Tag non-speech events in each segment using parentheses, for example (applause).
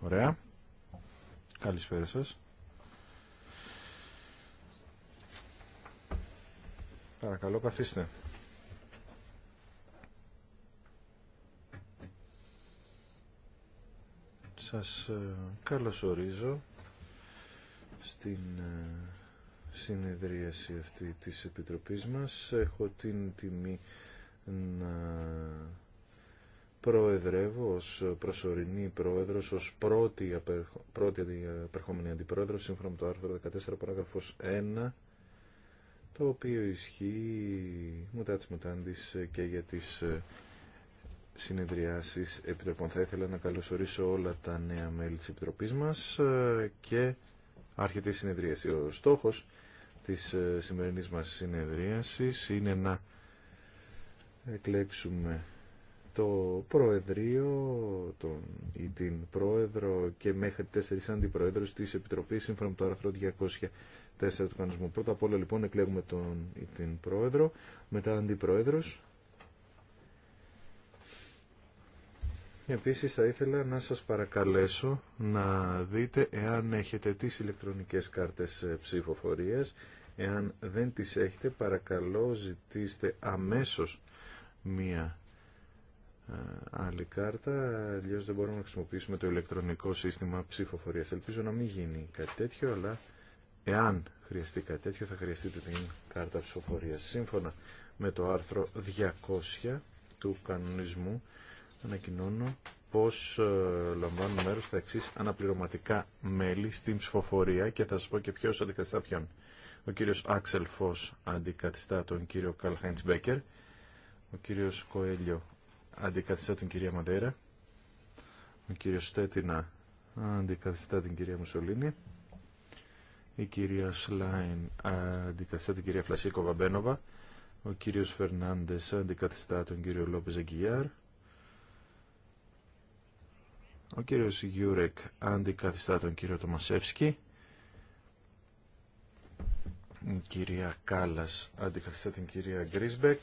Ωραία. Καλησπέρα σας. Παρακαλώ καθίστε. Σας ε, καλωσορίζω στην ε, συνεδρίαση αυτή της Επιτροπής μας. Έχω την τιμή να προεδρεύω ως προσωρινή πρόεδρος, ως πρώτη, απερχο... πρώτη απερχόμενη αντιπρόεδρος, σύμφωνα με το άρθρο 14 παράγραφος 1, το οποίο ισχύει τις μουτάντης και για τις ε, συνεδριάσεις επιτροπών. Θα ήθελα να καλωσορίσω όλα τα νέα μέλη της Επιτροπής μας ε, και άρχεται η συνεδρίαση. Ο στόχος της ε, σημερινής μας συνεδρίασης είναι να εκλέξουμε το Προεδρείο τον, ή την Πρόεδρο και μέχρι τέσσερις αντιπροέδρους της Επιτροπής σύμφωνα με το άρθρο 204 του κανονισμού. Πρώτα απ' όλα λοιπόν εκλέγουμε τον ή την Πρόεδρο, μετά αντιπροέδρους. Επίσης θα ήθελα να σας παρακαλέσω να δείτε εάν έχετε τις ηλεκτρονικές κάρτες ψηφοφορίας. Εάν δεν τις έχετε παρακαλώ ζητήστε αμέσως μία ε, άλλη κάρτα, αλλιώ δεν μπορούμε να χρησιμοποιήσουμε το ηλεκτρονικό σύστημα ψηφοφορία. Ελπίζω να μην γίνει κάτι τέτοιο, αλλά εάν χρειαστεί κάτι τέτοιο θα χρειαστείτε την κάρτα ψηφοφορία. Σύμφωνα με το άρθρο 200 του κανονισμού ανακοινώνω πώς ε, λαμβάνουν μέρος τα εξή αναπληρωματικά μέλη στην ψηφοφορία και θα σα πω και ποιο αντικαθιστά ποιον. Ο κύριο Άξελ Φω αντικαθιστά τον κύριο Καλχαιντ Μπέκερ, ο κύριος Κοέλιο αντικαθιστά την κυρία Μαντέρα. Ο κύριος Στέτινα αντικαθιστά την κυρία Μουσολίνη. Η κυρία Σλάιν αντικαθιστά την κυρία Φλασίκο Βαμπένοβα. Ο κύριος Φερνάντες αντικαθιστά τον κύριο Λόπεζ Αγγιάρ. Ο κύριος Γιούρεκ αντικαθιστά τον κύριο Τομασεύσκη. Η κυρία Κάλλας αντικαθιστά την κυρία Γκρίσμπεκ.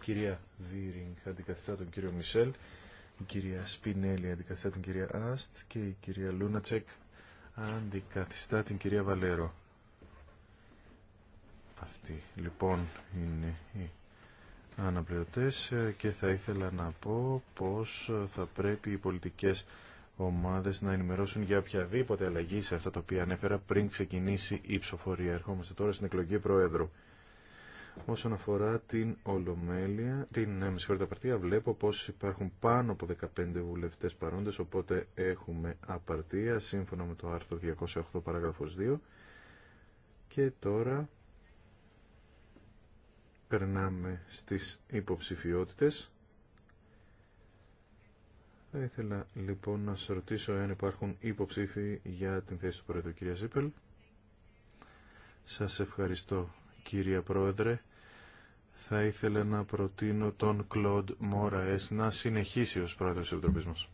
κυρία Βίρινγκ αντικαθιστά τον κύριο Μισελ, η κυρία Σπινέλη αντικαθιστά την κυρία Αστ και η κυρία Λούνατσεκ αντικαθιστά την κυρία Βαλέρο. Αυτοί λοιπόν είναι οι αναπληρωτές και θα ήθελα να πω πως θα πρέπει οι πολιτικές ομάδες να ενημερώσουν για οποιαδήποτε αλλαγή σε αυτά τα οποία ανέφερα πριν ξεκινήσει η ψηφοφορία. Ερχόμαστε τώρα στην εκλογή Προέδρου. Όσον αφορά την Ολομέλεια, την ε, μισή απαρτία, βλέπω πως υπάρχουν πάνω από 15 βουλευτές παρόντες, οπότε έχουμε απαρτία σύμφωνα με το άρθρο 208 παράγραφος 2. Και τώρα περνάμε στις υποψηφιότητες. Θα ήθελα λοιπόν να σας ρωτήσω αν υπάρχουν υποψήφοι για την θέση του Πρόεδρου, κυρία Σας ευχαριστώ κύριε Πρόεδρε. Θα ήθελα να προτείνω τον Κλοντ Μόραες να συνεχίσει ως πρόεδρος της Επιτροπής μας.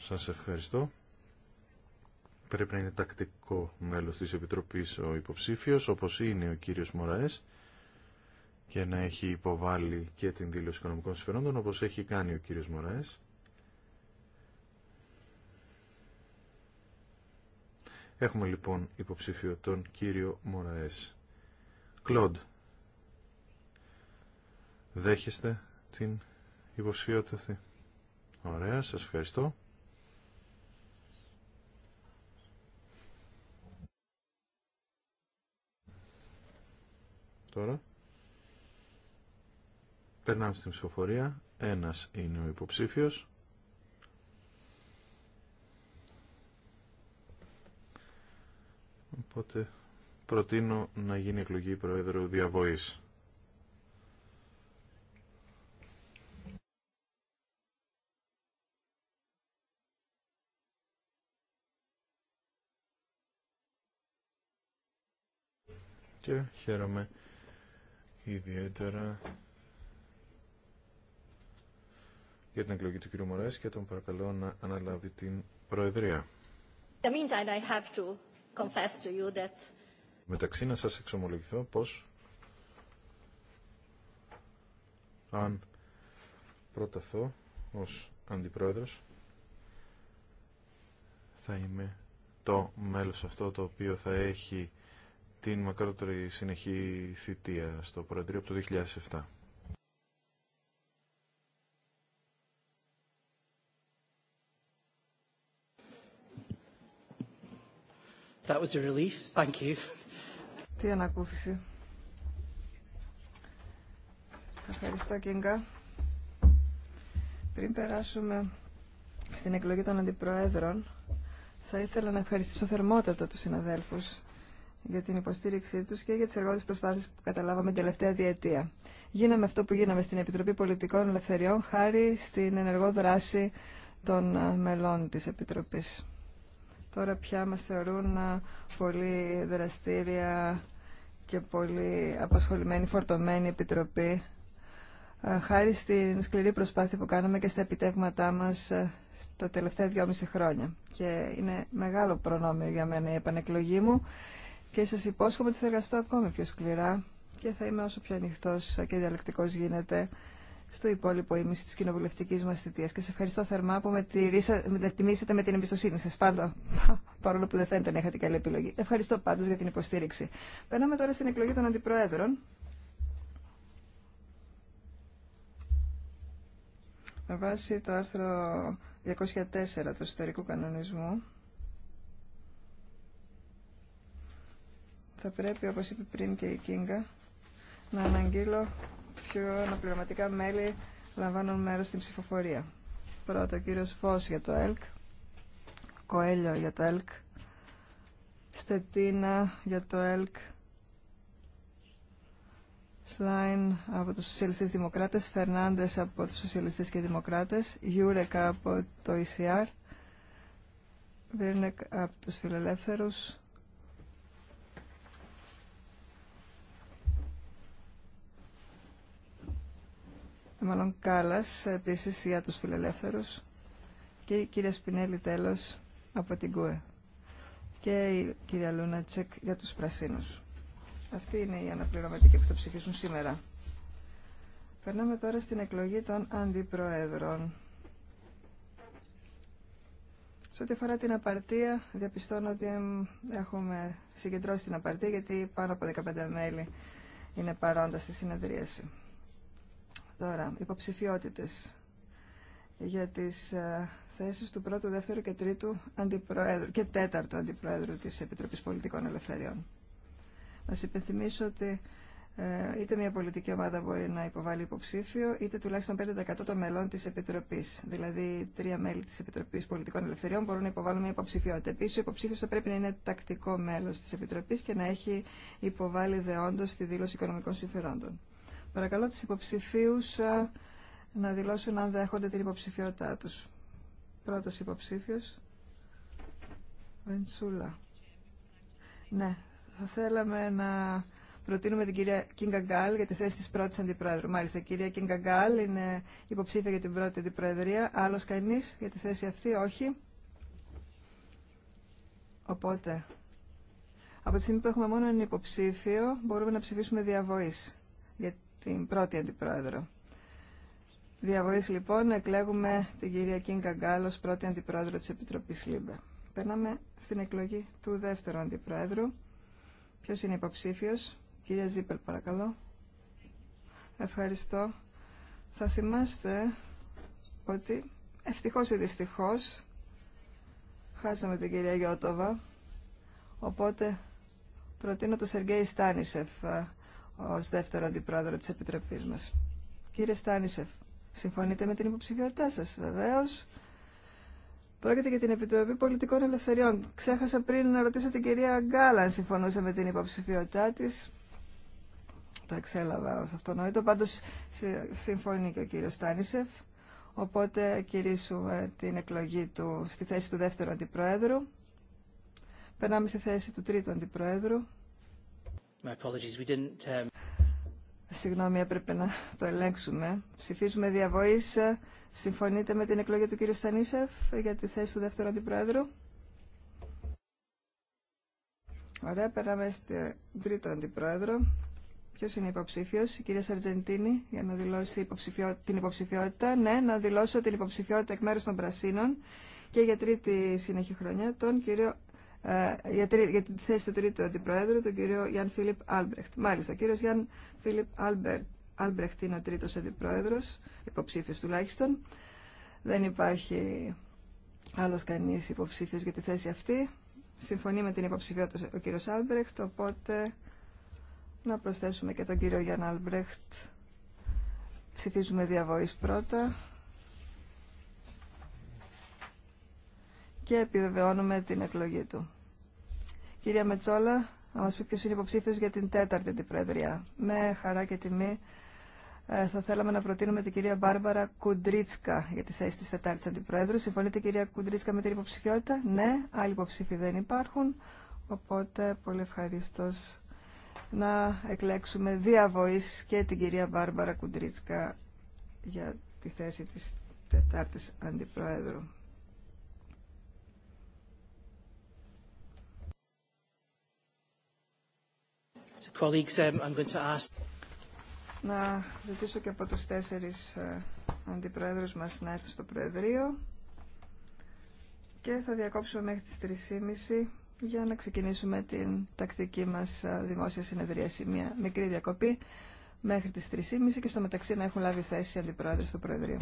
Σας ευχαριστώ. Πρέπει να είναι τακτικό μέλος της Επιτροπής ο υποψήφιος, όπως είναι ο κύριος Μωραές, και να έχει υποβάλει και την δήλωση οικονομικών συμφερόντων, όπως έχει κάνει ο κύριος Μωραές. Έχουμε λοιπόν υποψήφιο τον κύριο Μωραές. Κλοντ, δέχεστε την υποψηφιότητα. Ωραία, σας ευχαριστώ. Τώρα. Περνάμε στην ψηφοφορία. Ένας είναι ο υποψήφιος. Οπότε προτείνω να γίνει εκλογή Προέδρου διαβοής. Και χαίρομαι ιδιαίτερα για την εκλογή του κ. Μωρέσ και τον παρακαλώ να αναλάβει την Προεδρία. I have Μεταξύ να σας εξομολογηθώ πως αν προταθώ ως αντιπρόεδρος θα είμαι το μέλος αυτό το οποίο θα έχει την μακρότερη συνεχή θητεία στο Προεδρείο από το 2007. That was a relief. Thank you. Τι ανακούφιση. Ευχαριστώ, Κίνγκα. Πριν περάσουμε στην εκλογή των αντιπροέδρων, θα ήθελα να ευχαριστήσω θερμότατα τους συναδέλφους για την υποστήριξή τους και για τις εργότερες προσπάθειες που καταλάβαμε την τελευταία διετία. Γίναμε αυτό που γίναμε στην Επιτροπή Πολιτικών Ελευθεριών χάρη στην ενεργό δράση των ε, μελών της Επιτροπής τώρα πια μα θεωρούν πολύ δραστήρια και πολύ απασχολημένη, φορτωμένη επιτροπή. Χάρη στην σκληρή προσπάθεια που κάναμε και στα επιτεύγματά μας τα τελευταία δυόμιση χρόνια. Και είναι μεγάλο προνόμιο για μένα η επανεκλογή μου και σας υπόσχομαι ότι θα εργαστώ ακόμη πιο σκληρά και θα είμαι όσο πιο ανοιχτό και διαλεκτικός γίνεται στο υπόλοιπο ήμιση της κοινοβουλευτική μας θητεία. Και σε ευχαριστώ θερμά που με, με τιμήσατε με την εμπιστοσύνη σας πάντα, (laughs) παρόλο που δεν φαίνεται να είχατε καλή επιλογή. Ευχαριστώ πάντως για την υποστήριξη. Περνάμε τώρα στην εκλογή των αντιπροέδρων. Με βάση το άρθρο 204 του ιστορικού κανονισμού, θα πρέπει, όπως είπε πριν και η Κίνγκα, να αναγγείλω πιο αναπληρωματικά μέλη λαμβάνουν μέρος στην ψηφοφορία. Πρώτο, ο κύριος Φως για το ΕΛΚ, Κοέλιο για το ΕΛΚ, Στετίνα για το ΕΛΚ, Σλάιν από τους Σοσιαλιστές Δημοκράτες, Φερνάντες από τους Σοσιαλιστές και Δημοκράτες, Γιούρεκα από το ΕΣΥΑΡ. Βίρνεκ από τους Φιλελεύθερους, μάλλον Κάλλας, επίσης για τους φιλελεύθερους και η κυρία Σπινέλη τέλος από την ΚΟΕ και η κυρία Τσέκ για τους πρασίνους. Αυτή είναι η αναπληρωματική που θα ψηφίσουν σήμερα. Περνάμε τώρα στην εκλογή των αντιπροέδρων. Σε ό,τι αφορά την απαρτία, διαπιστώνω ότι έχουμε συγκεντρώσει την απαρτία γιατί πάνω από 15 μέλη είναι παρόντα στη συνεδρίαση. Τώρα, υποψηφιότητες για τις ε, θέσεις του πρώτου, δεύτερου και τρίτου αντιπροέδρου και τέταρτου αντιπροέδρου της Επιτροπής Πολιτικών Ελευθεριών. Να σας υπενθυμίσω ότι ε, είτε μια πολιτική ομάδα μπορεί να υποβάλει υποψήφιο, είτε τουλάχιστον 5% των μελών τη Επιτροπή. Δηλαδή, τρία μέλη τη Επιτροπή Πολιτικών Ελευθεριών μπορούν να υποβάλουν μια υποψηφιότητα. Επίση, ο υποψήφιο θα πρέπει να είναι τακτικό μέλο τη Επιτροπή και να έχει υποβάλει δεόντω τη δήλωση οικονομικών συμφερόντων. Παρακαλώ τους υποψηφίους ε, να δηλώσουν αν δέχονται την υποψηφιότητά τους. Πρώτος υποψήφιος, Βενσούλα. Ναι, θα θέλαμε να προτείνουμε την κυρία Κινγκαγκάλ για τη θέση της πρώτης αντιπρόεδρου. Μάλιστα, η κυρία Κινγκαγκάλ είναι υποψήφια για την πρώτη αντιπροεδρία. Άλλος κανείς για τη θέση αυτή, όχι. Οπότε, από τη στιγμή που έχουμε μόνο έναν υποψήφιο, μπορούμε να ψηφίσουμε διαβοής την πρώτη αντιπρόεδρο. Διαβοής λοιπόν εκλέγουμε την κυρία Κίνκα Γκάλο, πρώτη αντιπρόεδρο της Επιτροπής ΛΥΜΠΕ. Περνάμε στην εκλογή του δεύτερου αντιπρόεδρου. Ποιος είναι υποψήφιος? Κυρία Ζίπελ παρακαλώ. Ευχαριστώ. Θα θυμάστε ότι ευτυχώς ή δυστυχώς χάσαμε την κυρία Γιώτοβα, οπότε προτείνω τον Σεργέη Στάνισεφ ως δεύτερο αντιπρόεδρο της Επιτροπής μας. Κύριε Στάνισεφ, συμφωνείτε με την υποψηφιότητά σας, βεβαίως. Πρόκειται για την Επιτροπή Πολιτικών Ελευθεριών. Ξέχασα πριν να ρωτήσω την κυρία Γκάλα αν συμφωνούσε με την υποψηφιότητά της. Το εξέλαβα ως αυτονόητο. Πάντως συμφωνεί και ο κύριος Στάνισεφ. Οπότε κηρύσουμε την εκλογή του στη θέση του δεύτερου αντιπρόεδρου. Περνάμε στη θέση του τρίτου αντιπρόεδρου. My apologies, we didn't, um, Συγγνώμη, έπρεπε να το ελέγξουμε. Ψηφίζουμε διαβοή. Ε, συμφωνείτε με την εκλογή του κύριου Στανίσεφ για τη θέση του δεύτερου αντιπρόεδρου. Ωραία, περάμε στον τρίτο αντιπρόεδρο. Ποιο είναι υποψήφιο, η κυρία Σαρτζεντίνη, για να δηλώσει υποψηφιό... την υποψηφιότητα. Ναι, να δηλώσω την υποψηφιότητα εκ μέρου των Πρασίνων και για τρίτη συνεχή χρονιά τον κύριο ε, για, τη θέση του τρίτου αντιπροέδρου, τον κύριο Γιάνν Φίλιπ Άλμπρεχτ. Μάλιστα, ο κύριο Γιάνν Φίλιπ Άλμπρεχτ είναι ο τρίτο αντιπρόεδρο, υποψήφιο τουλάχιστον. Δεν υπάρχει άλλο κανεί υποψήφιο για τη θέση αυτή. Συμφωνεί με την υποψηφιότητα ο κύριο Άλμπρεχτ, οπότε να προσθέσουμε και τον κύριο Γιάνν Άλμπρεχτ. Ψηφίζουμε διαβοής πρώτα. και επιβεβαιώνουμε την εκλογή του. Κυρία Μετσόλα, να μας πει ποιος είναι υποψήφιος για την τέταρτη την Με χαρά και τιμή ε, θα θέλαμε να προτείνουμε την κυρία Μπάρμπαρα Κουντρίτσκα για τη θέση της τετάρτης αντιπρόεδρου. Συμφωνείτε κυρία Κουντρίτσκα με την υποψηφιότητα. Ναι, άλλοι υποψήφοι δεν υπάρχουν. Οπότε πολύ ευχαριστώ να εκλέξουμε διαβοής και την κυρία Μπάρμπαρα Κουντρίτσκα για τη θέση της τετάρτης αντιπρόεδρου. Um, να ζητήσω και από τους τέσσερις ε, αντιπρόεδρους μας να έρθουν στο Προεδρείο και θα διακόψουμε μέχρι τις 3.30 για να ξεκινήσουμε την τακτική μας ε, δημόσια συνεδρίαση. Μια μικρή διακοπή μέχρι τις 3.30 και στο μεταξύ να έχουν λάβει θέση οι αντιπρόεδροι στο Προεδρείο.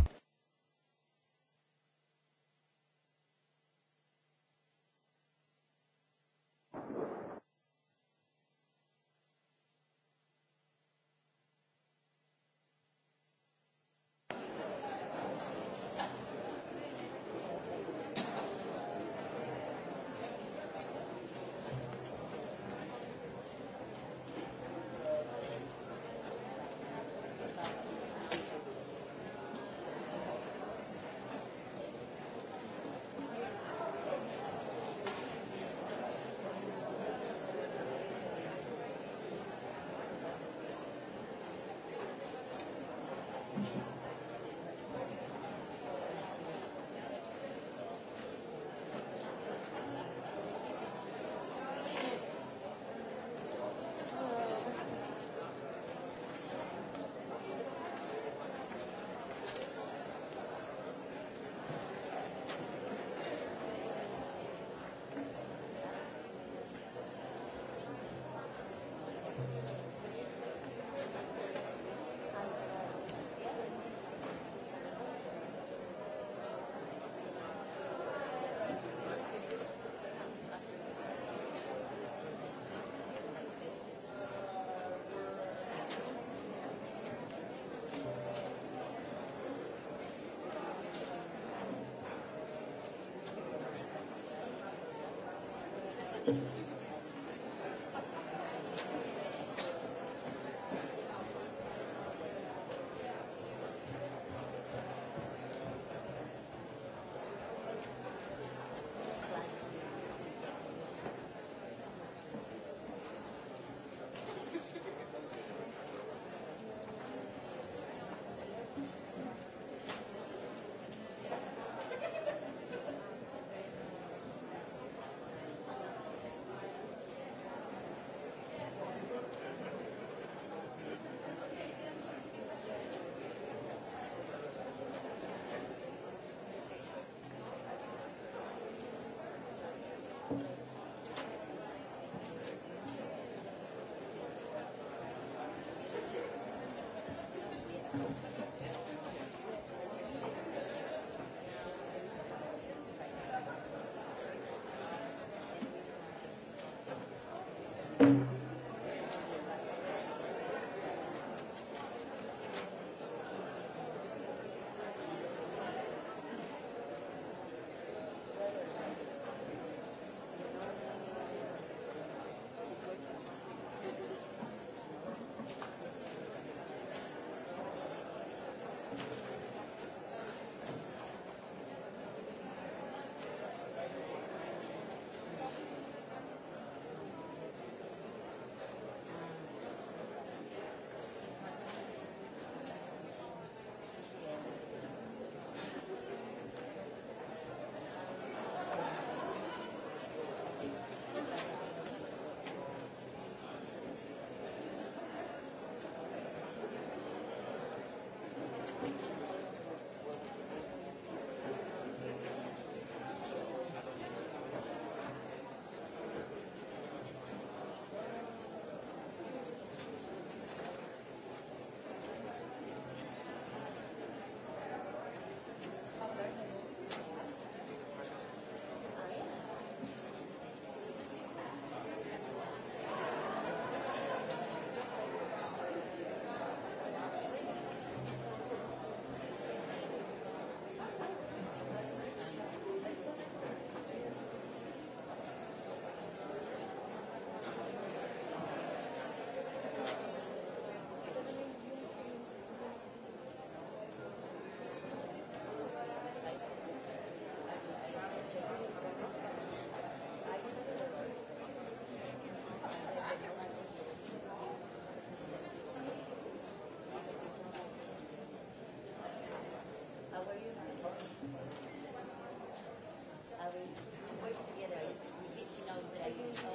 Thank you.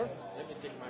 Let me take my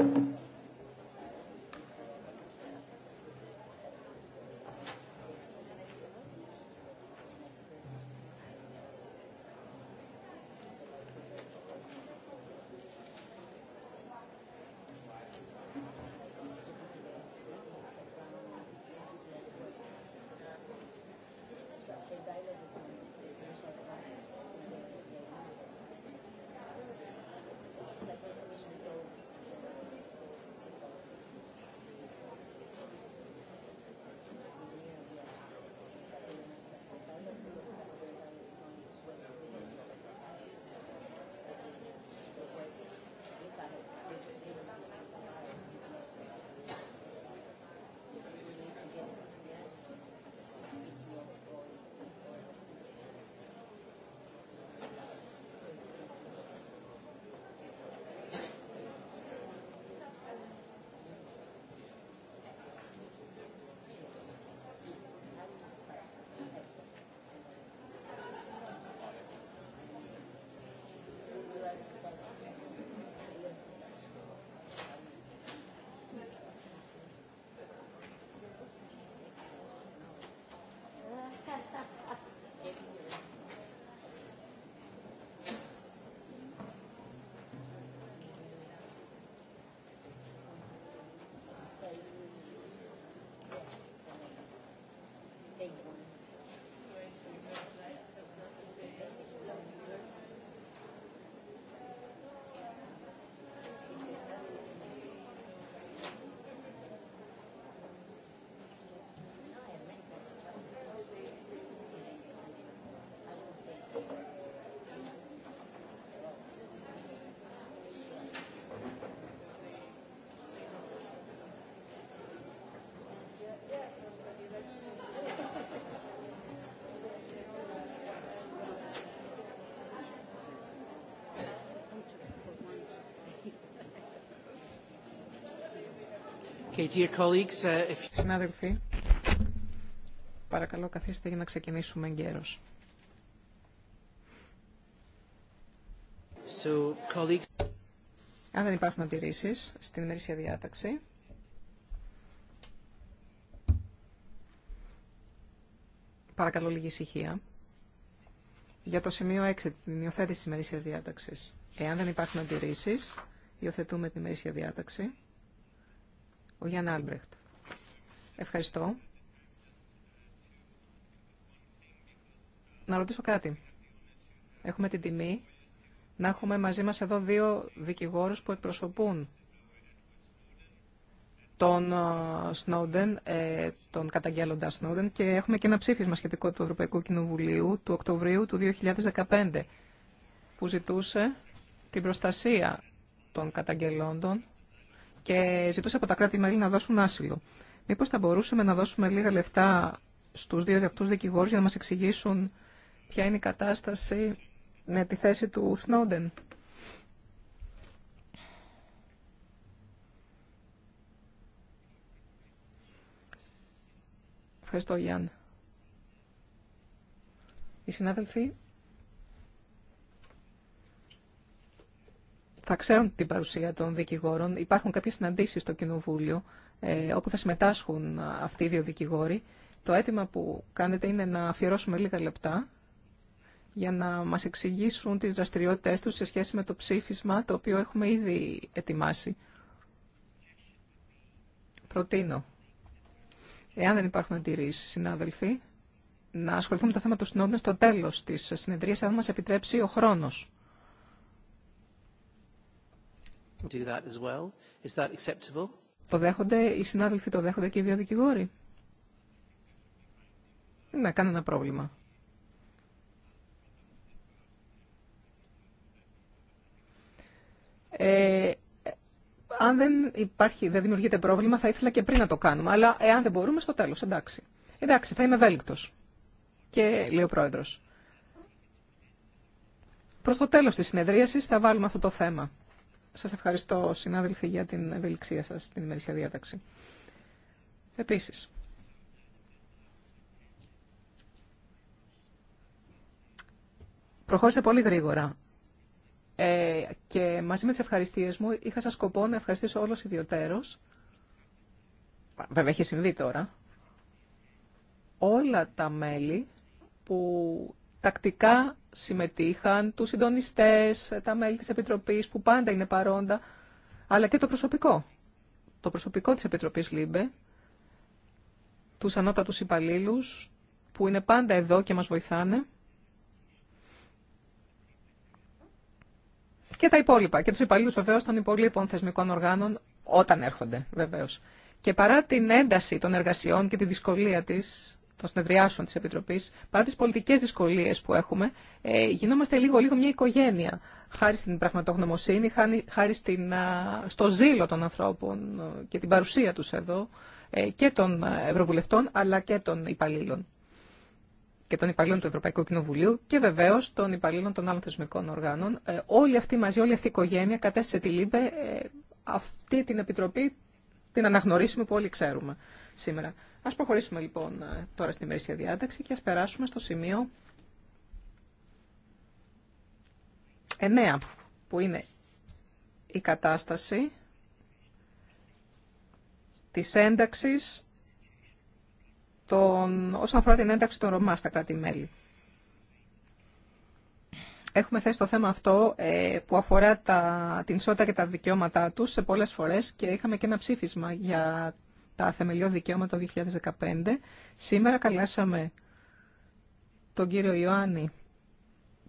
Υπότιτλοι AUTHORWAVE Uh, Συνάδελφοι, παρακαλώ καθίστε για να ξεκινήσουμε εγκαίρως. Αν δεν υπάρχουν αντιρρήσει στην ημερήσια διάταξη, παρακαλώ λίγη ησυχία. Για το σημείο 6, την υιοθέτηση της ημερήσιας διάταξης. Εάν δεν υπάρχουν αντιρρήσει, υιοθετούμε την ημερήσια διάταξη ο Γιάνν Άλμπρεχτ. Ευχαριστώ. Να ρωτήσω κάτι. Έχουμε την τιμή να έχουμε μαζί μας εδώ δύο δικηγόρους που εκπροσωπούν τον Σνόντεν, ε, τον καταγγέλλοντα Σνόντεν και έχουμε και ένα ψήφισμα σχετικό του Ευρωπαϊκού Κοινοβουλίου του Οκτωβρίου του 2015 που ζητούσε την προστασία των καταγγελόντων και ζητούσε από τα κράτη-μέλη να δώσουν άσυλο. Μήπως θα μπορούσαμε να δώσουμε λίγα λεφτά στους δύο αυτού δικηγόρους για να μας εξηγήσουν ποια είναι η κατάσταση με τη θέση του Σνόντεν. Ευχαριστώ, Γιάννη. Οι συνάδελφοι θα ξέρουν την παρουσία των δικηγόρων. Υπάρχουν κάποιες συναντήσεις στο Κοινοβούλιο ε, όπου θα συμμετάσχουν αυτοί οι δύο δικηγόροι. Το αίτημα που κάνετε είναι να αφιερώσουμε λίγα λεπτά για να μας εξηγήσουν τις δραστηριότητες τους σε σχέση με το ψήφισμα το οποίο έχουμε ήδη ετοιμάσει. Προτείνω, εάν δεν υπάρχουν αντιρρήσεις, συνάδελφοι, να ασχοληθούμε με το θέμα του συνόδου στο τέλος της συνεδρίας, αν μας επιτρέψει ο χρόνος. Το δέχονται, οι συνάδελφοι το δέχονται και οι δύο δικηγόροι. Ναι, κάνω ένα πρόβλημα. Ε, αν δεν υπάρχει, δεν δημιουργείται πρόβλημα, θα ήθελα και πριν να το κάνουμε. Αλλά εάν δεν μπορούμε, στο τέλος, εντάξει. Εντάξει, θα είμαι ευέλικτος. Και λέει ο πρόεδρος. Προς το τέλος της συνεδρίασης θα βάλουμε αυτό το θέμα. Σας ευχαριστώ, συνάδελφοι, για την ευελιξία σας στην ημερήσια διάταξη. Επίσης, προχώρησε πολύ γρήγορα ε, και μαζί με τις ευχαριστίες μου είχα σαν σκοπό να ευχαριστήσω όλους ιδιωτέρως. Βέβαια, έχει συμβεί τώρα. Όλα τα μέλη που τακτικά συμμετείχαν, τους συντονιστές, τα μέλη της Επιτροπής που πάντα είναι παρόντα, αλλά και το προσωπικό. Το προσωπικό της Επιτροπής ΛΥΜΠΕ, τους ανώτατους υπαλλήλου που είναι πάντα εδώ και μας βοηθάνε. Και τα υπόλοιπα. Και τους υπαλλήλους βεβαίω των υπολείπων θεσμικών οργάνων όταν έρχονται βεβαίω. Και παρά την ένταση των εργασιών και τη δυσκολία της, των συνεδριάσεων της Επιτροπής, παρά τις πολιτικές δυσκολίες που έχουμε, ε, γινόμαστε λίγο-λίγο μια οικογένεια, χάρη στην πραγματογνωμοσύνη, χάρη στην, στο ζήλο των ανθρώπων ε, και την παρουσία τους εδώ, ε, και των ε, Ευρωβουλευτών, αλλά και των υπαλλήλων. Και των υπαλλήλων του Ευρωπαϊκού Κοινοβουλίου και βεβαίω των υπαλλήλων των άλλων θεσμικών οργάνων. Όλη αυτή μαζί, όλη αυτή η οικογένεια κατέστησε τη ΛΥΜΠΕ αυτή την επιτροπή την αναγνωρίσουμε που όλοι ξέρουμε σήμερα. Ας προχωρήσουμε λοιπόν ε, τώρα στην ημερήσια διάταξη και ας περάσουμε στο σημείο 9 που είναι η κατάσταση της ένταξης των, όσον αφορά την ένταξη των Ρωμά στα κράτη-μέλη. Έχουμε θέσει το θέμα αυτό ε, που αφορά τα, την ισότητα και τα δικαιώματά τους σε πολλές φορές και είχαμε και ένα ψήφισμα για τα θεμελιώδη δικαιώματα 2015. Σήμερα καλέσαμε τον κύριο Ιωάννη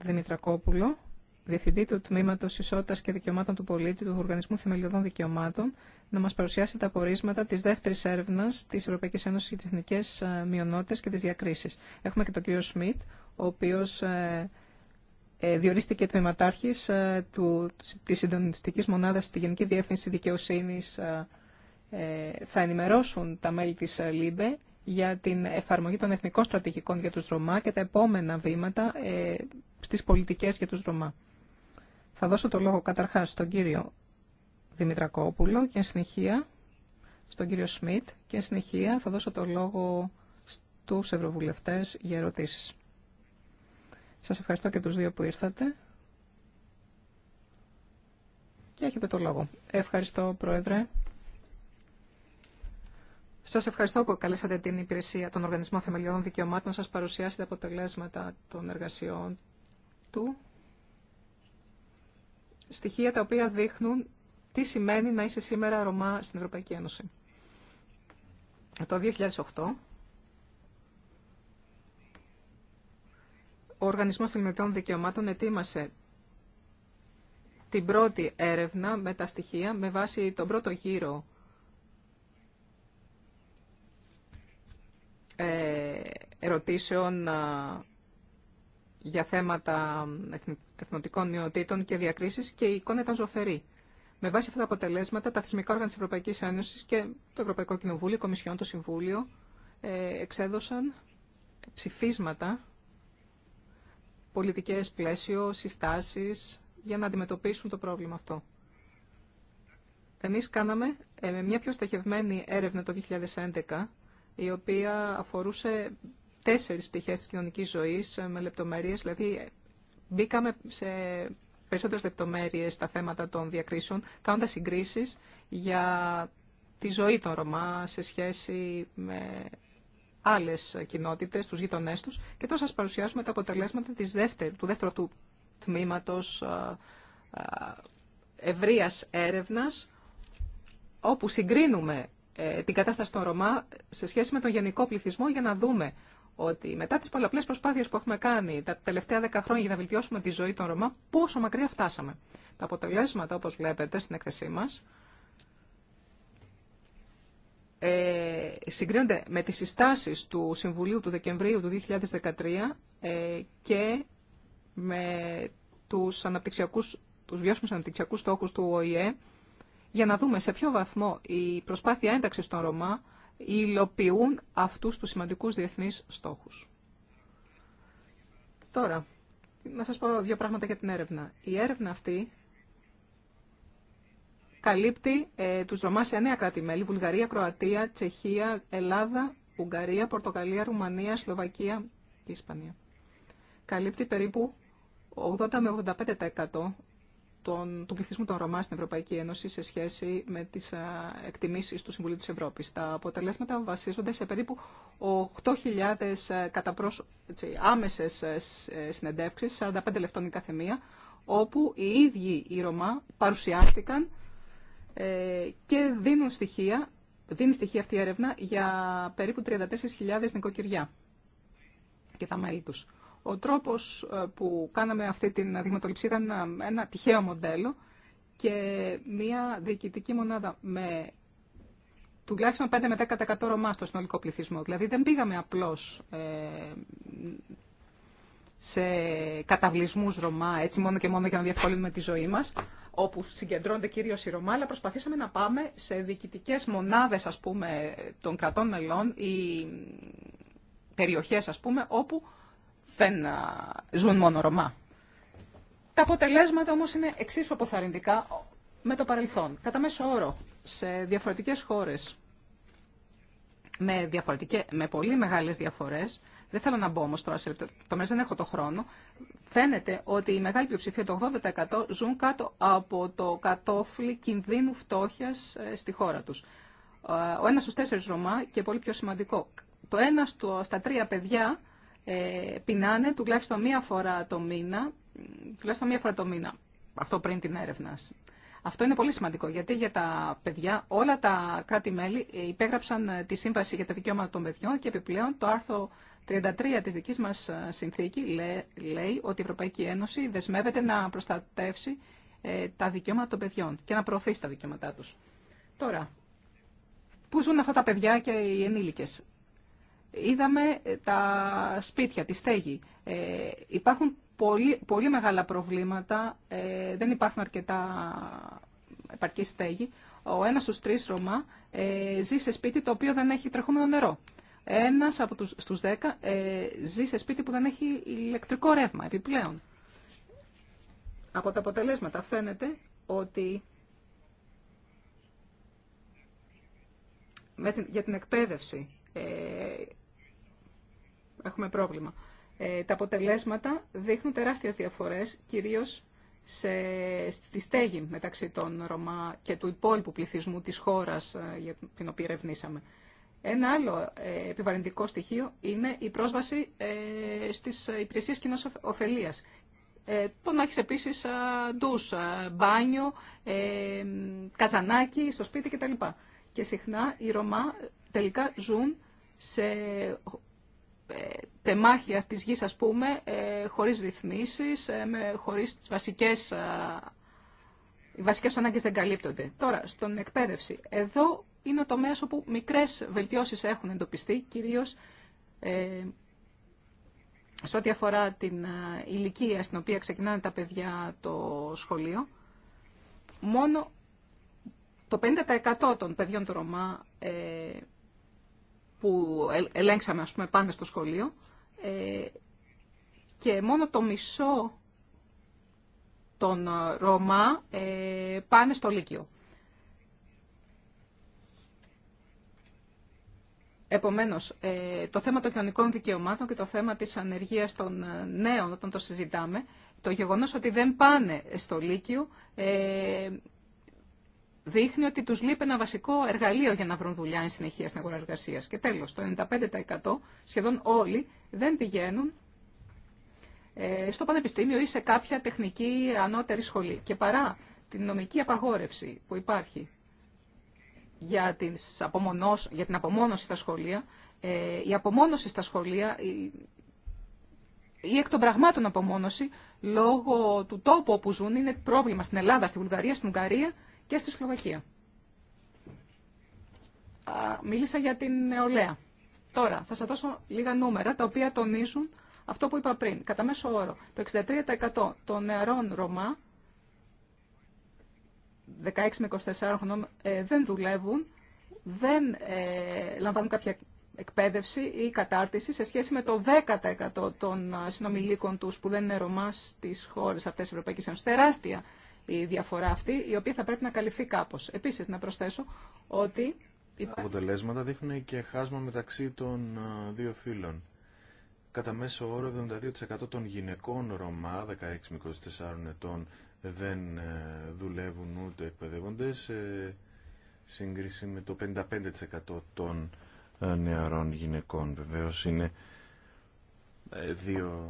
Δημητρακόπουλο, Διευθυντή του Τμήματο Ισότητα και Δικαιωμάτων του Πολίτη του Οργανισμού Θεμελιωδών Δικαιωμάτων, να μα παρουσιάσει τα απορίσματα τη δεύτερη έρευνα τη Ευρωπαϊκή Ένωση για τι Εθνικέ ε, Μειονότητε και τι Διακρίσει. Έχουμε και τον κύριο Σμιτ, ο οποίο ε, ε, διορίστηκε τμήματάρχη τη συντονιστική μονάδα στη Γενική Διεύθυνση Δικαιοσύνη ε, θα ενημερώσουν τα μέλη της ΛΥΜΠΕ για την εφαρμογή των εθνικών στρατηγικών για τους Ρωμά και τα επόμενα βήματα ε, στις πολιτικές για τους Ρωμά. Θα δώσω το λόγο καταρχάς στον κύριο Δημητρακόπουλο και συνεχεία στον κύριο Σμιτ και συνεχεία θα δώσω το λόγο στους ευρωβουλευτές για ερωτήσεις. Σας ευχαριστώ και τους δύο που ήρθατε. Και έχετε το λόγο. Ευχαριστώ, Πρόεδρε. Σας ευχαριστώ που καλέσατε την υπηρεσία των Οργανισμών Θεμελιών Δικαιωμάτων να σας παρουσιάσει τα αποτελέσματα των εργασιών του. Στοιχεία τα οποία δείχνουν τι σημαίνει να είσαι σήμερα Ρωμά στην Ευρωπαϊκή Ένωση. Το 2008, ο Οργανισμός Θεμελιών Δικαιωμάτων ετοίμασε την πρώτη έρευνα με τα στοιχεία με βάση τον πρώτο γύρο Ε, ερωτήσεων ε, για θέματα εθνοτικών μειονοτήτων και διακρίσεις και η εικόνα ήταν ζωφερή. Με βάση αυτά τα αποτελέσματα, τα θεσμικά όργανα της Ευρωπαϊκής Ένωσης και το Ευρωπαϊκό Κοινοβούλιο, η Κομισιόν, το Συμβούλιο, ε, εξέδωσαν ψηφίσματα, πολιτικές πλαίσιο, συστάσεις για να αντιμετωπίσουν το πρόβλημα αυτό. Εμείς κάναμε μια πιο στοχευμένη έρευνα το 2011 η οποία αφορούσε τέσσερις πτυχές της κοινωνικής ζωής ε, με λεπτομέρειες, δηλαδή ε, μπήκαμε σε περισσότερες λεπτομέρειες στα θέματα των διακρίσεων, κάνοντας συγκρίσεις για τη ζωή των Ρωμά σε σχέση με άλλες κοινότητες, τους γειτονέ τους. Και τώρα σας παρουσιάσουμε τα αποτελέσματα της δεύτερη, του δεύτερου του τμήματος ε, ευρείας έρευνας, όπου συγκρίνουμε ε, την κατάσταση των Ρωμά σε σχέση με τον γενικό πληθυσμό για να δούμε ότι μετά τις πολλαπλές προσπάθειες που έχουμε κάνει τα τελευταία δέκα χρόνια για να βελτιώσουμε τη ζωή των Ρωμά, πόσο μακριά φτάσαμε. Τα αποτελέσματα, όπως βλέπετε στην έκθεσή μας, ε, συγκρίνονται με τις συστάσεις του Συμβουλίου του Δεκεμβρίου του 2013 ε, και με τους, τους βιώσιμους αναπτυξιακούς στόχους του ΟΗΕ για να δούμε σε ποιο βαθμό η προσπάθεια ένταξης των Ρωμά υλοποιούν αυτούς τους σημαντικούς διεθνείς στόχους. Τώρα, να σας πω δύο πράγματα για την έρευνα. Η έρευνα αυτή καλύπτει ε, τους Ρωμά σε νέα κράτη-μέλη, Βουλγαρία, Κροατία, Τσεχία, Ελλάδα, Ουγγαρία, Πορτοκαλία, Ρουμανία, Σλοβακία και Ισπανία. Καλύπτει περίπου 80 με 85% τον του πληθυσμού των Ρωμά στην Ευρωπαϊκή Ένωση σε σχέση με τι εκτιμήσει του Συμβουλίου τη Ευρώπη. Τα αποτελέσματα βασίζονται σε περίπου 8.000 άμεσε συνεντεύξει, 45 λεπτών η καθεμία, όπου οι ίδιοι οι Ρωμά παρουσιάστηκαν ε, και δίνουν στοιχεία, δίνει στοιχεία αυτή η έρευνα για περίπου 34.000 νοικοκυριά και τα μέλη τους. Ο τρόπος ε, που κάναμε αυτή την δειγματοληψία ήταν ε, ένα τυχαίο μοντέλο και μια διοικητική μονάδα με τουλάχιστον 5 με 10% Ρωμά στο συνολικό πληθυσμό. Δηλαδή δεν πήγαμε απλώς ε, σε καταβλισμούς Ρωμά, έτσι μόνο και μόνο για να διευκολύνουμε τη ζωή μας, όπου συγκεντρώνονται κυρίως οι Ρωμά, αλλά προσπαθήσαμε να πάμε σε διοικητικές μονάδες, ας πούμε, των κρατών μελών ή περιοχές, ας πούμε, όπου δεν ζουν μόνο Ρωμά. Τα αποτελέσματα όμως είναι εξίσου αποθαρρυντικά με το παρελθόν. Κατά μέσο όρο, σε διαφορετικές χώρες, με, διαφορετικές, με πολύ μεγάλες διαφορές, δεν θέλω να μπω όμως τώρα σε λεπτομέρειε, δεν έχω το χρόνο. Φαίνεται ότι η μεγάλη πλειοψηφία, το 80%, ζουν κάτω από το κατόφλι κινδύνου φτώχεια ε, στη χώρα τους. Ε, ο ένας στους τέσσερι Ρωμά και πολύ πιο σημαντικό. Το ένα στα τρία παιδιά ε, πεινάνε τουλάχιστον μία φορά το μήνα, τουλάχιστον μία φορά το μήνα, αυτό πριν την έρευνα. Αυτό είναι πολύ σημαντικό, γιατί για τα παιδιά όλα τα κράτη-μέλη ε, υπέγραψαν ε, τη Σύμβαση για τα Δικαιώματα των Παιδιών και επιπλέον το άρθρο 33 της δικής μας συνθήκη λέει ότι η Ευρωπαϊκή Ένωση δεσμεύεται να προστατεύσει τα δικαιώματα των παιδιών και να προωθήσει τα δικαιώματά τους. Τώρα, πού ζουν αυτά τα παιδιά και οι ενήλικες. Είδαμε τα σπίτια, τη στέγη. Ε, υπάρχουν πολύ, πολύ μεγάλα προβλήματα, ε, δεν υπάρχουν αρκετά επαρκή στέγη. Ο ένας στους τρεις Ρωμά ε, ζει σε σπίτι το οποίο δεν έχει τρεχόμενο νερό. Ένας από τους, στους δέκα ε, ζει σε σπίτι που δεν έχει ηλεκτρικό ρεύμα επιπλέον. Από τα αποτελέσματα φαίνεται ότι για την εκπαίδευση έχουμε πρόβλημα. Ε, τα αποτελέσματα δείχνουν τεράστιες διαφορές, κυρίως σε, στη στέγη μεταξύ των Ρωμά και του υπόλοιπου πληθυσμού της χώρας ε, για την οποία ερευνήσαμε. Ένα άλλο ε, επιβαρυντικό στοιχείο είναι η πρόσβαση ε, στις υπηρεσίες κοινό ωφελίας. Το να έχεις επίσης ντους, μπάνιο, καζανάκι στο σπίτι κτλ. Και συχνά οι Ρωμά τελικά ζουν σε τεμάχια της γης, ας πούμε, ε, χωρίς ρυθμίσεις, ε, με, χωρίς βασικές, ε, οι βασικές ανάγκες δεν καλύπτονται. Τώρα, στον εκπαίδευση. Εδώ είναι το μέσο όπου μικρές βελτιώσεις έχουν εντοπιστεί, κυρίως ε, σε ό,τι αφορά την ηλικία στην οποία ξεκινάνε τα παιδιά το σχολείο. Μόνο το 50% των παιδιών του Ρωμά ε, που ε, ελέγξαμε ας πούμε πάντα στο σχολείο ε, και μόνο το μισό των ε, Ρωμά πάνε στο Λύκειο. Επομένως, το θέμα των κοινωνικών δικαιωμάτων και το θέμα της ανεργίας των νέων όταν το συζητάμε, το γεγονός ότι δεν πάνε στο Λύκειο δείχνει ότι τους λείπει ένα βασικό εργαλείο για να βρουν δουλειά εν συνεχεία στην αγορά εργασία. Και τέλος, το 95% σχεδόν όλοι δεν πηγαίνουν ε, στο πανεπιστήμιο ή σε κάποια τεχνική ανώτερη σχολή. Και παρά την νομική απαγόρευση που υπάρχει για, για την απομόνωση στα σχολεία, ε, η απομόνωση στα σχολεία ή εκ των πραγμάτων απομόνωση λόγω του τόπου όπου ζουν είναι πρόβλημα στην Ελλάδα, στη Βουλγαρία, στην Ουγγαρία και στη Σλοβακία. Μίλησα για την νεολαία. Τώρα, θα σας δώσω λίγα νούμερα τα οποία τονίζουν αυτό που είπα πριν. Κατά μέσο όρο, το 63% των νεαρών Ρωμά, 16 με 24 χρονών, ε, δεν δουλεύουν, δεν ε, λαμβάνουν κάποια εκπαίδευση ή κατάρτιση σε σχέση με το 10% των συνομιλίκων τους που δεν είναι Ρωμά στις χώρες αυτές της Ευρωπαϊκής Ένωσης. Τεράστια η διαφορά αυτή, η οποία θα πρέπει να καλυφθεί κάπως. Επίσης, να προσθέσω ότι... Τα αποτελέσματα δείχνουν και χάσμα μεταξύ των δύο φύλων. Κατά μέσο όρο 72% των γυναικών Ρωμά 16-24 ετών δεν ε, δουλεύουν ούτε εκπαιδεύονται σε σύγκριση με το 55% των ε, νεαρών γυναικών. Βεβαίως είναι ε, δύο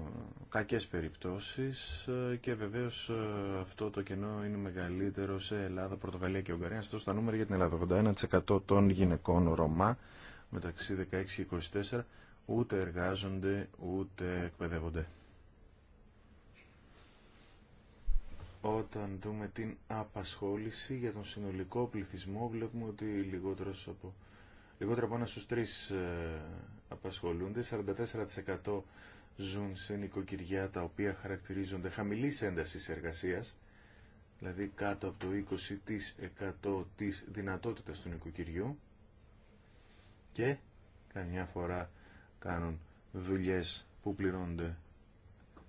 κακές περιπτώσεις ε, και βεβαίως ε, αυτό το κενό είναι μεγαλύτερο σε Ελλάδα, Πορτογαλία και Ουγγαρία. Στο τα νούμερα για την Ελλάδα. 81% των γυναικών Ρωμά μεταξύ 16 και 24 ούτε εργάζονται ούτε εκπαιδεύονται. Όταν δούμε την απασχόληση για τον συνολικό πληθυσμό βλέπουμε ότι λιγότερο από... Λιγότερο από ένα στους τρεις απασχολούνται, 44% ζουν σε νοικοκυριά τα οποία χαρακτηρίζονται χαμηλής έντασης εργασίας, δηλαδή κάτω από το 20% της δυνατότητας του νοικοκυριού και καμιά φορά κάνουν δουλειές που πληρώνονται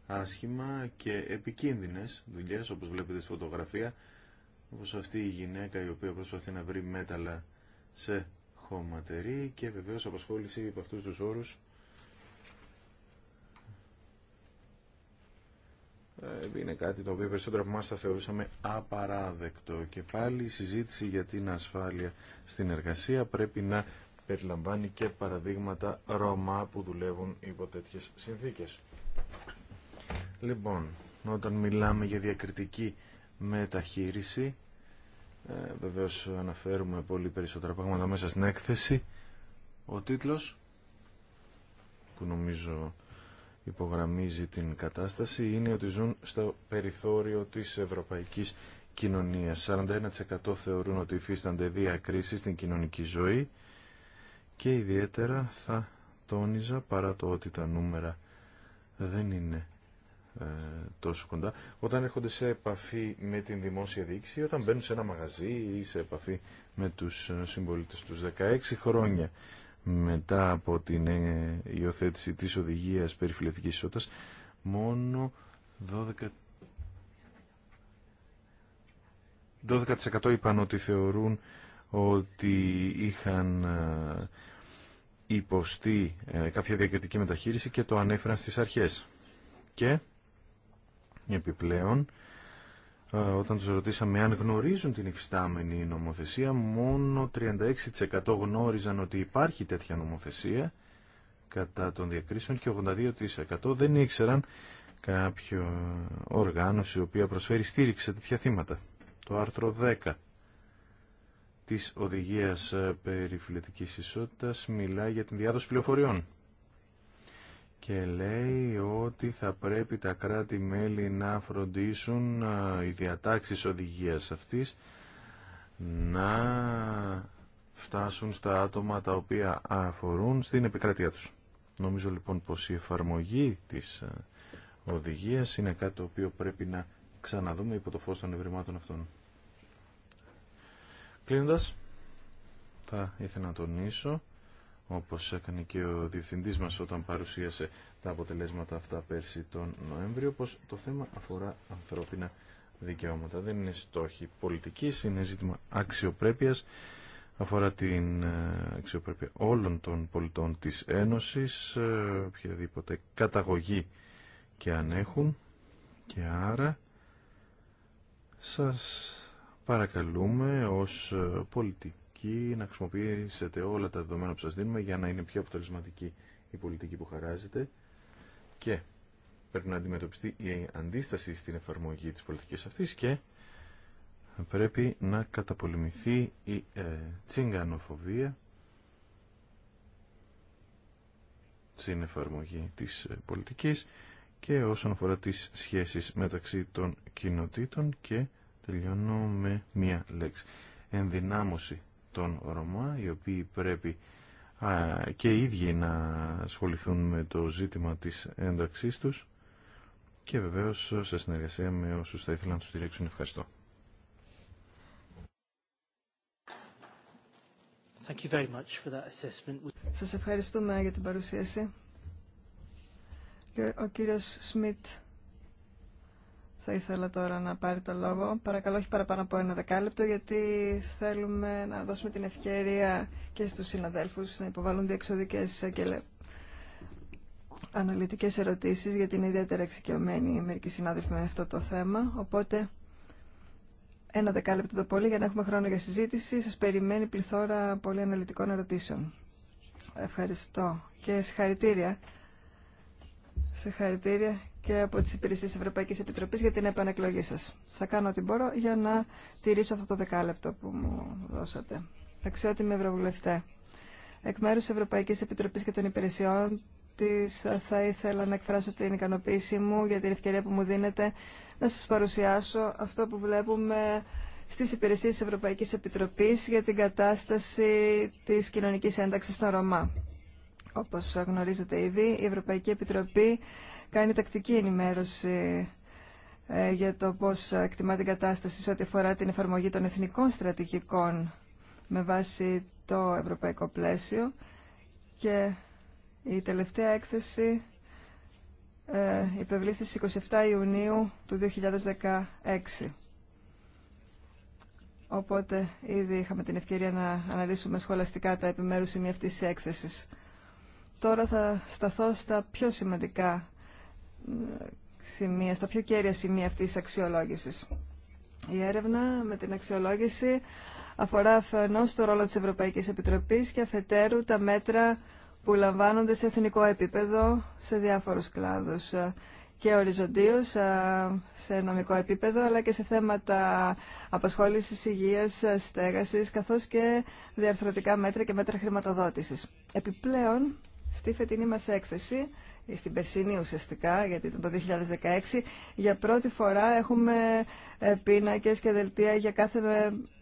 άσχημα και επικίνδυνες δουλειές όπως βλέπετε στη φωτογραφία όπως αυτή η γυναίκα η οποία προσπαθεί να βρει μέταλλα σε χωματερή και βεβαίως απασχόληση από αυτούς τους όρους Ε, είναι κάτι το οποίο περισσότερο από εμάς θα θεωρούσαμε απαράδεκτο. Και πάλι η συζήτηση για την ασφάλεια στην εργασία πρέπει να περιλαμβάνει και παραδείγματα Ρωμά που δουλεύουν υπό τέτοιε συνθήκες. Λοιπόν, όταν μιλάμε για διακριτική μεταχείριση, ε, βεβαίως αναφέρουμε πολύ περισσότερα πράγματα μέσα στην έκθεση, ο τίτλος, που νομίζω υπογραμμίζει την κατάσταση είναι ότι ζουν στο περιθώριο της ευρωπαϊκής κοινωνίας. 41% θεωρούν ότι υφίστανται διακρίσεις στην κοινωνική ζωή και ιδιαίτερα θα τόνιζα παρά το ότι τα νούμερα δεν είναι ε, τόσο κοντά όταν έρχονται σε επαφή με την δημόσια διοίκηση όταν μπαίνουν σε ένα μαγαζί ή σε επαφή με τους ε, συμπολίτες τους 16 χρόνια μετά από την ε, υιοθέτηση της οδηγίας περί φιλετικής ισότητας μόνο 12%, 12 είπαν ότι θεωρούν ότι είχαν ε, υποστεί ε, κάποια διακριτική μεταχείριση και το ανέφεραν στις αρχές. Και επιπλέον όταν τους ρωτήσαμε αν γνωρίζουν την υφιστάμενη νομοθεσία, μόνο 36% γνώριζαν ότι υπάρχει τέτοια νομοθεσία κατά των διακρίσεων και 82% δεν ήξεραν κάποιο οργάνωση η οποία προσφέρει στήριξη σε τέτοια θύματα. Το άρθρο 10 της Οδηγίας ε, Περιφυλετικής Ισότητας μιλάει για την διάδοση πληροφοριών και λέει ότι θα πρέπει τα κράτη-μέλη να φροντίσουν οι διατάξεις οδηγίας αυτής να φτάσουν στα άτομα τα οποία αφορούν στην επικράτειά τους. Νομίζω λοιπόν πως η εφαρμογή της οδηγίας είναι κάτι το οποίο πρέπει να ξαναδούμε υπό το φως των ευρημάτων αυτών. Κλείνοντας, θα ήθελα να τονίσω όπως έκανε και ο διευθυντής μας όταν παρουσίασε τα αποτελέσματα αυτά πέρσι τον Νοέμβριο, πως το θέμα αφορά ανθρώπινα δικαιώματα. Δεν είναι στόχη πολιτικής, είναι ζήτημα αξιοπρέπειας, αφορά την ε, αξιοπρέπεια όλων των πολιτών της Ένωσης, ε, οποιαδήποτε καταγωγή και αν έχουν, και άρα σας παρακαλούμε ως ε, πολιτικοί να χρησιμοποιήσετε όλα τα δεδομένα που σας δίνουμε για να είναι πιο αποτελεσματική η πολιτική που χαράζετε και πρέπει να αντιμετωπιστεί η αντίσταση στην εφαρμογή της πολιτικής αυτής και πρέπει να καταπολεμηθεί η ε, τσιγκανοφοβία στην εφαρμογή της ε, πολιτικής και όσον αφορά τις σχέσεις μεταξύ των κοινοτήτων και τελειώνω με μία λέξη. Ενδυνάμωση τον Ρωμά, οι οποίοι πρέπει και οι ίδιοι να ασχοληθούν με το ζήτημα της ένταξής τους και βεβαίως σε συνεργασία με όσους θα ήθελαν να τους στηρίξουν. Ευχαριστώ. Thank Σας ευχαριστούμε για την παρουσίαση. Ο κύριος Σμιτ θα ήθελα τώρα να πάρει το λόγο. Παρακαλώ, όχι παραπάνω από ένα δεκάλεπτο, γιατί θέλουμε να δώσουμε την ευκαιρία και στους συναδέλφους να υποβάλουν διεξοδικές και αναλυτικές ερωτήσεις, γιατί είναι ιδιαίτερα εξοικειωμένοι μερικοί συνάδελφοι με αυτό το θέμα. Οπότε, ένα δεκάλεπτο το πολύ για να έχουμε χρόνο για συζήτηση. Σας περιμένει πληθώρα πολύ αναλυτικών ερωτήσεων. Ευχαριστώ και συγχαρητήρια. Συγχαρητήρια και από τις υπηρεσίες της Ευρωπαϊκής Επιτροπής για την επανεκλογή σας. Θα κάνω ό,τι μπορώ για να τηρήσω αυτό το δεκάλεπτο που μου δώσατε. Αξιότιμη Ευρωβουλευτέ, εκ μέρους της Ευρωπαϊκής Επιτροπής και των υπηρεσιών της θα ήθελα να εκφράσω την ικανοποίησή μου για την ευκαιρία που μου δίνετε να σας παρουσιάσω αυτό που βλέπουμε στις υπηρεσίες της Ευρωπαϊκής Επιτροπής για την κατάσταση της κοινωνικής ένταξης στο Ρωμά. Όπως γνωρίζετε ήδη, η Ευρωπαϊκή Επιτροπή κάνει τακτική ενημέρωση ε, για το πώς εκτιμά την κατάσταση σε ό,τι αφορά την εφαρμογή των εθνικών στρατηγικών με βάση το ευρωπαϊκό πλαίσιο και η τελευταία έκθεση ε, υπευλήθη στις 27 Ιουνίου του 2016. Οπότε ήδη είχαμε την ευκαιρία να αναλύσουμε σχολαστικά τα επιμέρους σημεία αυτής της έκθεσης. Τώρα θα σταθώ στα πιο σημαντικά σημεία, στα πιο κέρια σημεία αυτής της αξιολόγησης. Η έρευνα με την αξιολόγηση αφορά αφενός το ρόλο της Ευρωπαϊκής Επιτροπής και αφετέρου τα μέτρα που λαμβάνονται σε εθνικό επίπεδο σε διάφορους κλάδους ε, και οριζοντίως ε, σε νομικό επίπεδο αλλά και σε θέματα απασχόλησης υγείας, ε, στέγασης καθώς και διαρθρωτικά μέτρα και μέτρα χρηματοδότησης. Επιπλέον, στη φετινή μας έκθεση στην Περσίνη ουσιαστικά, γιατί ήταν το 2016, για πρώτη φορά έχουμε ε, πίνακες και δελτία για κάθε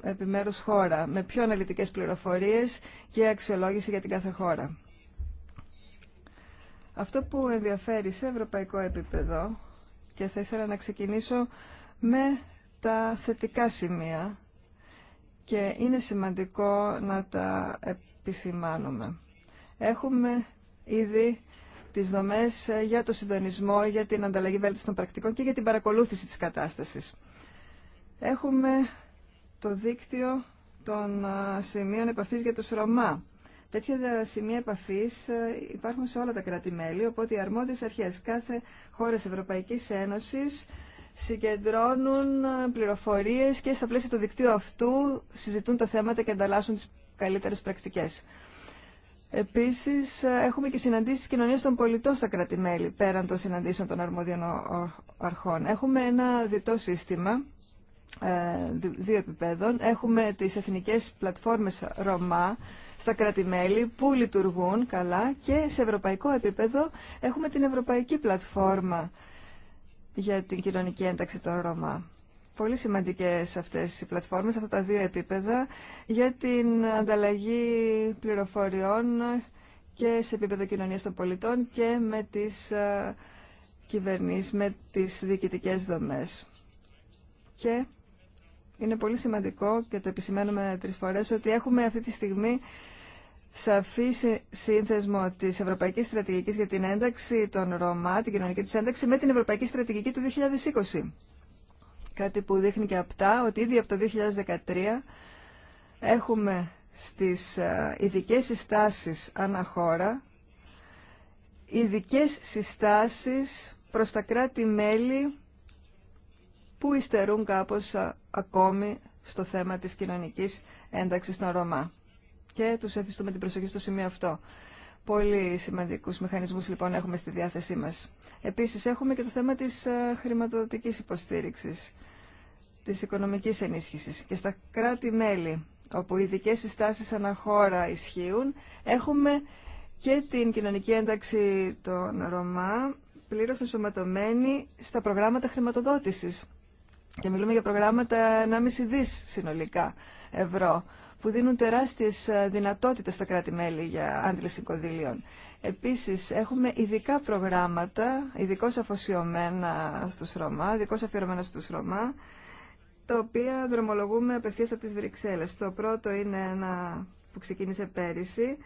ε, επιμέρους χώρα, με πιο αναλυτικές πληροφορίες και αξιολόγηση για την κάθε χώρα. Αυτό που ενδιαφέρει σε ευρωπαϊκό επίπεδο, και θα ήθελα να ξεκινήσω με τα θετικά σημεία, και είναι σημαντικό να τα επισημάνουμε. Έχουμε ήδη τις δομές ε, για το συντονισμό, για την ανταλλαγή βέλτιστων των πρακτικών και για την παρακολούθηση της κατάστασης. Έχουμε το δίκτυο των ε, σημείων επαφής για τους Ρωμά. Τέτοια ε, σημεία επαφής υπάρχουν σε όλα τα κράτη-μέλη, οπότε οι αρμόδιες αρχέ κάθε χώρα ευρωπαϊκής Ένωση συγκεντρώνουν πληροφορίες και στα πλαίσια του δικτύου αυτού συζητούν τα θέματα και ανταλλάσσουν τι καλύτερε πρακτικέ. Επίσης, έχουμε και συναντήσεις κοινωνίας των πολιτών στα κρατη πέραν των συναντήσεων των αρμόδιων αρχών. Έχουμε ένα διτό σύστημα, ε, δύο επιπέδων. Έχουμε τις εθνικές πλατφόρμες Ρωμά στα κράτη-μέλη που λειτουργούν καλά και σε ευρωπαϊκό επίπεδο έχουμε την Ευρωπαϊκή Πλατφόρμα για την κοινωνική ένταξη των Ρωμά πολύ σημαντικές αυτές οι πλατφόρμες, αυτά τα δύο επίπεδα, για την ανταλλαγή πληροφοριών και σε επίπεδο κοινωνίας των πολιτών και με τις ε, κυβερνήσεις, με τις διοικητικές δομές. Και είναι πολύ σημαντικό και το επισημαίνουμε τρεις φορές ότι έχουμε αυτή τη στιγμή σαφή σύνθεσμο της Ευρωπαϊκής Στρατηγικής για την ένταξη των Ρωμά, την κοινωνική του ένταξη, με την Ευρωπαϊκή Στρατηγική του 2020. Κάτι που δείχνει και απτά ότι ήδη από το 2013 έχουμε στις ε, ειδικέ συστάσεις αναχώρα ειδικέ συστάσεις προς τα κράτη-μέλη που υστερούν κάπως ε, ακόμη στο θέμα της κοινωνικής ένταξης των Ρωμά. Και τους ευχαριστούμε την προσοχή στο σημείο αυτό. Πολύ σημαντικούς μηχανισμούς λοιπόν έχουμε στη διάθεσή μας. Επίσης έχουμε και το θέμα της ε, χρηματοδοτικής υποστήριξης, της οικονομικής ενίσχυσης και στα κράτη-μέλη όπου οι ειδικές συστάσεις αναχώρα ισχύουν, έχουμε και την κοινωνική ένταξη των Ρωμά πλήρως ενσωματωμένη στα προγράμματα χρηματοδότησης. Και μιλούμε για προγράμματα 1,5 δις συνολικά ευρώ που δίνουν τεράστιες ε, δυνατότητες στα κράτη-μέλη για άντληση κονδυλίων. Επίσης, έχουμε ειδικά προγράμματα, ειδικώ αφοσιωμένα στους Ρωμά, ειδικώ αφιερωμένα στους Ρωμά, τα οποία δρομολογούμε απευθείας από τις Βρυξέλλες. Το πρώτο είναι ένα που ξεκίνησε πέρυσι,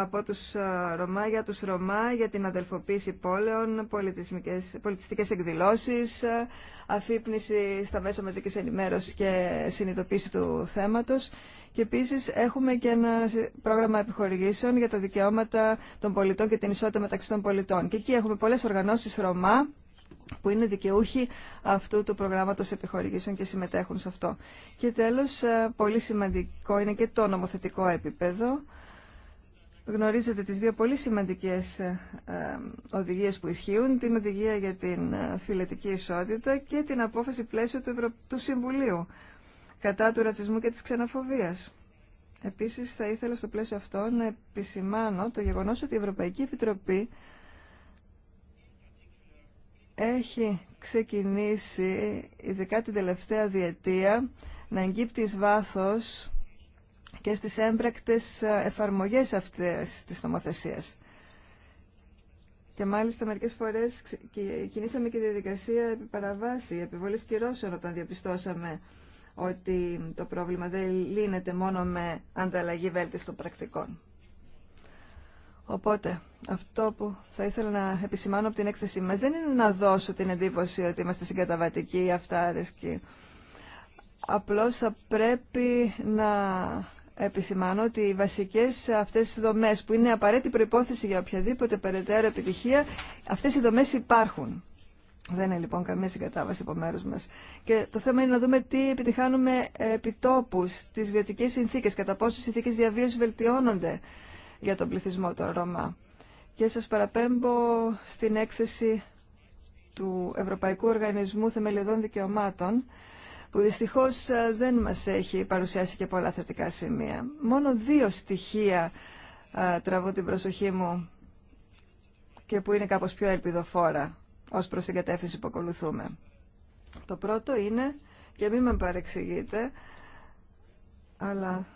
από τους ε, Ρωμά, για τους Ρωμά, για την αδελφοποίηση πόλεων, πολιτισμικές, πολιτιστικές εκδηλώσεις, ε, αφύπνιση στα μέσα μαζικής ενημέρωσης και συνειδητοποίηση του θέματος. Και επίσης έχουμε και ένα πρόγραμμα επιχορηγήσεων για τα δικαιώματα των πολιτών και την ισότητα μεταξύ των πολιτών. Και εκεί έχουμε πολλές οργανώσεις Ρωμά που είναι δικαιούχοι αυτού του προγράμματος επιχορηγήσεων και συμμετέχουν σε αυτό. Και τέλος, ε, πολύ σημαντικό είναι και το νομοθετικό επίπεδο γνωρίζετε τις δύο πολύ σημαντικές ε, ε, οδηγίες που ισχύουν, την οδηγία για την ε, φιλετική ισότητα και την απόφαση πλαίσιο του, Συμβουλίου κατά του ρατσισμού και της ξενοφοβίας. Επίσης, θα ήθελα στο πλαίσιο αυτό να επισημάνω το γεγονός ότι η Ευρωπαϊκή Επιτροπή έχει ξεκινήσει, ειδικά την τελευταία διετία, να εγκύπτει εις βάθος και στις έμπρακτες ε, εφαρμογές αυτές της νομοθεσίας. Και μάλιστα μερικές φορές κινήσαμε και τη διαδικασία επιπαραβάση, επιβολής κυρώσεων όταν διαπιστώσαμε ότι το πρόβλημα δεν λύνεται μόνο με ανταλλαγή βέλτιστων πρακτικών. Οπότε, αυτό που θα ήθελα να επισημάνω από την έκθεσή μας δεν είναι να δώσω την εντύπωση ότι είμαστε συγκαταβατικοί ή αυτάρεσκοι. Απλώς θα πρέπει να επισημάνω ότι οι βασικές αυτές οι που είναι απαραίτητη προϋπόθεση για οποιαδήποτε περαιτέρω επιτυχία, αυτές οι δομές υπάρχουν. Δεν είναι λοιπόν καμία συγκατάβαση από μέρου μα. Και το θέμα είναι να δούμε τι επιτυχάνουμε επιτόπου, τι βιωτικέ συνθήκε, κατά πόσο οι συνθήκε διαβίωση βελτιώνονται για τον πληθυσμό των Ρωμά. Και σα παραπέμπω στην έκθεση του Ευρωπαϊκού Οργανισμού Θεμελιωδών Δικαιωμάτων που δυστυχώς ε, δεν μας έχει παρουσιάσει και πολλά θετικά σημεία. Μόνο δύο στοιχεία ε, τραβούν την προσοχή μου και που είναι κάπως πιο ελπιδοφόρα ως προς την κατεύθυνση που ακολουθούμε. Το πρώτο είναι, και μην με παρεξηγείτε, αλλά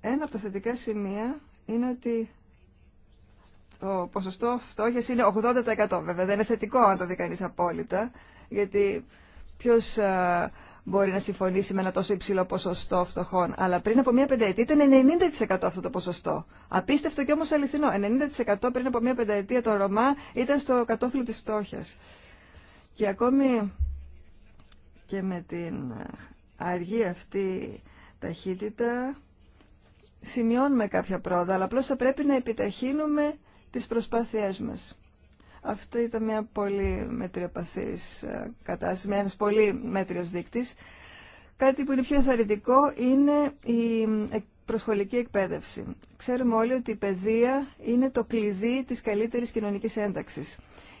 ένα από τα θετικά σημεία είναι ότι το ποσοστό φτώχειας είναι 80%. Βέβαια δεν είναι θετικό αν το δει κανείς απόλυτα, γιατί Ποιος ε, μπορεί να συμφωνήσει με ένα τόσο υψηλό ποσοστό φτωχών. Αλλά πριν από μία πενταετία ήταν 90% αυτό το ποσοστό. Απίστευτο και όμω αληθινό. 90% πριν από μία πενταετία το Ρωμά ήταν στο κατόφλι της φτώχεια. Και ακόμη και με την αργή αυτή ταχύτητα σημειώνουμε κάποια πρόοδα, αλλά απλώς θα πρέπει να επιταχύνουμε τις προσπάθειές μας. Αυτή ήταν μια πολύ μετριοπαθής ε, κατάσταση, ένα πολύ μέτριος δείκτης. Κάτι που είναι πιο ενθαρρυντικό είναι η ε, προσχολική εκπαίδευση. Ξέρουμε όλοι ότι η παιδεία είναι το κλειδί της καλύτερης κοινωνικής ένταξης.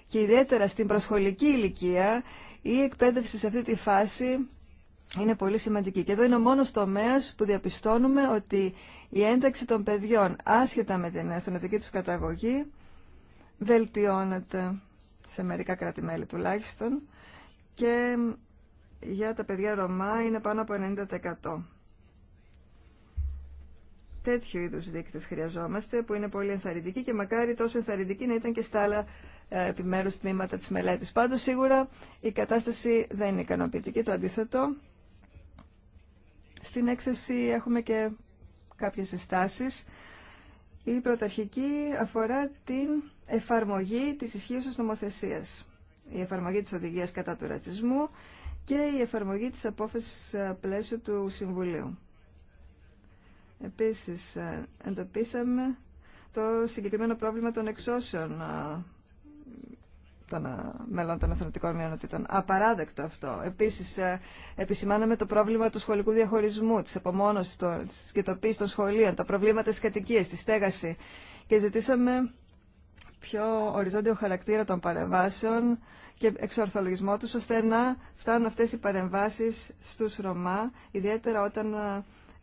Και ιδιαίτερα στην προσχολική ηλικία η εκπαίδευση σε αυτή τη φάση είναι πολύ σημαντική. Και εδώ είναι ο μόνος τομέας που διαπιστώνουμε ότι η ένταξη των παιδιών άσχετα με την εθνοτική του καταγωγή βελτιώνεται σε μερικά κράτη-μέλη τουλάχιστον και για τα παιδιά Ρωμά είναι πάνω από 90%. Τέτοιου είδους δείκτες χρειαζόμαστε που είναι πολύ ενθαρρυντικοί και μακάρι τόσο ενθαρρυντικοί να ήταν και στα άλλα ε, επιμέρους τμήματα της μελέτης. Πάντως σίγουρα η κατάσταση δεν είναι ικανοποιητική, το αντίθετο. Στην έκθεση έχουμε και κάποιες συστάσεις η πρωταρχική αφορά την εφαρμογή της ισχύωσης νομοθεσίας. Η εφαρμογή της οδηγίας κατά του ρατσισμού και η εφαρμογή της απόφασης ε, πλαίσιο του Συμβουλίου. Επίσης, ε, εντοπίσαμε το συγκεκριμένο πρόβλημα των εξώσεων ε, των ε, μελών των εθνωτικών μειονοτήτων. Απαράδεκτο αυτό. Επίση, ε, επισημάναμε το πρόβλημα του σχολικού διαχωρισμού, της απομόνωσης, τη κοιτοποίησης των σχολείων, τα προβλήματα τη κατοικία, τη στέγαση και ζητήσαμε πιο οριζόντιο χαρακτήρα των παρεμβάσεων και εξορθολογισμό του, ώστε να φτάνουν αυτέ οι παρεμβάσει στου Ρωμά, ιδιαίτερα όταν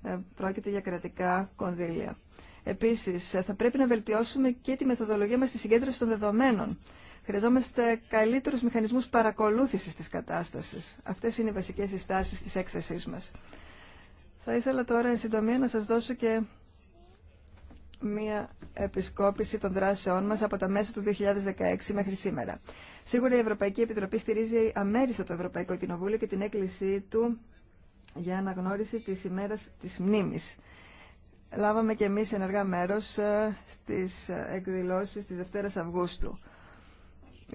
ε, πρόκειται για κρατικά κονδύλια. Επίσης, θα πρέπει να βελτιώσουμε και τη μεθοδολογία μας στη συγκέντρωση των δεδομένων. Χρειαζόμαστε καλύτερους μηχανισμούς παρακολούθησης της κατάστασης. Αυτές είναι οι βασικές συστάσεις της έκθεσής μας. Θα ήθελα τώρα εν συντομία να σας δώσω και μία επισκόπηση των δράσεών μας από τα μέσα του 2016 μέχρι σήμερα. Σίγουρα η Ευρωπαϊκή Επιτροπή στηρίζει αμέριστα το Ευρωπαϊκό Κοινοβούλιο και την έκκλησή του για αναγνώριση της ημέρας της μνήμης. Λάβαμε και εμείς ενεργά μέρος ε, στις εκδηλώσεις της Δευτέρα Αυγούστου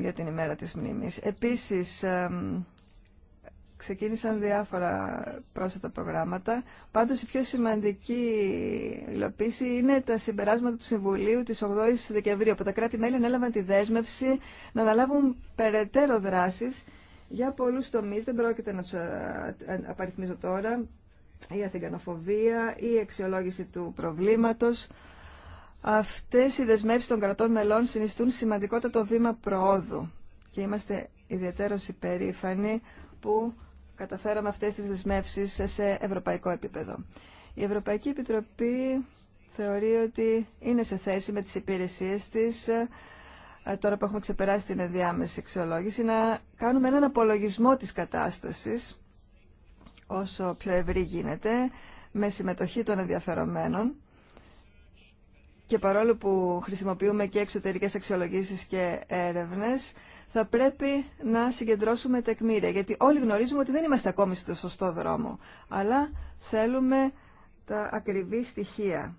για την ημέρα της μνήμης. Επίσης, ξεκίνησαν διάφορα πρόσθετα προγράμματα. Πάντως η πιο σημαντική υλοποίηση είναι τα συμπεράσματα του Συμβουλίου της 8ης Δεκεμβρίου, που τα κράτη-μέλη ανέλαβαν τη δέσμευση να αναλάβουν περαιτέρω δράσεις για πολλούς τομείς. Δεν πρόκειται να τους ε, ε, απαριθμίζω τώρα. Η αθηγανοφοβία, η αξιολόγηση του προβλήματος, Αυτές οι δεσμεύσει των κρατών μελών συνιστούν σημαντικότατο βήμα προόδου και είμαστε ιδιαίτερω υπερήφανοι που καταφέραμε αυτές τις δεσμεύσει σε ευρωπαϊκό επίπεδο. Η Ευρωπαϊκή Επιτροπή θεωρεί ότι είναι σε θέση με τις υπηρεσίες της ε, τώρα που έχουμε ξεπεράσει την ενδιάμεση αξιολόγηση, να κάνουμε έναν απολογισμό της κατάστασης όσο πιο ευρύ γίνεται, με συμμετοχή των ενδιαφερομένων και παρόλο που χρησιμοποιούμε και εξωτερικές αξιολογήσεις και έρευνες, θα πρέπει να συγκεντρώσουμε τεκμήρια, γιατί όλοι γνωρίζουμε ότι δεν είμαστε ακόμη στο σωστό δρόμο, αλλά θέλουμε τα ακριβή στοιχεία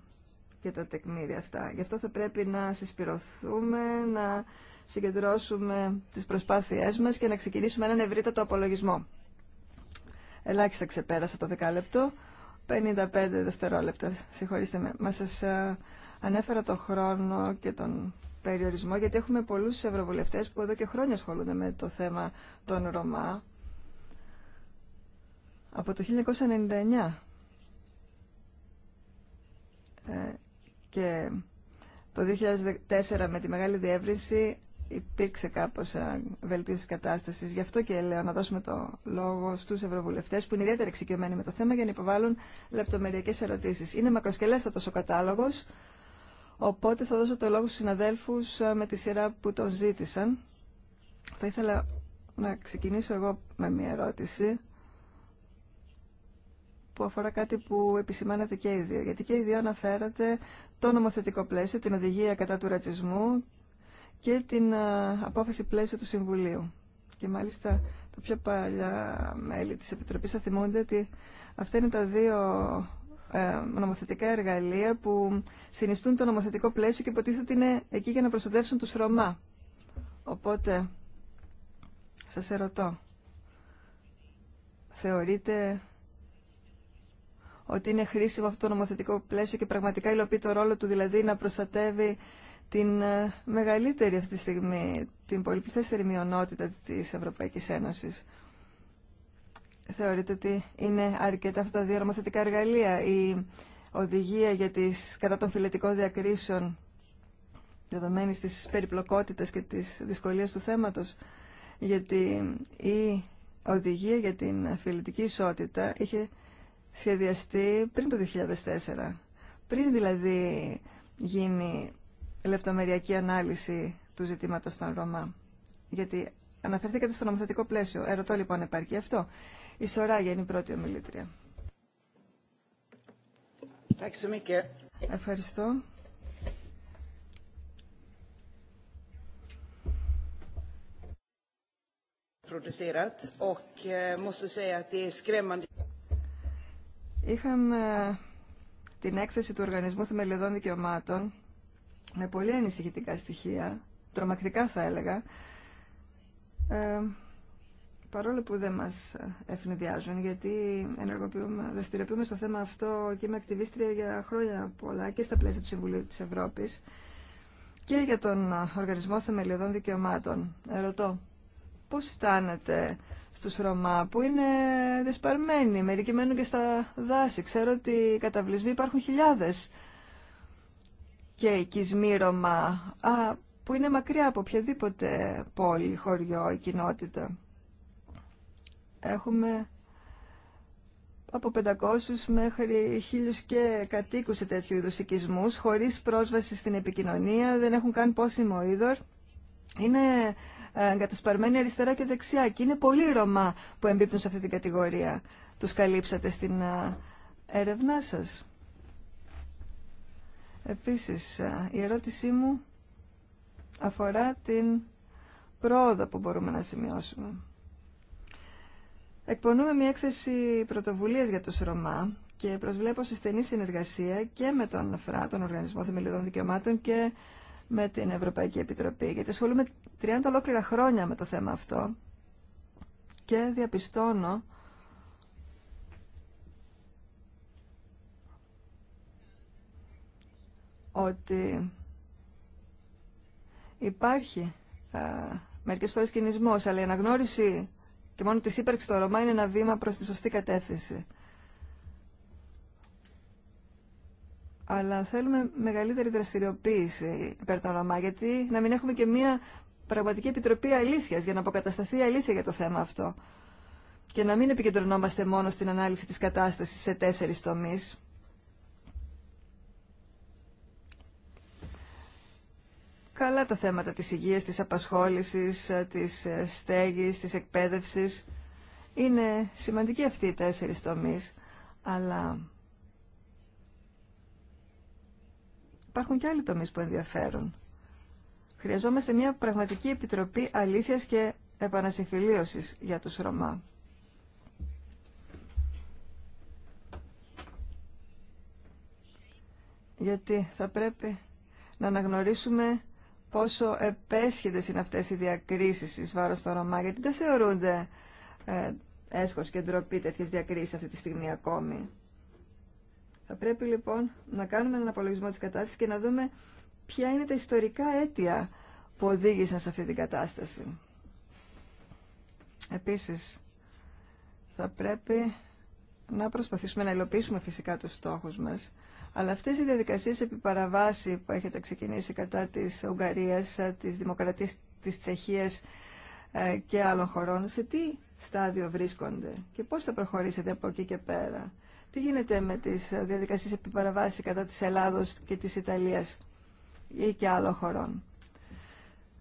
και τα τεκμήρια αυτά. Γι' αυτό θα πρέπει να συσπηρωθούμε, να συγκεντρώσουμε τις προσπάθειές μας και να ξεκινήσουμε έναν ευρύτατο απολογισμό. Ελάχιστα ξεπέρασα το δεκάλεπτο, 55 δευτερόλεπτα, συγχωρήστε με, μα σας ε, Ανέφερα το χρόνο και τον περιορισμό γιατί έχουμε πολλούς ευρωβουλευτές που εδώ και χρόνια ασχολούνται με το θέμα των Ρωμά από το 1999 ε, και το 2004 με τη μεγάλη διεύρυνση υπήρξε κάπως βελτίωση κατάστασης. Γι' αυτό και λέω να δώσουμε το λόγο στους ευρωβουλευτές που είναι ιδιαίτερα εξοικειωμένοι με το θέμα για να υποβάλουν λεπτομεριακές ερωτήσεις. Είναι μακροσκελέστατος ο κατάλογος, Οπότε θα δώσω το λόγο στους συναδέλφους ε, με τη σειρά που τον ζήτησαν. Θα ήθελα να ξεκινήσω εγώ με μια ερώτηση που αφορά κάτι που επισημάνατε και οι δύο. Γιατί και οι δύο αναφέρατε το νομοθετικό πλαίσιο, την οδηγία κατά του ρατσισμού και την ε, απόφαση πλαίσιο του Συμβουλίου. Και μάλιστα τα πιο παλιά μέλη της Επιτροπής θα θυμούνται ότι αυτά είναι τα δύο ε, νομοθετικά εργαλεία που συνιστούν το νομοθετικό πλαίσιο και υποτίθεται είναι εκεί για να προστατεύσουν τους Ρωμά. Οπότε, σας ερωτώ, θεωρείτε ότι είναι χρήσιμο αυτό το νομοθετικό πλαίσιο και πραγματικά υλοποιεί το ρόλο του, δηλαδή να προστατεύει την ε, μεγαλύτερη αυτή τη στιγμή, την πολυπληθέστερη μειονότητα της Ευρωπαϊκής Ένωσης θεωρείτε ότι είναι αρκετά αυτά τα δύο νομοθετικά εργαλεία. Η οδηγία για τις κατά των φιλετικών διακρίσεων δεδομένη της περιπλοκότητας και της δυσκολίας του θέματος, γιατί η οδηγία για την φιλετική ισότητα είχε σχεδιαστεί πριν το 2004. Πριν δηλαδή γίνει λεπτομεριακή ανάλυση του ζητήματος των Ρωμά. Γιατί αναφερθήκατε στο νομοθετικό πλαίσιο. Ερωτώ λοιπόν, υπάρχει αυτό. Η Σοράγια είναι η πρώτη ομιλήτρια. Ευχαριστώ. Eh, Είχαμε eh, την έκθεση του Οργανισμού Θεμελιωδών Δικαιωμάτων με πολύ ανησυχητικά στοιχεία, τρομακτικά θα έλεγα, ε, παρόλο που δεν μας ευνηδιάζουν, γιατί ενεργοποιούμε, δραστηριοποιούμε στο θέμα αυτό και είμαι ακτιβίστρια για χρόνια πολλά και στα πλαίσια του Συμβουλίου της Ευρώπης και για τον Οργανισμό Θεμελιωδών Δικαιωμάτων. Ερωτώ, πώς φτάνετε στους Ρωμά που είναι δεσπαρμένοι, μερικοί μένουν και στα δάση. Ξέρω ότι οι καταβλισμοί υπάρχουν χιλιάδες και οικισμοί Ρωμά, που είναι μακριά από οποιαδήποτε πόλη, χωριό ή κοινότητα. Έχουμε από 500 μέχρι 1000 και κατοίκους σε τέτοιου είδους οικισμούς, χωρίς πρόσβαση στην επικοινωνία, δεν έχουν καν πόσιμο είδωρ. Είναι ε, εγκατασπαρμένοι αριστερά και δεξιά και είναι πολλοί Ρωμά που εμπίπτουν σε αυτή την κατηγορία. Τους καλύψατε στην ε, έρευνά σας. Επίσης, ε, η ερώτησή μου αφορά την πρόοδο που μπορούμε να σημειώσουμε. Εκπονούμε μια έκθεση πρωτοβουλίας για τους Ρωμά και προσβλέπω σε στενή συνεργασία και με τον ΦΡΑ, τον Οργανισμό Θεμελιωδών Δικαιωμάτων και με την Ευρωπαϊκή Επιτροπή, γιατί ασχολούμαι 30 ολόκληρα χρόνια με το θέμα αυτό και διαπιστώνω ότι υπάρχει α, μερικές φορές κινησμός, αλλά η αναγνώριση και μόνο τη ύπαρξη στο Ρωμά είναι ένα βήμα προς τη σωστή κατεύθυνση. Αλλά θέλουμε μεγαλύτερη δραστηριοποίηση υπέρ των Ρωμά, γιατί να μην έχουμε και μία πραγματική επιτροπή αλήθειας για να αποκατασταθεί η αλήθεια για το θέμα αυτό. Και να μην επικεντρωνόμαστε μόνο στην ανάλυση της κατάστασης σε τέσσερις τομείς. καλά τα θέματα της υγείας, της απασχόλησης, ε, της ε, στέγης, της εκπαίδευσης. Είναι σημαντικοί αυτοί οι τέσσερις τομείς, αλλά υπάρχουν και άλλοι τομείς που ενδιαφέρουν. Χρειαζόμαστε μια πραγματική επιτροπή αλήθειας και επανασυμφιλίωσης για τους Ρωμά. Γιατί θα πρέπει να αναγνωρίσουμε πόσο επέσχετες είναι αυτές οι διακρίσεις εις βάρος των Ρωμά, γιατί δεν θεωρούνται ε, και ντροπή τέτοιε διακρίσεις αυτή τη στιγμή ακόμη. Θα πρέπει λοιπόν να κάνουμε έναν απολογισμό της κατάστασης και να δούμε ποια είναι τα ιστορικά αίτια που οδήγησαν σε αυτή την κατάσταση. Επίσης, θα πρέπει να προσπαθήσουμε να υλοποιήσουμε φυσικά τους στόχους μας αλλά αυτές οι διαδικασίες επί παραβάση που έχετε ξεκινήσει κατά της Ουγγαρίας, της Δημοκρατίας της Τσεχίας ε, και άλλων χωρών, σε τι στάδιο βρίσκονται και πώς θα προχωρήσετε από εκεί και πέρα. Τι γίνεται με τις διαδικασίες επί παραβάση κατά της Ελλάδος και της Ιταλίας ή και άλλων χωρών.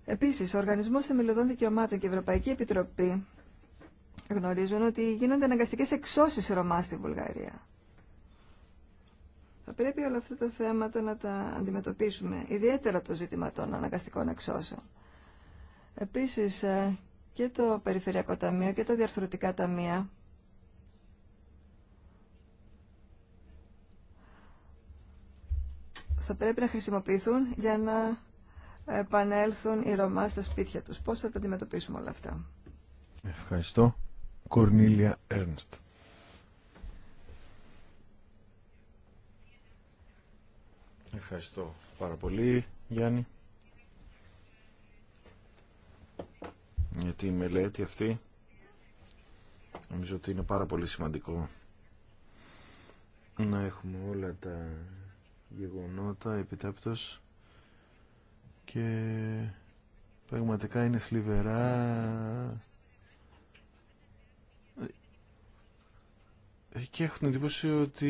Επίσης, ο Οργανισμός Θεμελιωδών Δικαιωμάτων και η Ευρωπαϊκή Επιτροπή γνωρίζουν ότι γίνονται αναγκαστικές εξώσεις Ρωμά στη Βουλγαρία. Θα πρέπει όλα αυτά τα θέματα να τα αντιμετωπίσουμε, ιδιαίτερα το ζήτημα των αναγκαστικών εξώσεων. Επίσης, ε, και το Περιφερειακό Ταμείο και τα Διαρθρωτικά Ταμεία θα πρέπει να χρησιμοποιηθούν για να επανέλθουν οι Ρωμά στα σπίτια τους. Πώς θα τα αντιμετωπίσουμε όλα αυτά. Ευχαριστώ. Κορνίλια Έρνστ. Ευχαριστώ πάρα πολύ, Γιάννη. Γιατί η μελέτη αυτή νομίζω ότι είναι πάρα πολύ σημαντικό να έχουμε όλα τα γεγονότα επιτάπτως και πραγματικά είναι θλιβερά και την εντύπωση ότι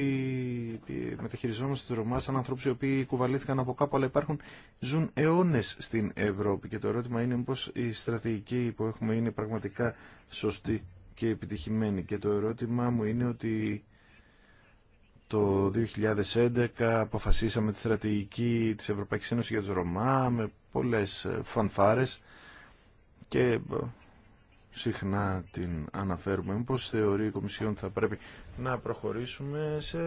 μεταχειριζόμαστε τη Ρωμά σαν ανθρώπου οι οποίοι κουβαλήθηκαν από κάπου, αλλά υπάρχουν, ζουν αιώνε στην Ευρώπη. Και το ερώτημα είναι πώ η στρατηγική που έχουμε είναι πραγματικά σωστή και επιτυχημένη. Και το ερώτημά μου είναι ότι το 2011 αποφασίσαμε τη στρατηγική της Ευρωπαϊκής Ένωση για τη Ρωμά με πολλέ φανφάρε. και συχνά την αναφέρουμε. πώς θεωρεί η Κομισιόν θα πρέπει να προχωρήσουμε σε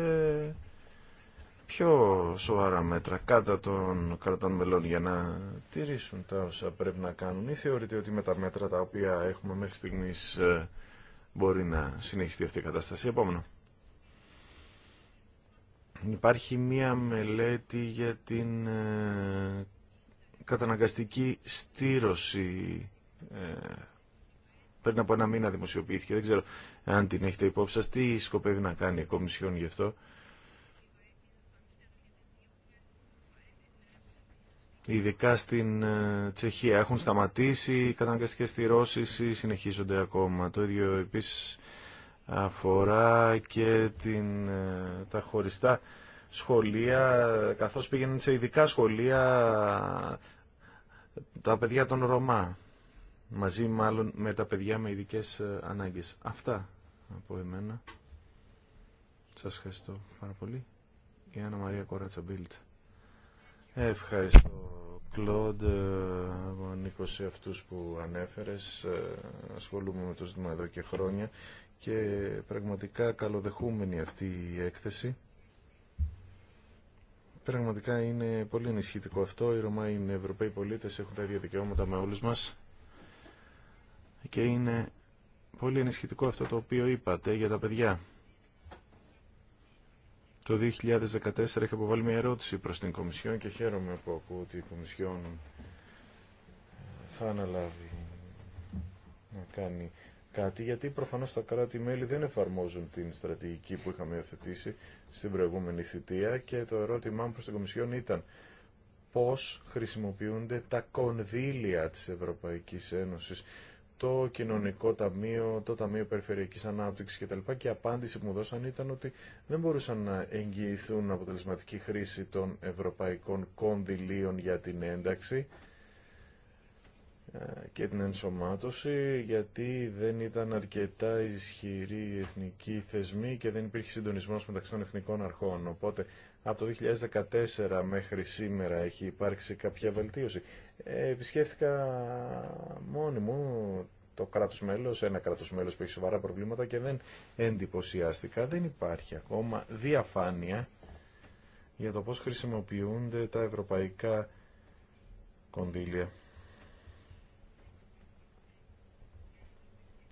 πιο σοβαρά μέτρα κατά των κρατών μελών για να τηρήσουν τα όσα πρέπει να κάνουν ή θεωρείτε ότι με τα μέτρα τα οποία έχουμε μέχρι στιγμής ε, μπορεί να συνεχιστεί αυτή η κατάσταση. Επόμενο. Υπάρχει μία μελέτη για την ε, καταναγκαστική στήρωση ε, πριν από ένα μήνα δημοσιοποιήθηκε. Δεν ξέρω αν την έχετε υπόψη σας. Τι σκοπεύει να κάνει η Κομισιόν γι' αυτό. Ειδικά στην ε, Τσεχία έχουν σταματήσει οι καταναγκαστικές στηρώσεις ή συνεχίζονται ακόμα. Το ίδιο επίσης αφορά και την, ε, τα χωριστά σχολεία, καθώς πήγαιναν σε ειδικά σχολεία τα παιδιά των Ρωμά μαζί μάλλον με τα παιδιά με ειδικέ ε, ανάγκες. Αυτά από εμένα. Σας ευχαριστώ πάρα πολύ. Η Άννα Μαρία Κοράτσα Μπίλτ. Ευχαριστώ Κλοντ, ε, ανήκω σε αυτούς που ανέφερες, ε, ασχολούμαι με το ζήτημα εδώ και χρόνια και πραγματικά καλοδεχούμενη αυτή η έκθεση. Πραγματικά είναι πολύ ενισχυτικό αυτό. Οι Ρωμαίοι είναι Ευρωπαίοι πολίτες, έχουν τα ίδια δικαιώματα με όλους μας και είναι πολύ ενισχυτικό αυτό το οποίο είπατε για τα παιδιά. Το 2014 είχα αποβάλει μια ερώτηση προς την Κομισιόν και χαίρομαι που ακούω ότι η Κομισιόν θα αναλάβει να κάνει κάτι, γιατί προφανώς τα κράτη-μέλη δεν εφαρμόζουν την στρατηγική που είχαμε υιοθετήσει στην προηγούμενη θητεία και το ερώτημά μου προς την Κομισιόν ήταν πώς χρησιμοποιούνται τα κονδύλια της Ευρωπαϊκής Ένωσης το κοινωνικό ταμείο, το ταμείο περιφερειακής ανάπτυξης κτλ. Και η απάντηση που μου δώσαν ήταν ότι δεν μπορούσαν να εγγυηθούν αποτελεσματική χρήση των ευρωπαϊκών κονδυλίων για την ένταξη ε, και την ενσωμάτωση γιατί δεν ήταν αρκετά ισχυρή οι εθνικοί θεσμοί και δεν υπήρχε συντονισμός μεταξύ των εθνικών αρχών. Οπότε από το 2014 μέχρι σήμερα έχει υπάρξει κάποια βελτίωση. Ε, επισκέφθηκα μόνη μου το κράτος μέλος, ένα κράτος μέλος που έχει σοβαρά προβλήματα και δεν εντυπωσιάστηκα. Δεν υπάρχει ακόμα διαφάνεια για το πώς χρησιμοποιούνται τα ευρωπαϊκά κονδύλια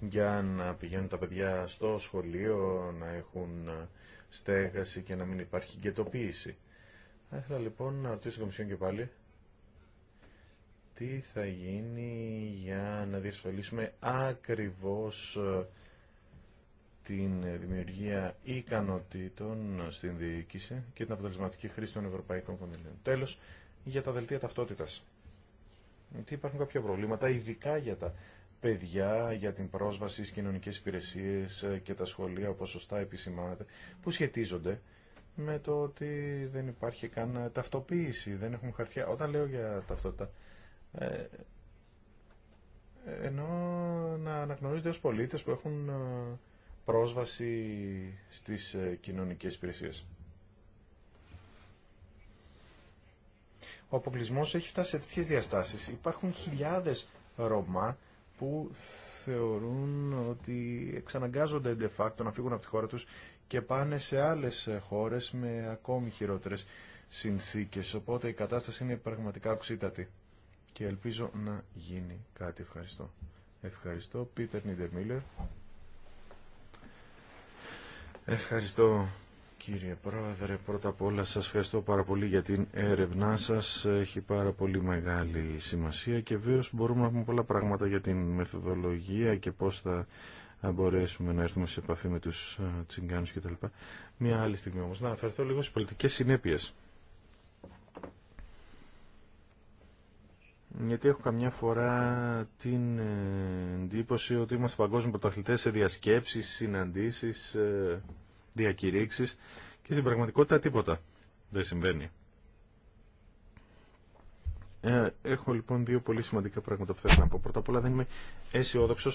για να πηγαίνουν τα παιδιά στο σχολείο, να έχουν στέγαση και να μην υπάρχει γκαιτοποίηση. Θα ήθελα λοιπόν να ρωτήσω την Κομισιόν και πάλι τι θα γίνει για να διασφαλίσουμε ακριβώς ε, την δημιουργία ικανοτήτων στην διοίκηση και την αποτελεσματική χρήση των ευρωπαϊκών κονδυλίων. Τέλος, για τα δελτία ταυτότητας. Γιατί υπάρχουν κάποια προβλήματα, ειδικά για τα παιδιά για την πρόσβαση στις κοινωνικές υπηρεσίες ε, και τα σχολεία, όπως σωστά επισημάνατε, που σχετίζονται με το ότι δεν υπάρχει καν ε, ταυτοποίηση, δεν έχουν χαρτιά. Όταν λέω για ταυτότητα, ε, ε ενώ να αναγνωρίζονται ως πολίτες που έχουν πρόσβαση στις κοινωνικές υπηρεσίες. Ο αποκλεισμός έχει φτάσει σε τέτοιε διαστάσεις. Υπάρχουν χιλιάδες Ρωμά που θεωρούν ότι εξαναγκάζονται de facto να φύγουν από τη χώρα τους και πάνε σε άλλες χώρες με ακόμη χειρότερες συνθήκες. Οπότε η κατάσταση είναι πραγματικά οξύτατη και ελπίζω να γίνει κάτι. Ευχαριστώ. Ευχαριστώ. Πίτερ Νιντερμίλερ. Ευχαριστώ κύριε Πρόεδρε. Πρώτα απ' όλα σας ευχαριστώ πάρα πολύ για την έρευνά σας. Έχει πάρα πολύ μεγάλη σημασία και βέβαια μπορούμε να πούμε πολλά πράγματα για την μεθοδολογία και πώς θα μπορέσουμε να έρθουμε σε επαφή με τους ε, τσιγκάνους κτλ. Μια άλλη στιγμή όμως. Να αφαιρθώ λίγο στις πολιτικές συνέπειες. Γιατί έχω καμιά φορά την ε, εντύπωση ότι είμαστε παγκόσμιοι πρωταθλητές σε διασκέψεις, συναντήσεις, ε, διακηρύξει και στην πραγματικότητα τίποτα δεν συμβαίνει. Ε, έχω λοιπόν δύο πολύ σημαντικά πράγματα που θέλω να πω. Πρώτα απ' όλα δεν είμαι αισιόδοξο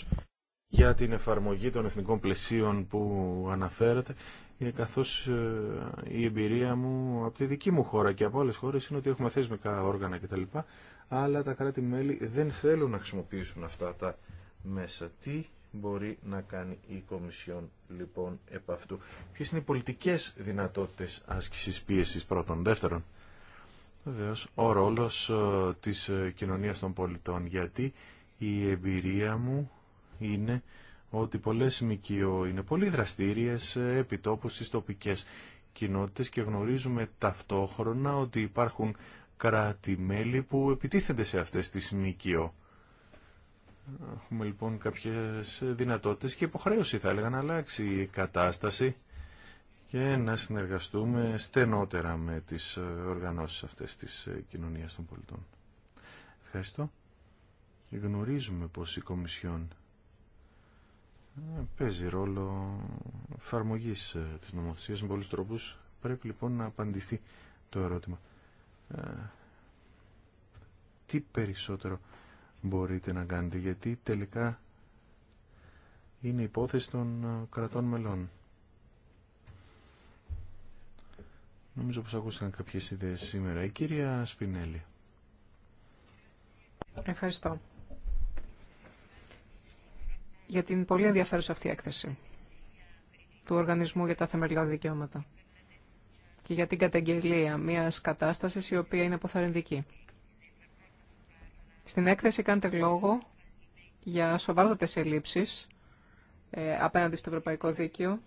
για την εφαρμογή των εθνικών πλαισίων που αναφέρατε, καθώς ε, η εμπειρία μου από τη δική μου χώρα και από άλλες χώρες είναι ότι έχουμε θεσμικά όργανα κτλ. Αλλά τα κράτη-μέλη δεν θέλουν να χρησιμοποιήσουν αυτά τα μέσα. Τι μπορεί να κάνει η Κομισιόν λοιπόν επ' αυτού. Ποιες είναι οι πολιτικές δυνατότητες άσκησης πίεσης πρώτον. Δεύτερον, βεβαίω ο ρόλος ε, της ε, κοινωνίας των πολιτών, γιατί η εμπειρία μου είναι ότι πολλές ΜΚΟ είναι πολύ δραστήριες ε, επιτόπου στις τοπικές κοινότητες και γνωρίζουμε ταυτόχρονα ότι υπάρχουν κράτη-μέλη που επιτίθενται σε αυτές τις ΜΚΟ. Έχουμε λοιπόν κάποιες δυνατότητες και υποχρέωση θα έλεγα να αλλάξει η κατάσταση και να συνεργαστούμε στενότερα με τις ε, οργανώσεις αυτές της ε, κοινωνίας των πολιτών. Ευχαριστώ. Γνωρίζουμε πως η Κομισιόν ε, παίζει ρόλο εφαρμογή της νομοθεσίας με πολλούς τρόπους. Πρέπει λοιπόν να απαντηθεί το ερώτημα. Τι περισσότερο μπορείτε να κάνετε, γιατί τελικά είναι υπόθεση των ε, κρατών μελών. Νομίζω πως άκουσαν κάποιες ιδέες σήμερα. Η κυρία Σπινέλη. Ευχαριστώ. Για την πολύ ενδιαφέρουσα αυτή έκθεση του Οργανισμού για τα Θεμελιώδη Δικαιώματα και για την καταγγελία μιας κατάστασης η οποία είναι αποθαρρυντική. Στην έκθεση κάνετε λόγο για σοβαρότατες ελλείψεις ε, απέναντι στο Ευρωπαϊκό Δίκαιο.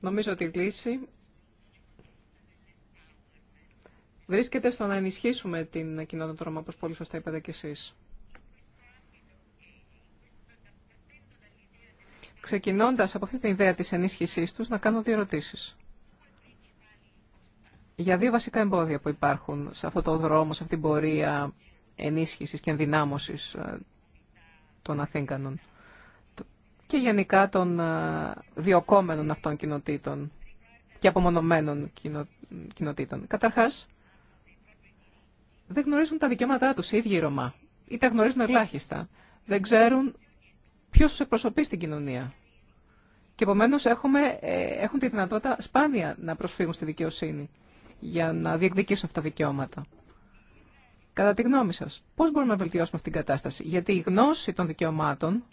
Νομίζω ότι η λύση βρίσκεται στο να ενισχύσουμε την κοινότητα τρόμα, όπως πολύ σωστά είπατε κι εσείς. Ξεκινώντας από αυτή την ιδέα της ενίσχυσής τους, να κάνω δύο ερωτήσεις για δύο βασικά εμπόδια που υπάρχουν σε αυτό το δρόμο, σε αυτή την πορεία ενίσχυσης και ενδυνάμωσης ε, των Αθήγκανων και γενικά των ε, διοκόμενων αυτών κοινοτήτων και απομονωμένων κοινοτήτων. Καταρχάς, δεν γνωρίζουν τα δικαιώματά τους οι ίδιοι οι Ρωμά ή τα γνωρίζουν ελάχιστα. Δεν ξέρουν ποιος τους εκπροσωπεί στην κοινωνία. Και επομένως ε, έχουν τη δυνατότητα σπάνια να προσφύγουν στη δικαιοσύνη για να διεκδικήσουν αυτά τα δικαιώματα. Κατά τη γνώμη σας, πώς μπορούμε να βελτιώσουμε αυτήν την κατάσταση. Γιατί η γνώση των δικαιωμάτων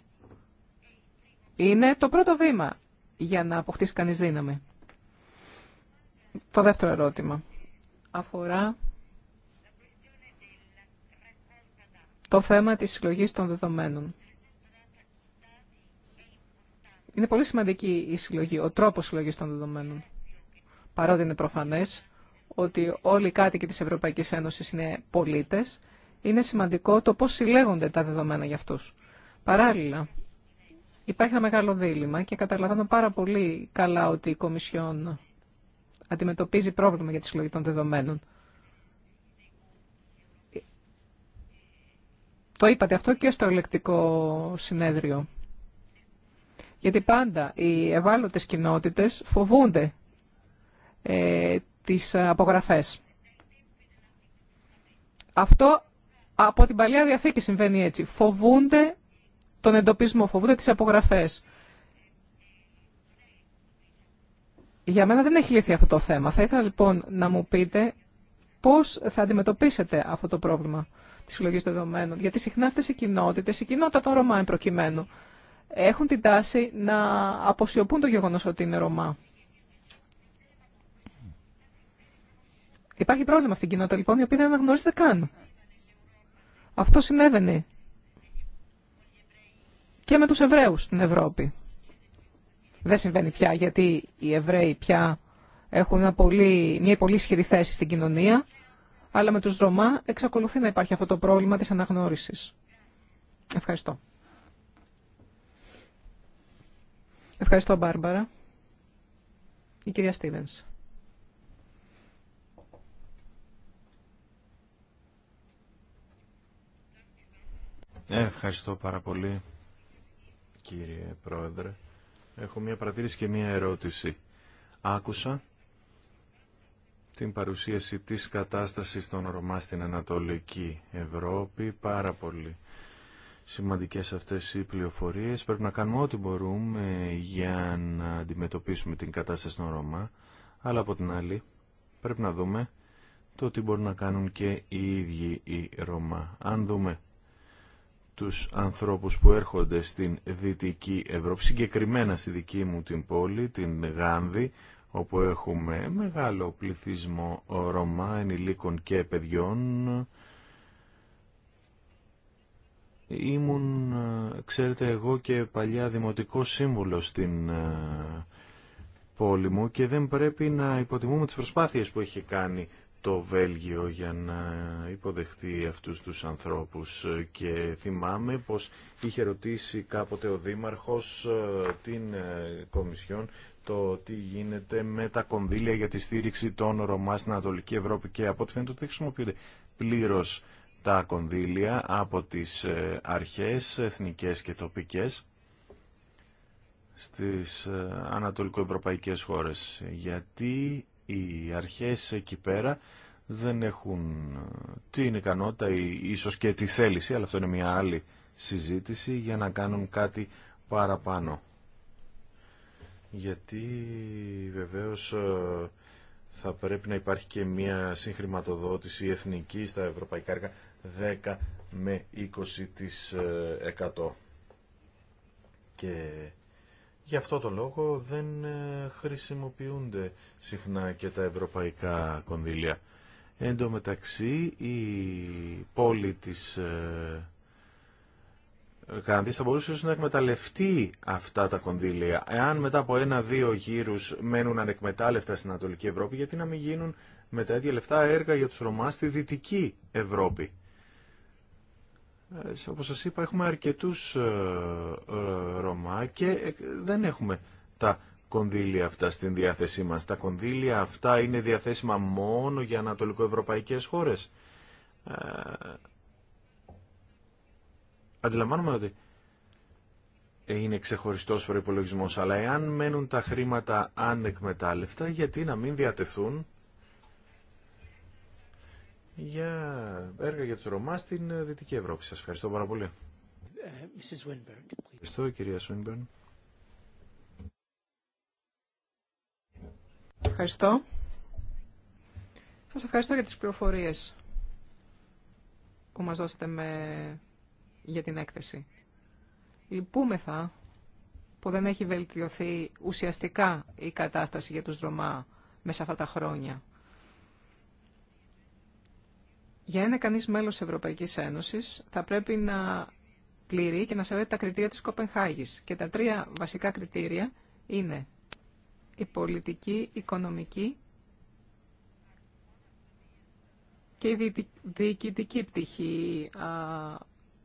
είναι το πρώτο βήμα για να αποκτήσει κανείς δύναμη. Το δεύτερο ερώτημα αφορά το θέμα της συλλογή των δεδομένων. Είναι πολύ σημαντική η συλλογή, ο τρόπος συλλογής των δεδομένων. Παρότι είναι προφανές ότι όλοι οι κάτοικοι της Ευρωπαϊκής Ένωσης είναι πολίτες, είναι σημαντικό το πώς συλλέγονται τα δεδομένα για αυτούς. Παράλληλα, υπάρχει ένα μεγάλο δίλημα και καταλαβαίνω πάρα πολύ καλά ότι η Κομισιόν αντιμετωπίζει πρόβλημα για τη συλλογή των δεδομένων. Το είπατε αυτό και στο ελεκτικό συνέδριο. Γιατί πάντα οι ευάλωτες κοινότητες φοβούνται ε, τις ε, απογραφές. Αυτό από την Παλιά Διαθήκη συμβαίνει έτσι. Φοβούνται τον εντοπισμό, φοβούνται τις απογραφές. Για μένα δεν έχει λυθεί αυτό το θέμα. Θα ήθελα λοιπόν να μου πείτε πώς θα αντιμετωπίσετε αυτό το πρόβλημα της συλλογής των δεδομένων. Γιατί συχνά αυτές οι κοινότητες, η κοινότητα των Ρωμά προκειμένου, έχουν την τάση να αποσιωπούν το γεγονός ότι είναι Ρωμά. Υπάρχει πρόβλημα στην κοινότητα λοιπόν, η οποία δεν αναγνωρίζεται καν. Αυτό συνέβαινε και με τους Εβραίους στην Ευρώπη. Δεν συμβαίνει πια, γιατί οι Εβραίοι πια έχουν μια πολύ, μια πολύ ισχυρή θέση στην κοινωνία, αλλά με τους Ρωμά εξακολουθεί να υπάρχει αυτό το πρόβλημα της αναγνώρισης. Ευχαριστώ. Ευχαριστώ, Μπάρμπαρα. Η κυρία Στίβενς. Ε, ευχαριστώ πάρα πολύ, κύριε Πρόεδρε. Έχω μία παρατήρηση και μία ερώτηση. Άκουσα την παρουσίαση της κατάστασης των Ρωμά στην Ανατολική Ευρώπη. Πάρα πολύ σημαντικές αυτές οι πληροφορίες. Πρέπει να κάνουμε ό,τι μπορούμε για να αντιμετωπίσουμε την κατάσταση των Ρωμά. Αλλά από την άλλη πρέπει να δούμε το τι μπορούν να κάνουν και οι ίδιοι οι Ρωμά. Αν δούμε τους ανθρώπους που έρχονται στην Δυτική Ευρώπη, συγκεκριμένα στη δική μου την πόλη, την Γάνδη, όπου έχουμε μεγάλο πληθυσμό Ρωμά, ενηλίκων και παιδιών. Ήμουν, ξέρετε, εγώ και παλιά δημοτικό σύμβουλο στην ε, πόλη μου και δεν πρέπει να υποτιμούμε τις προσπάθειες που έχει κάνει το Βέλγιο για να υποδεχτεί αυτούς τους ανθρώπους και θυμάμαι πως είχε ρωτήσει κάποτε ο Δήμαρχος ε, την ε, Κομισιόν το τι γίνεται με τα κονδύλια για τη στήριξη των Ρωμά στην Ανατολική Ευρώπη και από ό,τι φαίνεται ότι δεν χρησιμοποιούνται πλήρως τα κονδύλια από τις ε, αρχές εθνικές και τοπικές στις ανατολικοευρωπαϊκές χώρες. Γιατί οι αρχές εκεί πέρα δεν έχουν την ικανότητα ή ίσως και τη θέληση, αλλά αυτό είναι μια άλλη συζήτηση, για να κάνουν κάτι παραπάνω. Γιατί βεβαίως ε, θα πρέπει να υπάρχει και μια συγχρηματοδότηση εθνική στα ευρωπαϊκά έργα 10 με 20% ε, και Γι' αυτό το λόγο δεν ε, χρησιμοποιούνται συχνά και τα ευρωπαϊκά κονδύλια. Εν τω μεταξύ, η πόλη της Καναδής ε, θα μπορούσε να εκμεταλλευτεί αυτά τα κονδύλια. Εάν μετά από ένα-δύο γύρους μένουν ανεκμετάλλευτα στην Ανατολική Ευρώπη, γιατί να μην γίνουν με τα ίδια λεφτά έργα για τους Ρωμά στη Δυτική Ευρώπη. Ε, όπως σας είπα έχουμε αρκετούς ε, ε, Ρωμά και δεν έχουμε τα κονδύλια αυτά στην διάθεσή μας. Τα κονδύλια αυτά είναι διαθέσιμα μόνο για ανατολικοευρωπαϊκές χώρες. Αντιλαμβάνομαι ότι είναι ξεχωριστός προπολογισμό, αλλά εάν μένουν τα χρήματα ανεκμετάλλευτα, γιατί να μην διατεθούν για έργα για τους Ρωμά στην ε, Δυτική Ευρώπη. Σας ευχαριστώ πάρα πολύ. Ε, ευχαριστώ κυρία Σουίνμπερν. Ευχαριστώ. Σας ευχαριστώ για τις πληροφορίες που μας δώσατε με... για την έκθεση. Λυπούμεθα που δεν έχει βελτιωθεί ουσιαστικά η κατάσταση για τους Ρωμά μέσα αυτά τα χρόνια. Για ένα κανεί μέλο μέλος της Ευρωπαϊκής θα πρέπει να πληρεί και να σέβεται τα κριτήρια της Κοπενχάγης. Και τα τρία βασικά κριτήρια είναι η πολιτική, η οικονομική και η διοικητική πτυχή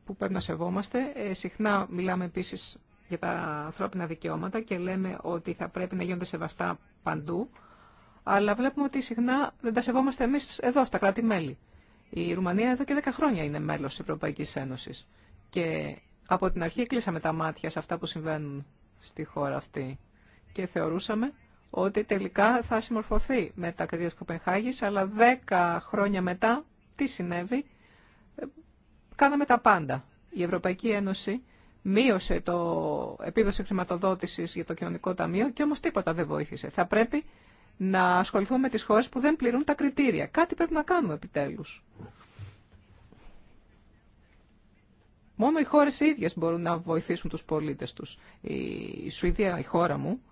που πρέπει να σεβόμαστε. Ε, συχνά μιλάμε επίση για τα ανθρώπινα δικαιώματα και λέμε ότι θα πρέπει να γίνονται σεβαστά παντού, αλλά βλέπουμε ότι συχνά δεν τα σεβόμαστε εμεί εδώ στα κράτη-μέλη. Η Ρουμανία εδώ και 10 χρόνια είναι μέλος της Ευρωπαϊκής Ένωσης και από την αρχή κλείσαμε τα μάτια σε αυτά που συμβαίνουν στη χώρα αυτή και θεωρούσαμε ότι τελικά θα συμμορφωθεί με τα κριτήρια τη Κοπενχάγη. αλλά 10 χρόνια μετά τι συνέβη, ε, κάναμε τα πάντα. Η Ευρωπαϊκή Ένωση μείωσε το επίδοση χρηματοδότησης για το κοινωνικό ταμείο και όμως τίποτα δεν βοήθησε. Θα πρέπει να ασχοληθούμε με τις χώρες που δεν πληρούν τα κριτήρια. Κάτι πρέπει να κάνουμε επιτέλους. Μόνο οι χώρες οι ίδιες μπορούν να βοηθήσουν τους πολίτες τους. Η Σουηδία, η χώρα μου,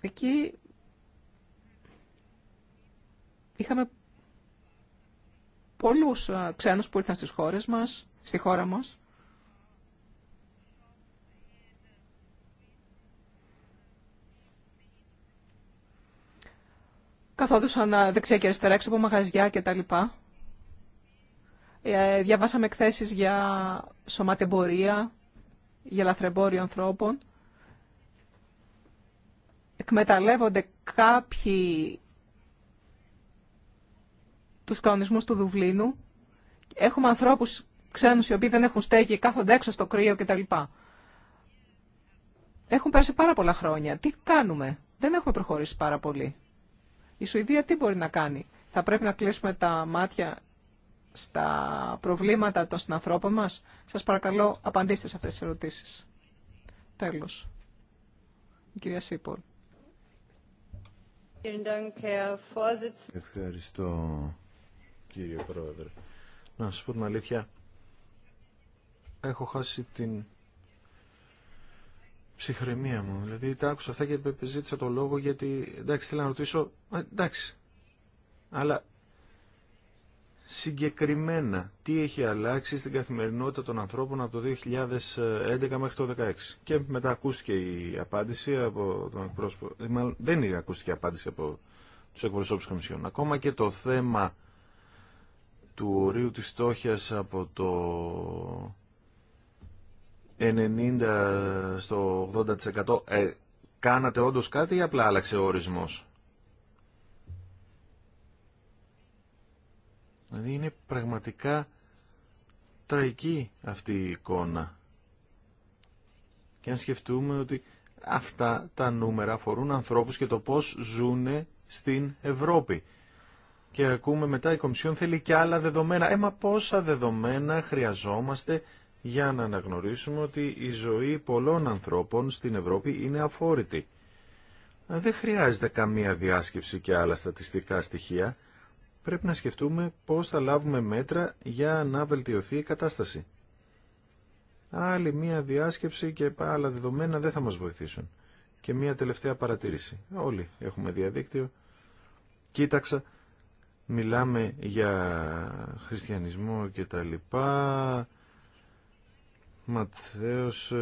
εκεί είχαμε πολλούς ε, ξένους που ήρθαν στις χώρες μας, στη χώρα μας. Καθόντουσαν ε, δεξιά και αριστερά έξω από μαγαζιά κτλ. Ε, διαβάσαμε εκθέσεις για σωματεμπορία, για λαθρεμπόριο ανθρώπων. Εκμεταλλεύονται κάποιοι τους κανονισμούς του Δουβλίνου. Έχουμε ανθρώπους ξένους οι οποίοι δεν έχουν στέγη, κάθονται έξω στο κρύο κτλ. Έχουν πέρασει πάρα πολλά χρόνια. Τι κάνουμε. Δεν έχουμε προχωρήσει πάρα πολύ. Η Σουηδία τι μπορεί να κάνει. Θα πρέπει να κλείσουμε τα μάτια στα προβλήματα των συνανθρώπων μας. Σας παρακαλώ απαντήστε σε αυτές τις ερωτήσεις. Τέλος. Η κυρία Σίπολ. Ευχαριστώ κύριε Πρόεδρε. Να σας πω την αλήθεια, έχω χάσει την ψυχραιμία μου. Δηλαδή τα άκουσα αυτά και ζήτησα το λόγο γιατί εντάξει θέλω να ρωτήσω, εντάξει, αλλά συγκεκριμένα τι έχει αλλάξει στην καθημερινότητα των ανθρώπων από το 2011 μέχρι το 2016. Και μετά ακούστηκε η απάντηση από τον εκπρόσωπο, ε, μάλλον δεν ακούστηκε η απάντηση από τους εκπροσώπους Κομισιόν. Ακόμα και το θέμα του ορίου της στόχιας από το 90% στο 80% ε, κάνατε όντως κάτι ή απλά αλλάξε ο ορισμό. Δηλαδή είναι πραγματικά τραγική αυτή η απλα αλλαξε ο ορισμος δηλαδη ειναι πραγματικα τραικη αυτη η εικονα Και αν σκεφτούμε ότι αυτά τα νούμερα αφορούν ανθρώπους και το πώς ζουν στην Ευρώπη. Και ακούμε μετά η Κομισιόν θέλει και άλλα δεδομένα. Ε, μα πόσα δεδομένα χρειαζόμαστε για να αναγνωρίσουμε ότι η ζωή πολλών ανθρώπων στην Ευρώπη είναι αφόρητη. Ε, δεν χρειάζεται καμία διάσκεψη και άλλα στατιστικά στοιχεία. Πρέπει να σκεφτούμε πώς θα λάβουμε μέτρα για να βελτιωθεί η κατάσταση. Άλλη μία διάσκεψη και άλλα δεδομένα δεν θα μας βοηθήσουν. Και μία τελευταία παρατήρηση. Όλοι έχουμε διαδίκτυο. Κοίταξα, μιλάμε για χριστιανισμό και τα Ματθαίος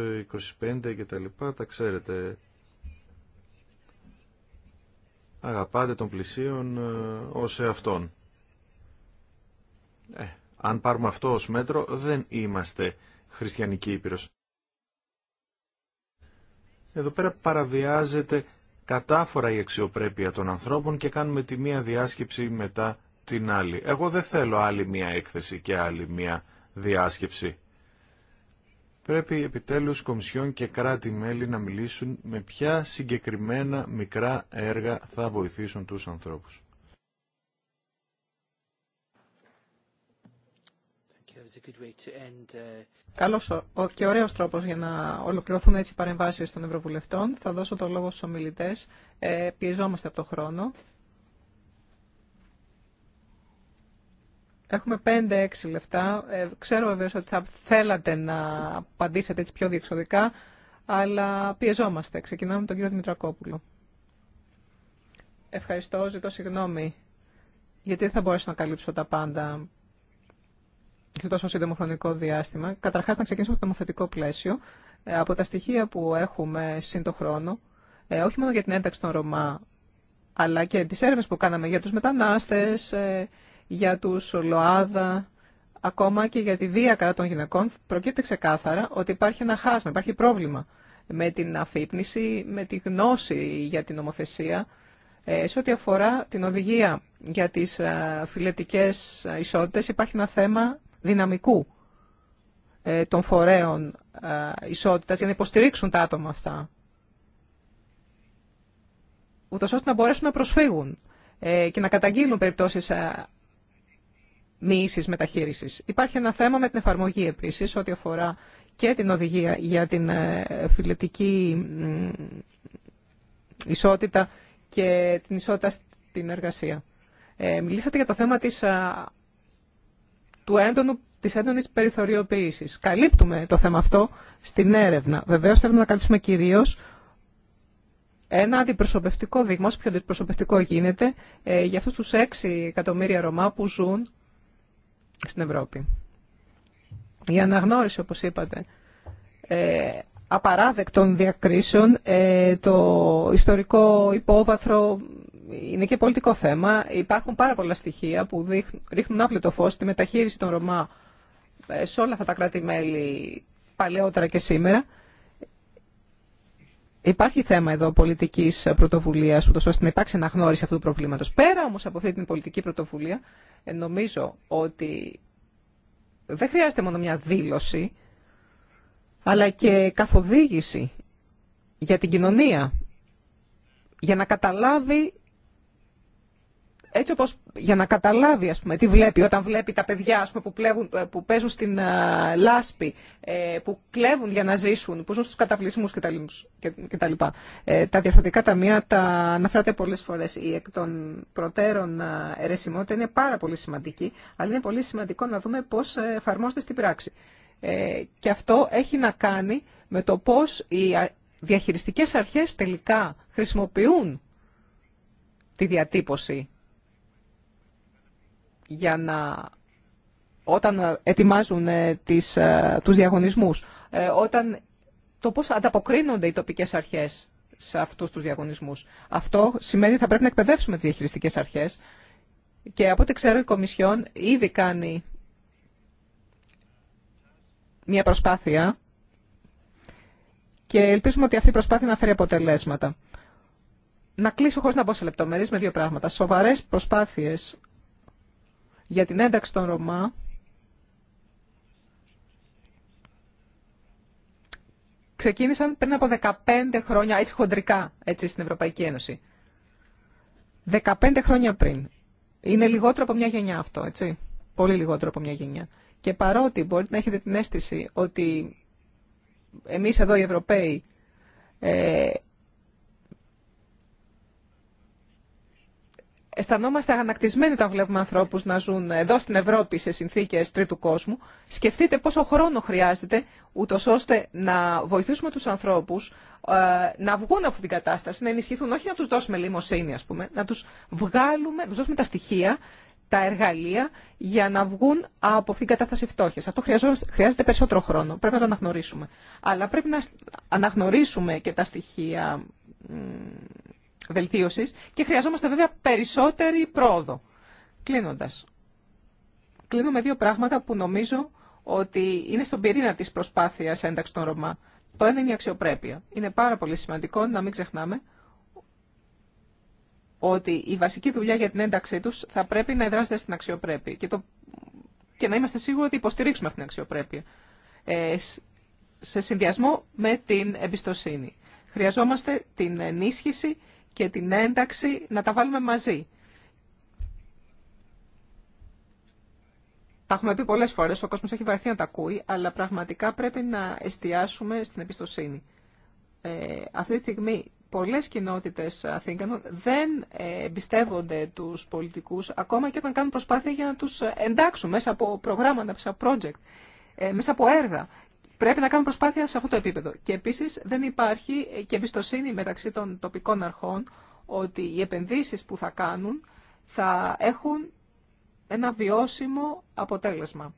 25 ε, και τα λοιπά, τα ξέρετε. Αγαπάτε τον πλησίον ε, ως εαυτόν. Ε, αν πάρουμε αυτό ως μέτρο, δεν είμαστε χριστιανική Ήπειρος. Εδώ πέρα παραβιάζεται κατάφορα η αξιοπρέπεια των ανθρώπων και κάνουμε τη μία διάσκεψη μετά την άλλη. Εγώ δεν θέλω άλλη μία έκθεση και άλλη μία διάσκεψη. Πρέπει επιτέλους Κομισιόν και κράτη-μέλη να μιλήσουν με ποια συγκεκριμένα μικρά έργα θα βοηθήσουν τους ανθρώπους. Uh, Καλός και ωραίο τρόπος για να ολοκληρωθούν έτσι οι παρεμβάσεις των Ευρωβουλευτών. Θα δώσω το λόγο στους ομιλητέ. Ε, πιεζόμαστε από το χρόνο. Έχουμε 5-6 λεπτά. Ε, ξέρω βεβαίω ότι θα θέλατε να απαντήσετε έτσι πιο διεξοδικά, αλλά πιεζόμαστε. Ξεκινάμε με τον κύριο Δημητρακόπουλο. Ευχαριστώ, ζητώ συγγνώμη, γιατί δεν θα μπορέσω να καλύψω τα πάντα σε τόσο σύντομο χρονικό διάστημα. Καταρχάς, να ξεκινήσω από το νομοθετικό πλαίσιο. Ε, από τα στοιχεία που έχουμε σύν το χρόνο, ε, όχι μόνο για την ένταξη των Ρωμά, αλλά και τις έρευνες που κάναμε για τους μετανάστες, για τους ΛΟΑΔΑ, ακόμα και για τη βία κατά των γυναικών, προκύπτει ξεκάθαρα ότι υπάρχει ένα χάσμα, υπάρχει πρόβλημα με την αφύπνιση, με τη γνώση για την ομοθεσία, ε, σε ό,τι αφορά την οδηγία για τις ε, φιλετικές ισότητες υπάρχει ένα θέμα δυναμικού ε, των φορέων ισότητας για να υποστηρίξουν τα άτομα αυτά. Ούτως ώστε να μπορέσουν να προσφύγουν και να καταγγείλουν περιπτώσεις μοιήσεις μεταχείρισης. Υπάρχει ένα θέμα με την εφαρμογή επίσης, ό,τι αφορά και την οδηγία για την ε, φιλετική ισότητα και την ισότητα στην εργασία. Ε, μιλήσατε για το θέμα της, του έντονου, της έντονης περιθωριοποίησης. Καλύπτουμε το θέμα αυτό στην έρευνα. Βεβαίως θέλουμε να καλύψουμε κυρίως ένα αντιπροσωπευτικό δείγμα, όσο πιο αντιπροσωπευτικό γίνεται, ε, για αυτούς τους 6 εκατομμύρια Ρωμά που ζουν στην Ευρώπη. Η αναγνώριση, όπως είπατε, ε, απαράδεκτων διακρίσεων, ε, το ιστορικό υπόβαθρο είναι και πολιτικό θέμα. Υπάρχουν πάρα πολλά στοιχεία που ρίχνουν άπλετο φως στη μεταχείριση των Ρωμά ε, σε όλα αυτά τα κράτη-μέλη παλαιότερα και σήμερα. Υπάρχει θέμα εδώ πολιτική πρωτοβουλία, ούτω ώστε να υπάρξει αναγνώριση αυτού του προβλήματο. Πέρα όμω από αυτή την πολιτική πρωτοβουλία, ε, νομίζω ότι δεν χρειάζεται μόνο μια δήλωση, αλλά και καθοδήγηση για την κοινωνία, για να καταλάβει έτσι όπως για να καταλάβει ας πούμε, τι βλέπει όταν βλέπει τα παιδιά ας που, πλέβουν, που παίζουν στην ε, λάσπη, ε, που κλέβουν για να ζήσουν, που ζουν στους καταβλισμούς κτλ. Ε, τα διαφορετικά ταμεία τα αναφέρατε πολλές φορές. Η εκ των προτέρων ε, αιρεσιμότητα είναι πάρα πολύ σημαντική, αλλά είναι πολύ σημαντικό να δούμε πώς εφαρμόζεται στην πράξη. και αυτό έχει να κάνει με το πώς οι διαχειριστικές αρχές τελικά χρησιμοποιούν τη διατύπωση για να όταν ε, ετοιμάζουν ε, τις, ε, τους διαγωνισμούς, όταν το πώς ανταποκρίνονται οι τοπικές αρχές σε αυτούς τους διαγωνισμούς. Αυτό σημαίνει ότι θα πρέπει να εκπαιδεύσουμε τις διαχειριστικές αρχές και από ό,τι ξέρω η Κομισιόν ήδη κάνει μια προσπάθεια και ελπίζουμε ότι αυτή η προσπάθεια να φέρει αποτελέσματα. Να κλείσω χωρίς να μπω σε λεπτομέρειες με δύο πράγματα. Σοβαρές προσπάθειες για την ένταξη των Ρωμά ξεκίνησαν πριν από 15 χρόνια, έτσι χοντρικά, έτσι, στην Ευρωπαϊκή Ένωση. 15 χρόνια πριν. Είναι λιγότερο από μια γενιά αυτό, έτσι. Πολύ λιγότερο από μια γενιά. Και παρότι μπορείτε να έχετε την αίσθηση ότι εμείς εδώ οι Ευρωπαίοι ε, αισθανόμαστε αγανακτισμένοι όταν βλέπουμε ανθρώπου να ζουν εδώ στην Ευρώπη σε συνθήκε τρίτου κόσμου. Σκεφτείτε πόσο χρόνο χρειάζεται ούτω ώστε να βοηθήσουμε τους ανθρώπους ε, να βγουν από την κατάσταση, να ενισχυθούν, όχι να του δώσουμε λιμοσύνη ας πούμε, να του βγάλουμε, να τους δώσουμε τα στοιχεία, τα εργαλεία για να βγουν από αυτήν την κατάσταση φτώχεια. Αυτό χρειάζεται περισσότερο χρόνο. Πρέπει να το αναγνωρίσουμε. Αλλά πρέπει να αναγνωρίσουμε και τα στοιχεία και χρειαζόμαστε βέβαια περισσότερη πρόοδο. Κλείνοντα. κλείνω με δύο πράγματα που νομίζω ότι είναι στον πυρήνα τη προσπάθεια ένταξη των Ρωμά. Το ένα είναι η αξιοπρέπεια. Είναι πάρα πολύ σημαντικό να μην ξεχνάμε ότι η βασική δουλειά για την ένταξή του θα πρέπει να εδράζεται στην αξιοπρέπεια και, το... και να είμαστε σίγουροι ότι υποστηρίξουμε αυτή την αξιοπρέπεια ε, σε συνδυασμό με την εμπιστοσύνη. Χρειαζόμαστε την ενίσχυση και την ένταξη να τα βάλουμε μαζί. Τα έχουμε πει πολλές φορές, ο κόσμος έχει βαρεθεί να τα ακούει, αλλά πραγματικά πρέπει να εστιάσουμε στην εμπιστοσύνη. Ε, αυτή τη στιγμή πολλές κοινότητες Αθήκανων δεν ε, εμπιστεύονται τους πολιτικούς, ακόμα και όταν κάνουν προσπάθεια για να τους ε, εντάξουν μέσα από προγράμματα, μέσα από project, ε, μέσα από έργα. Πρέπει να κάνουν προσπάθεια σε αυτό το επίπεδο. Και επίσης δεν υπάρχει και εμπιστοσύνη μεταξύ των τοπικών αρχών ότι οι επενδύσεις που θα κάνουν θα έχουν ένα βιώσιμο αποτέλεσμα.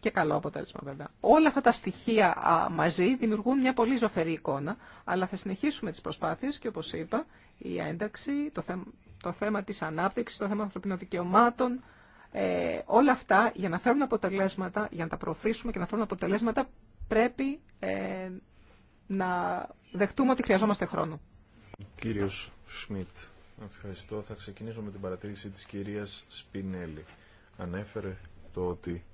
Και καλό αποτέλεσμα βέβαια. Όλα αυτά τα στοιχεία μαζί δημιουργούν μια πολύ ζωφερή εικόνα, αλλά θα συνεχίσουμε τις προσπάθειες και όπως είπα, η ένταξη, το θέμα, το θέμα της ανάπτυξης, το θέμα ανθρωπίνων δικαιωμάτων, ε, όλα αυτά για να φέρουν αποτελέσματα, για να τα προωθήσουμε και να φέρουν αποτελέσματα πρέπει ε, να δεχτούμε ότι χρειαζόμαστε χρόνο. Κύριος Σμιτ, ευχαριστώ. Θα ξεκινήσω με την παρατήρηση της κυρίας Σπινέλη. Ανέφερε το ότι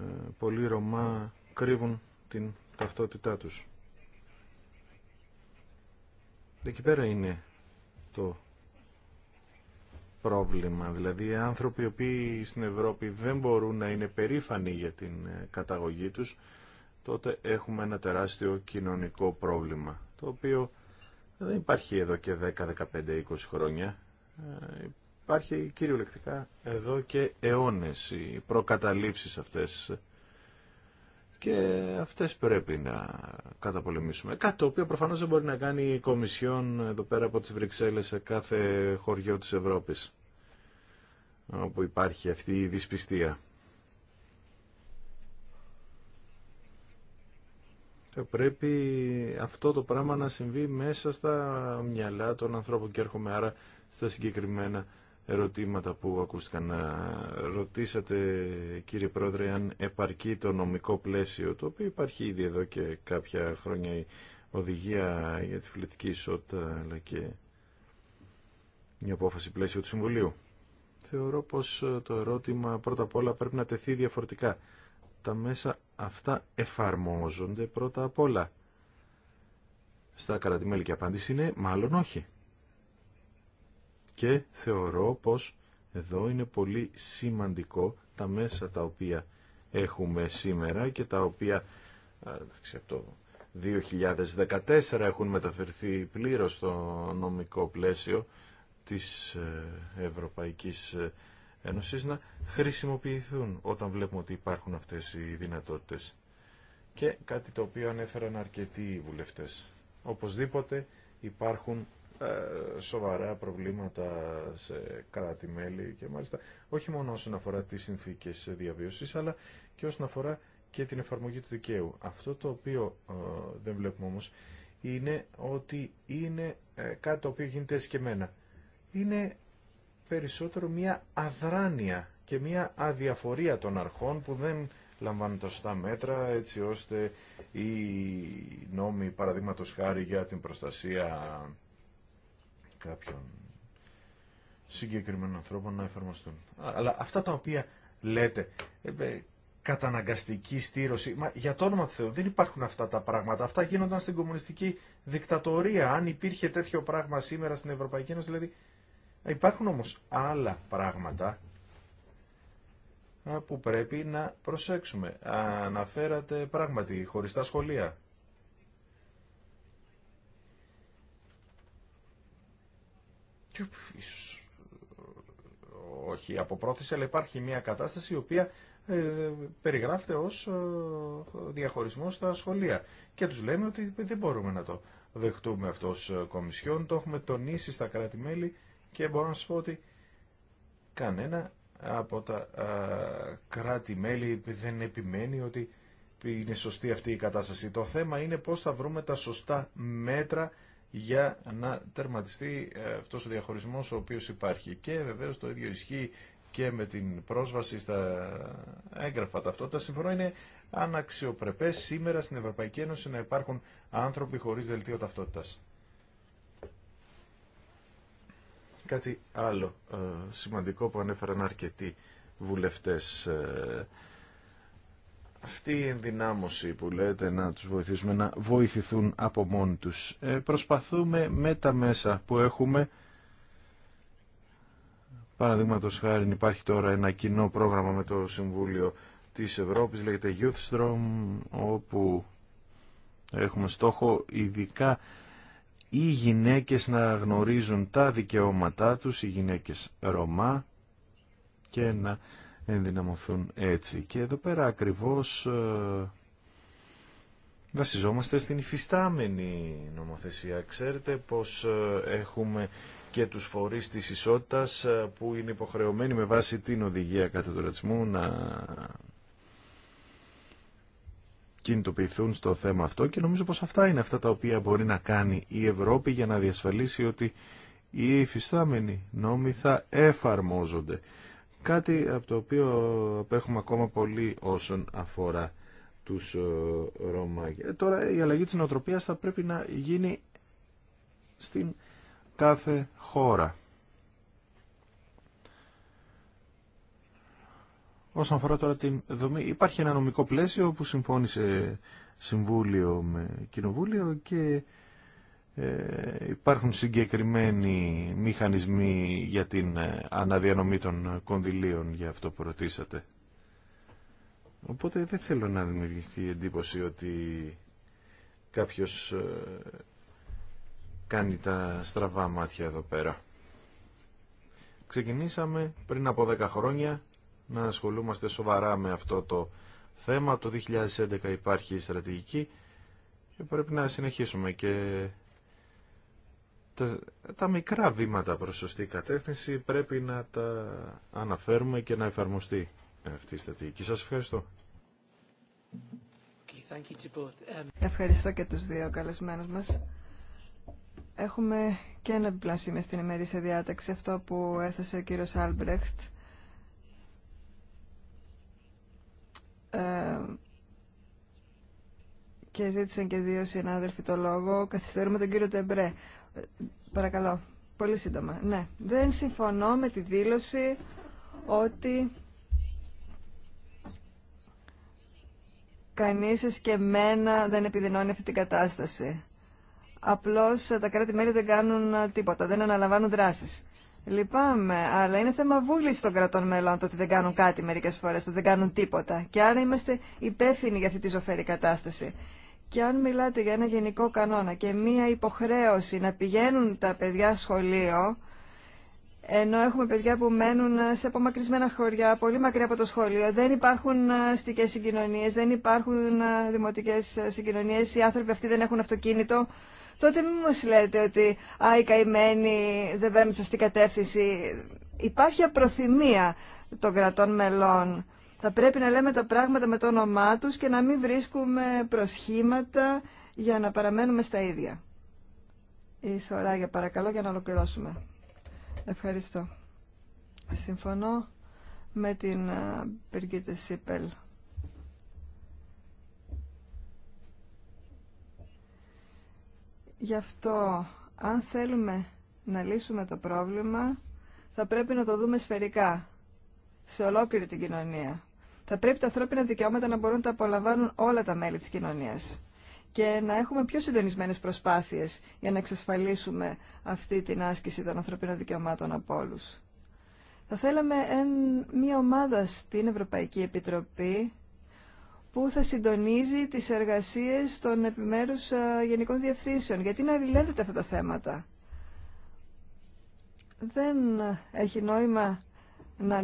ε, πολλοί Ρωμά κρύβουν την ταυτότητά τους. Εκεί πέρα είναι το πρόβλημα. Δηλαδή οι άνθρωποι οι οποίοι στην Ευρώπη δεν μπορούν να είναι περήφανοι για την ε, καταγωγή τους, τότε έχουμε ένα τεράστιο κοινωνικό πρόβλημα, το οποίο δεν υπάρχει εδώ και 10, 15, 20 χρόνια. Ε, υπάρχει κυριολεκτικά εδώ και αιώνες οι προκαταλήψεις αυτές και αυτές πρέπει να καταπολεμήσουμε. Κάτι το οποίο προφανώς δεν μπορεί να κάνει η Κομισιόν εδώ πέρα από τις Βρυξέλλες σε κάθε χωριό της Ευρώπης όπου υπάρχει αυτή η δυσπιστία. Πρέπει αυτό το πράγμα να συμβεί μέσα στα μυαλά των ανθρώπων και έρχομαι άρα στα συγκεκριμένα ερωτήματα που ακούστηκαν. Ρωτήσατε, κύριε Πρόεδρε, αν επαρκεί το νομικό πλαίσιο, το οποίο υπάρχει ήδη εδώ και κάποια χρόνια η οδηγία για τη φιλετική ισότητα, αλλά και η απόφαση πλαίσιο του Συμβουλίου. Θεωρώ πως ε, το ερώτημα πρώτα απ' όλα πρέπει να τεθεί διαφορετικά. Τα μέσα αυτά εφαρμόζονται πρώτα απ' όλα. Στα κρατημέλη και απάντηση είναι μάλλον όχι και θεωρώ πως εδώ είναι πολύ σημαντικό τα μέσα τα οποία έχουμε σήμερα και τα οποία από το 2014 έχουν μεταφερθεί πλήρως στο νομικό πλαίσιο της ε, Ευρωπαϊκής ε, Ένωσης να χρησιμοποιηθούν όταν βλέπουμε ότι υπάρχουν αυτές οι δυνατότητες. Και κάτι το οποίο ανέφεραν αρκετοί βουλευτές. Οπωσδήποτε υπάρχουν ε, σοβαρά προβλήματα σε κράτη-μέλη και μάλιστα όχι μόνο όσον αφορά τις συνθήκες διαβίωσης αλλά και όσον αφορά και την εφαρμογή του δικαίου. Αυτό το οποίο ε, δεν βλέπουμε όμως είναι ότι είναι ε, κάτι το οποίο γίνεται εσκεμένα. Είναι περισσότερο μια αδράνεια και μια αδιαφορία των αρχών που δεν λαμβάνουν τα σωστά μέτρα έτσι ώστε οι νόμοι παραδείγματος χάρη για την προστασία κάποιων συγκεκριμένων ανθρώπων να εφαρμοστούν. Αλλά αυτά τα οποία λέτε, ε, ε, καταναγκαστική στήρωση, μα για το όνομα του Θεού δεν υπάρχουν αυτά τα πράγματα. Αυτά γίνονταν στην κομμουνιστική δικτατορία. Αν υπήρχε τέτοιο πράγμα σήμερα στην Ευρωπαϊκή Ένωση, δηλαδή ε, υπάρχουν όμως άλλα πράγματα που πρέπει να προσέξουμε. Αναφέρατε πράγματι χωριστά σχολεία. ίσως ε, όχι από πρόθεση, αλλά υπάρχει μια κατάσταση η οποία ε, περιγράφεται ως ε, διαχωρισμός στα σχολεία. Και τους λέμε ότι δεν μπορούμε να το δεχτούμε αυτό ως ε, κομισιόν, το έχουμε τονίσει στα κράτη-μέλη και μπορώ να σας πω ότι κανένα από τα κράτη-μέλη δεν επιμένει ότι είναι σωστή αυτή η κατάσταση. Το θέμα είναι πώς θα βρούμε τα σωστά μέτρα για να τερματιστεί ε, αυτός ο διαχωρισμός ο οποίος υπάρχει. Και βεβαίως το ίδιο ισχύει και με την πρόσβαση στα έγγραφα ταυτότητα. Συμφωνώ είναι αναξιοπρεπές σήμερα στην Ευρωπαϊκή Ένωση να υπάρχουν άνθρωποι χωρίς δελτίο ταυτότητας. Κάτι άλλο ε, σημαντικό που ανέφεραν αρκετοί βουλευτές ε, αυτή η ενδυνάμωση που λέτε να τους βοηθήσουμε να βοηθηθούν από μόνοι τους. Ε, προσπαθούμε με τα μέσα που έχουμε Παραδείγματο χάρη υπάρχει τώρα ένα κοινό πρόγραμμα με το Συμβούλιο της Ευρώπης, λέγεται Youthstrom, όπου έχουμε στόχο ειδικά οι γυναίκες να γνωρίζουν τα δικαιώματά τους, οι γυναίκες Ρωμά και να ενδυναμωθούν έτσι. Και εδώ πέρα ακριβώς ε, βασιζόμαστε στην υφιστάμενη νομοθεσία. Ξέρετε πως ε, έχουμε και τους φορείς της ισότητας ε, που είναι υποχρεωμένοι με βάση την οδηγία κατά του ρατσμού να κινητοποιηθούν στο θέμα αυτό και νομίζω πως αυτά είναι αυτά τα οποία μπορεί να κάνει η Ευρώπη για να διασφαλίσει ότι οι υφιστάμενοι νόμοι θα εφαρμόζονται Κάτι από το οποίο απέχουμε ακόμα πολύ όσον αφορά τους ε, Ρώμα. Ε, τώρα η αλλαγή της νοοτροπίας θα πρέπει να γίνει στην κάθε χώρα. Όσον αφορά τώρα την δομή, υπάρχει ένα νομικό πλαίσιο που συμφώνησε Συμβούλιο με Κοινοβούλιο και ε, υπάρχουν συγκεκριμένοι μηχανισμοί για την ε, αναδιανομή των κονδυλίων για αυτό που ρωτήσατε. Οπότε δεν θέλω να δημιουργηθεί εντύπωση ότι κάποιος ε, κάνει τα στραβά μάτια εδώ πέρα. Ξεκινήσαμε πριν από 10 χρόνια να ασχολούμαστε σοβαρά με αυτό το θέμα. Το 2011 υπάρχει η στρατηγική και πρέπει να συνεχίσουμε και τα, τα μικρά βήματα προς σωστή κατεύθυνση πρέπει να τα αναφέρουμε και να εφαρμοστεί αυτή η στατική. Σας ευχαριστώ. Um, ευχαριστώ και τους δύο καλεσμένους μας. Έχουμε και ένα επιπλά στην σε διάταξη, αυτό που έθεσε ο κύριος Άλμπρεχτ. Ε, και ζήτησαν και δύο συνάδελφοι το λόγο. Καθυστερούμε τον κύριο Τεμπρέ. Παρακαλώ, πολύ σύντομα. Ναι, δεν συμφωνώ με τη δήλωση ότι κανείς και μένα δεν επιδεινώνει αυτή την κατάσταση. Απλώς τα κράτη-μέλη δεν κάνουν τίποτα, δεν αναλαμβάνουν δράσεις. Λυπάμαι, αλλά είναι θέμα βούληση των κρατών μελών το ότι δεν κάνουν κάτι μερικέ φορέ, ότι δεν κάνουν τίποτα. Και άρα είμαστε υπεύθυνοι για αυτή τη ζωφερή κατάσταση. Και αν μιλάτε για ένα γενικό κανόνα και μία υποχρέωση να πηγαίνουν τα παιδιά σχολείο, ενώ έχουμε παιδιά που μένουν σε απομακρυσμένα χωριά, πολύ μακριά από το σχολείο, δεν υπάρχουν αστικές συγκοινωνίες, δεν υπάρχουν δημοτικές συγκοινωνίες, οι άνθρωποι αυτοί δεν έχουν αυτοκίνητο, τότε μην μας λέτε ότι «Α, οι καημένοι δεν παίρνουν σωστή κατεύθυνση». Υπάρχει απροθυμία των κρατών μελών θα πρέπει να λέμε τα πράγματα με το όνομά τους και να μην βρίσκουμε προσχήματα για να παραμένουμε στα ίδια. Η Σωράγια παρακαλώ για να ολοκληρώσουμε. Ευχαριστώ. Συμφωνώ με την uh, Σίπελ. Γι' αυτό, αν θέλουμε να λύσουμε το πρόβλημα, θα πρέπει να το δούμε σφαιρικά, σε ολόκληρη την κοινωνία. Θα πρέπει τα ανθρώπινα δικαιώματα να μπορούν να τα απολαμβάνουν όλα τα μέλη της κοινωνίας και να έχουμε πιο συντονισμένες προσπάθειες για να εξασφαλίσουμε αυτή την άσκηση των ανθρωπίνων δικαιωμάτων από όλου. Θα θέλαμε μια ομάδα στην Ευρωπαϊκή Επιτροπή που θα συντονίζει τις εργασίες των επιμέρους γενικών διευθύνσεων. Γιατί να αλληλένδεται αυτά τα θέματα. Δεν έχει νόημα να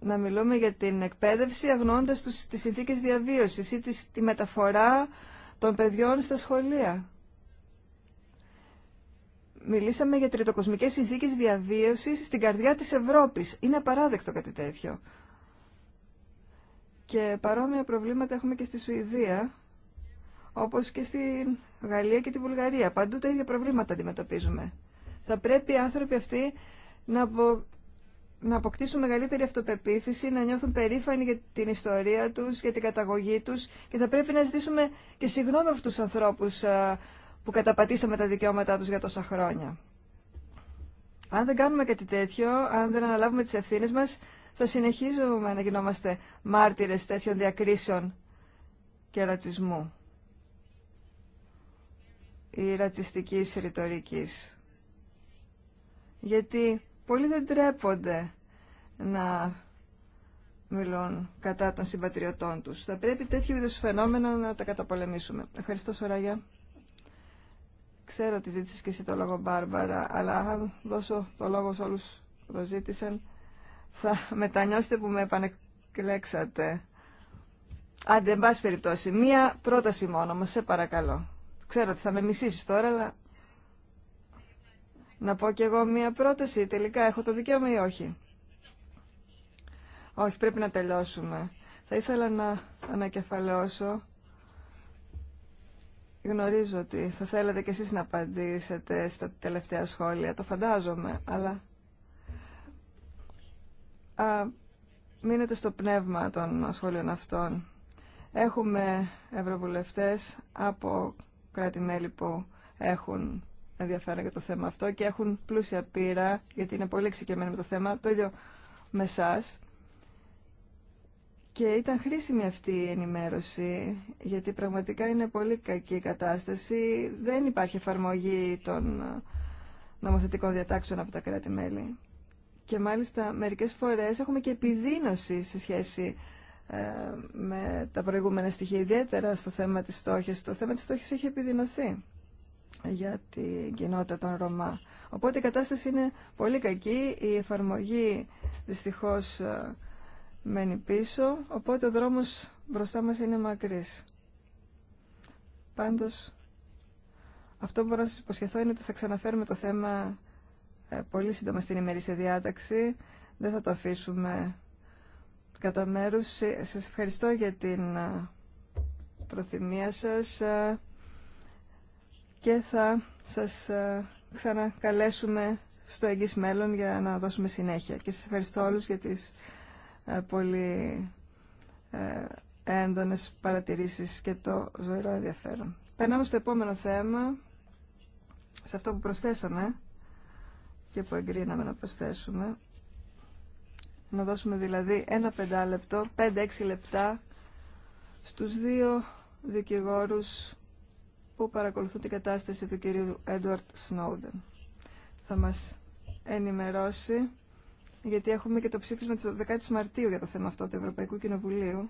να μιλούμε για την εκπαίδευση αγνώντας τους, τις συνθήκες διαβίωσης ή τη μεταφορά των παιδιών στα σχολεία. Μιλήσαμε για τριτοκοσμικές συνθήκες διαβίωσης στην καρδιά της Ευρώπης. Είναι απαράδεκτο κάτι τέτοιο. Και παρόμοια προβλήματα έχουμε και στη Σουηδία, όπως και στη Γαλλία και τη Βουλγαρία. Παντού τα ίδια προβλήματα αντιμετωπίζουμε. Θα πρέπει οι άνθρωποι αυτοί να να αποκτήσουν μεγαλύτερη αυτοπεποίθηση, να νιώθουν περήφανοι για την ιστορία τους, για την καταγωγή τους και θα πρέπει να ζητήσουμε και συγγνώμη από τους ανθρώπους ε, που καταπατήσαμε τα δικαιώματά τους για τόσα χρόνια. Αν δεν κάνουμε κάτι τέτοιο, αν δεν αναλάβουμε τις ευθύνες μας, θα συνεχίζουμε να γινόμαστε μάρτυρες τέτοιων διακρίσεων και ρατσισμού ή ρατσιστικής ρητορικής. Γιατί Πολλοί δεν τρέπονται να μιλούν κατά των συμπατριωτών τους. Θα πρέπει τέτοιου είδους φαινόμενα να τα καταπολεμήσουμε. Ευχαριστώ Σωράγια. Ξέρω ότι ζήτησες και εσύ το λόγο Μπάρμπαρα, αλλά αν δώσω το λόγο σε όλους που το ζήτησαν, θα μετανιώσετε που με επανεκλέξατε. Άντε, εν πάση περιπτώσει, μία πρόταση μόνο μας, σε παρακαλώ. Ξέρω ότι θα με μισήσεις τώρα, αλλά να πω κι εγώ μία πρόταση. Τελικά έχω το δικαίωμα ή όχι. Όχι, πρέπει να τελειώσουμε. Θα ήθελα να ανακεφαλαιώσω. Γνωρίζω ότι θα θέλατε κι εσείς να απαντήσετε στα τελευταία σχόλια. Το φαντάζομαι, αλλά... Α, μείνετε στο πνεύμα των σχόλιων αυτών. Έχουμε ευρωβουλευτές από κράτη-μέλη που έχουν ενδιαφέρον για το θέμα αυτό και έχουν πλούσια πείρα, γιατί είναι πολύ εξοικειωμένοι με το θέμα, το ίδιο με εσά. Και ήταν χρήσιμη αυτή η ενημέρωση, γιατί πραγματικά είναι πολύ κακή η κατάσταση. Δεν υπάρχει εφαρμογή των νομοθετικών διατάξεων από τα κράτη-μέλη. Και μάλιστα μερικές φορές έχουμε και επιδείνωση σε σχέση ε, με τα προηγούμενα στοιχεία, ιδιαίτερα στο θέμα της φτώχειας. Το θέμα της φτώχειας έχει επιδεινωθεί για την κοινότητα των Ρωμά. Οπότε η κατάσταση είναι πολύ κακή, η εφαρμογή δυστυχώς ε, μένει πίσω, οπότε ο δρόμος μπροστά μας είναι μακρύς. Πάντως, αυτό που μπορώ να σας υποσχεθώ είναι ότι θα ξαναφέρουμε το θέμα ε, πολύ σύντομα στην ημερήσια διάταξη. Δεν θα το αφήσουμε κατά μέρους. Σας ευχαριστώ για την ε, προθυμία σας και θα σας ε, ξανακαλέσουμε στο εγγύς μέλλον για να δώσουμε συνέχεια. Και σας ευχαριστώ όλους για τις ε, πολύ ε, έντονες παρατηρήσεις και το ζωηρό ενδιαφέρον. Περνάμε στο επόμενο θέμα, σε αυτό που προσθέσαμε και που εγκρίναμε να προσθέσουμε. Να δώσουμε δηλαδή ένα πεντάλεπτο, πέντε-έξι λεπτά στους δύο δικηγόρους που παρακολουθούν την κατάσταση του κυρίου Έντουαρτ Σνόουδεν. Θα μας ενημερώσει, γιατί έχουμε και το ψήφισμα της 12 η Μαρτίου για το θέμα αυτό του Ευρωπαϊκού Κοινοβουλίου,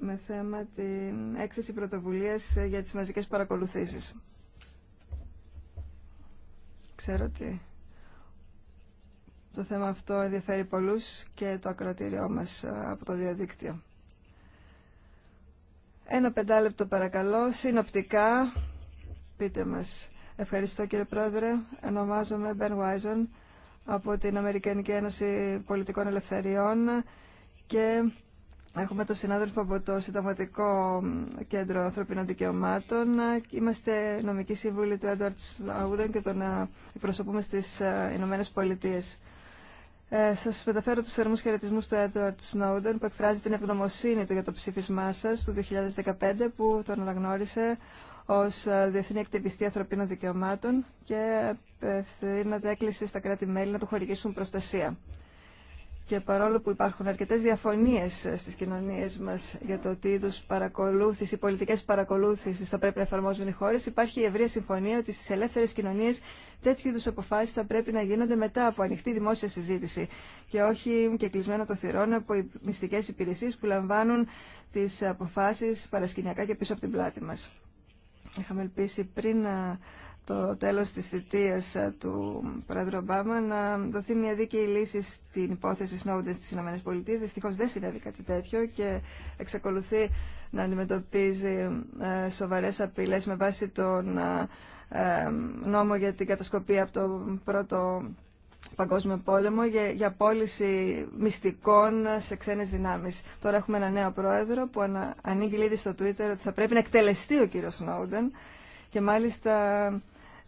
με θέμα την έκθεση πρωτοβουλίας για τις μαζικές παρακολουθήσεις. Ξέρω ότι το θέμα αυτό ενδιαφέρει πολλούς και το ακροτηριό μας ε, από το διαδίκτυο. Ένα πεντάλεπτο παρακαλώ, συνοπτικά, πείτε μας. Ευχαριστώ κύριε Πρόεδρε, ονομάζομαι Μπεν Βάιζον από την Αμερικανική Ένωση Πολιτικών Ελευθεριών και έχουμε τον συνάδελφο από το Συνταγματικό Κέντρο Ανθρωπίνων Δικαιωμάτων. Είμαστε νομικοί σύμβουλοι του Έντουαρτ Σλαούδεν και τον ε, εκπροσωπούμε στις ε, Ηνωμένε Πολιτείες. Ε, σας μεταφέρω του θερμού χαιρετισμού του Έντουάρτ Snowden που εκφράζει την ευγνωμοσύνη του για το ψήφισμά σα του 2015 που τον αναγνώρισε ως ε, Διεθνή Εκτεπιστή Ανθρωπίνων Δικαιωμάτων και ευθύνεται έκκληση στα κράτη-μέλη να του χορηγήσουν προστασία και παρόλο που υπάρχουν αρκετέ διαφωνίε ε, στι κοινωνίε μα για το τι είδου παρακολούθηση, πολιτικέ παρακολούθηση θα πρέπει να εφαρμόζουν οι χώρε. υπάρχει η ευρεία συμφωνία ότι στι ελεύθερε κοινωνίε τέτοιου είδου αποφάσει θα πρέπει να γίνονται μετά από ανοιχτή δημόσια συζήτηση και όχι και κλεισμένο το θηρόν από οι μυστικέ υπηρεσίε που λαμβάνουν τι αποφάσει παρασκηνιακά και πίσω από την πλάτη μα. Είχαμε ελπίσει πριν ε, το τέλος της θητείας ε, του Πρόεδρου Ομπάμα να δοθεί μια δίκαιη λύση στην υπόθεση Snowden στις ΗΠΑ. Δυστυχώς δεν συνέβη κάτι τέτοιο και εξακολουθεί να αντιμετωπίζει ε, σοβαρές απειλές με βάση τον ε, νόμο για την κατασκοπή από το πρώτο Παγκόσμιο Πόλεμο για, για πώληση μυστικών σε ξένες δυνάμεις. Τώρα έχουμε ένα νέο πρόεδρο που ανα, ανήκει ήδη στο Twitter ότι θα πρέπει να εκτελεστεί ο κύριος Σνόουντεν και μάλιστα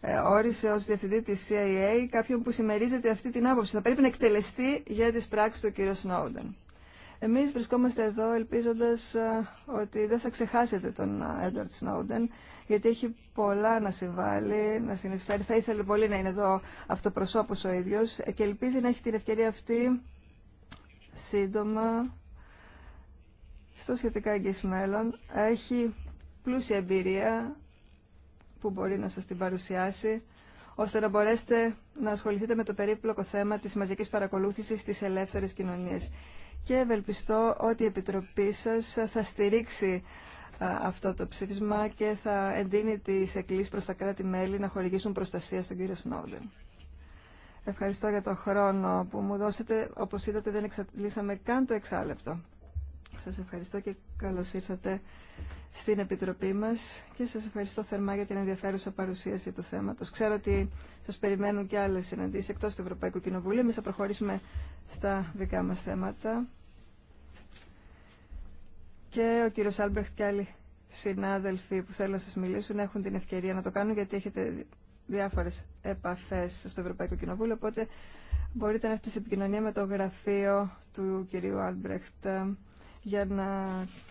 ε, όρισε ως διευθυντή της CIA κάποιον που συμμερίζεται αυτή την άποψη. Θα πρέπει να εκτελεστεί για τις πράξεις του κ. Σνόουντεν. Εμείς βρισκόμαστε εδώ ελπίζοντας ε, ότι δεν θα ξεχάσετε τον ε, Έντουαρτ Σνόουντεν, γιατί έχει πολλά να συμβάλλει, να συνεισφέρει. Θα ήθελε πολύ να είναι εδώ αυτοπροσώπος ο ίδιος και ελπίζει να έχει την ευκαιρία αυτή σύντομα στο σχετικά εγγύς μέλλον. Έχει πλούσια εμπειρία που μπορεί να σας την παρουσιάσει, ώστε να μπορέσετε να ασχοληθείτε με το περίπλοκο θέμα της μαζικής παρακολούθησης της ελεύθερης κοινωνίας. Και ευελπιστώ ότι η Επιτροπή σας θα στηρίξει αυτό το ψήφισμα και θα εντείνει τις εκκλήσεις προς τα κράτη-μέλη να χορηγήσουν προστασία στον κύριο Σνόντεν. Ευχαριστώ για το χρόνο που μου δώσετε. Όπως είδατε δεν εξατλήσαμε καν το εξάλεπτο. Σας ευχαριστώ και καλώς ήρθατε στην Επιτροπή μας και σας ευχαριστώ θερμά για την ενδιαφέρουσα παρουσίαση του θέματος. Ξέρω ότι σας περιμένουν και άλλες συναντήσεις εκτός του Ευρωπαϊκού Κοινοβουλίου. Εμείς θα προχωρήσουμε στα δικά μας θέματα. Και ο κύριος Άλμπρεχτ και άλλοι συνάδελφοι που θέλουν να σας μιλήσουν έχουν την ευκαιρία να το κάνουν γιατί έχετε διάφορες επαφές στο Ευρωπαϊκό Κοινοβούλιο, οπότε μπορείτε να έχετε σε επικοινωνία με το γραφείο του κυρίου Άλμπρεχτ για να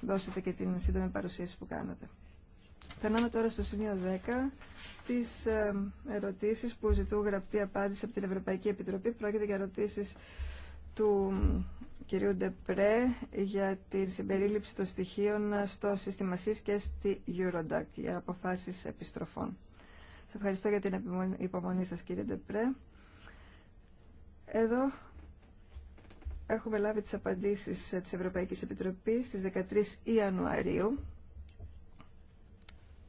δώσετε και την σύντομη παρουσίαση που κάνατε. Περνάμε τώρα στο σημείο 10, τις ε, ερωτήσεις που ζητούν γραπτή απάντηση από την Ευρωπαϊκή Επιτροπή. Πρόκειται για ερωτήσεις του κυρίου Ντεπρέ για την συμπερίληψη των στοιχείων στο σύστημα ΣΥΣ και στη Eurodac για αποφάσεις επιστροφών. Σας ευχαριστώ για την υπομονή σας κύριε Ντεπρέ. Εδώ Έχουμε λάβει τις απαντήσεις ε, της Ευρωπαϊκής Επιτροπής στις 13 Ιανουαρίου.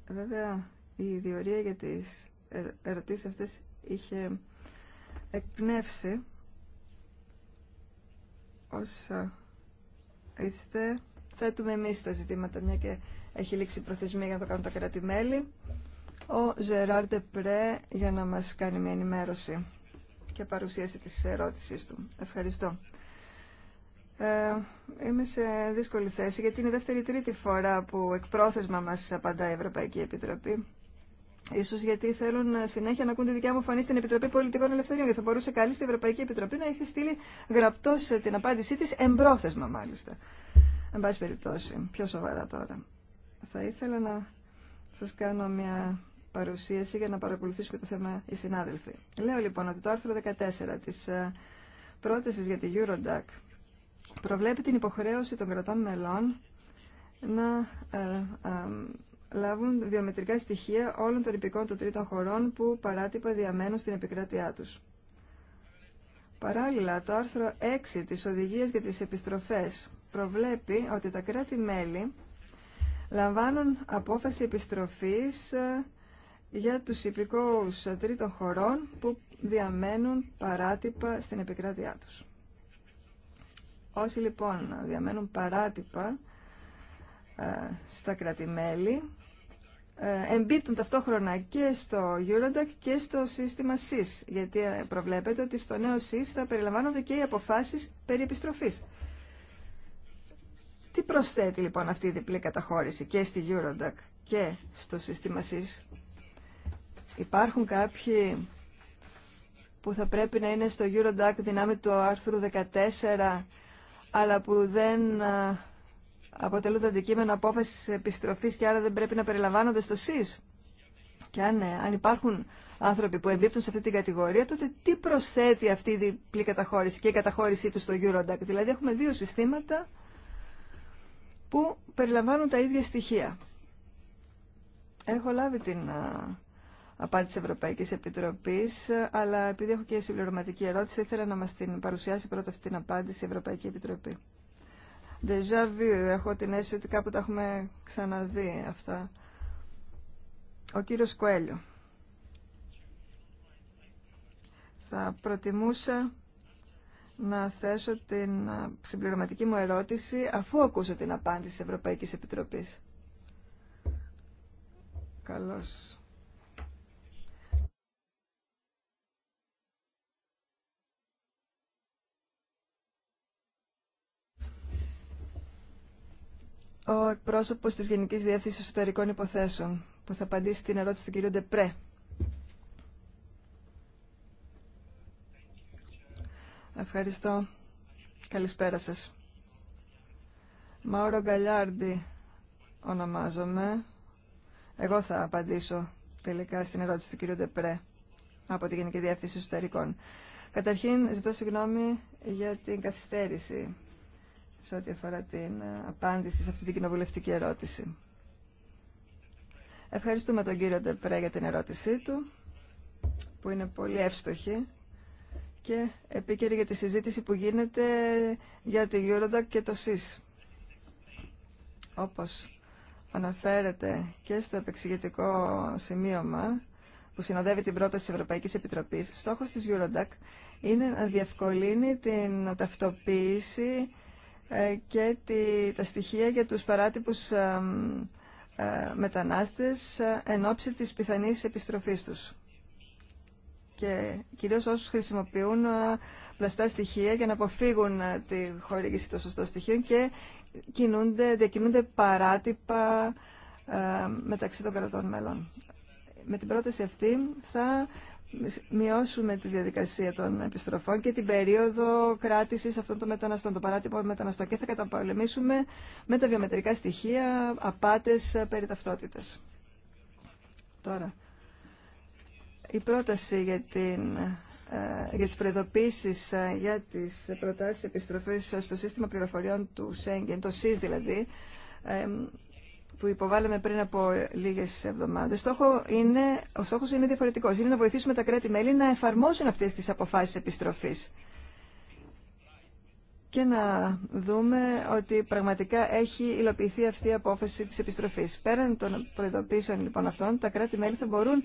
Βέβαια, η διορία για τις ερωτήσεις αυτές είχε εκπνεύσει όσα είστε. Θέτουμε εμείς τα ζητήματα, μια και έχει λήξει προθεσμία για να το κάνουν τα κρατη Ο Ζεράρ Πρέ για να μας κάνει μια ενημέρωση και παρουσίαση της ερώτησής του. Ευχαριστώ. Ε, είμαι σε δύσκολη θέση γιατί είναι η δεύτερη-τρίτη ή φορά που εκπρόθεσμα μας απαντά η Ευρωπαϊκή Επιτροπή. Ίσως γιατί θέλουν συνέχεια να ακούν τη δικιά μου φωνή στην Επιτροπή Πολιτικών Ελευθεριών γιατί θα μπορούσε καλή στην Ευρωπαϊκή Επιτροπή να έχει στείλει γραπτός ε, την απάντησή της εμπρόθεσμα μάλιστα. Εν πάση περιπτώσει, πιο σοβαρά τώρα. Θα ήθελα να σας κάνω μια παρουσίαση για να παρακολουθήσουν το θέμα οι συνάδελφοι. Λέω λοιπόν ότι το άρθρο 14 της ε, πρότασης για τη Eurodac προβλέπει την υποχρέωση των κρατών μελών να ε, ε, λάβουν βιομετρικά στοιχεία όλων των υπηκών των τρίτων χωρών που παράτυπα διαμένουν στην επικράτειά τους. Παράλληλα, το άρθρο 6 της Οδηγίας για τις Επιστροφές προβλέπει ότι τα κράτη-μέλη λαμβάνουν απόφαση επιστροφής ε, για τους υπηκόους τρίτων χωρών που διαμένουν παράτυπα στην επικράτειά τους. Όσοι λοιπόν διαμένουν παράτυπα ε, στα κρατημέλη, ε, εμπίπτουν ταυτόχρονα και στο Eurodac και στο σύστημα SIS, γιατί ε, προβλέπεται ότι στο νέο SIS θα περιλαμβάνονται και οι αποφάσεις περί επιστροφής. Τι προσθέτει λοιπόν αυτή η διπλή καταχώρηση και στη Eurodac και στο σύστημα SIS. Υπάρχουν κάποιοι που θα πρέπει να είναι στο Eurodac δυνάμει του άρθρου 14 αλλά που δεν ε, αποτελούν το αντικείμενο απόφαση επιστροφής και άρα δεν πρέπει να περιλαμβάνονται στο ΣΥΣ. Και αν, ε, αν υπάρχουν άνθρωποι που εμπίπτουν σε αυτή την κατηγορία, τότε τι προσθέτει αυτή η διπλή καταχώρηση και η καταχώρησή του στο Eurodac. Δηλαδή έχουμε δύο συστήματα που περιλαμβάνουν τα ίδια στοιχεία. Έχω λάβει την ε, απάντηση Ευρωπαϊκής Επιτροπής, αλλά επειδή έχω και συμπληρωματική ερώτηση, ήθελα να μας την παρουσιάσει πρώτα αυτή την απάντηση η Ευρωπαϊκή Επιτροπή. Déjà vu, έχω την αίσθηση ότι κάπου τα έχουμε ξαναδεί αυτά. Ο κύριος Κοέλιο. Θα προτιμούσα να θέσω την συμπληρωματική μου ερώτηση αφού ακούσω την απάντηση Ευρωπαϊκής Επιτροπής. Καλώς. ο εκπρόσωπο τη Γενική Διεύθυνση Εσωτερικών Υποθέσεων που θα απαντήσει την ερώτηση του κ. Ντεπρέ. Ευχαριστώ. Καλησπέρα σα. Μαόρο Γκαλιάρντι ονομάζομαι. Εγώ θα απαντήσω τελικά στην ερώτηση του κ. Ντεπρέ από τη Γενική Διεύθυνση Εσωτερικών. Καταρχήν, ζητώ συγγνώμη για την καθυστέρηση σε ό,τι αφορά την ε, απάντηση σε αυτή την κοινοβουλευτική ερώτηση. Ευχαριστούμε τον κύριο Ντεπρέ για την ερώτησή του, που είναι πολύ εύστοχη και επίκαιρη για τη συζήτηση που γίνεται για τη Eurodac και το ΣΥΣ. Όπως αναφέρεται και στο επεξηγητικό σημείωμα που συνοδεύει την πρόταση της Ευρωπαϊκής Επιτροπής, στόχος της Eurodac είναι να διευκολύνει την ταυτοποίηση ε, και τα στοιχεία για τους παράτυπους ε, μετανάστες ε, εν ώψη της πιθανής επιστροφής τους. Και κυρίως όσους χρησιμοποιούν πλαστά στοιχεία για να αποφύγουν τη χορήγηση των σωστών στοιχείων και κινούνται, διακινούνται παράτυπα μεταξύ των κρατών μέλων. Με την πρόταση αυτή θα μειώσουμε τη διαδικασία των επιστροφών και την περίοδο κράτησης αυτών των μεταναστών, των παράτυπων μεταναστών και θα καταπολεμήσουμε με τα βιομετρικά στοιχεία απάτες ε, περί ταυτότητα. Τώρα, η πρόταση για την ε, για τις προειδοποίησεις ε, για τις προτάσεις επιστροφής στο σύστημα πληροφοριών του Σέγγεν, το ΣΥΣ δηλαδή, που υποβάλαμε πριν από λίγε εβδομάδε, ο στόχο είναι διαφορετικό. Είναι να βοηθήσουμε τα κράτη-μέλη να εφαρμόσουν αυτέ τι αποφάσει επιστροφή. Και να δούμε ότι πραγματικά έχει υλοποιηθεί αυτή η απόφαση τη επιστροφή. Πέραν των προειδοποίησεων λοιπόν αυτών, τα κράτη-μέλη θα μπορούν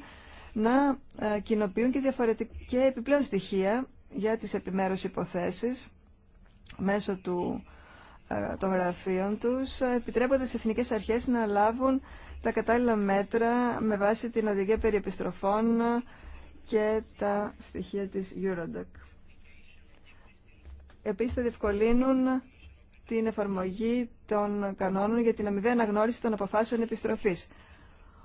να ε, κοινοποιούν και επιπλέον στοιχεία για τις επιμέρους υποθέσεις μέσω του ε, των γραφείων τους, ε, επιτρέπονται στις εθνικές αρχές να λάβουν τα κατάλληλα μέτρα με βάση την οδηγία περί επιστροφών και τα στοιχεία της Eurodac. Επίσης θα διευκολύνουν την εφαρμογή των κανόνων για την αμοιβαία αναγνώριση των αποφάσεων επιστροφής.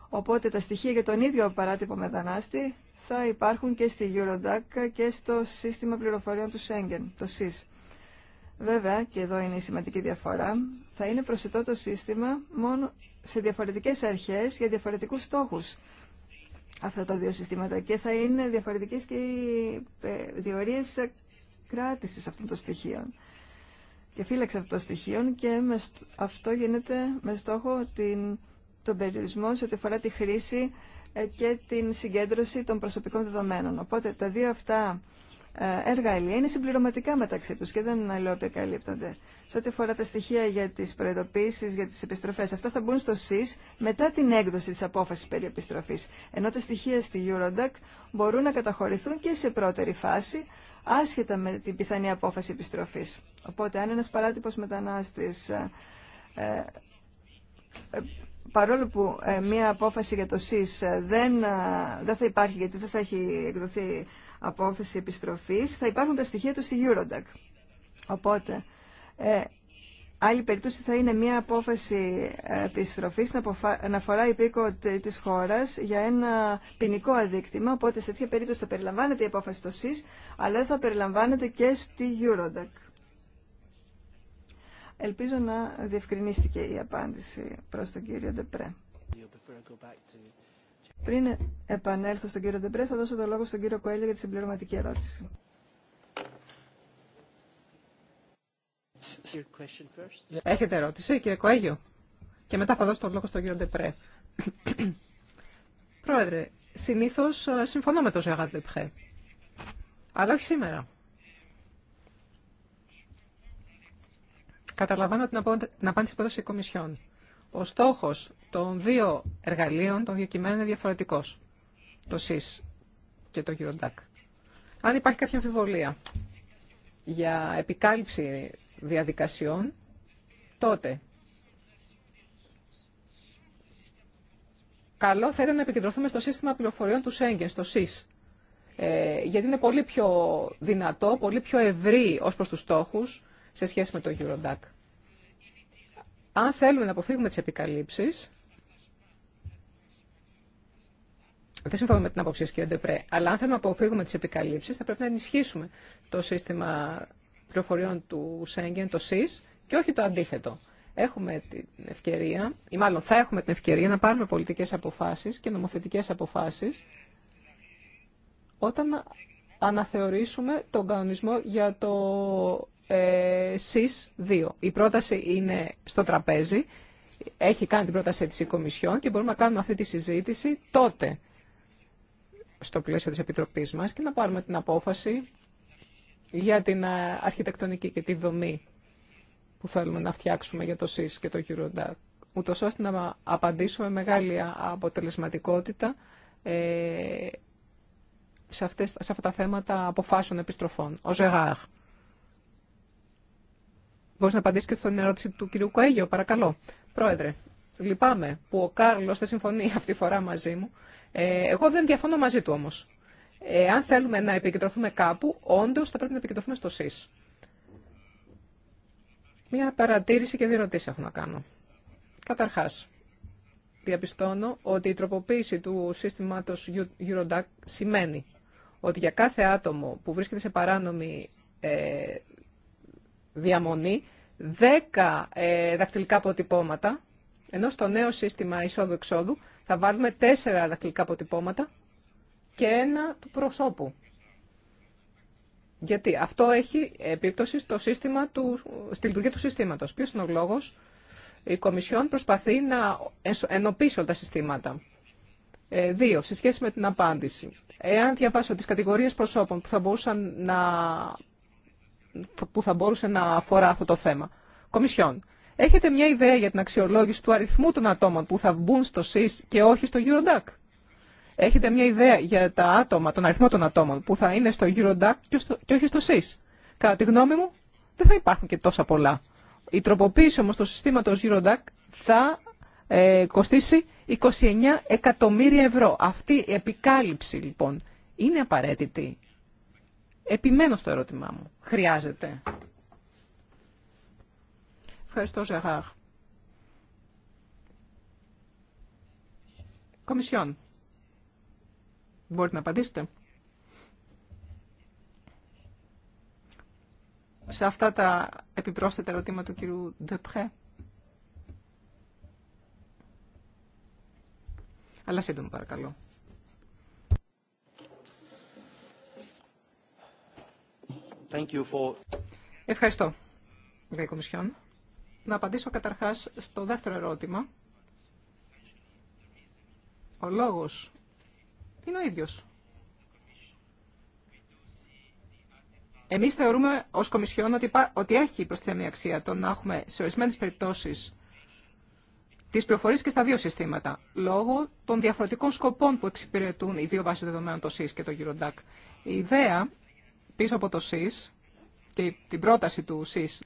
Οπότε τα στοιχεία για τον ίδιο παράτυπο μετανάστη θα υπάρχουν και στη Eurodac και στο σύστημα πληροφοριών του Schengen, το SIS. Βέβαια, και εδώ είναι η σημαντική διαφορά, θα είναι προσιτό το σύστημα μόνο σε διαφορετικές αρχές για διαφορετικούς στόχους αυτά τα δύο συστήματα και θα είναι διαφορετικές και οι ε, διορίες κράτησης αυτών των στοιχείων και φύλαξη αυτών των στοιχείων και αυτό γίνεται με στόχο την, τον περιορισμό σε ό,τι αφορά τη χρήση ε, και την συγκέντρωση των προσωπικών δεδομένων. Οπότε τα δύο αυτά ε, εργαλεία είναι συμπληρωματικά μεταξύ τους και δεν αλληλοεπικαλύπτονται. Σε ό,τι αφορά τα στοιχεία για τις προειδοποίησεις, για τις επιστροφές, αυτά θα μπουν στο ΣΥΣ μετά την έκδοση της απόφασης περί επιστροφής. Ενώ τα στοιχεία στη Eurodac μπορούν να καταχωρηθούν και σε πρώτερη φάση, άσχετα με την πιθανή απόφαση επιστροφής. Οπότε, αν ένας παράτυπος μετανάστης ε, ε, ε παρόλο που μια απόφαση για το ΣΥΣ δεν, δεν θα υπάρχει γιατί δεν θα έχει εκδοθεί απόφαση επιστροφής, θα υπάρχουν τα στοιχεία του στη Eurodac. Οπότε, ε, άλλη περίπτωση θα είναι μια απόφαση ε, επιστροφής να, αποφα... να αφορά της χώρας για ένα ποινικό αδίκτυμα, οπότε σε τέτοια περίπτωση θα περιλαμβάνεται η απόφαση στο ΣΥΣ, αλλά θα περιλαμβάνεται και στη Eurodac. Ελπίζω να διευκρινίστηκε η απάντηση προς τον κύριο Ντεπρέ. Πριν επανέλθω στον κύριο Ντεμπρέ, θα δώσω το λόγο στον κύριο Κοέλιο για τη συμπληρωματική ερώτηση. Έχετε ερώτηση, κύριε Κοέλιο. Και μετά θα δώσω το λόγο στον κύριο Ντεπρέ. (clears throat) Πρόεδρε, συνήθω ε, συμφωνώ με τον Ζεγάρ Ντεπρέ. Αλλά όχι σήμερα. Καταλαβαίνω την απάντηση που έδωσε η Κομισιόν. Ο στόχος των δύο εργαλείων, των δύο κειμένων, είναι διαφορετικό. Το ΣΥΣ και το Eurodac. Αν υπάρχει κάποια αμφιβολία για επικάλυψη διαδικασιών, τότε καλό θα ήταν να επικεντρωθούμε στο σύστημα πληροφοριών του ΣΕΝΚΕΝ, στο ΣΥΣ. Ε, γιατί είναι πολύ πιο δυνατό, πολύ πιο ευρύ ως προς τους στόχους σε σχέση με το Eurodac. Αν θέλουμε να αποφύγουμε τις επικαλύψεις, δεν συμφωνώ με την άποψη κύριε Ντεπρέ, αλλά αν θέλουμε να αποφύγουμε τι επικαλύψει, θα πρέπει να ενισχύσουμε το σύστημα πληροφοριών του Σέγγεν, το ΣΥΣ, και όχι το αντίθετο. Έχουμε την ευκαιρία, ή μάλλον θα έχουμε την ευκαιρία να πάρουμε πολιτικέ αποφάσει και νομοθετικέ αποφάσει όταν αναθεωρήσουμε τον κανονισμό για το ε, ΣΥΣ 2. Η πρόταση είναι στο τραπέζι, έχει κάνει την πρόταση της η Κομισιόν και μπορούμε να κάνουμε αυτή τη συζήτηση τότε στο πλαίσιο της Επιτροπής μας και να πάρουμε την απόφαση για την ε, αρχιτεκτονική και τη δομή που θέλουμε να φτιάξουμε για το ΣΥΣ και το Eurodac, ούτως ώστε να απαντήσουμε μεγάλη αποτελεσματικότητα ε, σε, αυτές, σε αυτά τα θέματα αποφάσεων επιστροφών. Ο Ζεγάρ. Μπορείς να απαντήσεις και στον ερώτηση του κυρίου Κοέγιο, παρακαλώ. Πρόεδρε, λυπάμαι που ο Κάρλος δεν συμφωνεί (laughs) αυτή τη φορά μαζί μου. Ε, εγώ δεν διαφωνώ μαζί του όμως. Ε, αν θέλουμε να επικεντρωθούμε κάπου, όντως θα πρέπει να επικεντρωθούμε στο ΣΥΣ. Μία παρατήρηση και δύο έχω να κάνω. Καταρχάς, διαπιστώνω ότι η τροποποίηση του σύστηματος Eurodac σημαίνει ότι για κάθε άτομο που βρίσκεται σε παράνομη ε, διαμονή, 10 ε, δακτυλικά αποτυπώματα, ενώ στο νέο σύστημα εισόδου-εξόδου θα βάλουμε τέσσερα δακτυλικά αποτυπώματα και ένα του προσώπου. Γιατί αυτό έχει επίπτωση στο σύστημα του, στη λειτουργία του συστήματος. Ποιος είναι ο λόγος. Η Κομισιόν προσπαθεί να ενοπίσει όλα τα συστήματα. Ε, δύο, σε σχέση με την απάντηση. Εάν διαβάσω τις κατηγορίες προσώπων που θα, μπορούσαν να, που θα μπορούσε να αφορά αυτό το θέμα. Κομισιόν. Έχετε μια ιδέα για την αξιολόγηση του αριθμού των ατόμων που θα μπουν στο ΣΥΣ και όχι στο Eurodac. Έχετε μια ιδέα για τα άτομα, τον αριθμό των ατόμων που θα είναι στο Eurodac και, όχι στο ΣΥΣ. Κατά τη γνώμη μου, δεν θα υπάρχουν και τόσα πολλά. Η τροποποίηση όμως του συστήματος Eurodac θα ε, κοστίσει 29 εκατομμύρια ευρώ. Αυτή η επικάλυψη λοιπόν είναι απαραίτητη. Επιμένω στο ερώτημά μου. Χρειάζεται. Ευχαριστώ, Ζεράρ. Κομισιόν. Μπορείτε να απαντήσετε. Σε αυτά τα επιπρόσθετα ερωτήματα του κυρίου Ντεπρέ. Αλλά σύντομα παρακαλώ. Ευχαριστώ για Κομισιόν να απαντήσω καταρχάς στο δεύτερο ερώτημα. Ο λόγος είναι ο ίδιος. Εμείς θεωρούμε ως Κομισιόν ότι, ότι έχει προσθέμενη αξία το να έχουμε σε ορισμένες περιπτώσεις τις πληροφορίες και στα δύο συστήματα, λόγω των διαφορετικών σκοπών που εξυπηρετούν οι δύο βάσεις δεδομένων, το ΣΥΣ και το Eurodac. Η ιδέα πίσω από το ΣΥΣ και την πρόταση του ΣΥΣ,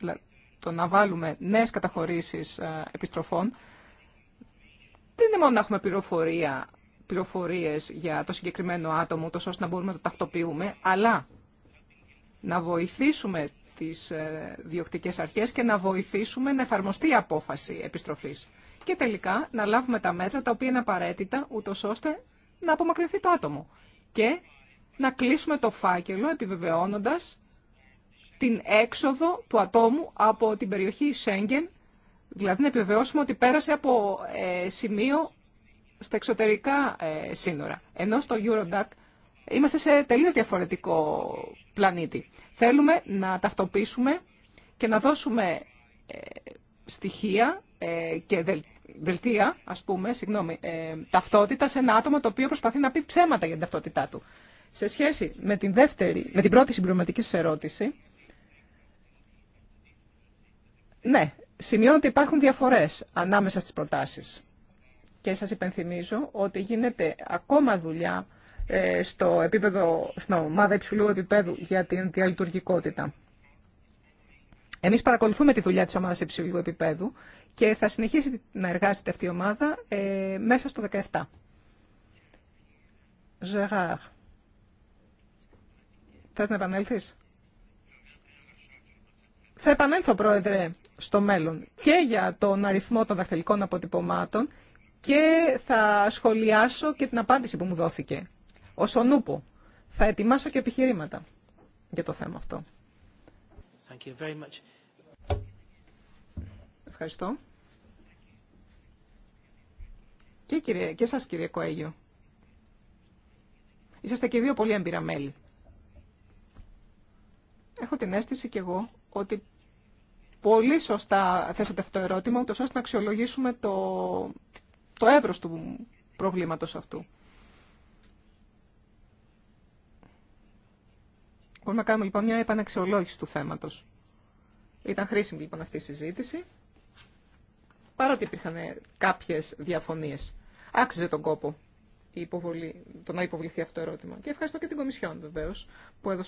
το να βάλουμε νέες καταχωρήσεις ε, επιστροφών δεν είναι μόνο να έχουμε πληροφορία, πληροφορίες για το συγκεκριμένο άτομο, το ώστε να μπορούμε να το ταυτοποιούμε, αλλά να βοηθήσουμε τις ε, διοκτικές αρχές και να βοηθήσουμε να εφαρμοστεί η απόφαση επιστροφής. Και τελικά να λάβουμε τα μέτρα τα οποία είναι απαραίτητα, ούτω ώστε να απομακρυνθεί το άτομο. Και να κλείσουμε το φάκελο επιβεβαιώνοντας την έξοδο του ατόμου από την περιοχή Σέγγεν, δηλαδή να επιβεβαιώσουμε ότι πέρασε από ε, σημείο στα εξωτερικά ε, σύνορα. Ενώ στο Eurodac είμαστε σε τελείως διαφορετικό πλανήτη. Θέλουμε να ταυτοποιήσουμε και να δώσουμε ε, στοιχεία και δελτία, ας πούμε, συγγνώμη, ταυτότητα σε ένα άτομο το οποίο προσπαθεί να πει ψέματα για την ταυτότητά του. Σε σχέση με την, δεύτερη, με την πρώτη συμπληρωματική ερώτηση, ναι, σημειώνω ότι υπάρχουν διαφορές ανάμεσα στις προτάσεις. Και σας υπενθυμίζω ότι γίνεται ακόμα δουλειά ε, στο επίπεδο, στην ομάδα υψηλού επίπεδου για την διαλειτουργικότητα. Εμείς παρακολουθούμε τη δουλειά της ομάδας υψηλού επίπεδου και θα συνεχίσει να εργάζεται αυτή η ομάδα ε, μέσα στο 17. Ζεγάρ, θες να επανέλθεις? Θα επανέλθω, Πρόεδρε, στο μέλλον και για τον αριθμό των δαχτυλικών αποτυπωμάτων και θα σχολιάσω και την απάντηση που μου δόθηκε. Ως ο νουπο. Θα ετοιμάσω και επιχειρήματα για το θέμα αυτό. Thank you very much. Ευχαριστώ. Και, κύριε, και σας κύριε Κοέγιο. Είσαστε και δύο πολύ έμπειρα μέλη. Έχω την αίσθηση κι εγώ ότι πολύ σωστά θέσατε αυτό το ερώτημα, ούτως ώστε να αξιολογήσουμε το, το του προβλήματος αυτού. Μπορούμε να κάνουμε λοιπόν μια επαναξιολόγηση του θέματος. Ήταν χρήσιμη λοιπόν αυτή η συζήτηση, παρότι υπήρχαν ε, κάποιες διαφωνίες. Άξιζε τον κόπο η υποβολή, το να υποβληθεί αυτό το ερώτημα. Και ευχαριστώ και την Κομισιόν βεβαίως που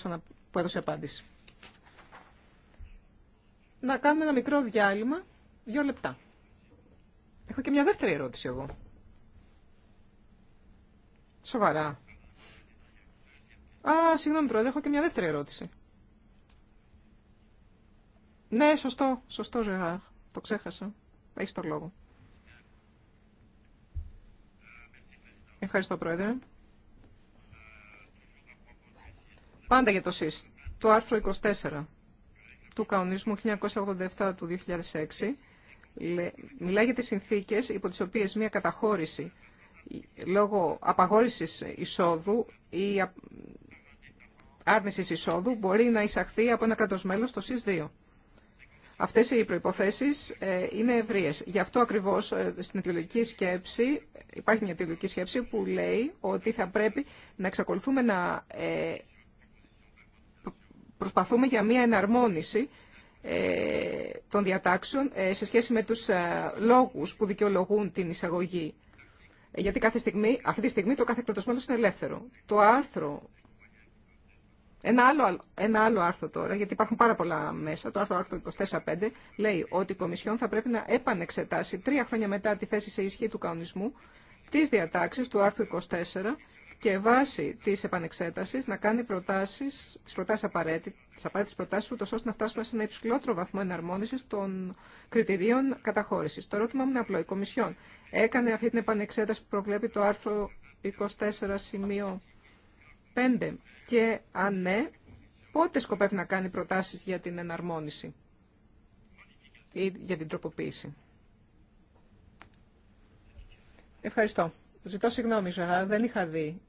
που έδωσε απάντηση να κάνουμε ένα μικρό διάλειμμα, δύο λεπτά. Έχω και μια δεύτερη ερώτηση εγώ. Σοβαρά. Α, συγγνώμη πρόεδρε, έχω και μια δεύτερη ερώτηση. Ναι, σωστό, σωστό Ζερά, Το ξέχασα. Έχει τον λόγο. Ευχαριστώ, Πρόεδρε. Πάντα για το ΣΥΣ. Το άρθρο 24 του κανονισμού 1987 του 2006 μιλάει για τις συνθήκες υπό τις οποίες μια καταχώρηση λόγω απαγόρησης εισόδου ή άρνησης εισόδου μπορεί να εισαχθεί από ένα κράτος μέλος στο ΣΥΣ 2. Αυτές οι προϋποθέσεις ε, είναι ευρείες. Γι' αυτό ακριβώς ε, στην αιτιολογική σκέψη, υπάρχει μια αιτιολογική σκέψη που λέει ότι θα πρέπει να εξακολουθούμε να ε, προσπαθούμε για μία εναρμόνιση ε, των διατάξεων ε, σε σχέση με τους ε, λόγους που δικαιολογούν την εισαγωγή. Γιατί αυτή τη στιγμή το κάθε κράτος είναι ελεύθερο. Το άρθρο, ένα άλλο, άρθρο τώρα, γιατί υπάρχουν πάρα πολλά μέσα, το άρθρο, άρθρο 24.5 λέει ότι η Κομισιόν θα πρέπει να επανεξετάσει τρία χρόνια μετά τη θέση σε ισχύ του κανονισμού τις διατάξεις του άρθρου 24 και βάσει τη επανεξέταση να κάνει προτάσει, τι προτάσει απαραίτητε, τι απαραίτητε προτάσει, ούτω ώστε να φτάσουμε σε ένα υψηλότερο βαθμό εναρμόνιση των κριτηρίων καταχώρηση. Το ερώτημα μου είναι απλό. Η Κομισιόν έκανε αυτή την επανεξέταση που προβλέπει το άρθρο 24 σημείο 5 και αν ναι, πότε σκοπεύει να κάνει προτάσεις για την εναρμόνιση ή για την τροποποίηση. Ευχαριστώ. Ζητώ συγγνώμη, Ζωά, δεν είχα δει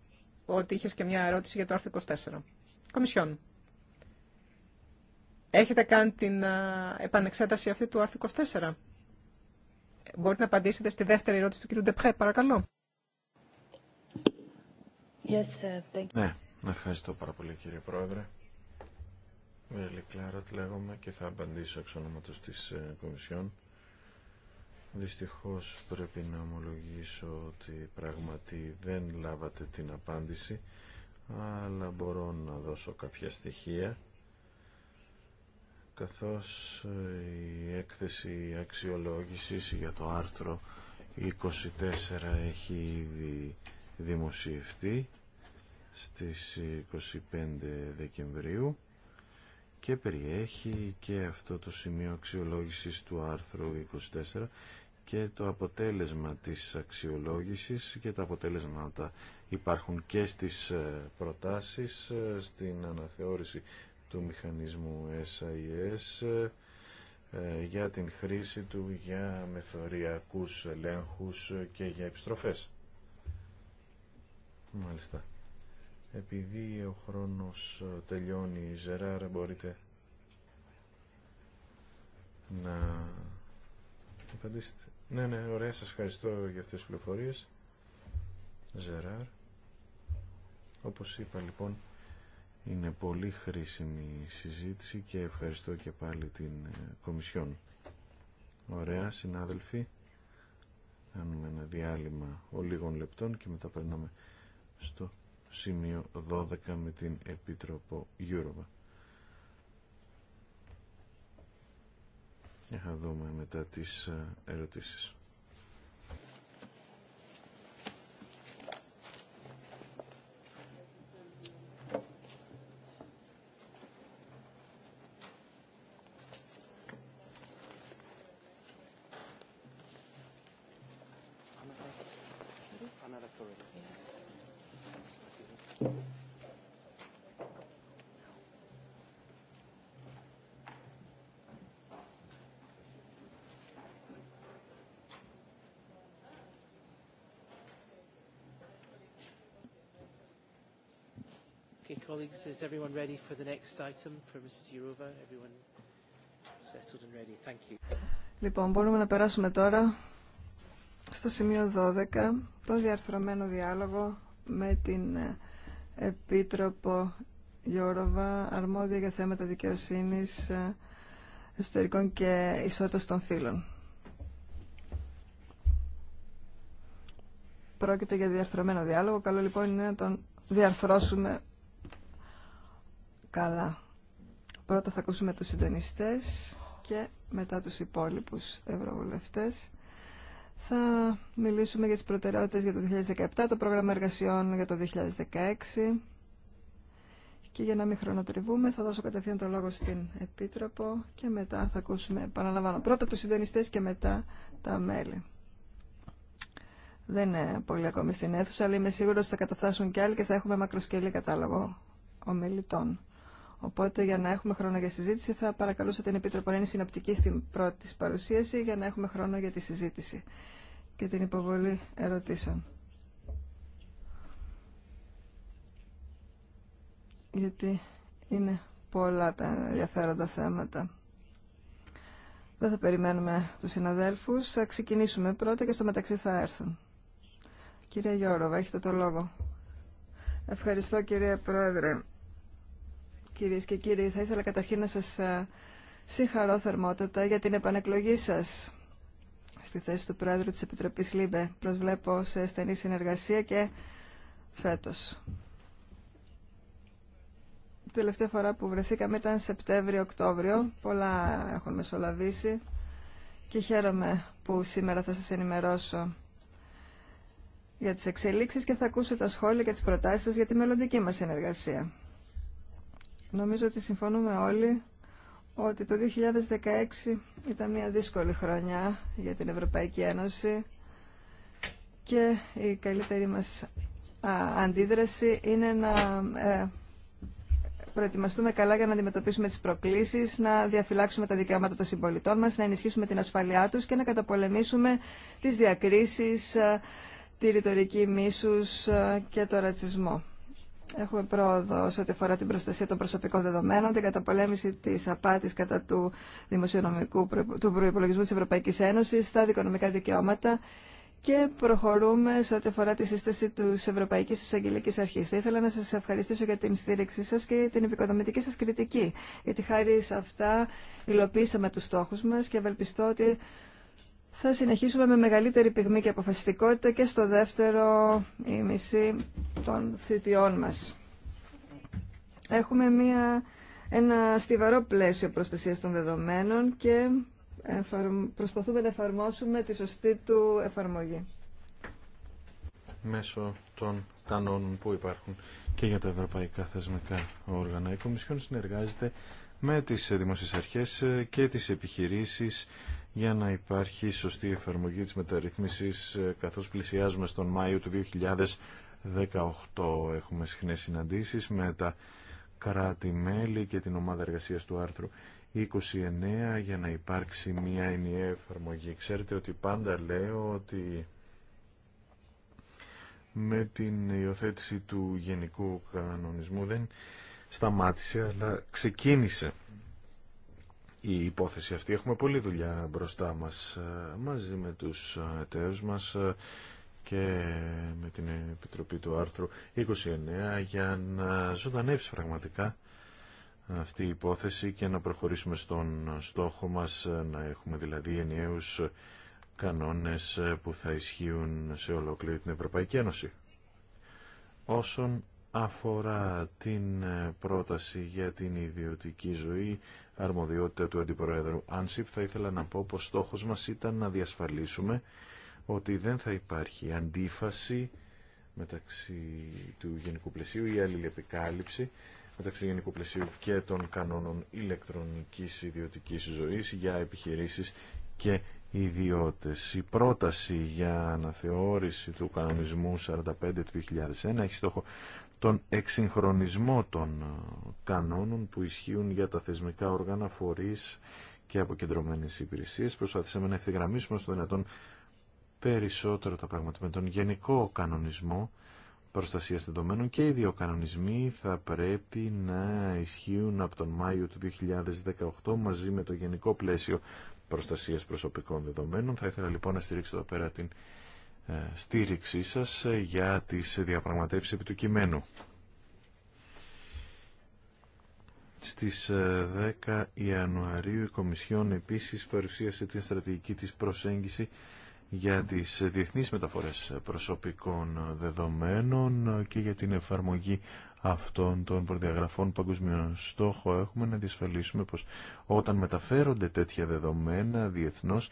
ότι είχε και μια ερώτηση για το άρθρο 24. Κομισιόν. Έχετε κάνει την επανεξέταση αυτή του άρθρου 24. Μπορείτε να απαντήσετε στη δεύτερη ερώτηση του κ. Ντεπχέ, παρακαλώ. Yes, Ναι, ευχαριστώ πάρα πολύ κύριε Πρόεδρε. Βέλη τη λέγομαι και θα απαντήσω εξ ονόματος της ε, Κομισιόν. Δυστυχώς πρέπει να ομολογήσω ότι πράγματι δεν λάβατε την απάντηση αλλά μπορώ να δώσω κάποια στοιχεία καθώς ε, η έκθεση αξιολόγησης για το άρθρο 24 έχει ήδη δημοσιευτεί στις 25 Δεκεμβρίου και περιέχει και αυτό το σημείο αξιολόγησης του άρθρου 24 και το αποτέλεσμα της αξιολόγησης και τα αποτέλεσματα υπάρχουν και στις ε, προτάσεις, ε, στην αναθεώρηση του μηχανισμού SIS ε, για την χρήση του για μεθοριακούς ελέγχους και για επιστροφές. Μάλιστα. Επειδή ο χρόνος τελειώνει, Ζεράρα, μπορείτε να απαντήσετε. Ναι, ναι, ωραία, σας ευχαριστώ για αυτές τις πληροφορίες. Ζεράρ. Όπως είπα λοιπόν, είναι πολύ χρήσιμη συζήτηση και ευχαριστώ και πάλι την ε, Κομισιόν. Ωραία, συνάδελφοι. Κάνουμε ένα διάλειμμα ολίγων λεπτών και μετά περνάμε στο σημείο 12 με την Επίτροπο Γιούροβα. Για να δούμε μετά τις ε, ερωτήσεις. colleagues, is everyone ready for the next item for Mrs. Everyone settled and ready. Thank you. Λοιπόν, μπορούμε να περάσουμε τώρα στο σημείο 12, το διαρθρωμένο διάλογο με την ε, Επίτροπο Γιώροβα, αρμόδια για θέματα δικαιοσύνης, ε, εσωτερικών και ισότητας των φύλων. Πρόκειται για διαρθρωμένο διάλογο. Καλό λοιπόν είναι να τον διαρθρώσουμε Καλά. Πρώτα θα ακούσουμε τους συντονιστές και μετά τους υπόλοιπους ευρωβουλευτές. Θα μιλήσουμε για τις προτεραιότητες για το 2017, το πρόγραμμα εργασιών για το 2016. Και για να μην χρονοτριβούμε θα δώσω κατευθείαν το λόγο στην Επίτροπο και μετά θα ακούσουμε, επαναλαμβάνω, πρώτα τους συντονιστές και μετά τα μέλη. Δεν είναι πολύ ακόμη στην αίθουσα, αλλά είμαι σίγουρος ότι θα καταφτάσουν κι άλλοι και θα έχουμε μακροσκελή κατάλογο ομιλητών. Οπότε για να έχουμε χρόνο για συζήτηση θα παρακαλούσα την Επίτροπο να είναι συνοπτική στην πρώτη της παρουσίαση για να έχουμε χρόνο για τη συζήτηση και την υποβολή ερωτήσεων. Γιατί είναι πολλά τα ενδιαφέροντα θέματα. Δεν θα περιμένουμε τους συναδέλφους. Θα ξεκινήσουμε πρώτα και στο μεταξύ θα έρθουν. Κυρία Γιώροβα, έχετε το λόγο. Ευχαριστώ κυρία Πρόεδρε κυρίες και κύριοι. Θα ήθελα καταρχήν να σας ε, συγχαρώ θερμότατα για την επανεκλογή σας στη θέση του Πρόεδρου της Επιτροπής ΛΥΜΠΕ. Προσβλέπω σε στενή συνεργασία και φέτος. Η τελευταία φορά που βρεθήκαμε ήταν Σεπτέμβριο-Οκτώβριο. Πολλά έχουν μεσολαβήσει και χαίρομαι που σήμερα θα σας ενημερώσω για τις εξελίξεις και θα ακούσω τα σχόλια και τις προτάσεις σας για τη μελλοντική μας συνεργασία. Νομίζω ότι συμφωνούμε όλοι ότι το 2016 ήταν μια δύσκολη χρονιά για την Ευρωπαϊκή Ένωση και η καλύτερη μας αντίδραση είναι να ε, προετοιμαστούμε καλά για να αντιμετωπίσουμε τις προκλήσεις, να διαφυλάξουμε τα δικαιώματα των συμπολιτών μας, να ενισχύσουμε την ασφαλειά τους και να καταπολεμήσουμε τις διακρίσεις, ε, τη ρητορική μίσους ε, και το ρατσισμό. Έχουμε πρόοδο σε ό,τι αφορά την προστασία των προσωπικών δεδομένων, την καταπολέμηση τη απάτη κατά του δημοσιονομικού του προπολογισμού τη Ευρωπαϊκή Ένωση, τα δικονομικά δικαιώματα και προχωρούμε σε ό,τι αφορά τη σύσταση τη Ευρωπαϊκή Εισαγγελική Αρχή. Θα ήθελα να σα ευχαριστήσω για την στήριξή σα και την επικοδομητική σα κριτική, γιατί χάρη σε αυτά υλοποίησαμε του στόχου μα και ευελπιστώ ότι θα συνεχίσουμε με μεγαλύτερη πυγμή και αποφασιστικότητα και στο δεύτερο ημισή των θητιών μας. Έχουμε μια, ένα στιβαρό πλαίσιο προστασίας των δεδομένων και προσπαθούμε να εφαρμόσουμε τη σωστή του εφαρμογή. Μέσω των κανόνων που υπάρχουν και για τα ευρωπαϊκά θεσμικά όργανα, η Κομισιόν συνεργάζεται με τις δημόσιες αρχές και τις επιχειρήσεις για να υπάρχει σωστή εφαρμογή της μεταρρύθμισης ε, καθώς πλησιάζουμε στον Μάιο του 2018. Έχουμε συχνές συναντήσεις με τα κράτη-μέλη και την ομάδα εργασίας του άρθρου 29 για να υπάρξει μια ενιαία εφαρμογή. Ξέρετε ότι πάντα λέω ότι με την υιοθέτηση του γενικού κανονισμού δεν σταμάτησε αλλά ξεκίνησε η υπόθεση αυτή. Έχουμε πολλή δουλειά μπροστά μας ε, μαζί με τους εταίρους μας ε, και με την Επιτροπή του Άρθρου 29 για να ζωντανεύσει πραγματικά αυτή η υπόθεση και να προχωρήσουμε στον στόχο μας ε, να έχουμε δηλαδή ενιαίους κανόνες που θα ισχύουν σε ολόκληρη την Ευρωπαϊκή Ένωση. Όσον αφορά την ε, πρόταση για την ιδιωτική ζωή αρμοδιότητα του Αντιπροέδρου Άνσιπ θα ήθελα να πω πως στόχος μας ήταν να διασφαλίσουμε ότι δεν θα υπάρχει αντίφαση μεταξύ του γενικού πλαισίου ή αλληλεπικάλυψη μεταξύ του γενικού πλαισίου και των κανόνων ηλεκτρονικής ιδιωτικής ζωής για επιχειρήσεις και ιδιώτες. Η πρόταση για αναθεώρηση του κανονισμού 45 του 2001 έχει στόχο τον εξυγχρονισμό των ε, κανόνων που ισχύουν για τα θεσμικά όργανα φορείς και αποκεντρωμένες υπηρεσίες. Προσπαθήσαμε να ευθυγραμμίσουμε στο δυνατόν περισσότερο τα πράγματα με τον γενικό κανονισμό προστασία δεδομένων και οι δύο κανονισμοί θα πρέπει να ισχύουν από τον Μάιο του 2018 μαζί με το γενικό πλαίσιο προστασίας προσωπικών δεδομένων. Θα ήθελα λοιπόν να στηρίξω εδώ πέρα την ε, στήριξή σας ε, για τις διαπραγματεύσεις επί του κειμένου. Στις 10 ε, Ιανουαρίου η Κομισιόν επίσης παρουσίασε την στρατηγική της προσέγγιση για τις διεθνείς μεταφορές προσωπικών δεδομένων και για την εφαρμογή αυτών των προδιαγραφών παγκοσμίων. Στόχο έχουμε να διασφαλίσουμε πως όταν μεταφέρονται τέτοια δεδομένα διεθνώς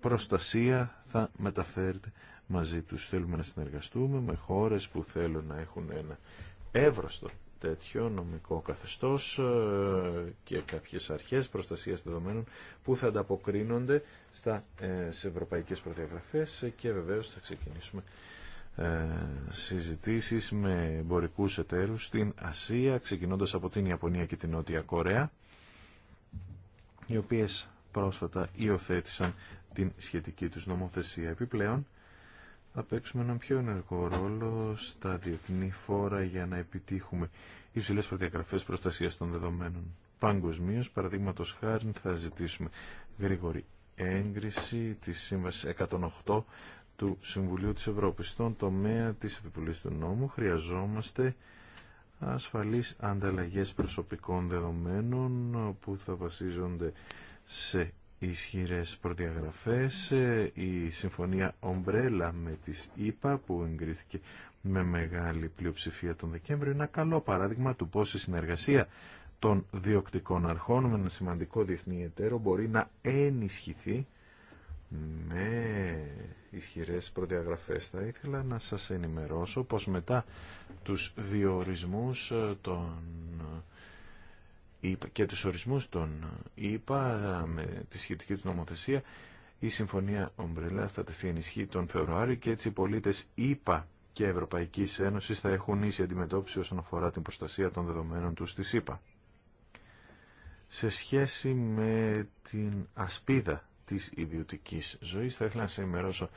προστασία θα μεταφέρεται μαζί τους. Θέλουμε να συνεργαστούμε με χώρες που θέλουν να έχουν ένα εύρωστο τέτοιο νομικό καθεστώς ε, και κάποιες αρχές προστασίας δεδομένων που θα ανταποκρίνονται στα, ε, σε ευρωπαϊκές προδιαγραφές και βεβαίως θα ξεκινήσουμε ε, συζητήσεις με εμπορικούς εταίρους στην Ασία, ξεκινώντας από την Ιαπωνία και την Νότια Κορέα, οι οποίες πρόσφατα υιοθέτησαν την σχετική τους νομοθεσία. Επιπλέον, θα παίξουμε έναν πιο ενεργό ρόλο στα διεθνή φόρα για να επιτύχουμε υψηλές προδιαγραφές προστασίας των δεδομένων. Παγκοσμίω, παραδείγματο χάρη, θα ζητήσουμε γρήγορη έγκριση της Σύμβασης 108 του Συμβουλίου της Ευρώπης. Στον τομέα της επιβολής του νόμου χρειαζόμαστε ασφαλείς ανταλλαγές προσωπικών δεδομένων που θα βασίζονται σε ισχυρές προδιαγραφές, ε, η συμφωνία Ομπρέλα με τις ίπα που εγκρίθηκε με μεγάλη πλειοψηφία τον Δεκέμβριο είναι ένα καλό παράδειγμα του πώς η συνεργασία των διοκτικών αρχών με ένα σημαντικό διεθνή εταίρο μπορεί να ενισχυθεί με ισχυρές προδιαγραφές. Θα ήθελα να σας ενημερώσω πως μετά τους διορισμούς ε, των και τους ορισμούς των ΙΠΑ με τη σχετική του νομοθεσία η Συμφωνία Ομπρελά θα τεθεί ενισχύ τον Φεβρουάριο και έτσι οι πολίτες ΙΠΑ και Ευρωπαϊκής Ένωσης θα έχουν ίση αντιμετώπιση όσον αφορά την προστασία των δεδομένων τους στις ΙΠΑ. Σε σχέση με την ασπίδα της ιδιωτικής ζωής θα ήθελα να σε ενημερώσω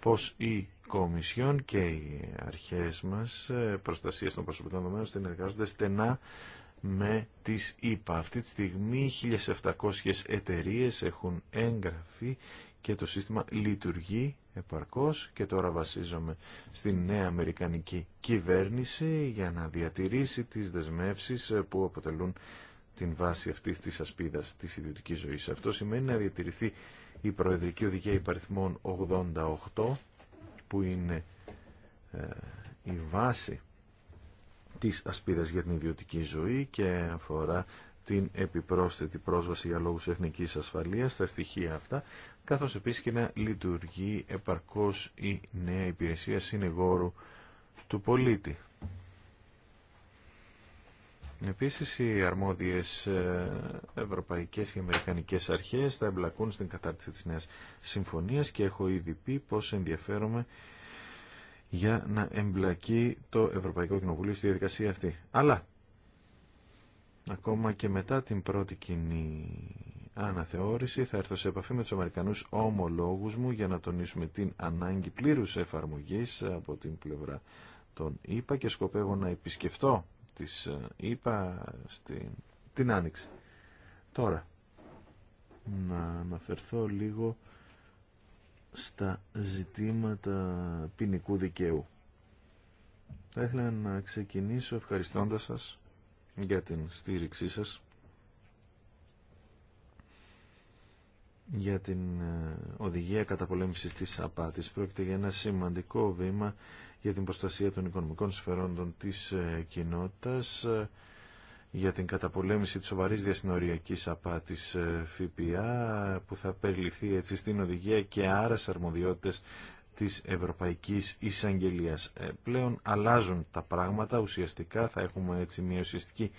πως η Κομισιόν και οι αρχές μας ε, προστασίας των προσωπικών δεδομένων συνεργάζονται στενά με τις ΙΠΑ. Αυτή τη στιγμή 1.700 εταιρείες έχουν έγγραφη και το σύστημα λειτουργεί επαρκώς και τώρα βασίζομαι στην νέα Αμερικανική κυβέρνηση για να διατηρήσει τις δεσμεύσεις που αποτελούν την βάση αυτής της ασπίδας της ιδιωτικής ζωής. Αυτό σημαίνει να διατηρηθεί η Προεδρική Οδηγία Υπαριθμών 88 που είναι ε, η βάση της ασπίδας για την ιδιωτική ζωή και αφορά την επιπρόσθετη πρόσβαση για λόγους εθνικής ασφαλείας στα στοιχεία αυτά, καθώς επίσης και να λειτουργεί επαρκώς η νέα υπηρεσία συνεγόρου του πολίτη. Επίσης, οι αρμόδιες ε, ευρωπαϊκές και αμερικανικές αρχές θα εμπλακούν στην κατάρτιση της νέας συμφωνίας και έχω ήδη πει πώς ενδιαφέρομαι για να εμπλακεί το Ευρωπαϊκό Κοινοβούλιο στη διαδικασία αυτή. Αλλά, ακόμα και μετά την πρώτη κοινή αναθεώρηση, θα έρθω σε επαφή με τους Αμερικανούς ομολόγους μου για να τονίσουμε την ανάγκη πλήρους εφαρμογής από την πλευρά των ΗΠΑ και σκοπεύω να επισκεφτώ τις ε, ΗΠΑ στην, την Άνοιξη. Τώρα, να αναφερθώ λίγο στα ζητήματα ποινικού δικαίου. Θα ήθελα να ξεκινήσω ευχαριστώντας σας για την στήριξή σας, για την ε, οδηγία καταπολέμησης της απάτης. Πρόκειται για ένα σημαντικό βήμα για την προστασία των οικονομικών συμφερόντων της ε, κοινότητας για την καταπολέμηση της σοβαρής διασυνοριακής απάτης ε, ΦΠΑ που θα περιληφθεί έτσι στην οδηγία και άρα σε αρμοδιότητες της Ευρωπαϊκής εισαγγελία. Ε, πλέον αλλάζουν τα πράγματα, ουσιαστικά θα έχουμε έτσι μια ουσιαστική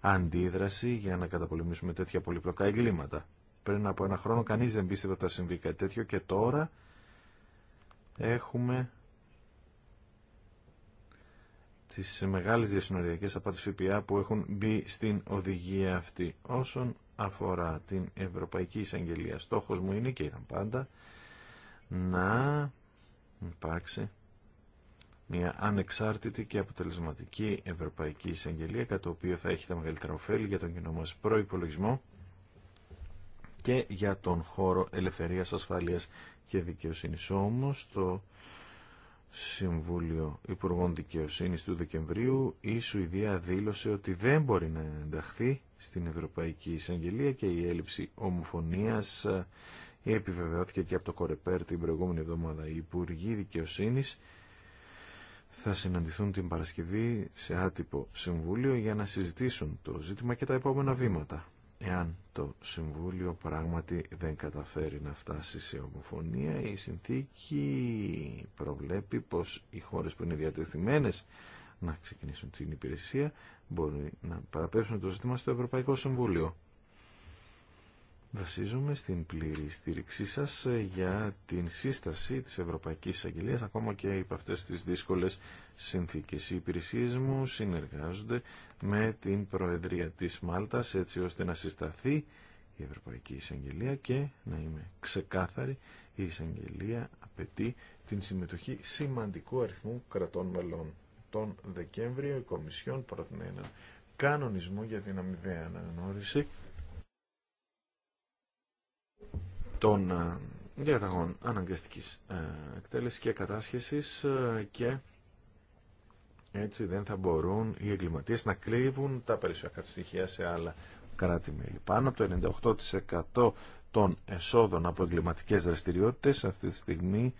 αντίδραση για να καταπολεμήσουμε τέτοια πολυπλοκά εγκλήματα. Πριν από ένα χρόνο κανείς δεν πίστευε ότι θα συμβεί κάτι τέτοιο και τώρα έχουμε τις μεγάλες διασυνοριακές τι ΦΠΑ που έχουν μπει στην οδηγία αυτή. Όσον αφορά την Ευρωπαϊκή Εισαγγελία, στόχος μου είναι και ήταν πάντα να υπάρξει μια ανεξάρτητη και αποτελεσματική Ευρωπαϊκή Εισαγγελία, κατά το οποίο θα έχει τα μεγαλύτερα ωφέλη για τον κοινό μας προϋπολογισμό και για τον χώρο ελευθερίας, ασφαλείας και δικαιοσύνης. Όμως το Συμβούλιο Υπουργών Δικαιοσύνης του Δεκεμβρίου η Σουηδία δήλωσε ότι δεν μπορεί να ενταχθεί στην Ευρωπαϊκή Εισαγγελία και η έλλειψη ομοφωνίας ε, επιβεβαιώθηκε και από το Κορεπέρ την προηγούμενη εβδομάδα. Οι Υπουργοί Δικαιοσύνης θα συναντηθούν την Παρασκευή σε άτυπο Συμβούλιο για να συζητήσουν το ζήτημα και τα επόμενα βήματα. Εάν το Συμβούλιο πράγματι δεν καταφέρει να φτάσει σε ομοφωνία, η συνθήκη προβλέπει πως οι χώρες που είναι διατεθειμένες να ξεκινήσουν την υπηρεσία μπορεί να παραπέψουν το ζήτημα στο Ευρωπαϊκό Συμβούλιο. Βασίζομαι στην πλήρη στήριξή σας ε, για την σύσταση της Ευρωπαϊκής Αγγελίας, ακόμα και υπ' αυτές τις δύσκολες συνθήκες. Οι μου συνεργάζονται με την Προεδρία της Μάλτας, έτσι ώστε να συσταθεί η Ευρωπαϊκή Εισαγγελία και να είμαι ξεκάθαρη, η Εισαγγελία απαιτεί την συμμετοχή σημαντικού αριθμού κρατών μελών. Τον Δεκέμβριο η Κομισιόν πρότεινε έναν κανονισμό για την αμοιβαία αναγνώριση των ε, διαταγών αναγκαστικής ε, εκτέλεσης και κατάσχεσης ε, και έτσι δεν θα μπορούν οι εγκληματίες να κρύβουν τα περισσότερα στοιχεία σε άλλα κράτη-μέλη. Πάνω από το 98% των εσόδων από εγκληματικές δραστηριότητες αυτή τη στιγμή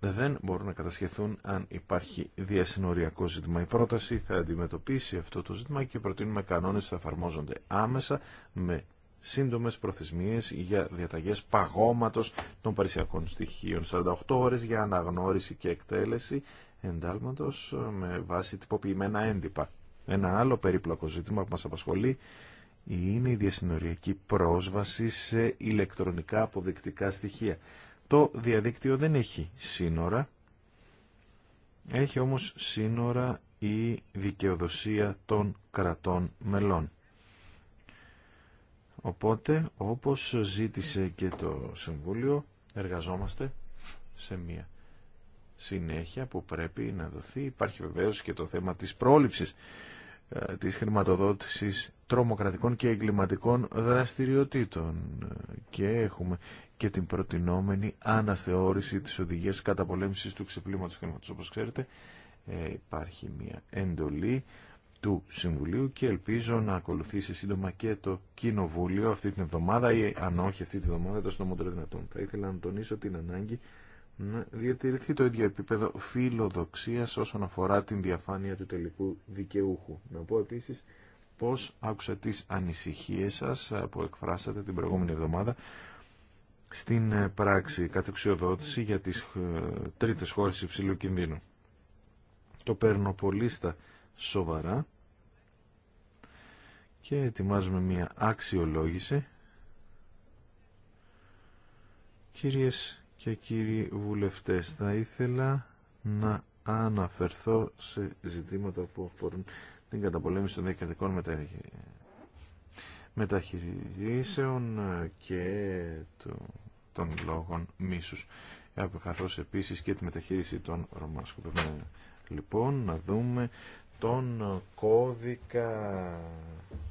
δεν μπορούν να κατασχεθούν αν υπάρχει διασυνοριακό ζήτημα. Η πρόταση θα αντιμετωπίσει αυτό το ζήτημα και προτείνουμε κανόνες που θα εφαρμόζονται άμεσα με σύντομε προθεσμίες για διαταγές παγώματος των παρισιακών στοιχείων. 48 ώρες για αναγνώριση και εκτέλεση εντάλματος με βάση τυποποιημένα έντυπα. Ένα άλλο περίπλοκο ζήτημα που μα απασχολεί είναι η διασυνοριακή πρόσβαση σε ηλεκτρονικά αποδεικτικά στοιχεία. Το διαδίκτυο δεν έχει σύνορα, έχει όμως σύνορα η δικαιοδοσία των κρατών μελών. Οπότε, όπως ζήτησε και το Συμβούλιο, εργαζόμαστε σε μία συνέχεια που πρέπει να δοθεί. Υπάρχει βεβαίως και το θέμα της πρόληψης ε, της χρηματοδότησης τρομοκρατικών και εγκληματικών δραστηριοτήτων και έχουμε και την προτινόμενη αναθεώρηση της οδηγίας καταπολέμησης του ξεπλήματος χρήματος. Όπως ξέρετε ε, υπάρχει μια εντολή του Συμβουλίου και ελπίζω να ακολουθήσει σύντομα και το Κοινοβούλιο αυτή την εβδομάδα ή αν όχι αυτή την εβδομάδα το συντομότερο δυνατόν. Θα ήθελα να τονίσω την ανάγκη να διατηρηθεί το ίδιο επίπεδο φιλοδοξίας όσον αφορά την διαφάνεια του τελικού δικαιούχου. Να πω επίσης πώς άκουσα τις ανησυχίες σας ε, που εκφράσατε την προηγούμενη εβδομάδα στην ε, πράξη κατεξιοδότηση για τις ε, τρίτες χώρες υψηλού κινδύνου. Το παίρνω πολύ στα σοβαρά και ετοιμάζουμε μία αξιολόγηση. Κυρίες και κύριοι βουλευτές, θα ήθελα να αναφερθώ σε ζητήματα που αφορούν την καταπολέμηση των δικαιωτικών μεταχειρήσεων και των λόγων μίσους, καθώς επίσης και τη μεταχείριση των Ρωμά. Λοιπόν, να δούμε τον κώδικα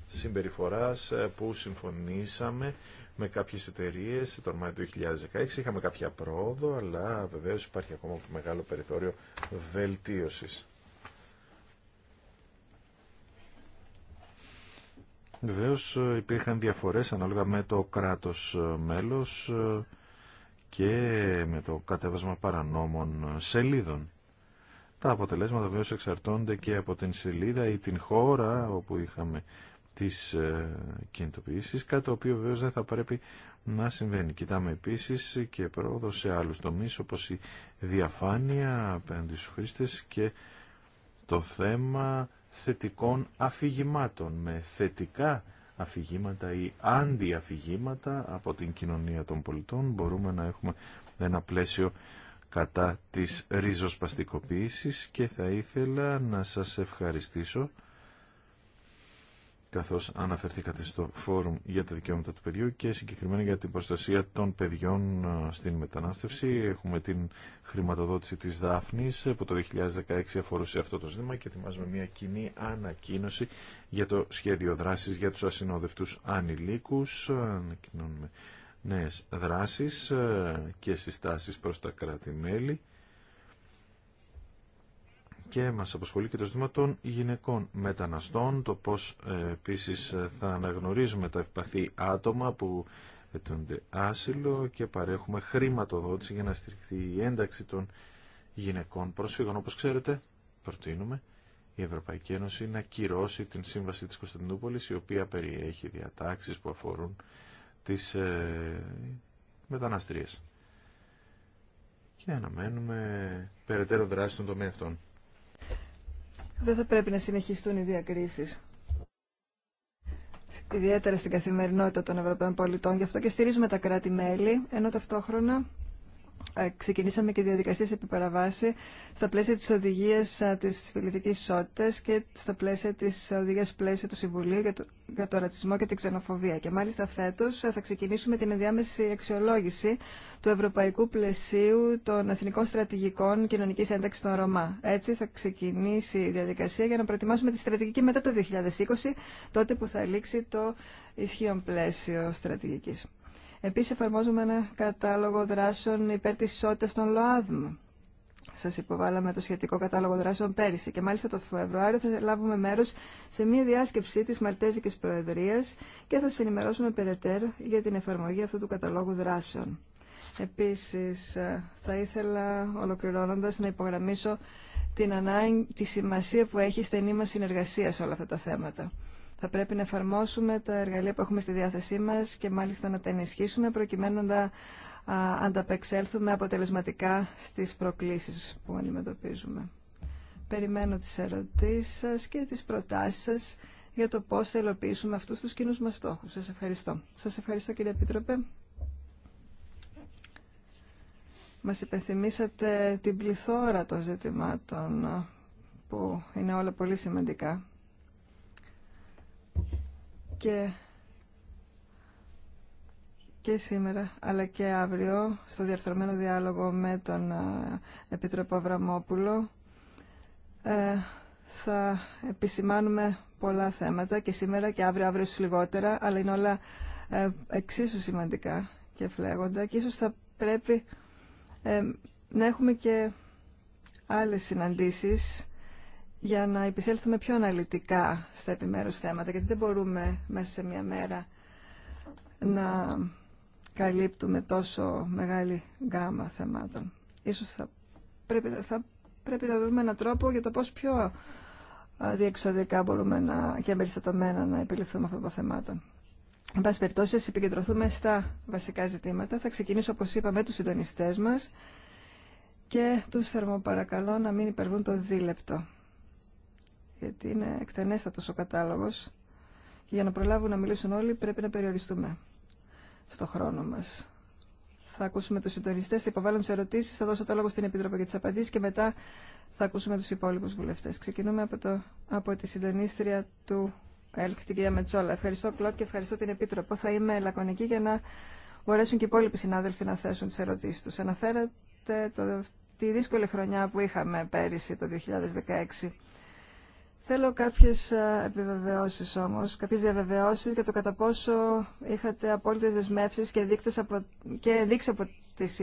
συμπεριφοράς ε, που συμφωνήσαμε με κάποιες εταιρείες τον Μάιο του 2016. Είχαμε κάποια πρόοδο, αλλά βεβαίως υπάρχει ακόμα μεγάλο περιθώριο βελτίωσης. Βεβαίως ε, υπήρχαν διαφορές ανάλογα με το κράτος ε, μέλος και με το κατέβασμα παρανόμων σελίδων. Τα αποτελέσματα βέβαια εξαρτώνται και από την σελίδα ή την χώρα όπου είχαμε τις ε, κινητοποιήσεις, κάτι το οποίο βεβαίω δεν θα πρέπει να συμβαίνει. Κοιτάμε επίσης και πρόοδο σε άλλους τομείς όπως η διαφάνεια απέναντι στους χρήστες και το θέμα θετικών αφηγημάτων με θετικά αφηγήματα ή αντιαφηγήματα από την κοινωνία των πολιτών μπορούμε να έχουμε ένα πλαίσιο κατά της ριζοσπαστικοποίησης και θα ήθελα να σας ευχαριστήσω καθώς αναφερθήκατε στο φόρουμ για τα δικαιώματα του παιδιού και συγκεκριμένα για την προστασία των παιδιών ε, στην μετανάστευση. Έχουμε την χρηματοδότηση της Δάφνης ε, που το 2016 αφορούσε αυτό το ζήτημα και ετοιμάζουμε μια κοινή ανακοίνωση για το σχέδιο δράσης για τους ασυνόδευτούς ανηλίκους. Ε, ανακοινώνουμε νέες δράσεις ε, και συστάσεις προς τα κράτη-μέλη και μας αποσχολεί και το ζήτημα των γυναικών μεταναστών, το πώς ε, επίσης ε, θα αναγνωρίζουμε τα ευπαθή άτομα που ετούνται άσυλο και παρέχουμε χρηματοδότηση για να στηριχθεί η ένταξη των γυναικών προσφύγων. Όπως ξέρετε, προτείνουμε η Ευρωπαϊκή Ένωση να κυρώσει την Σύμβαση της Κωνσταντινούπολης, η οποία περιέχει διατάξεις που αφορούν τις ε, μεταναστρίες. Και αναμένουμε περαιτέρω δράση στον τομέα αυτών. Δεν θα πρέπει να συνεχιστούν οι διακρίσεις. Ιδιαίτερα στην καθημερινότητα των Ευρωπαίων πολιτών. Γι' αυτό και στηρίζουμε τα κράτη-μέλη, ενώ ταυτόχρονα ε, ξεκινήσαμε και διαδικασίες επί παραβάση στα πλαίσια της οδηγίας της φιλητικής ισότητας και στα πλαίσια της οδηγίας πλαίσια του Συμβουλίου για το, για το ρατσισμό και την ξενοφοβία. Και μάλιστα φέτος ε, θα ξεκινήσουμε την ενδιάμεση αξιολόγηση του ευρωπαϊκού πλαισίου των εθνικών στρατηγικών Κοινωνική ένταξης των Ρωμά. Έτσι θα ξεκινήσει η διαδικασία για να προετοιμάσουμε τη στρατηγική μετά το 2020, τότε που θα λήξει το ισχύον πλαίσιο στρατηγικής. Επίσης εφαρμόζουμε ένα κατάλογο δράσεων υπέρ της ισότητας των ΛΟΑΔΜ. Σας υποβάλαμε το σχετικό κατάλογο δράσεων πέρυσι και μάλιστα το Φεβρουάριο θα λάβουμε μέρο σε μια διάσκεψη τη Μαλτέζική Προεδρία και θα σα ενημερώσουμε περαιτέρω για την εφαρμογή αυτού του καταλόγου δράσεων. Επίση, θα ήθελα ολοκληρώνοντα να υπογραμμίσω την ανάγκη, τη σημασία που έχει η στενή μα συνεργασία σε όλα αυτά τα θέματα. Θα πρέπει να εφαρμόσουμε τα εργαλεία που έχουμε στη διάθεσή μας και μάλιστα να τα ενισχύσουμε προκειμένου να ανταπεξέλθουμε αποτελεσματικά στις προκλήσεις που αντιμετωπίζουμε. Περιμένω τις ερωτήσεις σας και τις προτάσεις σας για το πώς θα υλοποιήσουμε αυτούς τους κοινούς μας στόχους. Σας ευχαριστώ. Σας ευχαριστώ κύριε Επίτροπε. Μας υπενθυμίσατε την πληθώρα των ζητημάτων που είναι όλα πολύ σημαντικά και, και σήμερα αλλά και αύριο στο διαρθρωμένο διάλογο με τον Επιτροπό Αβραμόπουλο ε, θα επισημάνουμε πολλά θέματα και σήμερα και αύριο, αύριο λιγότερα, αλλά είναι όλα ε, εξίσου σημαντικά και φλέγοντα και ίσως θα πρέπει ε, να έχουμε και άλλες συναντήσεις για να επισέλθουμε πιο αναλυτικά στα επιμέρους θέματα, γιατί δεν μπορούμε μέσα σε μια μέρα να καλύπτουμε τόσο μεγάλη γάμα θεμάτων. Ίσως θα πρέπει, θα πρέπει να δούμε έναν τρόπο για το πώς πιο διεξοδικά μπορούμε να, και εμπεριστατωμένα να επιληφθούμε αυτό το θεμάτων. Εν πάση περιπτώσει, επικεντρωθούμε στα βασικά ζητήματα. Θα ξεκινήσω, όπως είπα, με τους συντονιστές μας και τους θερμοπαρακαλώ να μην υπερβούν το δίλεπτο γιατί είναι εκτενέστατος ο κατάλογος και για να προλάβουν να μιλήσουν όλοι πρέπει να περιοριστούμε στο χρόνο μας. Θα ακούσουμε τους συντονιστές, θα υποβάλλουν τι ερωτήσεις, θα δώσω το λόγο στην Επίτροπο για τις απαντήσεις και μετά θα ακούσουμε τους υπόλοιπους βουλευτές. Ξεκινούμε από, το, από τη συντονίστρια του ΕΛΚ, την κυρία Μετσόλα. Ευχαριστώ, Κλώτ, και ευχαριστώ την Επίτροπο. Θα είμαι λακωνική για να μπορέσουν και οι υπόλοιποι συνάδελφοι να θέσουν τι ερωτήσεις του. Αναφέρατε το, τη δύσκολη χρονιά που είχαμε πέρυσι, το 2016 Θέλω κάποιες επιβεβαιώσεις όμως, κάποιες διαβεβαιώσεις για το κατά πόσο είχατε απόλυτες δεσμεύσεις και, δείξεις από, και δείξει από τις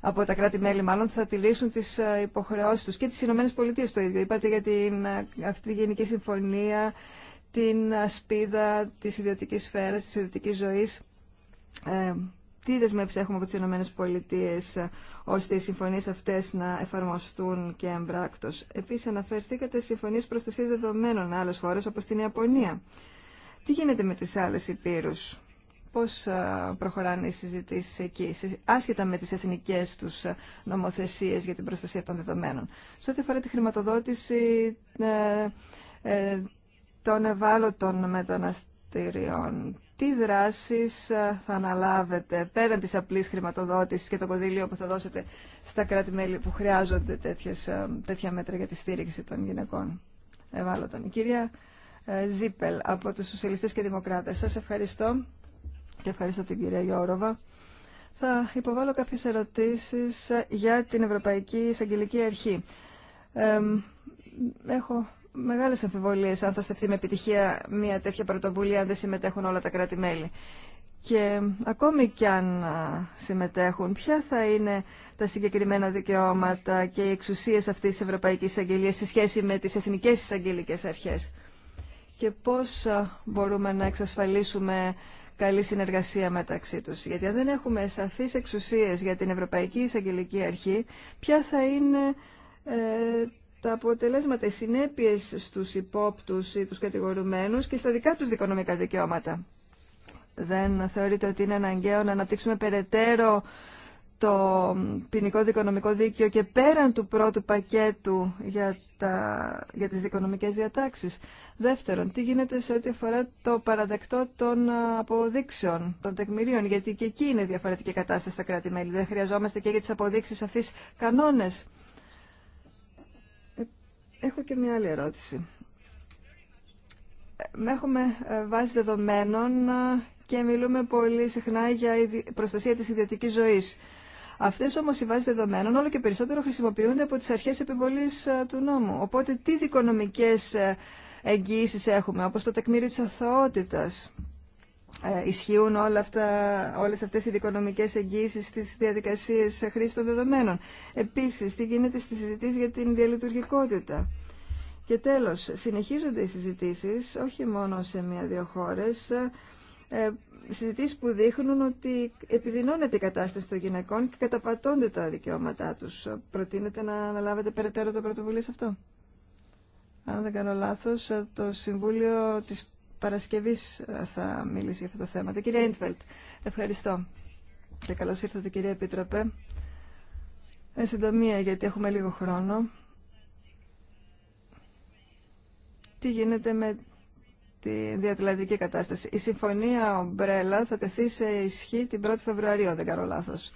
από τα κράτη-μέλη μάλλον θα τηλήσουν τις υποχρεώσεις τους και τις Ηνωμένες Πολιτείες το ίδιο. Είπατε για την, αυτή τη Γενική Συμφωνία, την ασπίδα της ιδιωτικής σφαίρας, της ιδιωτικής ζωής. Ε, τι δεσμεύσει έχουμε από τι ΗΠΑ ώστε οι συμφωνίε αυτέ να εφαρμοστούν και εμπράκτο. Επίση, αναφερθήκατε στι συμφωνίε προστασία δεδομένων με άλλε χώρε όπω την Ιαπωνία. Τι γίνεται με τι άλλε υπήρου, πώ ε, προχωράνε οι συζητήσει εκεί, άσχετα με τι εθνικέ του ε, νομοθεσίε για την προστασία των δεδομένων. Σε ό,τι αφορά τη χρηματοδότηση ε, των ευάλωτων μεταναστεριών τι δράσεις ε, θα αναλάβετε πέραν της απλής χρηματοδότησης και το κονδύλιο που θα δώσετε στα κράτη-μέλη που χρειάζονται ε, τέτοια μέτρα για τη στήριξη των γυναικών ευάλωτων. Η κυρία ε, Ζίπελ από τους Σοσιαλιστές και Δημοκράτες. Σας ευχαριστώ και ευχαριστώ την κυρία Γιώροβα. Θα υποβάλω κάποιες ερωτήσεις για την Ευρωπαϊκή Εισαγγελική Αρχή. έχω μεγάλε αμφιβολίε αν θα στεφθεί με επιτυχία μια τέτοια πρωτοβουλία αν δεν συμμετέχουν όλα τα κράτη-μέλη. Και ακόμη κι αν συμμετέχουν, ποια θα είναι τα συγκεκριμένα δικαιώματα και οι εξουσίες αυτής τη Ευρωπαϊκής Αγγελίας σε σχέση με τις εθνικές εισαγγελικέ αρχές και πώς μπορούμε να εξασφαλίσουμε καλή συνεργασία μεταξύ του, Γιατί αν δεν έχουμε σαφείς εξουσίε για την Ευρωπαϊκή Εισαγγελική Αρχή, ποια θα είναι ε, τα αποτελέσματα, οι συνέπειες στους υπόπτους ή τους κατηγορουμένους και στα δικά τους δικονομικά δικαιώματα. Δεν θεωρείτε ότι είναι αναγκαίο να αναπτύξουμε περαιτέρω το ποινικό δικονομικό δίκαιο και πέραν του πρώτου πακέτου για, τα, για τις δικονομικές διατάξεις. Δεύτερον, τι γίνεται σε ό,τι αφορά το παραδεκτό των αποδείξεων, των τεκμηρίων, γιατί και εκεί είναι διαφορετική κατάσταση στα κράτη-μέλη. Δεν χρειαζόμαστε και για τις αποδείξεις αφής κανόνες. Έχω και μια άλλη ερώτηση. Ε, έχουμε ε, βάσει δεδομένων ε, και μιλούμε πολύ συχνά για προστασία της ιδιωτικής ζωής. Αυτές όμως οι βάσεις δεδομένων όλο και περισσότερο χρησιμοποιούνται από τις αρχές επιβολής του νόμου. Οπότε τι δικονομικές εγγύησεις έχουμε, όπως το τεκμήριο της αθωότητας, ε, ισχύουν όλα αυτά, όλες αυτές οι δικονομικές εγγύησεις στις διαδικασίες χρήσης των δεδομένων. Επίσης, τι γίνεται στις συζητήσεις για την διαλειτουργικότητα. Και τέλος, συνεχίζονται οι συζητήσεις, όχι μόνο σε μία-δύο χώρες, ε, συζητήσεις που δείχνουν ότι επιδεινώνεται η κατάσταση των γυναικών και καταπατώνται τα δικαιώματά τους. Προτείνεται να αναλάβετε περαιτέρω το πρωτοβουλίο σε αυτό. Αν δεν κάνω λάθος, ε, το Συμβούλιο της Παρασκευής ε, θα μιλήσει για αυτά τα θέματα. Κυρία Ιντβελτ, ευχαριστώ. Και καλώς ήρθατε κυρία Επίτροπε. Εν συντομία, γιατί έχουμε λίγο χρόνο. Τι γίνεται με τη διατλαντική κατάσταση. Η συμφωνία ομπρέλα θα τεθεί σε ισχύ την 1η Φεβρουαρίου, δεν κάνω λάθος.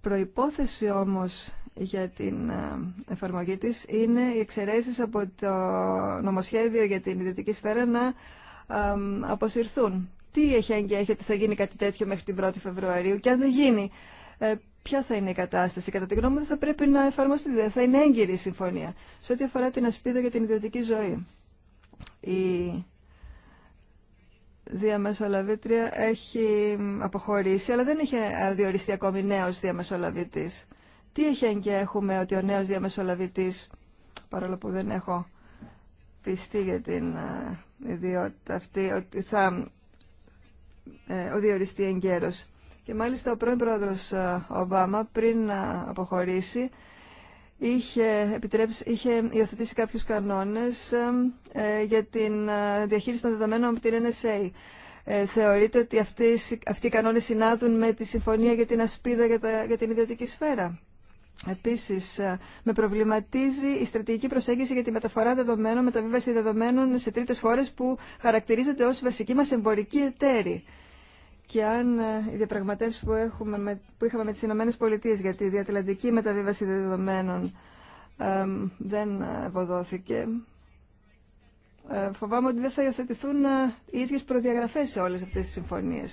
Προϋπόθεση όμως για την ε, εφαρμογή της είναι οι εξαιρέσεις από το νομοσχέδιο για την ιδιωτική σφαίρα να ε, αποσυρθούν. Τι έχει εγγυηθεί ότι θα γίνει κάτι τέτοιο μέχρι την 1η Φεβρουαρίου και αν δεν γίνει, ε, ποια θα είναι η κατάσταση. Κατά την γνώμη μου δεν θα πρέπει να εφαρμοστεί, δεν θα είναι έγκυρη η συμφωνία. Σε ό,τι αφορά την ασπίδα για την ιδιωτική ζωή. Η διαμεσολαβήτρια έχει αποχωρήσει, αλλά δεν έχει διοριστεί ακόμη νέος διαμεσολαβήτης. Τι και έχουμε ότι ο νέος διαμεσολαβητής, παρόλο που δεν έχω πιστεί για την ε, ιδιότητα αυτή, ότι θα ε, οδιοριστεί εγκαίρος. Και μάλιστα ο πρώην πρόεδρος ε, Ομπάμα πριν να αποχωρήσει είχε, επιτρέψει, είχε υιοθετήσει κάποιους κανόνες για την διαχείριση των δεδομένων από την NSA. Ε, θεωρείτε ότι αυτοί, αυτοί οι κανόνες συνάδουν με τη συμφωνία για την ασπίδα για, για την ιδιωτική σφαίρα. Επίσης, ε, με προβληματίζει η στρατηγική προσέγγιση για τη μεταφορά δεδομένων, μεταβίβαση δεδομένων σε τρίτες χώρες που χαρακτηρίζονται ως βασική μας εμπορική εταίρη. Και αν ε, οι διαπραγματεύσεις που, έχουμε, που είχαμε με τις ΗΠΑ για τη διατλαντική μεταβίβαση δεδομένων δεν ευωδόθηκε, ε, φοβάμαι ότι δεν θα υιοθετηθούν οι ίδιε προδιαγραφές σε όλε αυτέ τι συμφωνίε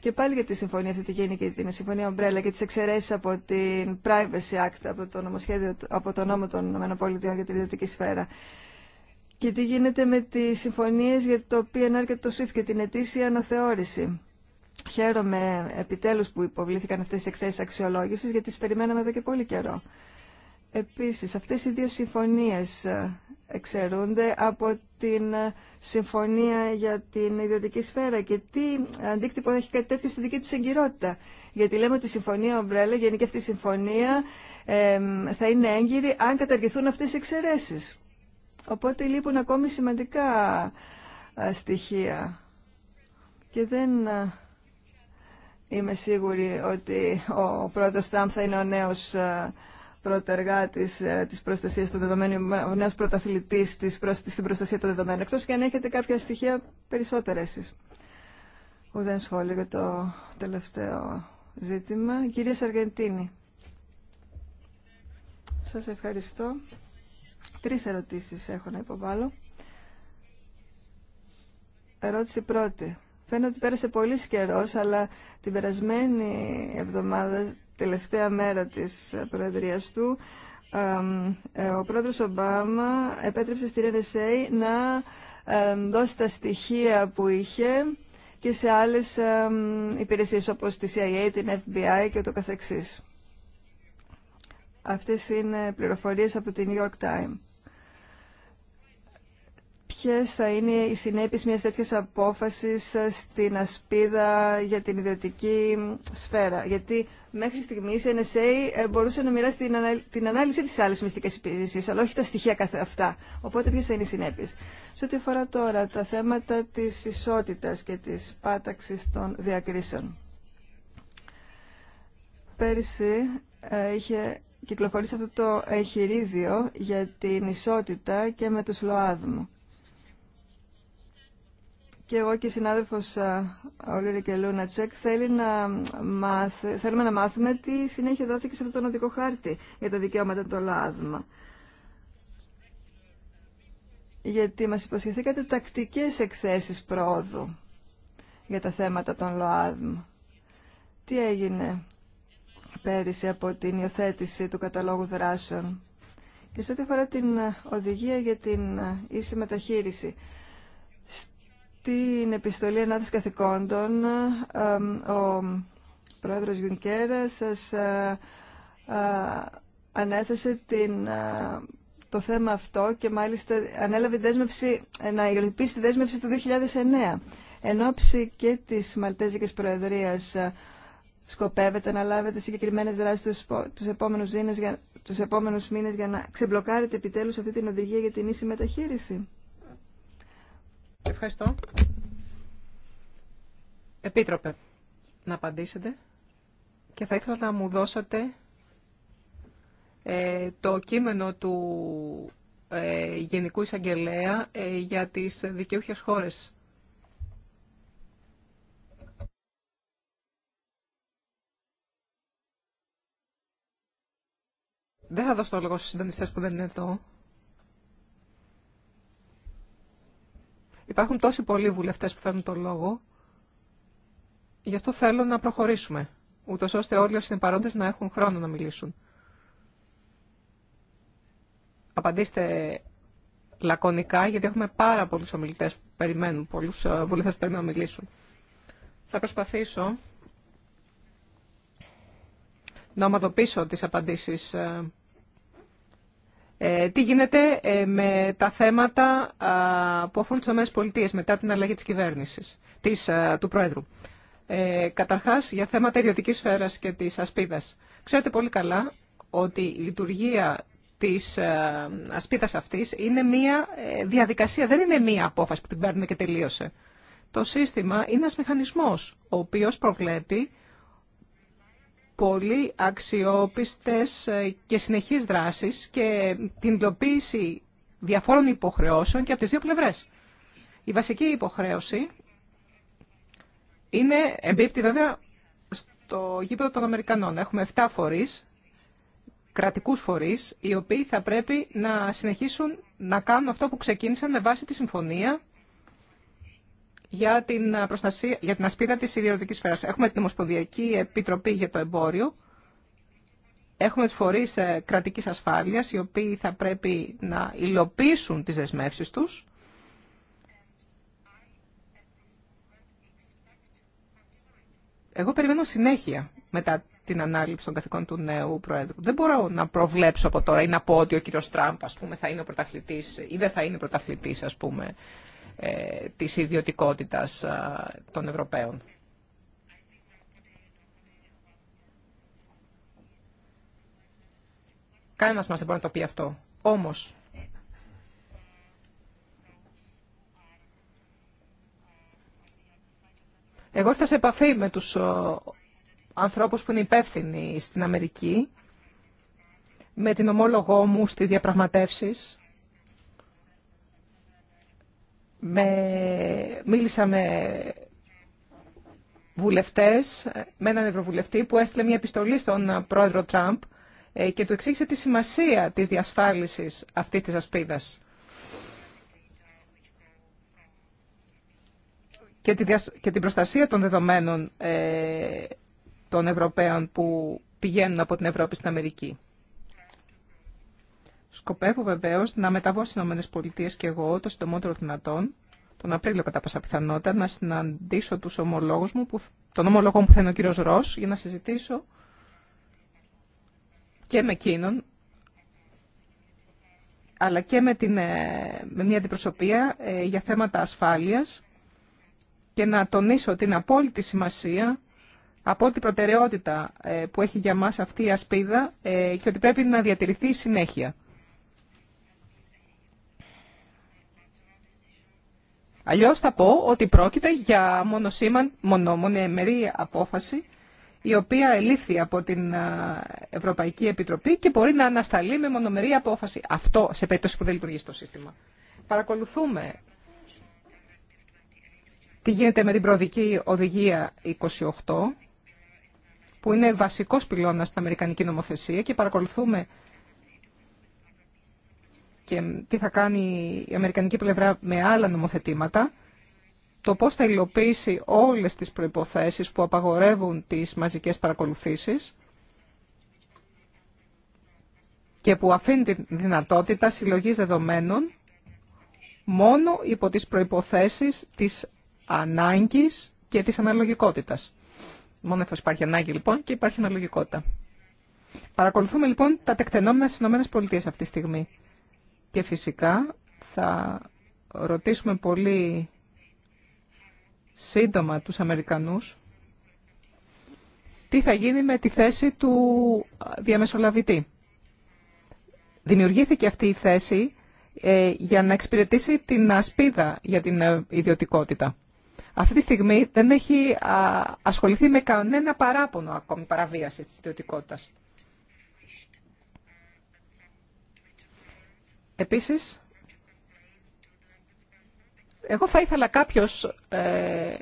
και πάλι για τη συμφωνία αυτή τη γενική, την συμφωνία Ομπρέλα και τις εξαιρέσεις από την Privacy Act, από το νομοσχέδιο, από το νόμο των ΗΠΑ για την ιδιωτική σφαίρα. Και τι γίνεται με τις συμφωνίες για το PNR και το SWIFT και την ετήσια αναθεώρηση. Χαίρομαι επιτέλους που υποβλήθηκαν αυτές οι εκθέσεις αξιολόγησης, γιατί τις περιμέναμε εδώ και πολύ καιρό. Επίσης, αυτές οι δύο συμφωνίες εξαιρούνται από την συμφωνία για την ιδιωτική σφαίρα και τι αντίκτυπο έχει κάτι τέτοιο στη δική του εγκυρότητα. Γιατί λέμε ότι η συμφωνία ομπρέλα, γενική αυτή η συμφωνία, θα είναι έγκυρη αν καταργηθούν αυτέ οι εξαιρεσει. Οπότε λείπουν ακόμη σημαντικά ε, στοιχεία. Και δεν ε, είμαι σίγουρη ότι ο πρώτος ΤΑΜ θα είναι ο νέος ε, πρωτεργάτης ε, της προστασίας των δεδομένων, ο νέος πρωταθλητής στην προστασία των δεδομένων, εκτό και αν έχετε κάποια στοιχεία περισσότερα εσεί. Ουδέν σχόλιο για το τελευταίο ζήτημα. Κυρία Σαργεντίνη, σας ευχαριστώ. Τρεις ερωτήσεις έχω να υποβάλω. Ερώτηση πρώτη. Φαίνεται ότι πέρασε πολύ καιρό, αλλά την περασμένη εβδομάδα τελευταία μέρα της Προεδρίας του, ε, ο πρόεδρος Ομπάμα επέτρεψε στην NSA να δώσει τα στοιχεία που είχε και σε άλλες υπηρεσίες όπως τη CIA, την FBI και το καθεξής. Αυτές είναι πληροφορίες από την New York Times ποιες θα είναι οι συνέπειες μιας τέτοιας απόφασης ε, στην ασπίδα για την ιδιωτική σφαίρα. Γιατί μέχρι στιγμής η NSA ε, μπορούσε να μοιράσει την, ανάλυση της άλλης μυστικής υπηρεσίας, αλλά όχι τα στοιχεία καθε αυτά. Οπότε ποιες θα είναι οι συνέπειες. Σε ό,τι αφορά τώρα τα θέματα της ισότητας και της πάταξης των διακρίσεων. Πέρυσι ε, είχε κυκλοφορήσει αυτό το εγχειρίδιο για την ισότητα και με τους ΛΟΑΔΜΟ και εγώ και η συνάδελφος ε, Ολύρη και Λούνα Τσέκ να μαθ θέλουμε να μάθουμε τι συνέχεια δόθηκε σε αυτόν τον οδικό χάρτη για τα δικαιώματα των ΛΑΔΜΑ. Γιατί μας υποσχεθήκατε τακτικές εκθέσεις πρόοδου για τα θέματα των ΛΟΑΔΜ. Τι έγινε πέρυσι από την υιοθέτηση του καταλόγου δράσεων και σε ό,τι αφορά την ε, οδηγία για την ε, ίση μεταχείριση την επιστολή ανάθεση καθηκόντων ο πρόεδρος Γιουνκέρα σας ε, ε, ανέθεσε την, ε, το θέμα αυτό και μάλιστα ανέλαβε δέσμευση, να υλοποιήσει τη δέσμευση του 2009. Εν ώψη και της Μαλτέζικης Προεδρίας σκοπεύεται να λάβετε συγκεκριμένες δράσεις του τους, επόμενους, τους επόμενους μήνες για να ξεμπλοκάρετε επιτέλους αυτή την οδηγία για την ίση μεταχείριση. Ευχαριστώ. Επίτροπε, να απαντήσετε και θα ήθελα να μου δώσετε ε, το κείμενο του ε, Γενικού Εισαγγελέα ε, για τις δικαιούχες χώρες. Δεν θα δώσω το λόγο στους συντονιστές που δεν είναι εδώ. Υπάρχουν τόσοι πολλοί βουλευτέ που θέλουν το λόγο. Γι' αυτό θέλω να προχωρήσουμε, ούτω ώστε όλοι όσοι είναι παρόντες να έχουν χρόνο να μιλήσουν. Απαντήστε λακωνικά, γιατί έχουμε πάρα πολλούς ομιλητέ που περιμένουν, πολλούς ε, βουλευτές που περιμένουν να μιλήσουν. Θα προσπαθήσω να ομαδοποιήσω τις απαντήσεις ε, ε, τι γίνεται ε, με τα θέματα που αφορούν τις ΗΠΑ μετά την αλλαγή της κυβέρνησης, του Πρόεδρου. Ε, καταρχάς, για θέματα ιδιωτική σφαίρα και της ασπίδας. Ξέρετε πολύ καλά ότι η λειτουργία της ασπίδας αυτής είναι μία ε, διαδικασία, δεν είναι μία απόφαση που την παίρνουμε και τελείωσε. Το σύστημα είναι ένα μηχανισμό ο οποίος προβλέπει πολύ αξιόπιστες ε, και συνεχείς δράσεις και την υλοποίηση διαφόρων υποχρεώσεων και από τις δύο πλευρές. Η βασική υποχρέωση είναι εμπίπτει βέβαια στο γήπεδο των Αμερικανών. Έχουμε 7 φορείς, κρατικούς φορείς, οι οποίοι θα πρέπει να συνεχίσουν να κάνουν αυτό που ξεκίνησαν με βάση τη συμφωνία για την, προστασία, για την ασπίδα της ιδιωτικής σφαίρας. Έχουμε την Ομοσπονδιακή Επιτροπή για το Εμπόριο. Έχουμε τους φορείς ε, κρατικής ασφάλειας, οι οποίοι θα πρέπει να υλοποιήσουν τις δεσμεύσεις τους. Εγώ περιμένω συνέχεια μετά την ανάληψη των καθηκών του νέου Προέδρου. Δεν μπορώ να προβλέψω από τώρα ή να πω ότι ο κύριος Τραμπ, ας πούμε, θα είναι ο πρωταθλητής ή δεν θα είναι ο πρωταθλητής, ας πούμε, ε, της ιδιωτικότητας ε, των Ευρωπαίων. Κανένας μας δεν μπορεί να το πει αυτό. Όμως, εγώ ήρθα σε επαφή με τους ε, ανθρώπους που είναι υπεύθυνοι στην Αμερική, με την ομόλογό μου στις διαπραγματεύσεις με, μίλησα με βουλευτές, με έναν ευρωβουλευτή που έστειλε μια επιστολή στον πρόεδρο Τραμπ ε, και του εξήγησε τη σημασία της διασφάλισης αυτής της ασπίδας. Και, τη και την προστασία των δεδομένων ε, των Ευρωπαίων που πηγαίνουν από την Ευρώπη στην Αμερική. Σκοπεύω βεβαίω να μεταβώ στι ΗΠΑ και εγώ το συντομότερο δυνατόν, τον Απρίλιο κατά πάσα πιθανότητα, να συναντήσω του ομολόγου μου, που, τον ομολόγο μου που θα είναι ο κύριο Ρο, για να συζητήσω και με εκείνον, αλλά και με, την, ε, με μια αντιπροσωπεία ε, για θέματα ασφάλειας και να τονίσω την απόλυτη σημασία, απόλυτη προτεραιότητα ε, που έχει για μας αυτή η ασπίδα και ότι πρέπει να διατηρηθεί συνέχεια. Αλλιώς θα πω ότι πρόκειται για μονομονεμερή απόφαση η οποία ελήφθη από την Ευρωπαϊκή Επιτροπή και μπορεί να ανασταλεί με μονομερή απόφαση. Αυτό σε περίπτωση που δεν λειτουργεί το σύστημα. Παρακολουθούμε τι γίνεται με την προοδική οδηγία 28 που είναι βασικός πυλώνας στην Αμερικανική νομοθεσία και παρακολουθούμε και τι θα κάνει η Αμερικανική πλευρά με άλλα νομοθετήματα, το πώς θα υλοποιήσει όλες τις προϋποθέσεις που απαγορεύουν τις μαζικές παρακολουθήσεις και που αφήνει τη δυνατότητα συλλογής δεδομένων μόνο υπό τις προϋποθέσεις της ανάγκης και της αναλογικότητας. Μόνο εφόσον υπάρχει ανάγκη λοιπόν και υπάρχει αναλογικότητα. Παρακολουθούμε λοιπόν τα τεκτενόμενα στις ΗΠΑ αυτή τη στιγμή. Και φυσικά θα ρωτήσουμε πολύ σύντομα τους Αμερικανούς τι θα γίνει με τη θέση του διαμεσολαβητή. Δημιουργήθηκε αυτή η θέση ε, για να εξυπηρετήσει την ασπίδα για την ε, ιδιωτικότητα. Αυτή τη στιγμή δεν έχει ασχοληθεί με κανένα παράπονο ακόμη παραβίαση της ιδιωτικότητας. Επίσης, εγώ θα ήθελα κάποιος ε,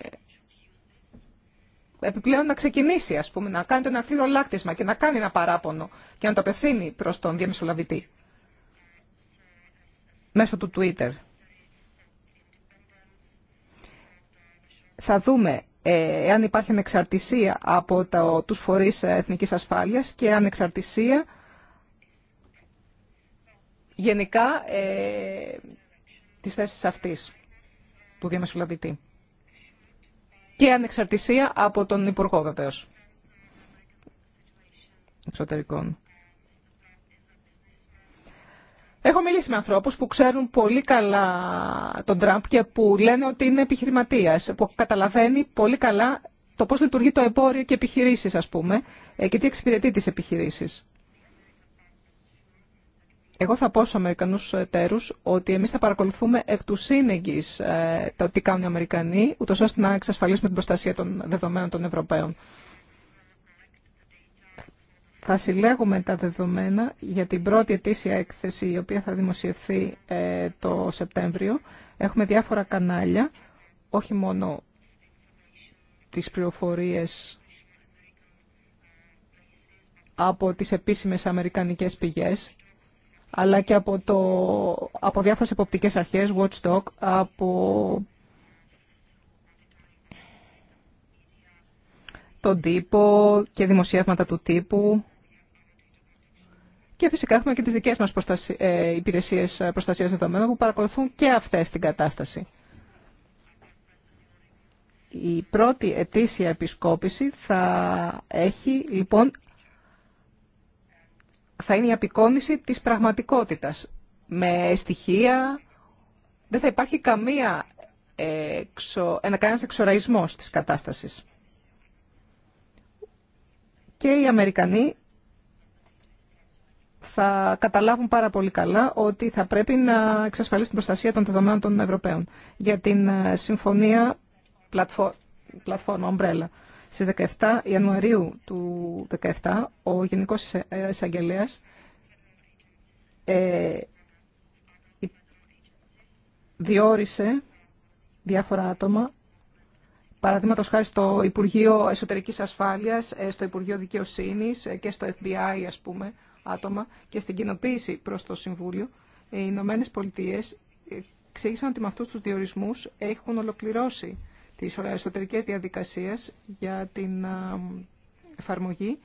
επιπλέον να ξεκινήσει, ας πούμε, να κάνει τον αρθήρο λάκτισμα και να κάνει ένα παράπονο και να το απευθύνει προς τον διαμεσολαβητή μέσω του Twitter. Θα δούμε ε, υπάρχει ανεξαρτησία από το, τους φορείς ε, εθνικής ασφάλειας και ανεξαρτησία γενικά ε, της θέσης αυτής του Διαμεσολαβητή. Και ανεξαρτησία από τον Υπουργό βεβαίω. Εξωτερικών. Έχω μιλήσει με ανθρώπους που ξέρουν πολύ καλά τον Τραμπ και που λένε ότι είναι επιχειρηματίας, που καταλαβαίνει πολύ καλά το πώς λειτουργεί το εμπόριο και επιχειρήσεις, ας πούμε, ε, και τι εξυπηρετεί τις επιχειρήσεις. Εγώ θα πω στους Αμερικανούς εταίρους ότι εμείς θα παρακολουθούμε εκ του σύνεγγυς ε, το τι κάνουν οι Αμερικανοί, ούτως ώστε να εξασφαλίσουμε την προστασία των δεδομένων των Ευρωπαίων. Θα συλλέγουμε τα δεδομένα για την πρώτη ετήσια έκθεση, η οποία θα δημοσιευθεί ε, το Σεπτέμβριο. Έχουμε διάφορα κανάλια, όχι μόνο τις πληροφορίες από τις επίσημες αμερικανικές πηγές, αλλά και από, το, από διάφορες εποπτικές αρχές, watchdog, από τον τύπο και δημοσιεύματα του τύπου. Και φυσικά έχουμε και τις δικές μας προστασί... ε, υπηρεσίες προστασίας δεδομένων που παρακολουθούν και αυτές την κατάσταση. Η πρώτη ετήσια επισκόπηση θα έχει λοιπόν θα είναι η απεικόνηση της πραγματικότητας με στοιχεία. Δεν θα υπάρχει καμία, εξο, ένα, κανένας εξοραϊσμός της κατάστασης. Και οι Αμερικανοί θα καταλάβουν πάρα πολύ καλά ότι θα πρέπει να εξασφαλίσει την προστασία των δεδομένων των Ευρωπαίων για την ε, συμφωνία πλατφόρμα, «Πλατφόρμα-Ομπρέλα». Στις 17 Ιανουαρίου του 2017, ο Γενικός εισαγγελέα. Ε, διόρισε διάφορα άτομα, παραδείγματο χάρη στο Υπουργείο Εσωτερικής Ασφάλειας, ε, στο Υπουργείο Δικαιοσύνης ε, και στο FBI, ας πούμε, άτομα και στην κοινοποίηση προς το Συμβούλιο, οι Ηνωμένε Πολιτείε ε, εξήγησαν ότι με αυτούς τους διορισμούς έχουν ολοκληρώσει τις εσωτερικές διαδικασίες για την εφαρμογή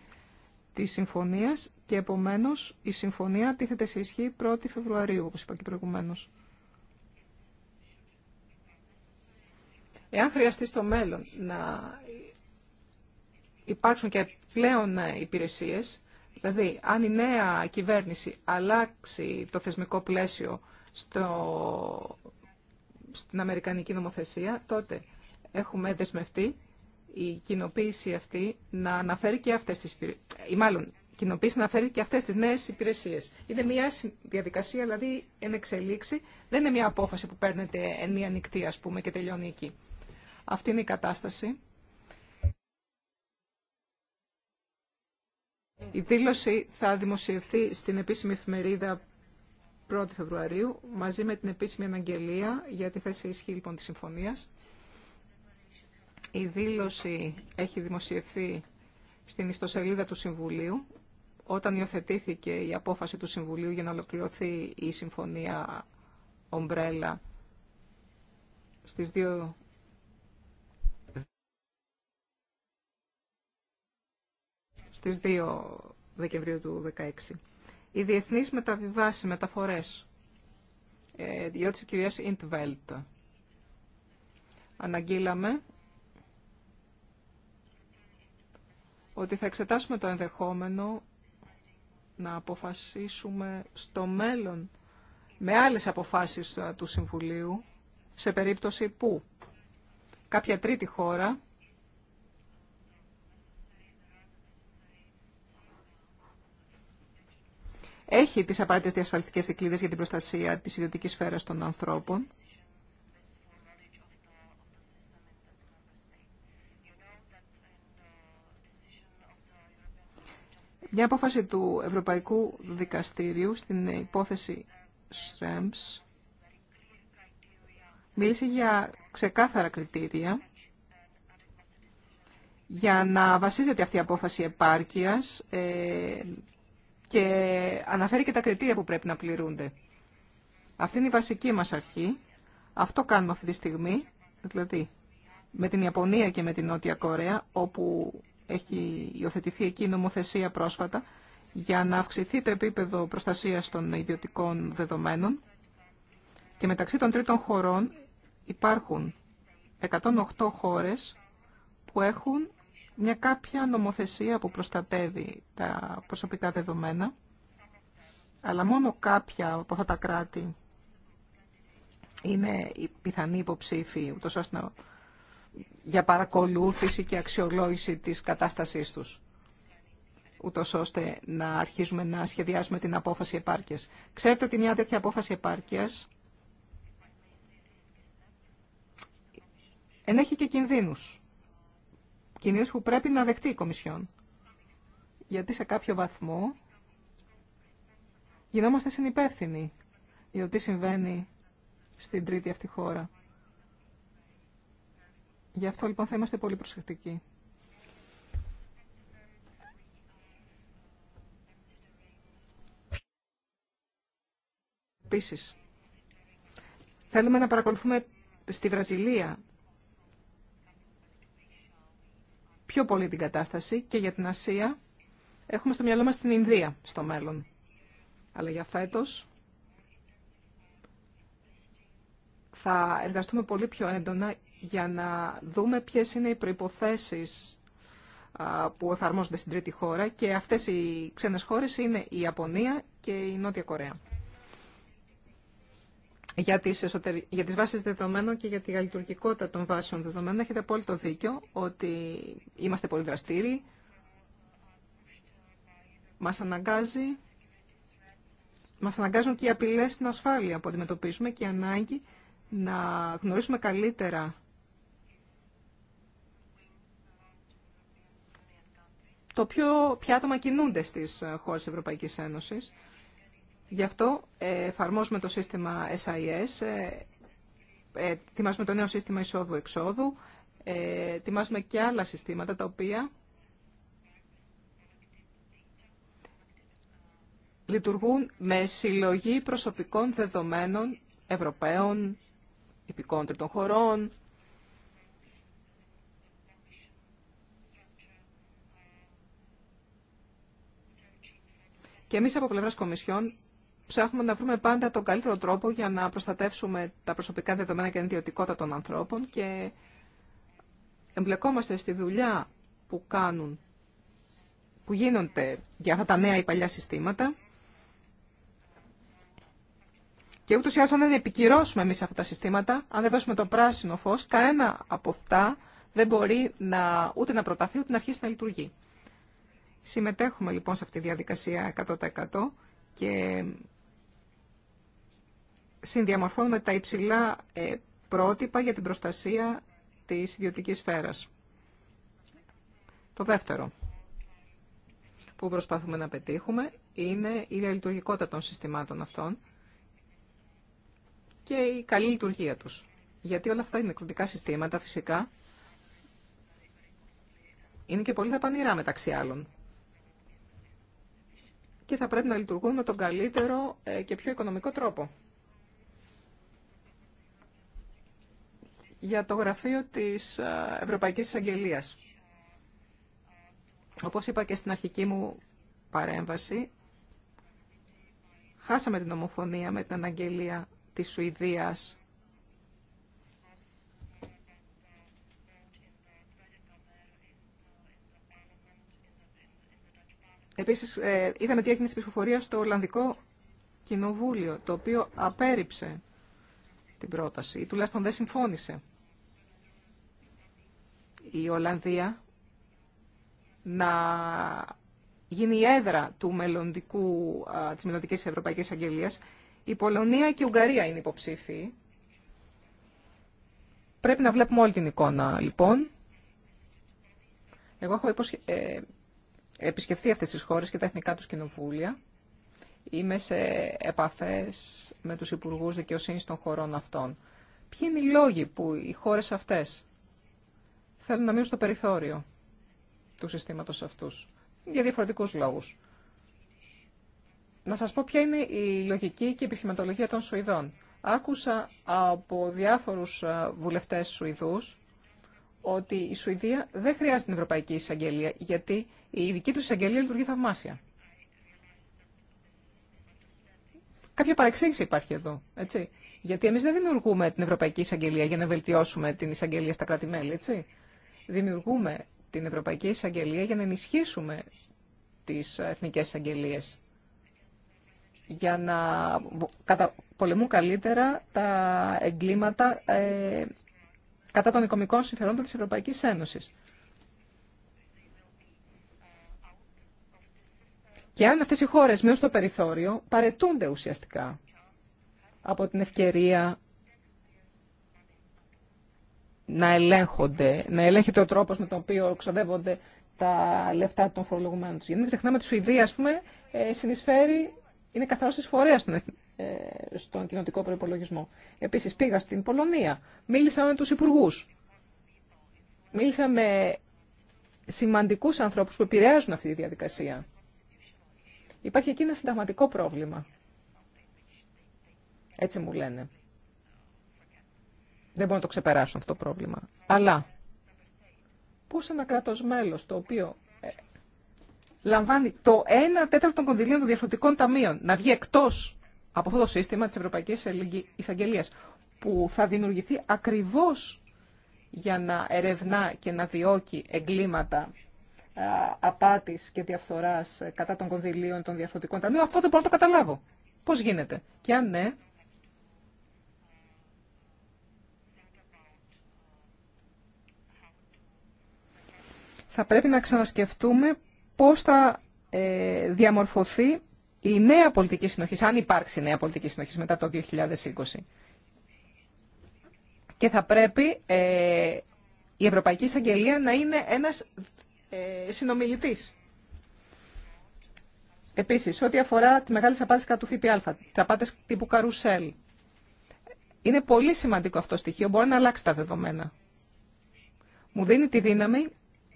της συμφωνίας και επομένως η συμφωνία τίθεται σε ισχύ 1η Φεβρουαρίου, όπως είπα και προηγουμένως. Εάν χρειαστεί στο μέλλον να υπάρξουν και πλέον ε, υπηρεσίες, δηλαδή αν η νέα κυβέρνηση αλλάξει το θεσμικό πλαίσιο στο, στην Αμερικανική νομοθεσία, τότε έχουμε δεσμευτεί η κοινοποίηση αυτή να αναφέρει και αυτές τις μάλλον κοινοποίηση να αναφέρει και αυτές τις νέες υπηρεσίες. Είναι μια διαδικασία, δηλαδή, εν εξελίξη. Δεν είναι μια απόφαση που παίρνετε εν μια νυχτή, ας πούμε, και τελειώνει εκεί. Αυτή είναι η κατάσταση. Η δήλωση θα δημοσιευθεί στην επίσημη εφημερίδα 1η Φεβρουαρίου, μαζί με την επίσημη αναγγελία για τη θέση ισχύ λοιπόν της συμφωνίας. Η δήλωση έχει δημοσιευθεί στην ιστοσελίδα του Συμβουλίου όταν υιοθετήθηκε η απόφαση του Συμβουλίου για να ολοκληρωθεί η Συμφωνία Ομπρέλα στις 2 στις 2 Δεκεμβρίου του 2016. Οι διεθνείς μεταβιβάσεις, μεταφορές, ε, διότι της κυρίας Ιντβέλτ. Αναγγείλαμε ότι θα εξετάσουμε το ενδεχόμενο να αποφασίσουμε στο μέλλον με άλλες αποφάσεις ε, του Συμβουλίου σε περίπτωση που κάποια τρίτη χώρα έχει τις απαραίτητες διασφαλιστικές δικλείδες για την προστασία της ιδιωτικής σφαίρας των ανθρώπων Μια απόφαση του Ευρωπαϊκού Δικαστήριου στην υπόθεση ΣΡΕΜΣ μίλησε για ξεκάθαρα κριτήρια για να βασίζεται αυτή η απόφαση επάρκειας ε, και αναφέρει και τα κριτήρια που πρέπει να πληρούνται. Αυτή είναι η βασική μας αρχή. Αυτό κάνουμε αυτή τη στιγμή, δηλαδή με την Ιαπωνία και με την Νότια Κορέα, όπου έχει υιοθετηθεί εκεί η νομοθεσία πρόσφατα για να αυξηθεί το επίπεδο προστασίας των ιδιωτικών δεδομένων και μεταξύ των τρίτων χωρών υπάρχουν 108 χώρες που έχουν μια κάποια νομοθεσία που προστατεύει τα προσωπικά δεδομένα, αλλά μόνο κάποια από αυτά τα κράτη είναι οι πιθανοί υποψήφοι, ούτως ώστε να για παρακολούθηση και αξιολόγηση της κατάστασής τους ούτως ώστε να αρχίσουμε να σχεδιάσουμε την απόφαση επάρκειας. Ξέρετε ότι μια τέτοια απόφαση επάρκειας ενέχει και κινδύνους. Κινδύνους που πρέπει να δεχτεί η Κομισιόν. Γιατί σε κάποιο βαθμό γινόμαστε συνυπεύθυνοι για ό,τι συμβαίνει στην τρίτη αυτή χώρα. Γι' αυτό λοιπόν θα είμαστε πολύ προσεκτικοί. Επίσης, θέλουμε να παρακολουθούμε στη Βραζιλία πιο πολύ την κατάσταση και για την Ασία έχουμε στο μυαλό μας την Ινδία στο μέλλον. Αλλά για φέτος θα εργαστούμε πολύ πιο έντονα για να δούμε ποιες είναι οι προϋποθέσεις που εφαρμόζονται στην τρίτη χώρα και αυτές οι ξένες χώρες είναι η Ιαπωνία και η Νότια Κορέα. Για τις, εσωτερι... για τις βάσεις δεδομένων και για τη γαλλιτουργικότητα των βάσεων δεδομένων έχετε απόλυτο δίκιο ότι είμαστε πολύ δραστήριοι. Μας, αναγκάζει... Μας αναγκάζουν και οι απειλές στην ασφάλεια που αντιμετωπίζουμε και η ανάγκη να γνωρίσουμε καλύτερα το ποιο, άτομα κινούνται στις ε, χώρες Ευρωπαϊκής Ένωσης. Γι' αυτό ε, εφαρμόζουμε το σύστημα SIS, ε, ετοιμάζουμε το νέο σύστημα εισόδου-εξόδου, ετοιμάζουμε και άλλα συστήματα τα οποία λειτουργούν με συλλογή προσωπικών δεδομένων Ευρωπαίων, υπηκών τριτών χωρών, Και εμεί από πλευρά Κομισιόν ψάχνουμε να βρούμε πάντα τον καλύτερο τρόπο για να προστατεύσουμε τα προσωπικά δεδομένα και την ιδιωτικότητα των ανθρώπων και εμπλεκόμαστε στη δουλειά που κάνουν, που γίνονται για αυτά τα νέα ή παλιά συστήματα. Και ούτως ή άλλως αν δεν επικυρώσουμε εμείς αυτά τα συστήματα, αν δεν δώσουμε το πράσινο φως, κανένα από αυτά δεν μπορεί να, ούτε να προταθεί ούτε να αρχίσει να λειτουργεί. Συμμετέχουμε λοιπόν σε αυτή τη διαδικασία 100% και συνδιαμορφώνουμε τα υψηλά ε, πρότυπα για την προστασία της ιδιωτικής σφαίρας. Το δεύτερο που προσπαθούμε να πετύχουμε είναι η διαλειτουργικότητα των συστημάτων αυτών και η καλή λειτουργία τους. Γιατί όλα αυτά είναι εκδοτικά συστήματα φυσικά είναι και πολύ δαπανηρά μεταξύ άλλων και θα πρέπει να λειτουργούν με τον καλύτερο ε, και πιο οικονομικό τρόπο. Για το γραφείο της ε, Ευρωπαϊκής Εισαγγελίας. Όπως είπα και στην αρχική μου παρέμβαση, χάσαμε την ομοφωνία με την αναγγελία της Σουηδίας Επίσης, ε, είδαμε τι έγινε στην ψηφοφορία στο Ολλανδικό Κοινοβούλιο, το οποίο απέρριψε την πρόταση, ή τουλάχιστον δεν συμφώνησε η Ολλανδία να γίνει η έδρα του μελλοντικού, της μελλοντικής Ευρωπαϊκής Αγγελίας. Η Πολωνία και η Ουγγαρία είναι υποψήφοι. Πρέπει να βλέπουμε όλη την εικόνα, λοιπόν. Εγώ έχω ε, επισκεφθεί αυτές τις χώρες και τα εθνικά τους κοινοβούλια. Είμαι σε επαφές με τους υπουργούς δικαιοσύνης των χωρών αυτών. Ποιοι είναι οι λόγοι που οι χώρες αυτές θέλουν να μείνουν στο περιθώριο του συστήματος αυτούς, για διαφορετικούς λόγους. Να σας πω ποια είναι η λογική και η επιχειρηματολογία των Σουηδών. Άκουσα από διάφορους ε, βουλευτές Σουηδούς ότι η Σουηδία δεν χρειάζεται την Ευρωπαϊκή Εισαγγελία, γιατί η δική του εισαγγελία λειτουργεί θαυμάσια. Κάποια παρεξήγηση υπάρχει εδώ, έτσι. Γιατί εμεί δεν δημιουργούμε την Ευρωπαϊκή Εισαγγελία για να βελτιώσουμε την εισαγγελία στα κράτη-μέλη, έτσι. Δημιουργούμε την Ευρωπαϊκή Εισαγγελία για να ενισχύσουμε τι εθνικέ εισαγγελίε. Για να καταπολεμούν καλύτερα τα εγκλήματα ε, κατά των οικονομικών συμφερόντων της Ευρωπαϊκής Ένωσης. Και αν αυτές οι χώρες μείνουν στο περιθώριο, παρετούνται ουσιαστικά από την ευκαιρία να ελέγχονται, να ελέγχεται ο τρόπο με τον οποίο ξοδεύονται τα λεφτά των φορολογουμένων τους. Γιατί δεν ξεχνάμε ότι η Σουηδία, ας πούμε, ε, συνεισφέρει, είναι καθαρός φορέας των ε, στον κοινοτικό προπολογισμό. Επίσης πήγα στην Πολωνία, μίλησα με τους υπουργού. μίλησα με σημαντικούς ανθρώπους που επηρεάζουν αυτή τη διαδικασία. Υπάρχει εκεί ένα συνταγματικό πρόβλημα. Έτσι μου λένε. Δεν μπορώ να το ξεπεράσω αυτό το πρόβλημα. Αλλά πώς ένα κράτος μέλος το οποίο ε, λαμβάνει το 1 τέταρτο των κονδυλίων των διαφορετικών ταμείων να βγει εκτός από αυτό το σύστημα της Ευρωπαϊκής Εισαγγελίας που θα δημιουργηθεί ακριβώς για να ερευνά και να διώκει εγκλήματα απάτης και διαφθοράς ε, κατά των κονδυλίων των διαφορετικών ταμείων. Αυτό δεν μπορώ να το καταλάβω. Πώς γίνεται. Και αν ναι, θα πρέπει να ξανασκεφτούμε πώς θα ε, διαμορφωθεί η νέα πολιτική συνοχή, αν υπάρξει νέα πολιτική συνοχή μετά το 2020. Και θα πρέπει ε, η Ευρωπαϊκή Εισαγγελία να είναι ένας ε, συνομιλητής. Επίσης, ό,τι αφορά τη μεγάλη απάτες κατά του ΦΠΑ, τις απάτες τύπου καρουσέλ, είναι πολύ σημαντικό αυτό το στοιχείο, μπορεί να αλλάξει τα δεδομένα. Μου δίνει τη δύναμη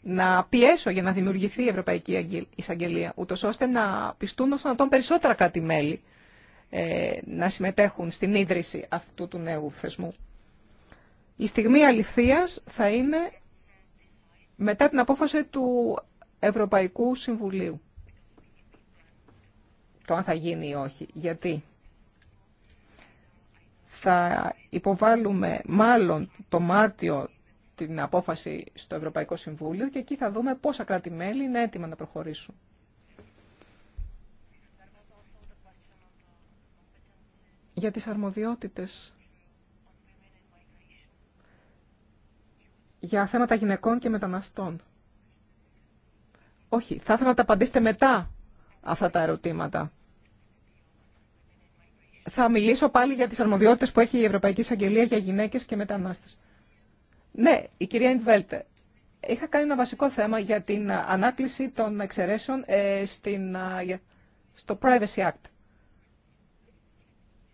να πιέσω για να δημιουργηθεί η Ευρωπαϊκή Εισαγγελία, ούτω ώστε να πιστούν όσο να τον περισσότερα κράτη-μέλη ε, να συμμετέχουν στην ίδρυση αυτού του νέου θεσμού. Η στιγμή αληθείας θα είναι μετά την απόφαση του Ευρωπαϊκού Συμβουλίου. Το αν θα γίνει ή όχι. Γιατί θα υποβάλλουμε μάλλον το Μάρτιο την απόφαση στο Ευρωπαϊκό Συμβούλιο και εκεί θα δούμε πόσα κράτη-μέλη είναι έτοιμα να προχωρήσουν. Για τις αρμοδιότητες για θέματα γυναικών και μεταναστών. Όχι, θα ήθελα να τα απαντήσετε μετά αυτά τα ερωτήματα. Θα μιλήσω πάλι για τις αρμοδιότητες που έχει η Ευρωπαϊκή Εισαγγελία για γυναίκες και μετανάστες. Ναι, η κυρία Ιντβέλτε. Είχα κάνει ένα βασικό θέμα για την ανάκληση των εξαιρέσεων ε, στην, στο Privacy Act.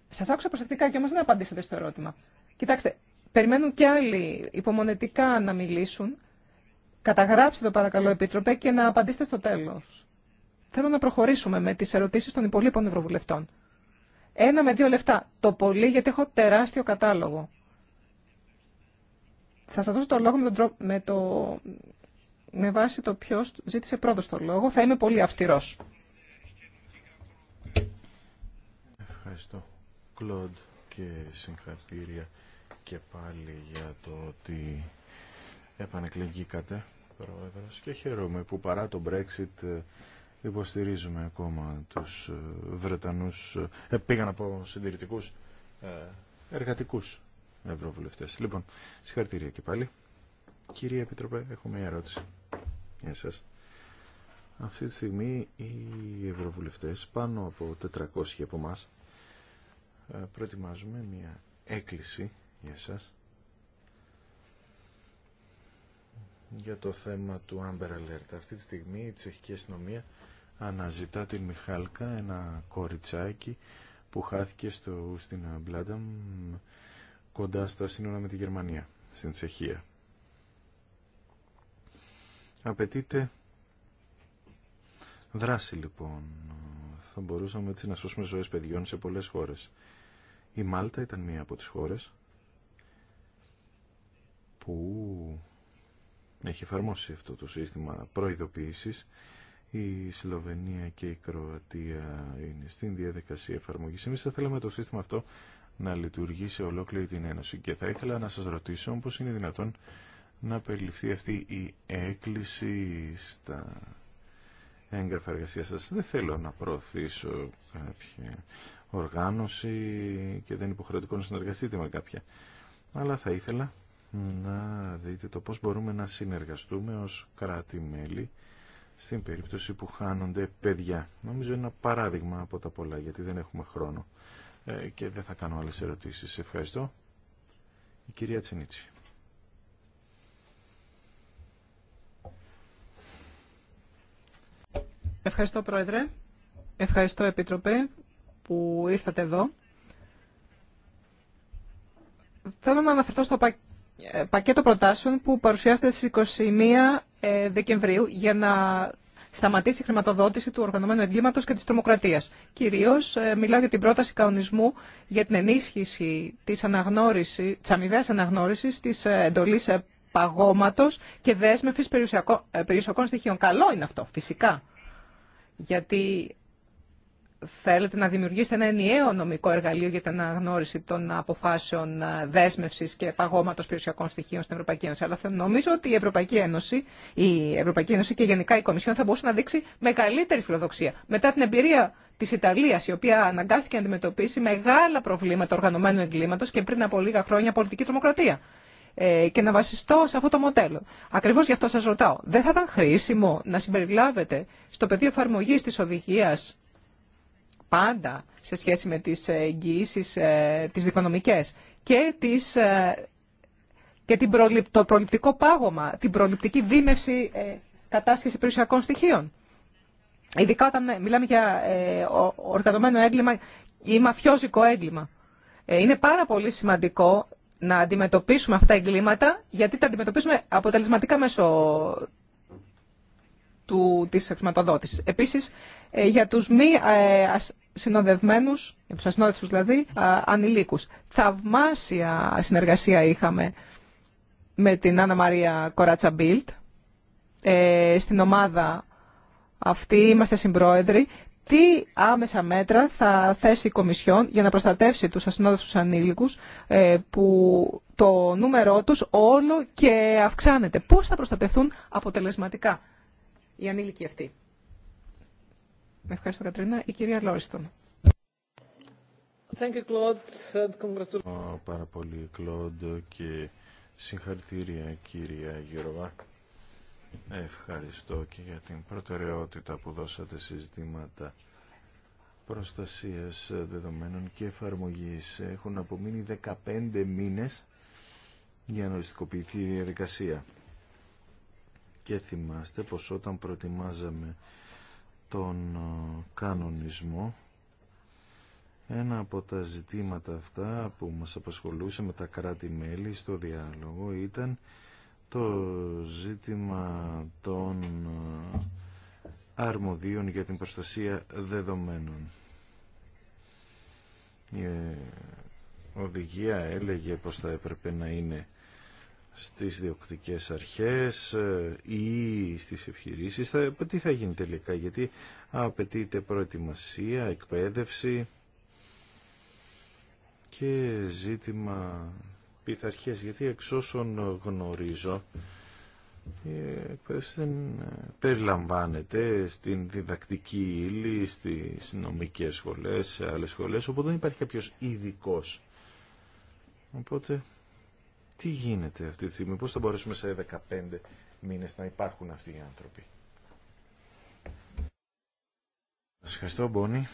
Σας άκουσα προσεκτικά και όμως δεν απαντήσατε στο ερώτημα. Κοιτάξτε, περιμένουν και άλλοι υπομονετικά να μιλήσουν. Καταγράψτε το παρακαλώ, Επίτροπε, και να απαντήσετε στο τέλος. Θέλω να προχωρήσουμε με τις ερωτήσεις των υπολείπων ευρωβουλευτών. Ένα με δύο λεφτά. Το πολύ, γιατί έχω τεράστιο κατάλογο. Θα σα δώσω το λόγο με, τον με, το... με βάση το ποιο ζήτησε πρώτος το λόγο. Θα είμαι πολύ αυστηρό. Ευχαριστώ, Κλοντ, και συγχαρητήρια και πάλι για το ότι επανεκλεγήκατε, Πρόεδρος, και χαίρομαι που παρά το Brexit ε, υποστηρίζουμε ακόμα τους ε, Βρετανούς, ε, πήγαν από συντηρητικούς εργατικούς ευρωβουλευτές. Λοιπόν, συγχαρητήρια και πάλι. Κύριε Επιτροπέ, έχω μια ερώτηση για σας. Αυτή τη στιγμή οι ευρωβουλευτέ πάνω από 400 από εμά ε, προετοιμάζουμε μια έκκληση για σας για το θέμα του Amber Alert. Αυτή τη στιγμή η τσεχική αστυνομία αναζητά την Μιχάλκα, ένα κοριτσάκι που χάθηκε στο, στην Μπλάνταμ κοντά στα σύνορα με τη Γερμανία, στην Τσεχία. Απαιτείται δράση λοιπόν. Θα μπορούσαμε έτσι να σώσουμε ζωές παιδιών σε πολλές χώρες. Η Μάλτα ήταν μία από τις χώρες που έχει εφαρμόσει αυτό το σύστημα προειδοποίησης. Η Σλοβενία και η Κροατία είναι στην διαδικασία εφαρμογής. Εμείς θα θέλαμε το σύστημα αυτό να λειτουργεί σε ολόκληρη την Ένωση. Και θα ήθελα να σας ρωτήσω πώς είναι δυνατόν να περιληφθεί αυτή η έκκληση στα έγγραφα εργασία σας. Δεν θέλω να προωθήσω κάποια οργάνωση και δεν υποχρεωτικό να συνεργαστείτε με κάποια. Αλλά θα ήθελα να δείτε το πώς μπορούμε να συνεργαστούμε ως κράτη-μέλη στην περίπτωση που χάνονται παιδιά. Νομίζω ένα παράδειγμα από τα πολλά γιατί δεν έχουμε χρόνο. Ε, και δεν θα κάνω άλλες ερωτήσεις. Ευχαριστώ. Η κυρία Τσενίτση. Ευχαριστώ Πρόεδρε. Ευχαριστώ Επίτροπε που ήρθατε εδώ. Θέλω να αναφερθώ στο ε, πακέτο προτάσεων που παρουσιάστηκε στις 21 ε, Δεκεμβρίου για να σταματήσει η χρηματοδότηση του οργανωμένου εγκλήματο και της τρομοκρατίας. Κυρίως ε, μιλάω για την πρόταση κανονισμού για την ενίσχυση της, αναγνώριση, τη εντολή αναγνώρισης της ε, εντολής παγώματος και δέσμευσης ε, περιουσιακών στοιχείων. Καλό είναι αυτό, φυσικά. Γιατί θέλετε να δημιουργήσετε ένα ενιαίο νομικό εργαλείο για την αναγνώριση των αποφάσεων ε, δέσμευση και παγώματο περιουσιακών στοιχείων στην Ευρωπαϊκή Ένωση. Αλλά νομίζω ότι η Ευρωπαϊκή Ένωση, η Ευρωπαϊκή Ένωση και γενικά η Κομισιόν θα μπορούσε να δείξει μεγαλύτερη φιλοδοξία. Μετά την εμπειρία τη Ιταλία, η οποία αναγκάστηκε να αντιμετωπίσει μεγάλα προβλήματα οργανωμένου εγκλήματο και πριν από λίγα χρόνια πολιτική τρομοκρατία ε, και να βασιστώ σε αυτό το μοντέλο. Ακριβώ γι' αυτό σα ρωτάω. Δεν θα ήταν χρήσιμο να συμπεριλάβετε στο πεδίο εφαρμογή τη οδηγία πάντα σε σχέση με τις ε, εγγυήσεις ε, τις δικονομικές και, τις, ε, και την το προληπτικό πάγωμα, την προληπτική δίμευση κατάσχεση περιουσιακών στοιχείων. Ειδικά όταν μιλάμε για οργανωμένο έγκλημα ή μαφιόζικο έγκλημα. Είναι πάρα πολύ σημαντικό να αντιμετωπίσουμε αυτά τα εγκλήματα, γιατί τα αντιμετωπίζουμε αποτελεσματικά μέσω του, της χρηματοδότησης. Επίσης, για τους μη Συνοδευμένου, για τους ασυνόδευτους δηλαδή, ανηλίκους. Θαυμάσια συνεργασία είχαμε με την Άννα Μαρία Κοράτσα Μπίλτ. Ε, στην ομάδα αυτή είμαστε συμπρόεδροι. Τι άμεσα μέτρα θα θέσει η Κομισιόν για να προστατεύσει τους ασυνόδευτους ανήλικους ε, που το νούμερό τους όλο και αυξάνεται. Πώς θα προστατευτούν αποτελεσματικά οι ανήλικοι αυτοί. Ευχαριστώ, Κατρίνα. Η κυρία Λόριστον. Thank πάρα πολύ, Κλοντ, και συγχαρητήρια, κυρία Γιώργα. Ευχαριστώ και για την προτεραιότητα που δώσατε σε ζητήματα προστασίας δεδομένων και εφαρμογής. Έχουν απομείνει 15 μήνες για να οριστικοποιηθεί η διαδικασία. Και θυμάστε πως όταν προετοιμάζαμε τον ε, κανονισμό ένα από τα ζητήματα αυτά που μας απασχολούσε με τα κράτη-μέλη στο διάλογο ήταν το ζήτημα των ε, αρμοδίων για την προστασία δεδομένων. Η ε, οδηγία έλεγε πως θα έπρεπε να είναι στις διοκτικές αρχές ε, ή στις επιχειρήσεις. τι θα γίνει τελικά, γιατί απαιτείται προετοιμασία, εκπαίδευση και ζήτημα πειθαρχίας, γιατί εξ όσων γνωρίζω η εκπαίδευση δεν ε, περιλαμβάνεται στην διδακτική ύλη, στις νομικές σχολές, σε άλλες σχολές, οπότε δεν υπάρχει κάποιος ειδικό. Οπότε τι γίνεται αυτή τη στιγμή, πώς θα μπορέσουμε σε 15 μήνες να υπάρχουν αυτοί οι άνθρωποι. Σας ευχαριστώ, Μπόνι.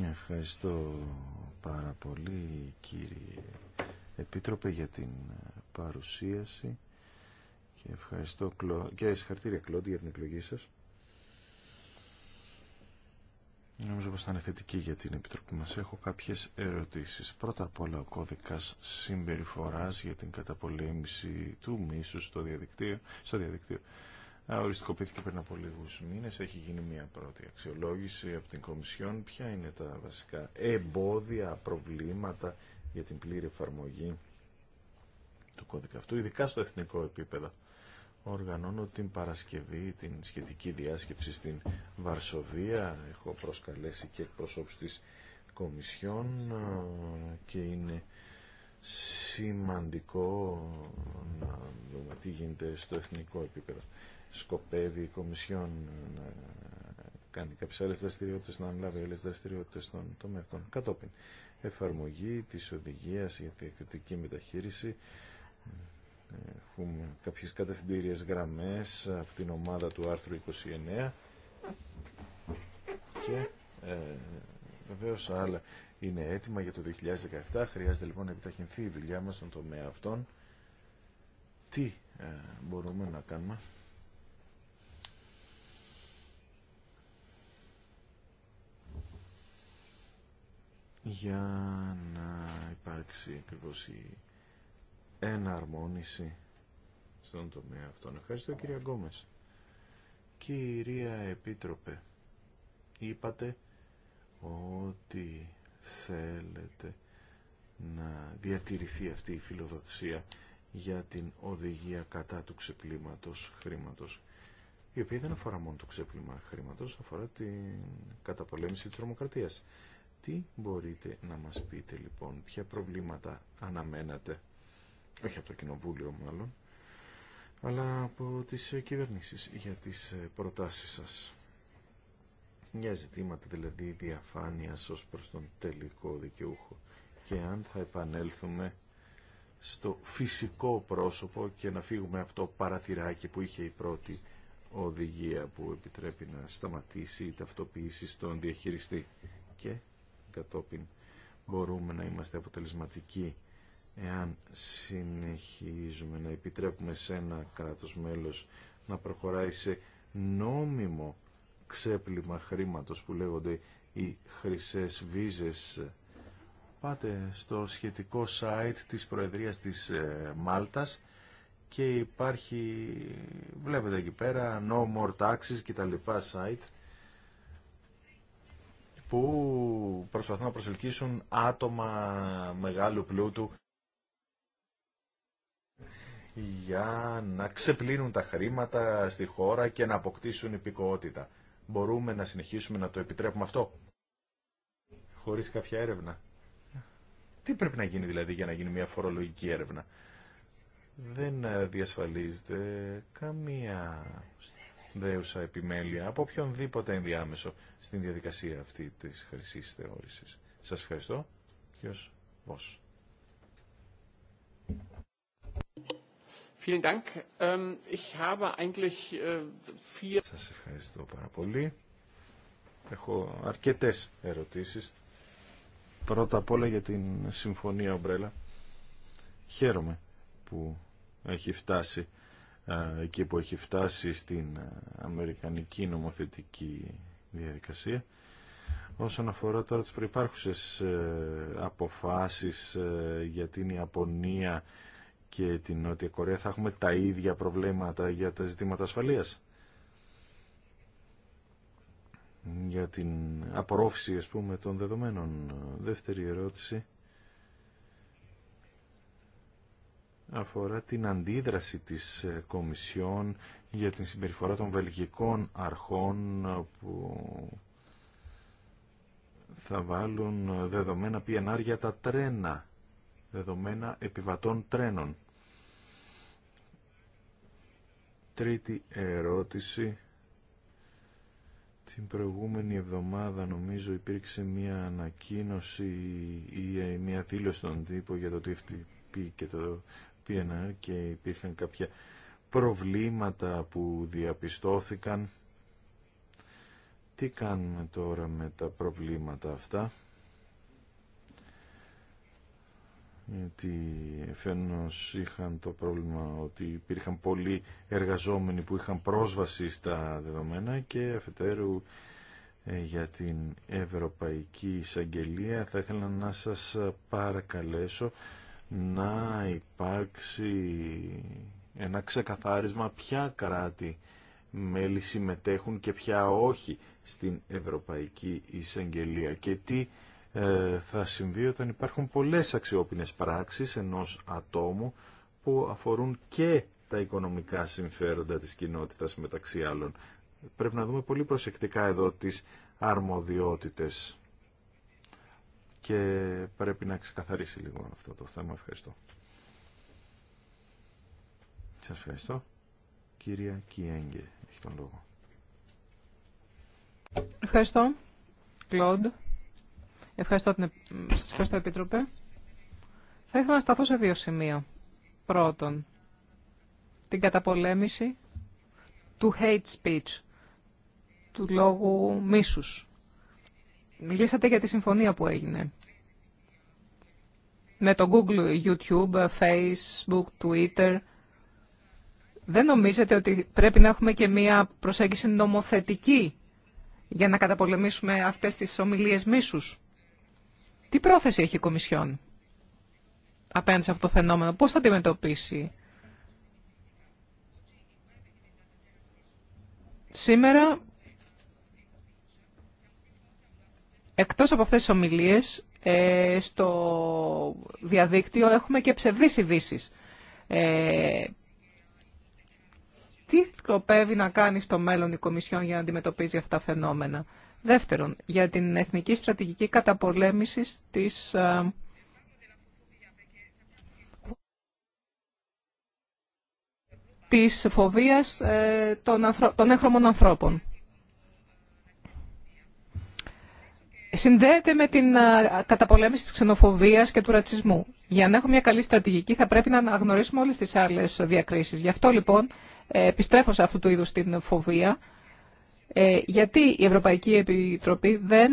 Ευχαριστώ πάρα πολύ κύριε Επίτροπε για την παρουσίαση και ευχαριστώ και συγχαρητήρια Κλοντ για την εκλογή σας. Νομίζω πως θα είναι θετική για την Επιτροπή μας. Έχω κάποιες ερωτήσεις. Πρώτα απ' όλα ο κώδικας συμπεριφοράς για την καταπολέμηση του μίσου στο διαδικτύο. Στο διαδικτύο. Οριστικοποιήθηκε πριν από λίγους μήνες. Έχει γίνει μια πρώτη αξιολόγηση από την Κομισιόν. Ποια είναι τα βασικά εμπόδια, προβλήματα για την πλήρη εφαρμογή του κώδικα αυτού, ειδικά στο εθνικό επίπεδο οργανώνω την Παρασκευή, την σχετική διάσκεψη στην Βαρσοβία. Έχω προσκαλέσει και εκπροσώπους της Κομισιόν ε, και είναι σημαντικό να δούμε τι γίνεται στο εθνικό επίπεδο. Σκοπεύει η Κομισιόν ε, να κάνει κάποιες άλλες δραστηριότητες, να αναλάβει άλλες δραστηριότητες στον τομέα Κατόπιν, εφαρμογή της οδηγίας για τη κριτική μεταχείριση Έχουμε κάποιες κατευθυντήριες γραμμές από την ομάδα του άρθρου 29 και ε, βεβαίως άλλα είναι έτοιμα για το 2017. Χρειάζεται λοιπόν να επιταχυνθεί η δουλειά μας στον τομέα αυτών. Τι ε, μπορούμε να κάνουμε. για να υπάρξει ακριβώς η εναρμόνιση στον τομέα αυτόν. Ευχαριστώ κυρία Γκόμες. Κυρία Επίτροπε, είπατε ότι θέλετε να διατηρηθεί αυτή η φιλοδοξία για την οδηγία κατά του ξεπλήματος χρήματος η οποία δεν αφορά μόνο το ξέπλυμα χρήματος, αφορά την καταπολέμηση της τρομοκρατίας. Τι μπορείτε να μας πείτε λοιπόν, ποια προβλήματα αναμένατε όχι από το Κοινοβούλιο μάλλον, αλλά από τις κυβερνήσεις για τις ε, προτάσεις σας. Για ζητήματα δηλαδή διαφάνειας ως προς τον τελικό δικαιούχο και αν θα επανέλθουμε στο φυσικό πρόσωπο και να φύγουμε από το παραθυράκι που είχε η πρώτη οδηγία που επιτρέπει να σταματήσει η ταυτοποίηση στον διαχειριστή και κατόπιν μπορούμε να είμαστε αποτελεσματικοί εάν συνεχίζουμε να επιτρέπουμε σε ένα κράτος μέλος να προχωράει σε νόμιμο ξέπλυμα χρήματος που λέγονται οι χρυσές βίζες πάτε στο σχετικό site της Προεδρίας της ε, Μάλτας και υπάρχει βλέπετε εκεί πέρα no more taxes και τα λοιπά site που προσπαθούν να προσελκύσουν άτομα μεγάλου πλούτου για να ξεπλύνουν τα χρήματα στη χώρα και να αποκτήσουν υπηκότητα. Μπορούμε να συνεχίσουμε να το επιτρέπουμε αυτό. Χωρίς κάποια έρευνα. Τι πρέπει να γίνει δηλαδή για να γίνει μια φορολογική έρευνα. Δεν διασφαλίζεται καμία δέουσα επιμέλεια από οποιονδήποτε ενδιάμεσο στην διαδικασία αυτή της χρυσή θεώρησης. Σας ευχαριστώ. Ποιος Vielen ähm, äh, Σας ευχαριστώ πάρα πολύ. Έχω αρκετέ ερωτήσει. Πρώτα απ' όλα για την Συμφωνία Ομπρέλα. Χαίρομαι που έχει φτάσει ε, εκεί που έχει φτάσει στην ε, Αμερικανική νομοθετική διαδικασία. Όσον αφορά τώρα τις προϋπάρχουσες ε, αποφάσεις για την Ιαπωνία και την Νότια Κορέα θα έχουμε τα ίδια προβλήματα για τα ζητήματα ασφαλείας. Για την απορρόφηση, ας πούμε, των δεδομένων. Δεύτερη ερώτηση αφορά την αντίδραση της Κομισιόν για την συμπεριφορά των βελγικών αρχών που θα βάλουν δεδομένα πιενάρια τα τρένα, δεδομένα επιβατών τρένων. τρίτη ερώτηση. Την προηγούμενη εβδομάδα νομίζω υπήρξε μια ανακοίνωση ή μια δήλωση στον τύπο για το TFTP και το PNR και υπήρχαν κάποια προβλήματα που διαπιστώθηκαν. Τι κάνουμε τώρα με τα προβλήματα αυτά. γιατί φαίνος είχαν το πρόβλημα ότι υπήρχαν πολλοί εργαζόμενοι που είχαν πρόσβαση στα δεδομένα και αφετέρου ε, για την Ευρωπαϊκή Εισαγγελία θα ήθελα να σας παρακαλέσω να υπάρξει ένα ξεκαθάρισμα ποια κράτη μέλη συμμετέχουν και ποια όχι στην Ευρωπαϊκή Εισαγγελία και τι ε, θα συμβεί όταν υπάρχουν πολλές αξιόπινες πράξεις ενός ατόμου που αφορούν και τα οικονομικά συμφέροντα της κοινότητας μεταξύ άλλων. Πρέπει να δούμε πολύ προσεκτικά εδώ τις αρμοδιότητες και πρέπει να ξεκαθαρίσει λίγο αυτό το θέμα. Ευχαριστώ. Σας ευχαριστώ. Κυρία Κιέγγε, έχει τον λόγο. Ευχαριστώ, Κλοντ. Ευχαριστώ την, σας ευχαριστώ, Επίτροπε. Θα ήθελα να σταθώ σε δύο σημεία. Πρώτον, την καταπολέμηση του hate speech, του λόγου μίσους. Μιλήσατε για τη συμφωνία που έγινε. Με το Google, YouTube, Facebook, Twitter. Δεν νομίζετε ότι πρέπει να έχουμε και μία προσέγγιση νομοθετική για να καταπολεμήσουμε αυτές τις ομιλίες μίσους. Τι πρόθεση έχει η Κομισιόν απέναντι σε αυτό το φαινόμενο, πώς θα αντιμετωπίσει. Σήμερα, εκτός από αυτές τις ομιλίες, ε, στο διαδίκτυο έχουμε και ψευδείς ειδήσει. Ε, τι σκοπεύει να κάνει στο μέλλον η Κομισιόν για να αντιμετωπίζει αυτά τα φαινόμενα. Δεύτερον, για την εθνική στρατηγική καταπολέμηση της της φοβίας ε, των, ανθρω... ανθρώπων. Συνδέεται με την καταπολέμηση της ξενοφοβίας και του ρατσισμού. Για να έχουμε μια καλή στρατηγική θα πρέπει να αναγνωρίσουμε όλες τις άλλες διακρίσεις. Γι' αυτό λοιπόν ε, επιστρέφω σε αυτού του είδους την φοβία ε, γιατί η Ευρωπαϊκή Επιτροπή δεν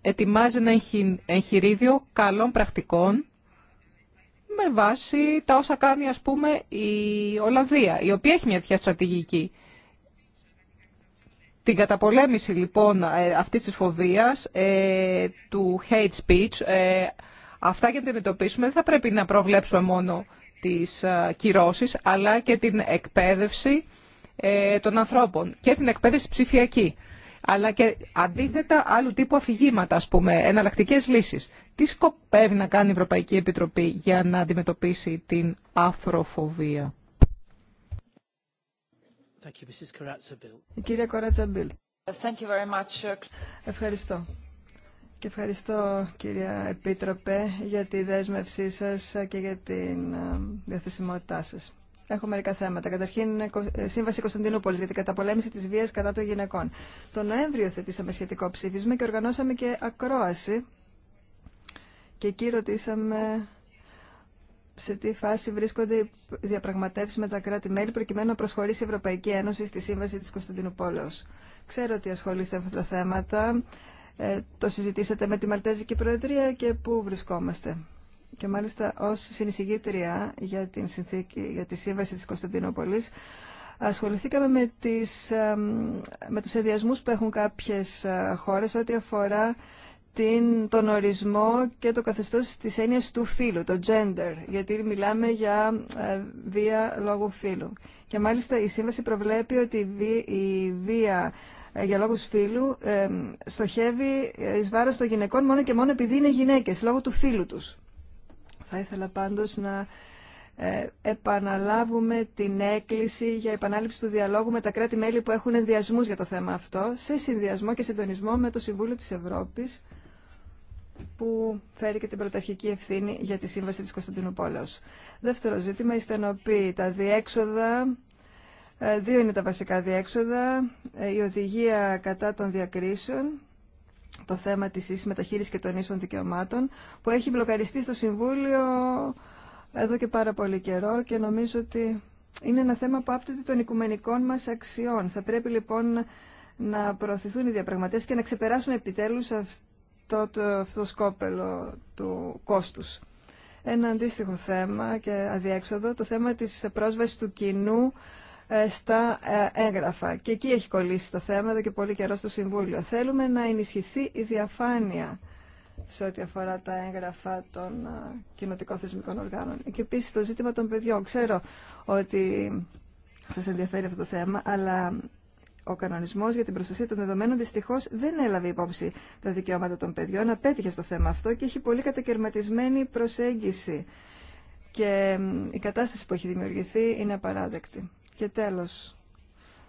ετοιμάζει ένα εγχειρίδιο καλών πρακτικών με βάση τα όσα κάνει ας πούμε η Ολλανδία, η οποία έχει μια τέτοια στρατηγική. Την καταπολέμηση λοιπόν ε, αυτής της φοβίας, ε, του hate speech, αυτά για να αντιμετωπίσουμε δεν θα πρέπει να προβλέψουμε μόνο τις κυρώσεις, αλλά και την εκπαίδευση ε, των ανθρώπων και την εκπαίδευση ψηφιακή. Αλλά και αντίθετα άλλου τύπου αφηγήματα, α πούμε, εναλλακτικέ λύσεις. Τι σκοπεύει να κάνει η Ευρωπαϊκή Επιτροπή για να αντιμετωπίσει την αφροφοβία. κυρια uh, Ευχαριστώ. Και ευχαριστώ κυρία Επίτροπε για τη δέσμευσή σας και για την ε, διαθεσιμότητά σας. Έχω μερικά θέματα. Καταρχήν, ε, Σύμβαση Κωνσταντινούπολη για την καταπολέμηση τη βία κατά των γυναικών. Το Νοέμβριο θετήσαμε σχετικό ψήφισμα και οργανώσαμε και ακρόαση. Και εκεί ρωτήσαμε σε τι φάση βρίσκονται οι διαπραγματεύσει με τα κράτη-μέλη προκειμένου να προσχωρήσει η Ευρωπαϊκή Ένωση στη Σύμβαση τη Κωνσταντινούπολη. Ξέρω ότι ασχολείστε με αυτά τα θέματα. Ε, το συζητήσατε με τη Μαλτέζικη Προεδρία και πού βρισκόμαστε και μάλιστα ως συνεισηγήτρια για την συνθήκη, για τη σύμβαση της Κωνσταντινούπολης, ασχοληθήκαμε με, τις, με τους ενδιασμούς που έχουν κάποιες ε, χώρες ό,τι αφορά την, τον ορισμό και το καθεστώς της έννοιας του φύλου, το gender, γιατί μιλάμε για ε, βία λόγου φύλου. Και μάλιστα η σύμβαση προβλέπει ότι η βία ε, για λόγους φύλου στοχεύει εις βάρος των γυναικών μόνο και μόνο επειδή είναι γυναίκες, λόγω του φύλου τους. Θα ήθελα πάντως να ε, επαναλάβουμε την έκκληση για επανάληψη του διαλόγου με τα κράτη-μέλη που έχουν ενδιασμού για το θέμα αυτό, σε συνδυασμό και συντονισμό με το Συμβούλιο της Ευρώπης, που φέρει και την πρωταρχική ευθύνη για τη σύμβαση της Κωνσταντινούπολεως. Δεύτερο ζήτημα, η στενοποίη, τα διέξοδα, ε, δύο είναι τα βασικά διέξοδα, ε, η οδηγία κατά των διακρίσεων το θέμα της ίσης μεταχείρισης και των ίσων δικαιωμάτων που έχει μπλοκαριστεί στο Συμβούλιο εδώ και πάρα πολύ καιρό και νομίζω ότι είναι ένα θέμα που άπτεται των οικουμενικών μας αξιών. Θα πρέπει λοιπόν να προωθηθούν οι διαπραγματεύσεις και να ξεπεράσουμε επιτέλους αυτό το, αυτό το σκόπελο του κόστους. Ένα αντίστοιχο θέμα και αδιέξοδο, το θέμα της πρόσβασης του κοινού ε, στα ε, έγγραφα. Και εκεί έχει κολλήσει το θέμα εδώ και πολύ καιρό στο Συμβούλιο. Θέλουμε να ενισχυθεί η διαφάνεια σε ό,τι αφορά τα έγγραφα των ε, κοινοτικών θεσμικών οργάνων. Και επίση το ζήτημα των παιδιών. Ξέρω ότι σα ενδιαφέρει αυτό το θέμα, αλλά ο κανονισμό για την προστασία των δεδομένων δυστυχώ δεν έλαβε υπόψη τα δικαιώματα των παιδιών. Απέτυχε στο θέμα αυτό και έχει πολύ κατακαιρματισμένη προσέγγιση. Και η κατάσταση που έχει δημιουργηθεί είναι απαράδεκτη. Και τέλος,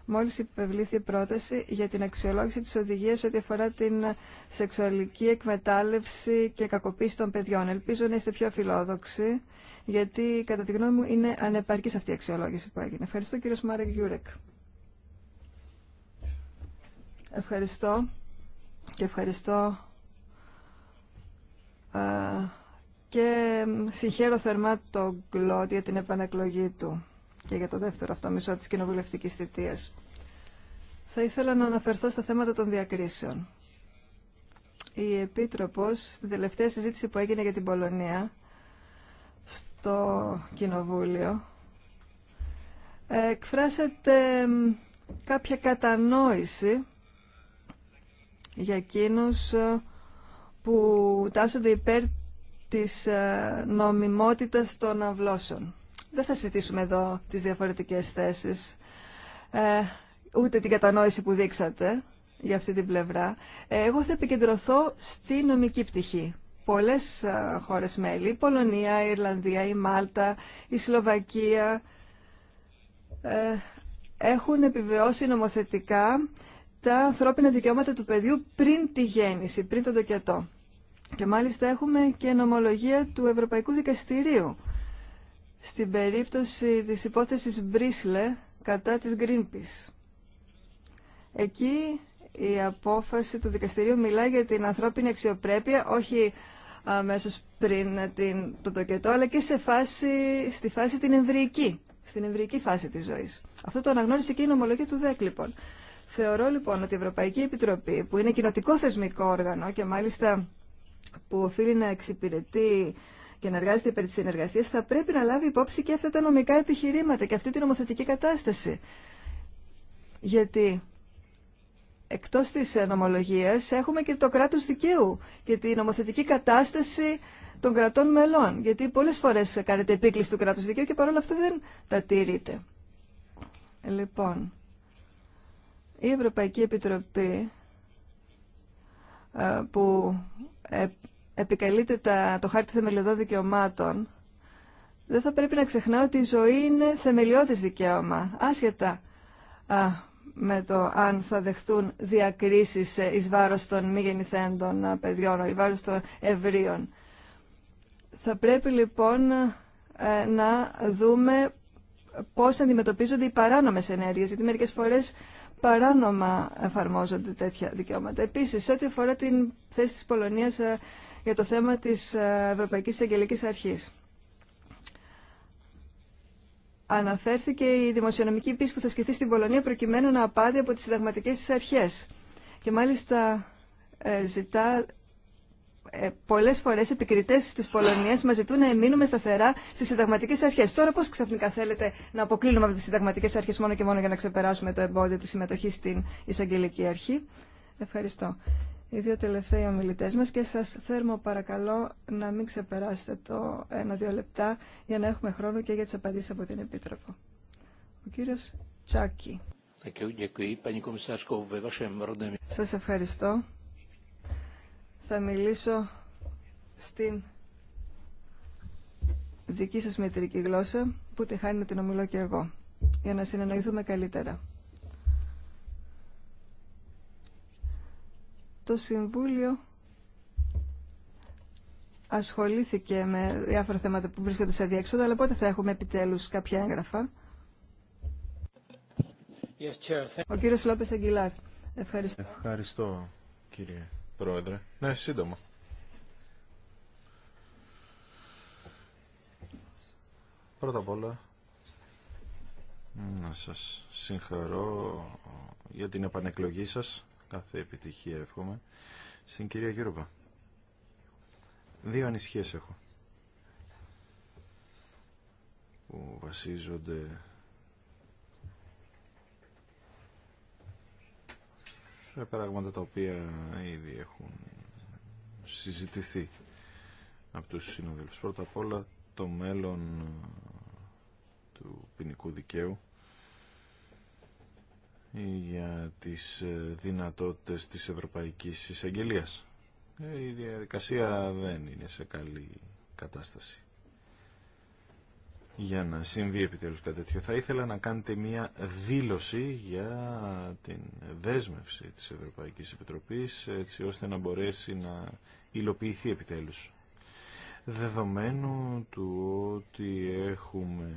μόλις υπευλήθη η πρόταση για την αξιολόγηση της οδηγίας ό,τι αφορά την σεξουαλική εκμετάλλευση και κακοποίηση των παιδιών. Ελπίζω να είστε πιο φιλόδοξοι, γιατί κατά τη γνώμη μου είναι ανεπαρκής αυτή η αξιολόγηση που έγινε. Ευχαριστώ κύριο Μάρεκ Γιούρεκ. Ευχαριστώ και ευχαριστώ και συγχαίρω θερμά τον Κλοντ για την επανακλογή του και για το δεύτερο αυτό μισό της κοινοβουλευτικής θητείας. Θα ήθελα να αναφερθώ στα θέματα των διακρίσεων. Η Επίτροπος, στην τελευταία συζήτηση που έγινε για την Πολωνία, στο Κοινοβούλιο, εκφράσεται κάποια κατανόηση για εκείνους ε, που τάσσονται υπέρ της ε, νομιμότητας των αυλώσεων δεν θα συζητήσουμε εδώ τις διαφορετικές θέσεις, ε, ούτε την κατανόηση που δείξατε για αυτή την πλευρά. Ε, εγώ θα επικεντρωθώ στη νομική πτυχή. Πολλές ε, χώρες μέλη, η Πολωνία, η Ιρλανδία, η Μάλτα, η Σλοβακία, έχουν επιβεώσει νομοθετικά τα ανθρώπινα δικαιώματα του παιδιού πριν τη γέννηση, πριν τον τοκετό. Και μάλιστα έχουμε και νομολογία του Ευρωπαϊκού Δικαστηρίου στην περίπτωση της υπόθεσης Μπρίσλε κατά της Greenpeace. Εκεί η απόφαση του δικαστηρίου μιλά για την ανθρώπινη αξιοπρέπεια, όχι αμέσως πριν την, το τοκετό, αλλά και σε φάση, στη φάση την εμβρυϊκή, στην εμβρυϊκή φάση της ζωής. Αυτό το αναγνώρισε και η νομολογία του ΔΕΚ, λοιπόν. Θεωρώ, λοιπόν, ότι η Ευρωπαϊκή Επιτροπή, που είναι κοινοτικό θεσμικό όργανο και μάλιστα που οφείλει να εξυπηρετεί και να εργάζεται υπέρ τη συνεργασία, θα πρέπει να λάβει υπόψη και αυτά τα νομικά επιχειρήματα και αυτή την νομοθετική κατάσταση. Γιατί εκτός της νομολογίας έχουμε και το κράτος δικαίου και τη νομοθετική κατάσταση των κρατών μελών. Γιατί πολλές φορές κάνετε επίκληση του κράτους δικαίου και παρόλα αυτά δεν τα τηρείτε. Λοιπόν, η Ευρωπαϊκή Επιτροπή ε, που ε, επικαλείται τα, το χάρτη θεμελιωδών δικαιωμάτων, δεν θα πρέπει να ξεχνάω ότι η ζωή είναι θεμελιώδης δικαίωμα, άσχετα με το αν θα δεχτούν διακρίσεις ε, εις βάρος των μη γεννηθέντων παιδιών, εις βάρος των ευρείων. Θα πρέπει λοιπόν ε, να δούμε πώς αντιμετωπίζονται οι παράνομες ενέργειες, γιατί μερικές φορές παράνομα εφαρμόζονται τέτοια δικαιώματα. Επίσης, σε ό,τι αφορά την θέση της Πολωνίας ε, για το θέμα της ε, Ευρωπαϊκής Εισαγγελικής Αρχής. Αναφέρθηκε η δημοσιονομική πίστη που θα σκεφτεί στην Πολωνία προκειμένου να απάδει από τις συνταγματικές της αρχές. Και μάλιστα ε, ζητά ε, πολλέ φορέ επικριτέ τη Πολωνία μα ζητούν να εμείνουμε σταθερά στις συνταγματικέ αρχές. Τώρα, πώ ξαφνικά θέλετε να αποκλίνουμε από τις συνταγματικέ αρχές μόνο και μόνο για να ξεπεράσουμε το εμπόδιο της συμμετοχή στην εισαγγελική αρχή. Ευχαριστώ οι δύο τελευταίοι ομιλητές μας και σας θέρμο παρακαλώ να μην ξεπεράσετε το ένα-δύο λεπτά για να έχουμε χρόνο και για τις απαντήσεις από την Επίτροπο. Ο κύριος Τσάκη. Σας ευχαριστώ. Θα μιλήσω στην δική σας μητρική γλώσσα που τη χάνει να την ομιλώ και εγώ για να συνεννοηθούμε καλύτερα. το Συμβούλιο ασχολήθηκε με διάφορα θέματα που βρίσκονται σε διέξοδο, αλλά πότε θα έχουμε επιτέλους κάποια έγγραφα. Ο κύριος Λόπες Αγγιλάρ. Ευχαριστώ. Ευχαριστώ κύριε Πρόεδρε. Ναι, σύντομα. Πρώτα απ' όλα να σας συγχαρώ για την επανεκλογή σας Κάθε επιτυχία εύχομαι. Στην κυρία Γιώργα. Δύο ανησυχίες έχω. Που βασίζονται σε πράγματα τα οποία ήδη έχουν συζητηθεί από τους συνοδελφούς. Πρώτα απ' όλα το μέλλον του ποινικού δικαίου για τις ε, δυνατότητες της Ευρωπαϊκής Εισαγγελίας. Ε, η διαδικασία δεν είναι σε καλή κατάσταση. Για να συμβεί επιτέλους κάτι τέτοιο, θα ήθελα να κάνετε μία δήλωση για την δέσμευση της Ευρωπαϊκής Επιτροπής, έτσι ώστε να μπορέσει να υλοποιηθεί επιτέλους. Δεδομένου του ότι έχουμε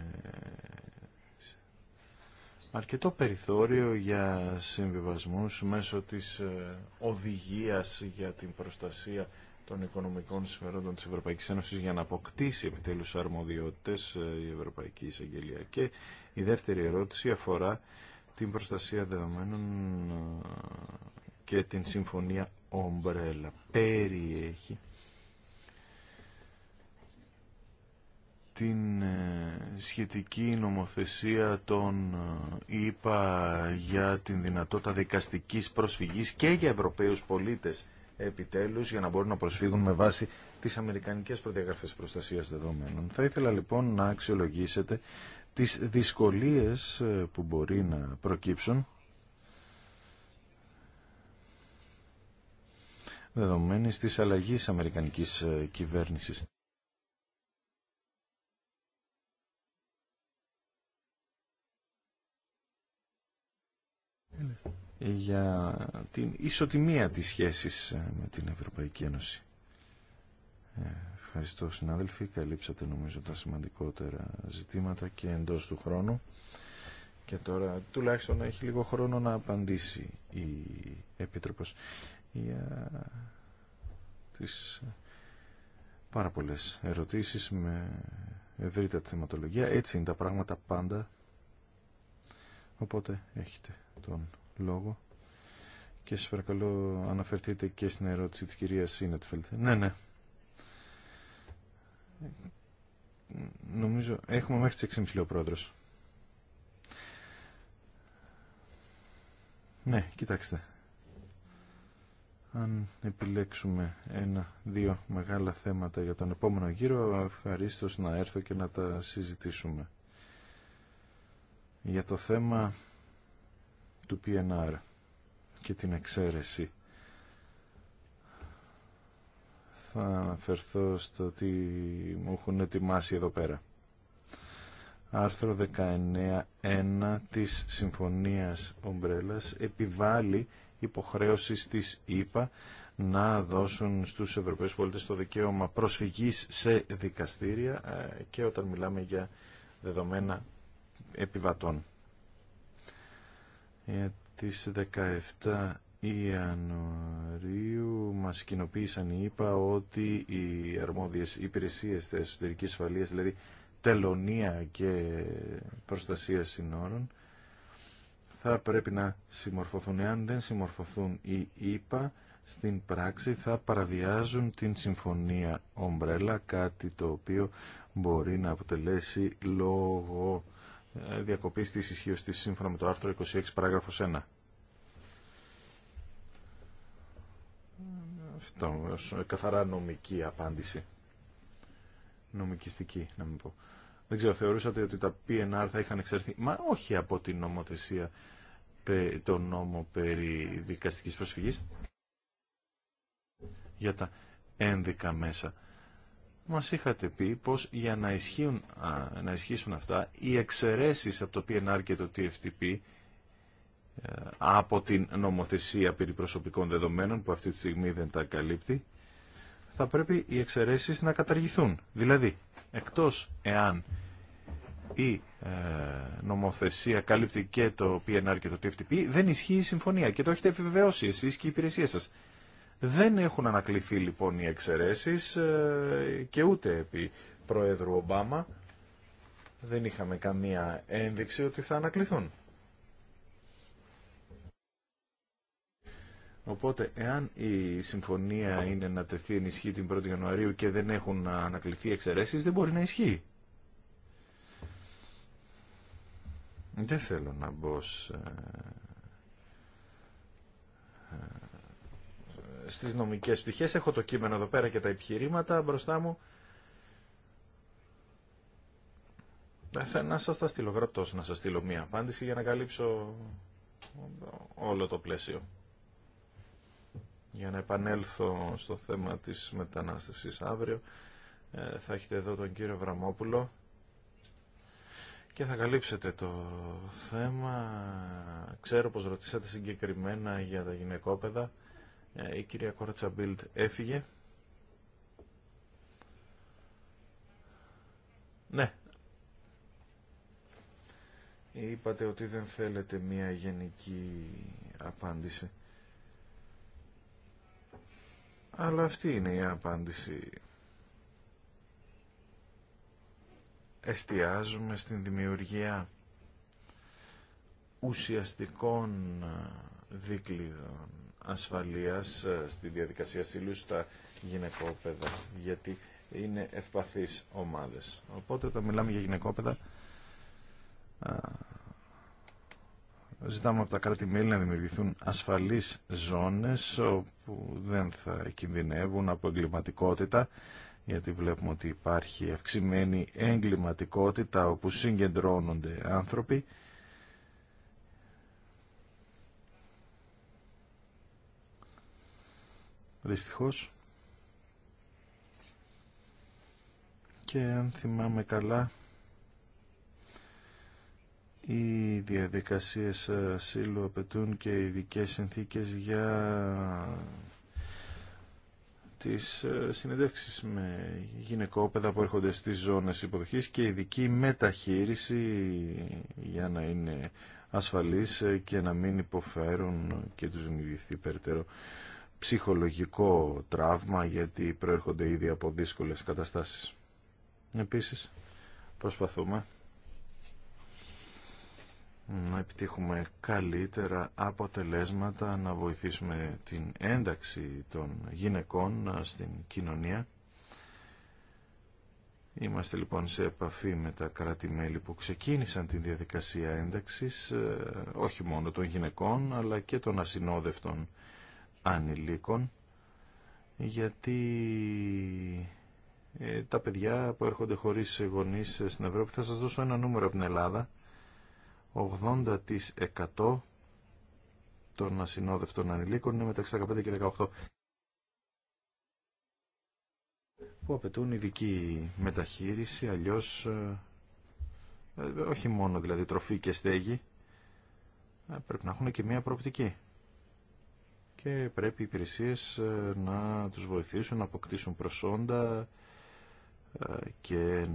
αρκετό περιθώριο για συμβιβασμούς μέσω της ε, οδηγίας για την προστασία των οικονομικών συμφερόντων της Ευρωπαϊκής Ένωσης για να αποκτήσει επιτέλους αρμοδιότητες ε, η Ευρωπαϊκή Εισαγγελία. Και η δεύτερη ερώτηση αφορά την προστασία δεδομένων ε, και την συμφωνία Ομπρέλα. Περιέχει την ε, σχετική νομοθεσία των ΙΠΑ ε, για την δυνατότητα δικαστικής προσφυγής και για Ευρωπαίους πολίτες επιτέλους για να μπορούν να προσφύγουν με βάση τις Αμερικανικές προδιαγραφές προστασίας δεδομένων. Θα ήθελα λοιπόν να αξιολογήσετε τις δυσκολίες ε, που μπορεί να προκύψουν δεδομένης της αλλαγής Αμερικανικής κυβέρνησης. για την ισοτιμία της σχέσης ε, με την Ευρωπαϊκή Ένωση. Ε, ευχαριστώ συνάδελφοι, καλύψατε νομίζω τα σημαντικότερα ζητήματα και εντός του χρόνου. Και τώρα τουλάχιστον έχει λίγο χρόνο να απαντήσει η Επίτροπος για ε, τις πάρα πολλές ερωτήσεις με ευρύτατη θεματολογία. Έτσι είναι τα πράγματα πάντα Οπότε έχετε τον λόγο. Και σας παρακαλώ αναφερθείτε και στην ερώτηση της κυρίας Σίνετφελτ. Ναι, ναι. Νομίζω έχουμε μέχρι τις 6.30 ο πρόεδρος. Ναι, κοιτάξτε. Αν επιλέξουμε ένα-δύο μεγάλα θέματα για τον επόμενο γύρο, ευχαρίστως να έρθω και να τα συζητήσουμε για το θέμα του PNR και την εξαίρεση. Θα αναφερθώ στο ότι μου έχουν ετοιμάσει εδώ πέρα. Άρθρο 19.1 της Συμφωνίας Ομπρέλας επιβάλλει υποχρέωση της ΗΠΑ να δώσουν στους Ευρωπαίους πολίτες το δικαίωμα προσφυγής σε δικαστήρια ε, και όταν μιλάμε για δεδομένα επιβατών. Για ε, τις 17 Ιανουαρίου μας κοινοποίησαν οι ΙΠΑ ότι οι αρμόδιες υπηρεσίες της εσωτερικής ασφαλείας, δηλαδή τελωνία και προστασία συνόρων, θα πρέπει να συμμορφωθούν. Εάν δεν συμμορφωθούν οι ΙΠΑ, στην πράξη θα παραβιάζουν την συμφωνία ομπρέλα, κάτι το οποίο μπορεί να αποτελέσει λόγο διακοπής τη ισχύω τη σύμφωνα με το άρθρο 26 παράγραφος 1. Αυτό, καθαρά νομική απάντηση. Νομικιστική, να μην πω. Δεν ξέρω, θεωρούσατε ότι τα PNR θα είχαν εξαρθεί. Μα όχι από την νομοθεσία, το νόμο περί δικαστικής προσφυγής. Για τα ένδικα μέσα μας είχατε πει πως για να, ισχύουν, να ισχύσουν αυτά οι εξαιρέσεις από το PNR και το TFTP ε, από την νομοθεσία περί προσωπικών δεδομένων που αυτή τη στιγμή δεν τα καλύπτει θα πρέπει οι εξαιρέσεις να καταργηθούν. Δηλαδή, εκτός εάν η ε, νομοθεσία καλύπτει και το PNR και το TFTP, δεν ισχύει η συμφωνία και το έχετε επιβεβαιώσει εσείς και η υπηρεσία σας. Δεν έχουν ανακληθεί λοιπόν οι εξαιρεσει ε, και ούτε επί Προέδρου Ομπάμα δεν είχαμε καμία ένδειξη ότι θα ανακληθούν. Οπότε, εάν η συμφωνία είναι να τεθεί ενισχύ την 1η Ιανουαρίου και δεν έχουν ανακληθεί εξαιρέσει, δεν μπορεί να ισχύει. Δεν θέλω να μπω σε ε, στις νομικές πτυχές. Έχω το κείμενο εδώ πέρα και τα επιχειρήματα μπροστά μου. να σας τα στείλω γραπτός, να σας στείλω μία απάντηση για να καλύψω όλο το πλαίσιο. Για να επανέλθω στο θέμα της μετανάστευσης αύριο, ε, θα έχετε εδώ τον κύριο Βραμόπουλο και θα καλύψετε το θέμα. Ξέρω πως ρωτήσατε συγκεκριμένα για τα γυναικόπαιδα. Ε, η κυρία Κορατσαμπίλτ έφυγε. Ναι. Είπατε ότι δεν θέλετε μία γενική απάντηση. Αλλά αυτή είναι η απάντηση. Εστιάζουμε στην δημιουργία ουσιαστικών δίκλειδων ασφαλείας ε, στη διαδικασία σύλλου στα γυναικόπαιδα, γιατί είναι ευπαθείς ομάδες. Οπότε όταν μιλάμε για γυναικόπαιδα, ε, ζητάμε από τα κράτη-μέλη να δημιουργηθούν ασφαλείς ζώνες όπου δεν θα κινδυνεύουν από εγκληματικότητα γιατί βλέπουμε ότι υπάρχει αυξημένη εγκληματικότητα όπου συγκεντρώνονται άνθρωποι δυστυχώς. Και αν θυμάμαι καλά, οι διαδικασίες ε, ασύλου απαιτούν και ειδικέ συνθήκες για τις ε, συνεντεύξεις με γυναικόπαιδα που έρχονται στις ζώνες υποδοχής και ειδική μεταχείριση για να είναι ασφαλής ε, και να μην υποφέρουν και τους δημιουργηθεί περαιτέρω ψυχολογικό τραύμα γιατί προέρχονται ήδη από δύσκολες καταστάσεις. Επίσης, προσπαθούμε να επιτύχουμε καλύτερα αποτελέσματα, να βοηθήσουμε την ένταξη των γυναικών στην κοινωνία. Είμαστε λοιπόν σε επαφή με τα κράτη-μέλη που ξεκίνησαν τη διαδικασία ένταξης, ε, όχι μόνο των γυναικών, αλλά και των ασυνόδευτων ανηλίκων γιατί ε, τα παιδιά που έρχονται χωρίς γονείς στην Ευρώπη θα σας δώσω ένα νούμερο από την Ελλάδα 80% των ασυνόδευτων ανηλίκων είναι μεταξύ 15 και 18 που απαιτούν ειδική μεταχείριση αλλιώς ε, ε, όχι μόνο δηλαδή τροφή και στέγη πρέπει να έχουν και μία προοπτική και πρέπει οι υπηρεσίες ε, να τους βοηθήσουν να αποκτήσουν προσόντα ε, και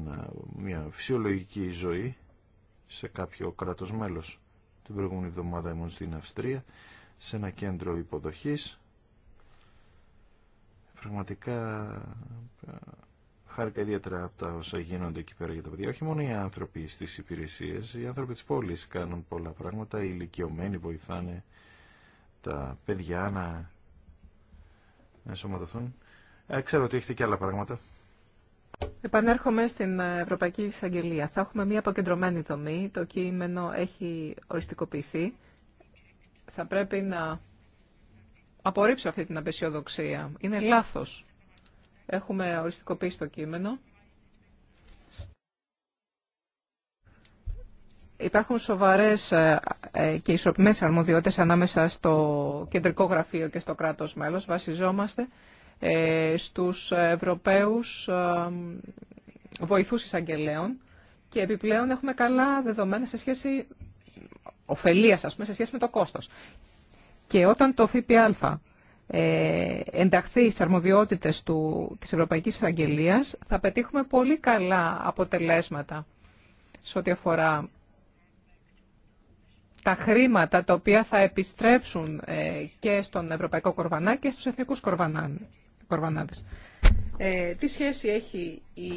μια φυσιολογική ζωή σε κάποιο κράτος μέλος. Την προηγούμενη εβδομάδα ήμουν στην Αυστρία σε ένα κέντρο υποδοχής. Πραγματικά ε, χάρηκα ιδιαίτερα από τα όσα γίνονται εκεί πέρα για τα παιδιά. Όχι μόνο οι άνθρωποι στις υπηρεσίες, οι άνθρωποι της πόλης κάνουν πολλά πράγματα, οι ηλικιωμένοι βοηθάνε τα παιδιά να ενσωματωθούν. Ε, ξέρω ότι έχετε και άλλα πράγματα. Επανέρχομαι στην Ευρωπαϊκή Εισαγγελία. Θα έχουμε μια αποκεντρωμένη δομή. Το κείμενο έχει οριστικοποιηθεί. Θα πρέπει να απορρίψω αυτή την απεσιοδοξία. Είναι λάθος. Έχουμε οριστικοποιήσει το κείμενο. υπάρχουν σοβαρές ε, ε, και ισορροπημένες αρμοδιότητες ανάμεσα στο κεντρικό γραφείο και στο κράτος μέλος. Βασιζόμαστε ε, στους Ευρωπαίους βοηθούς εισαγγελέων και επιπλέον έχουμε καλά δεδομένα σε σχέση ωφελίας, ας πούμε, σε σχέση με το κόστος. Και όταν το ΦΠΑ ενταχθεί στις αρμοδιότητες του, της Ευρωπαϊκής Εισαγγελίας, θα πετύχουμε πολύ καλά αποτελέσματα σε ό,τι αφορά τα χρήματα τα οποία θα επιστρέψουν ε, και στον Ευρωπαϊκό Κορβανά και στους Εθνικούς Κορβανάδες. Ε, τι σχέση έχει η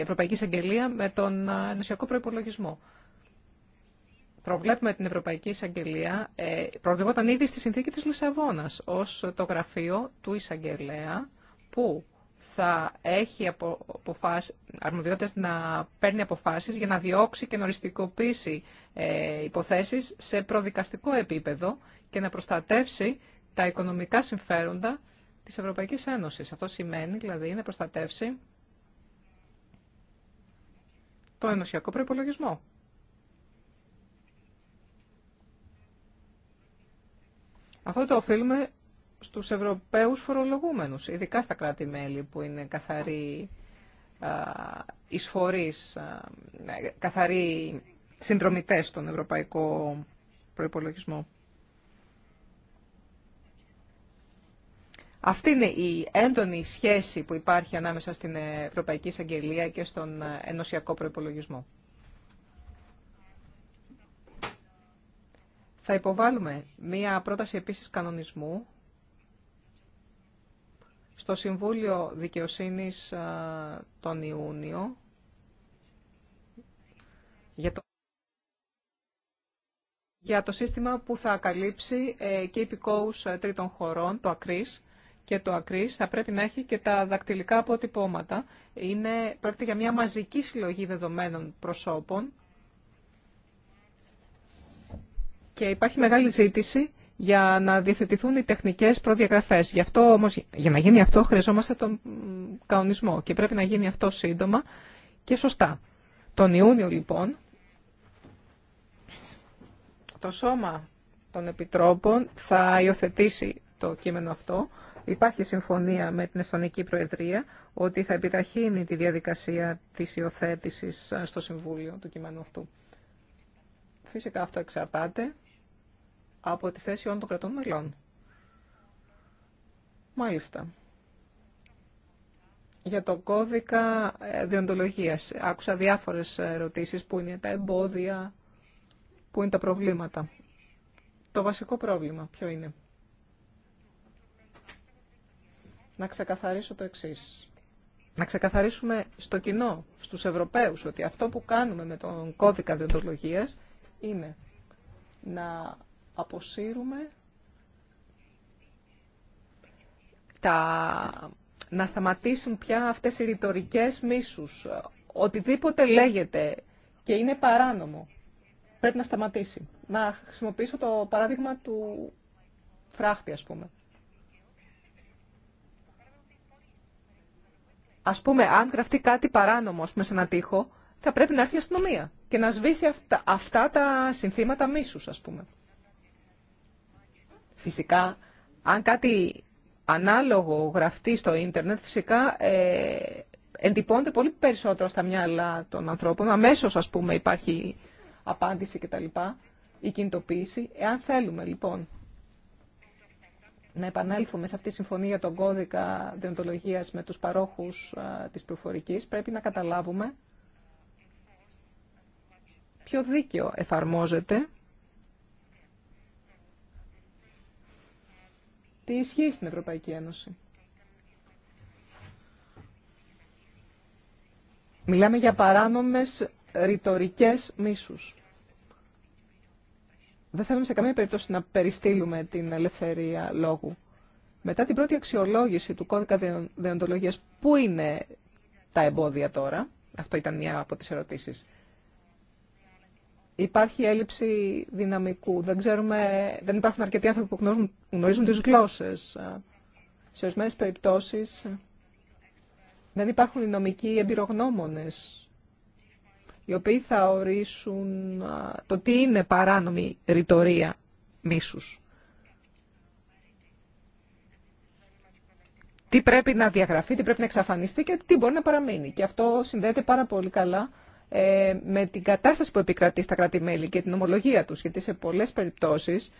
Ευρωπαϊκή Εισαγγελία με τον ενωσιακό προϋπολογισμό. Προβλέπουμε την Ευρωπαϊκή Εισαγγελία, ε, προβλεπόταν ήδη στη συνθήκη της Λισαβόνας ως το γραφείο του Εισαγγελέα που θα έχει απο, αρμοδιότητες να παίρνει αποφάσεις για να διώξει και να οριστικοποιήσει ε, υποθέσεις σε προδικαστικό επίπεδο και να προστατεύσει τα οικονομικά συμφέροντα της Ευρωπαϊκής Ένωσης. Αυτό σημαίνει, δηλαδή, να προστατεύσει το ενωσιακό προϋπολογισμό. Αυτό το οφείλουμε στους Ευρωπαίους φορολογούμενους, ειδικά στα κράτη-μέλη που είναι καθαροί εισφορείς, ναι, καθαροί συνδρομητές στον ευρωπαϊκό προϋπολογισμό. Αυτή είναι η έντονη σχέση που υπάρχει ανάμεσα στην Ευρωπαϊκή Εισαγγελία και στον ενωσιακό προϋπολογισμό. Θα υποβάλουμε μία πρόταση επίσης κανονισμού στο Συμβούλιο Δικαιοσύνης τον Ιούνιο για το, για το σύστημα που θα καλύψει και ε, υπηκόους ε, τρίτων χωρών, το ΑΚΡΙΣ, και το ΑΚΡΙΣ θα πρέπει να έχει και τα δακτυλικά αποτυπώματα. Είναι, πρόκειται για μια μαζική συλλογή δεδομένων προσώπων και υπάρχει μεγάλη ζήτηση για να διευθετηθούν οι τεχνικές προδιαγραφές. αυτό, για να γίνει αυτό χρειαζόμαστε τον κανονισμό και πρέπει να γίνει αυτό σύντομα και σωστά. Τον Ιούνιο λοιπόν το Σώμα των Επιτρόπων θα υιοθετήσει το κείμενο αυτό. Υπάρχει συμφωνία με την Εστονική Προεδρία ότι θα επιταχύνει τη διαδικασία της υιοθέτησης στο Συμβούλιο του κειμένου αυτού. Φυσικά αυτό εξαρτάται από τη θέση όλων των κρατών μελών. Μάλιστα. Για το κώδικα ε, διοντολογίας. Άκουσα διάφορες ερωτήσεις που είναι τα εμπόδια, που είναι τα προβλήματα. Το βασικό πρόβλημα ποιο είναι. Να ξεκαθαρίσω το εξής. Να ξεκαθαρίσουμε στο κοινό, στους Ευρωπαίους, ότι αυτό που κάνουμε με τον κώδικα διοντολογίας είναι να αποσύρουμε τα... να σταματήσουν πια αυτές οι ρητορικέ μίσους. Οτιδήποτε λέγεται και είναι παράνομο, πρέπει να σταματήσει. Να χρησιμοποιήσω το παράδειγμα του φράχτη, ας πούμε. Ας πούμε, αν γραφτεί κάτι παράνομο, ας σε ένα τείχο θα πρέπει να έρθει η αστυνομία και να σβήσει αυτά, αυτά τα συνθήματα μίσους, ας πούμε. Φυσικά, αν κάτι ανάλογο γραφτεί στο ίντερνετ, φυσικά ε, εντυπώνεται πολύ περισσότερο στα μυαλά των ανθρώπων. Αμέσω, ας πούμε, υπάρχει απάντηση κτλ. Η κινητοποίηση. Εάν θέλουμε, λοιπόν, να επανέλθουμε σε αυτή τη συμφωνία των τον κώδικα διοντολογίας με τους παρόχους της προφορικής, πρέπει να καταλάβουμε ποιο δίκαιο εφαρμόζεται τι ισχύει στην Ευρωπαϊκή Ένωση. Μιλάμε για παράνομες ρητορικέ μίσους. Δεν θέλουμε σε καμία περίπτωση να περιστήλουμε την ελευθερία λόγου. Μετά την πρώτη αξιολόγηση του κώδικα δεοντολογίας, πού είναι τα εμπόδια τώρα, αυτό ήταν μια από τις ερωτήσεις. Υπάρχει έλλειψη δυναμικού. Δεν, ξέρουμε, δεν υπάρχουν αρκετοί άνθρωποι που γνωρίζουν, γνωρίζουν τις γλώσσες. Σε ορισμένε περιπτώσεις δεν υπάρχουν οι νομικοί εμπειρογνώμονες οι οποίοι θα ορίσουν το τι είναι παράνομη ρητορία μίσους. Τι πρέπει να διαγραφεί, τι πρέπει να εξαφανιστεί και τι μπορεί να παραμείνει. Και αυτό συνδέεται πάρα πολύ καλά ε, με την κατάσταση που επικρατεί στα κράτη-μέλη και την ομολογία τους, γιατί σε πολλές περιπτώσεις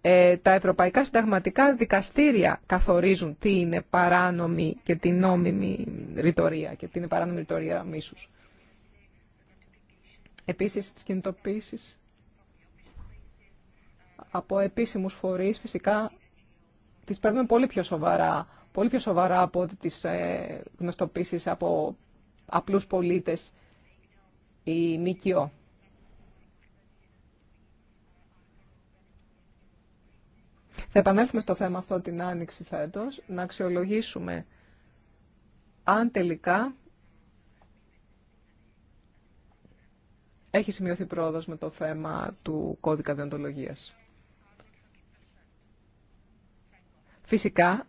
ε, τα ευρωπαϊκά συνταγματικά δικαστήρια καθορίζουν τι είναι παράνομη και τι νόμιμη ρητορία και τι είναι παράνομη ρητορία μίσους. Επίσης, τις κινητοποίησεις από επίσημους φορείς φυσικά τις παίρνουμε πολύ πιο σοβαρά, πολύ πιο σοβαρά από τις ε, γνωστοποίησεις από απλούς πολίτες η ΜΚΟ. Θα επανέλθουμε στο θέμα αυτό την άνοιξη φέτος, να αξιολογήσουμε αν τελικά έχει σημειωθεί πρόοδος με το θέμα του κώδικα διοντολογίας. Φυσικά,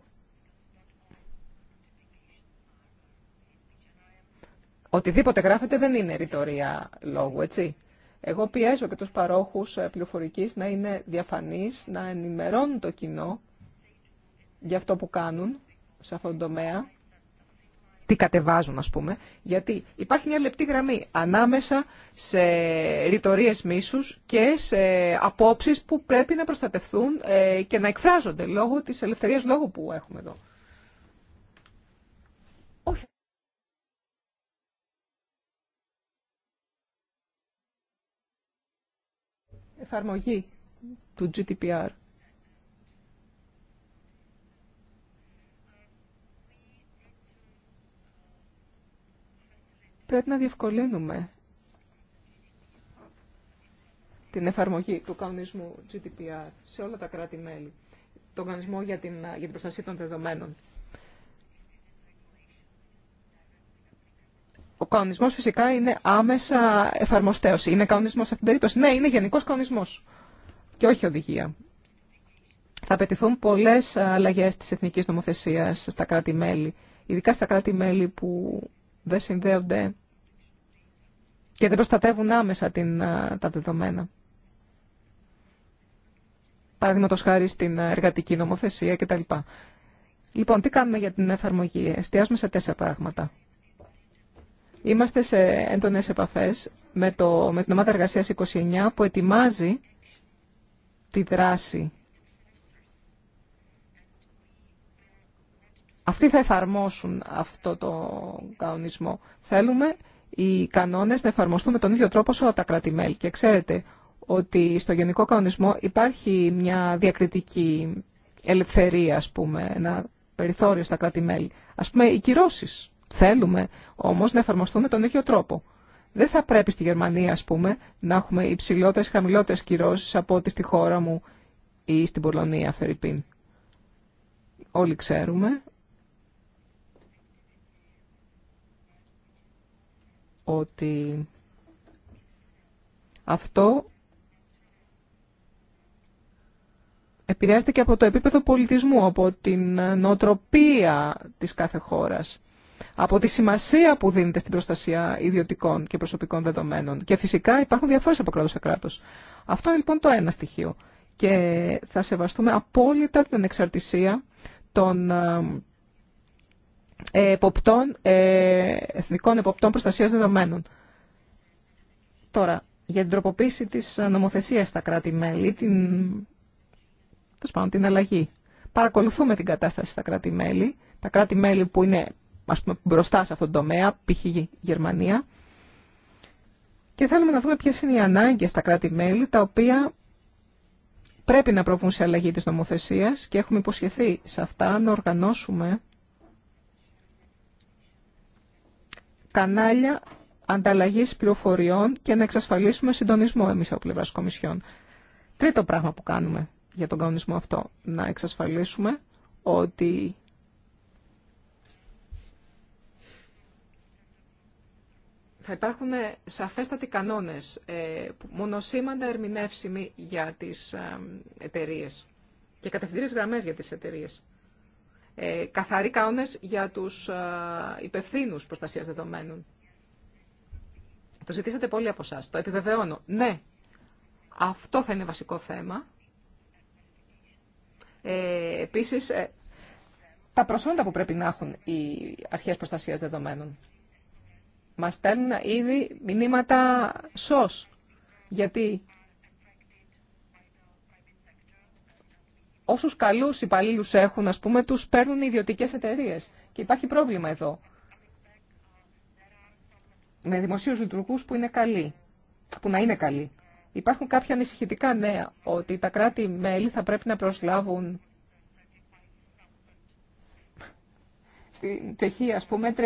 Οτιδήποτε γράφεται δεν είναι ρητορία λόγου, έτσι. Εγώ πιέζω και τους παρόχους ε, πληροφορικής να είναι διαφανείς, να ενημερώνουν το κοινό για αυτό που κάνουν σε αυτόν τον τομέα, τι κατεβάζουν ας πούμε, γιατί υπάρχει μια λεπτή γραμμή ανάμεσα σε ρητορίε μίσους και σε απόψεις που πρέπει να προστατευθούν ε, και να εκφράζονται λόγω της ελευθερίας λόγου που έχουμε εδώ. εφαρμογή του GDPR. Πρέπει να διευκολύνουμε την εφαρμογή του κανονισμού GDPR σε όλα τα κράτη-μέλη, Το κανονισμό την, για την προστασία των δεδομένων. ο κανονισμό φυσικά είναι άμεσα εφαρμοστέως. Είναι κανονισμός σε αυτήν την περίπτωση. Ναι, είναι γενικός κανονισμός και όχι οδηγία. Θα απαιτηθούν πολλές αλλαγές τη εθνική νομοθεσία, στα κράτη-μέλη, ειδικά στα κράτη-μέλη που δεν συνδέονται και δεν προστατεύουν άμεσα την, τα δεδομένα. Παραδείγματο χάρη στην εργατική νομοθεσία κτλ. Λοιπόν, τι κάνουμε για την εφαρμογή. Εστιάζουμε σε τέσσερα πράγματα. Είμαστε σε έντονες επαφές με, το, με την ομάδα εργασίας 29 που ετοιμάζει τη δράση. Αυτοί θα εφαρμόσουν αυτό το κανονισμό. Θέλουμε οι κανόνες να εφαρμοστούν με τον ίδιο τρόπο σε όλα τα κρατη Και ξέρετε ότι στο Γενικό Κανονισμό υπάρχει μια διακριτική ελευθερία, ας πούμε, ένα περιθώριο στα κράτη-μέλη. Ας πούμε, οι κυρώσεις Θέλουμε όμως να εφαρμοστούμε τον ίδιο τρόπο. Δεν θα πρέπει στη Γερμανία, ας πούμε, να έχουμε υψηλότερε ή χαμηλότερε κυρώσει από ό,τι στη χώρα μου ή στην Πολωνία, Φερρυπίν. Όλοι ξέρουμε ότι αυτό επηρεάζεται και από το επίπεδο πολιτισμού, από την νοοτροπία της κάθε χώρας από τη σημασία που δίνεται στην προστασία ιδιωτικών και προσωπικών δεδομένων. Και φυσικά υπάρχουν διαφορές από κράτο σε κράτος. Αυτό είναι λοιπόν το ένα στοιχείο. Και θα σεβαστούμε απόλυτα την εξαρτησία των ε, ε, εθνικών εποπτών προστασίας δεδομένων. Τώρα, για την τροποποίηση της νομοθεσίας στα κράτη-μέλη, την, πάνω, την αλλαγή. Παρακολουθούμε την κατάσταση στα κράτη-μέλη. Τα κράτη-μέλη που είναι ας πούμε, μπροστά σε αυτόν τον τομέα, π.χ. Γερμανία. Και θέλουμε να δούμε ποιε είναι οι ανάγκες στα κράτη-μέλη, τα οποία πρέπει να προβούν σε αλλαγή τη νομοθεσία και έχουμε υποσχεθεί σε αυτά να οργανώσουμε κανάλια ανταλλαγής πληροφοριών και να εξασφαλίσουμε συντονισμό εμεί από πλευρά Κομισιόν. Τρίτο πράγμα που κάνουμε για τον κανονισμό αυτό, να εξασφαλίσουμε ότι θα υπάρχουν ε, σαφέστατοι κανόνες, ε, μονοσήμαντα ερμηνεύσιμοι για τις ε, εταιρείε και κατευθυντήριες γραμμές για τις εταιρείε. καθαροί κανόνες για τους υπευθύνους προστασίας δεδομένων. Το ζητήσατε πολύ από εσά. Το επιβεβαιώνω. Ναι, αυτό θα είναι βασικό θέμα. Ε, επίσης, τα προσόντα που πρέπει να έχουν οι αρχές προστασίας δεδομένων. Μας στέλνουν ήδη μηνύματα σως, γιατί όσους καλούς υπαλλήλου έχουν, ας πούμε, τους παίρνουν οι ιδιωτικές εταιρείες. Και υπάρχει πρόβλημα εδώ. Με δημοσίους λειτουργούς που είναι καλοί, που να είναι καλοί. Υπάρχουν κάποια ανησυχητικά νέα ότι τα κράτη-μέλη θα πρέπει να προσλάβουν στην Τσεχία, α πούμε, 35.000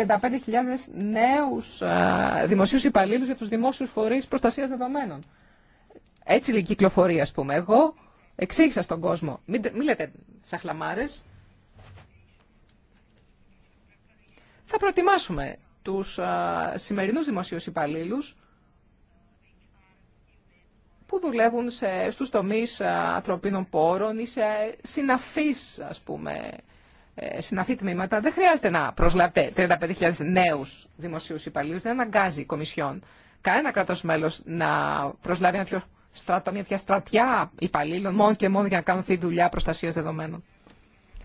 νέους δημοσιου υπαλλήλου για τους δημόσιου φορείς προστασίας δεδομένων. Έτσι λέει η κυκλοφορία, α πούμε. Εγώ εξήγησα στον κόσμο. Μην, μην λέτε σαχλαμάρες. Θα προετοιμάσουμε τους σημερινού σημερινούς υπαλλήλου που δουλεύουν σε, στους τομείς α, ανθρωπίνων πόρων ή σε συναφείς, ας πούμε, ε, συναφή τμήματα, δεν χρειάζεται να προσλάβετε 35.000 νέου δημοσίου υπαλλήλου, δεν αναγκάζει η Κομισιόν κανένα κρατό μέλο να προσλάβει ένα στρατό, μια τέτοια στρατιά υπαλλήλων μόνο και μόνο για να κάνουν αυτή τη δουλειά προστασία δεδομένων.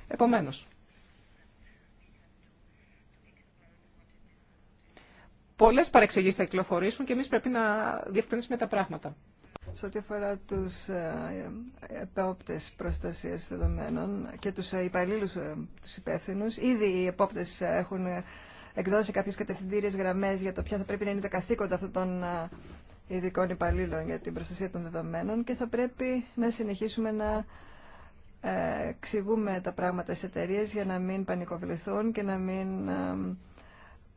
Επομένω. πολλές παρεξηγήσεις θα κυκλοφορήσουν και εμείς πρέπει να διευκρινίσουμε τα πράγματα σε ό,τι αφορά του ε, επόπτε προστασία δεδομένων και τους ε, υπαλλήλους, ε, του υπεύθυνου, Ήδη οι επόπτε έχουν εκδώσει κάποιε κατευθυντήριε γραμμές για το ποια θα πρέπει να είναι τα καθήκοντα αυτών των ειδικών υπαλλήλων για την προστασία των δεδομένων και θα πρέπει να συνεχίσουμε να εξηγούμε τα πράγματα στι εταιρείε για να μην πανικοβληθούν και να μην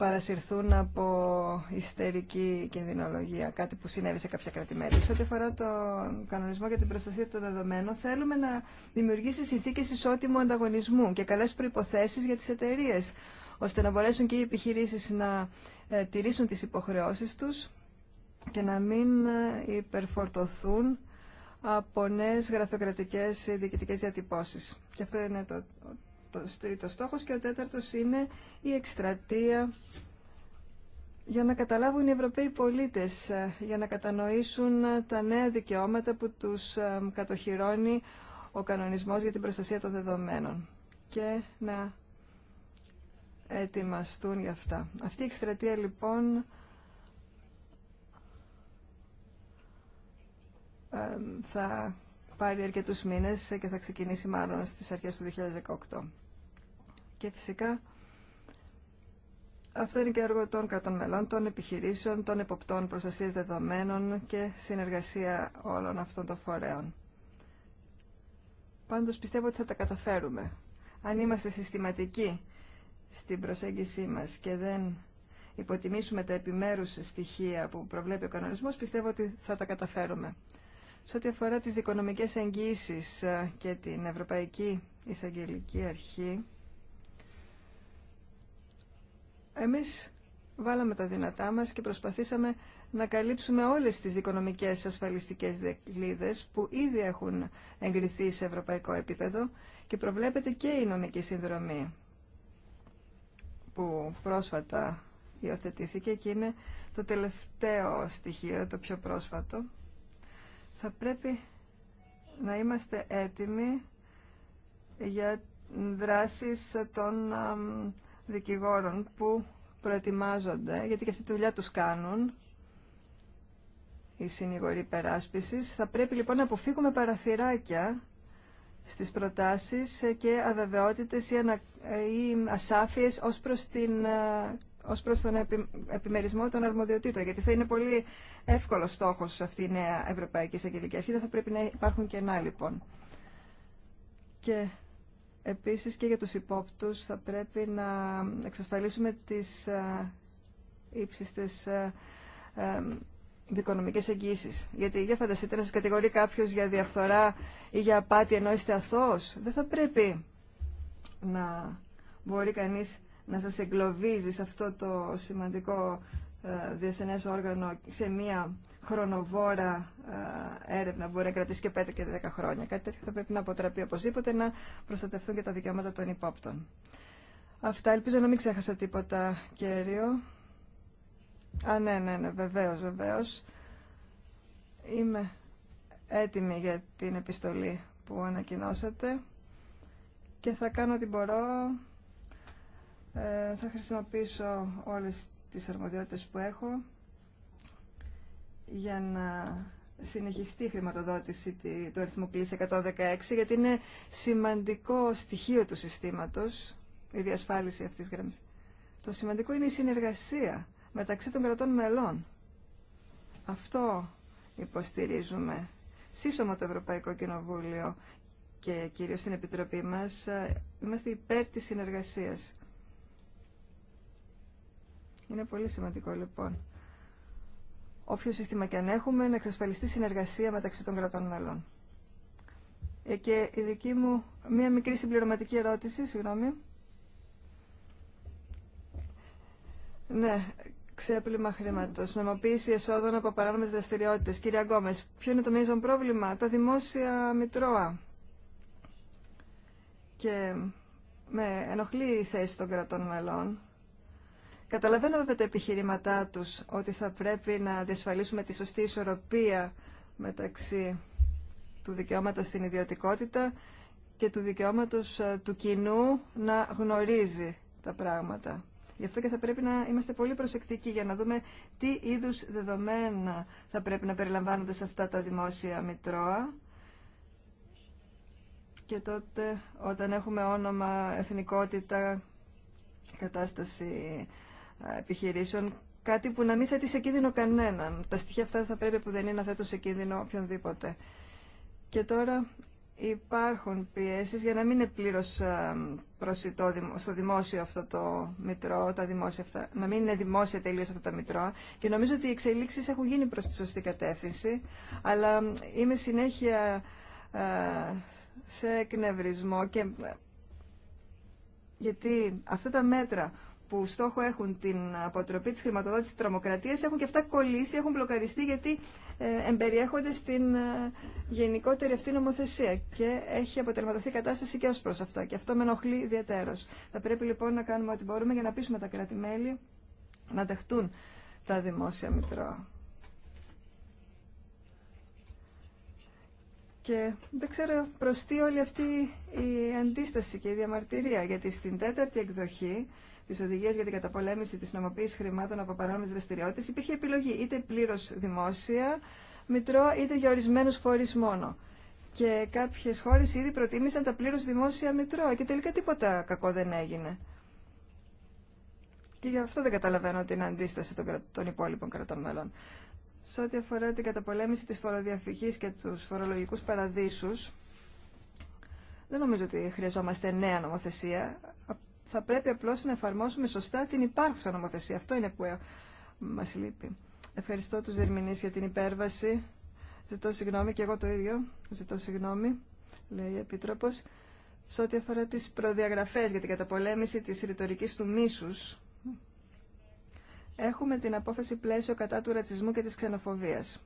παρασυρθούν από ιστερική κινδυνολογία, κάτι που συνέβη σε κάποια κρατημέρια. Σε ό,τι αφορά τον κανονισμό για την προστασία των δεδομένων, θέλουμε να δημιουργήσει συνθήκε ισότιμου ανταγωνισμού και καλέ προποθέσει για τι εταιρείε, ώστε να μπορέσουν και οι επιχειρήσει να ε, τηρήσουν τι υποχρεώσει του και να μην ε, υπερφορτωθούν από νέε γραφειοκρατικέ διοικητικέ διατυπώσει. Και αυτό είναι το, το τρίτο στόχος και ο τέταρτος είναι η εκστρατεία για να καταλάβουν οι Ευρωπαίοι πολίτες, ε, για να κατανοήσουν ε, τα νέα δικαιώματα που τους ε, κατοχυρώνει ο κανονισμός για την προστασία των δεδομένων και να ετοιμαστούν για αυτά. Αυτή η εκστρατεία λοιπόν θα πάρει αρκετούς μήνες και θα ξεκινήσει μάλλον στις αρχές του 2018. Και φυσικά αυτό είναι και έργο των κρατών μελών, των επιχειρήσεων, των εποπτών προστασίας δεδομένων και συνεργασία όλων αυτών των φορέων. Πάντως πιστεύω ότι θα τα καταφέρουμε. Αν είμαστε συστηματικοί στην προσέγγιση μας και δεν υποτιμήσουμε τα επιμέρους στοιχεία που προβλέπει ο κανονισμός, πιστεύω ότι θα τα καταφέρουμε. Σε ό,τι αφορά τις δικονομικές εγγύησεις ε, και την Ευρωπαϊκή Εισαγγελική Αρχή, εμείς βάλαμε τα δυνατά μας και προσπαθήσαμε να καλύψουμε όλες τις οικονομικές ασφαλιστικές δεκλίδες που ήδη έχουν εγκριθεί σε ευρωπαϊκό επίπεδο και προβλέπεται και η νομική συνδρομή που πρόσφατα υιοθετήθηκε και είναι το τελευταίο στοιχείο, το πιο πρόσφατο. Θα πρέπει να είμαστε έτοιμοι για δράσεις των δικηγόρων που προετοιμάζονται, γιατί και αυτή τη δουλειά τους κάνουν, οι συνηγοροί περάσπισης, Θα πρέπει λοιπόν να αποφύγουμε παραθυράκια στις προτάσεις και αβεβαιότητες ή, ανα... ή ασάφειες ως προς, την... Ε, ως προς τον επιμερισμό των αρμοδιοτήτων, γιατί θα είναι πολύ εύκολο στόχος αυτή η νέα Ευρωπαϊκή Εισαγγελική Αρχή, δεν θα πρέπει να υπάρχουν κενά λοιπόν. Και Επίσης και για τους υπόπτους θα πρέπει να εξασφαλίσουμε τις ε, ύψιστες ε, ε, δικονομικές εγγύσεις. Γιατί για φανταστείτε να σας κατηγορεί κάποιος για διαφθορά ή για απάτη ενώ είστε αθώος. Δεν θα πρέπει να μπορεί κανείς να σας εγκλωβίζει σε αυτό το σημαντικό ε, διεθνές όργανο σε μία χρονοβόρα ε, έρευνα που μπορεί να κρατήσει και 5 και 10 χρόνια. Κάτι τέτοιο θα πρέπει να αποτραπεί οπωσδήποτε να προστατευτούν και τα δικαιώματα των υπόπτων. Αυτά. Ελπίζω να μην ξέχασα τίποτα κέριο. Α, ναι, ναι, ναι, βεβαίως, βεβαίως. Είμαι έτοιμη για την επιστολή που ανακοινώσατε και θα κάνω ό,τι μπορώ. Ε, θα χρησιμοποιήσω όλες τις αρμοδιότητες που έχω για να συνεχιστεί η χρηματοδότηση του αριθμού κλίση 116 γιατί είναι σημαντικό στοιχείο του συστήματος η διασφάλιση αυτής της γραμμής. Το σημαντικό είναι η συνεργασία μεταξύ των κρατών μελών. Αυτό υποστηρίζουμε. Σύσσωμα το Ευρωπαϊκό Κοινοβούλιο και κυρίως στην Επιτροπή μας είμαστε υπέρ της συνεργασίας. Είναι πολύ σημαντικό λοιπόν. Όποιο σύστημα και αν έχουμε, να εξασφαλιστεί συνεργασία μεταξύ των κρατών μελών. Ε, και η δική μου μία μικρή συμπληρωματική ερώτηση, συγγνώμη. Ναι, ξέπλυμα χρήματο, νομοποίηση εσόδων από παράνομε δραστηριότητε. Κύριε Αγκόμε, ποιο είναι το μείζον πρόβλημα, τα δημόσια μητρώα. Και με ενοχλεί η θέση των κρατών μελών Καταλαβαίνω βέβαια τα επιχειρήματά τους ότι θα πρέπει να διασφαλίσουμε τη σωστή ισορροπία μεταξύ του δικαιώματος στην ιδιωτικότητα και του δικαιώματος ε, του κοινού να γνωρίζει τα πράγματα. Γι' αυτό και θα πρέπει να είμαστε πολύ προσεκτικοί για να δούμε τι είδους δεδομένα θα πρέπει να περιλαμβάνονται σε αυτά τα δημόσια μητρώα. Και τότε όταν έχουμε όνομα, εθνικότητα, κατάσταση επιχειρήσεων, κάτι που να μην θέτει σε κίνδυνο κανέναν. Τα στοιχεία αυτά θα πρέπει που δεν είναι να θέτουν σε κίνδυνο οποιονδήποτε. Και τώρα υπάρχουν πιέσεις για να μην είναι πλήρως προσιτό στο δημόσιο αυτό το μητρό, τα δημόσια αυτά, να μην είναι δημόσια τελείως αυτά τα μητρώα και νομίζω ότι οι εξελίξεις έχουν γίνει προς τη σωστή κατεύθυνση αλλά είμαι συνέχεια σε εκνευρισμό και γιατί αυτά τα μέτρα που στόχο έχουν την αποτροπή τη χρηματοδότηση τη τρομοκρατία έχουν και αυτά κολλήσει, έχουν μπλοκαριστεί γιατί ε, εμπεριέχονται στην ε, γενικότερη αυτή νομοθεσία και έχει αποτελματωθεί κατάσταση και ω προ αυτά και αυτό με ενοχλεί ιδιαίτερω. Θα πρέπει λοιπόν να κάνουμε ό,τι μπορούμε για να πείσουμε τα κράτη-μέλη να δεχτούν τα δημόσια μητρώα. Και δεν ξέρω προς τι όλη αυτή η αντίσταση και η διαμαρτυρία, γιατί στην τέταρτη εκδοχή τι οδηγίε για την καταπολέμηση τη νομοποίηση χρημάτων από παράνομε δραστηριότητε, υπήρχε επιλογή είτε πλήρω δημόσια, μητρό, είτε για ορισμένου φορεί μόνο. Και κάποιε χώρε ήδη προτίμησαν τα πλήρω δημόσια μητρό και τελικά τίποτα κακό δεν έγινε. Και γι' αυτό δεν καταλαβαίνω την αντίσταση των, υπόλοιπων κρατών μελών. Σε ό,τι αφορά την καταπολέμηση τη φοροδιαφυγής και του φορολογικού παραδείσου, δεν νομίζω ότι χρειαζόμαστε νέα νομοθεσία θα πρέπει απλώς να εφαρμόσουμε σωστά την υπάρχουσα νομοθεσία. Αυτό είναι που ε, μας λείπει. Ευχαριστώ τους Δερμηνείς για την υπέρβαση. Ζητώ συγγνώμη και εγώ το ίδιο. Ζητώ συγγνώμη, λέει η Επίτροπος. Σε ό,τι αφορά τις προδιαγραφές για την καταπολέμηση της ρητορική του μίσους, έχουμε την απόφαση πλαίσιο κατά του ρατσισμού και της ξενοφοβίας.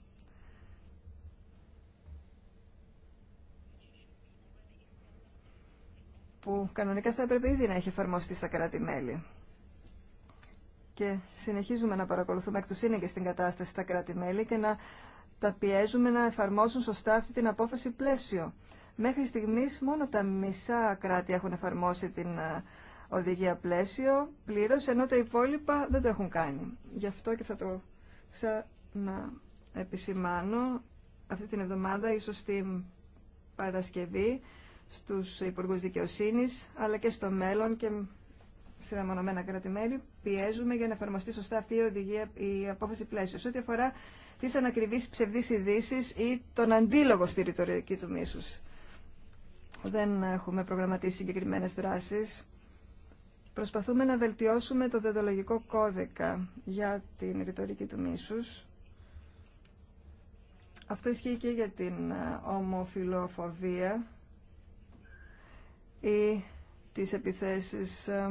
που κανονικά θα έπρεπε ήδη να έχει εφαρμοστεί στα κράτη-μέλη. Και συνεχίζουμε να παρακολουθούμε εκ του σύνεγγες την κατάσταση στα κράτη-μέλη και να τα πιέζουμε να εφαρμόσουν σωστά αυτή την απόφαση πλαίσιο. Μέχρι στιγμής μόνο τα μισά κράτη έχουν εφαρμόσει την ε, οδηγία πλαίσιο πλήρως, ενώ τα υπόλοιπα δεν το έχουν κάνει. Γι' αυτό και θα το ξαναεπισημάνω αυτή την εβδομάδα, ίσως την Παρασκευή, στους Υπουργούς Δικαιοσύνης, αλλά και στο μέλλον και σε μεμονωμένα κράτη-μέλη, πιέζουμε για να εφαρμοστεί σωστά αυτή η οδηγία, η απόφαση πλαίσιο. Σε ό,τι αφορά τι ανακριβεί ψευδεί ειδήσει ή τον αντίλογο στη ρητορική του μίσου. Δεν έχουμε προγραμματίσει συγκεκριμένε δράσει. Προσπαθούμε να βελτιώσουμε το δεδολογικό κώδικα για την ρητορική του μίσου. Αυτό ισχύει και για την ε, ομοφιλοφοβία ή τις επιθέσεις ε,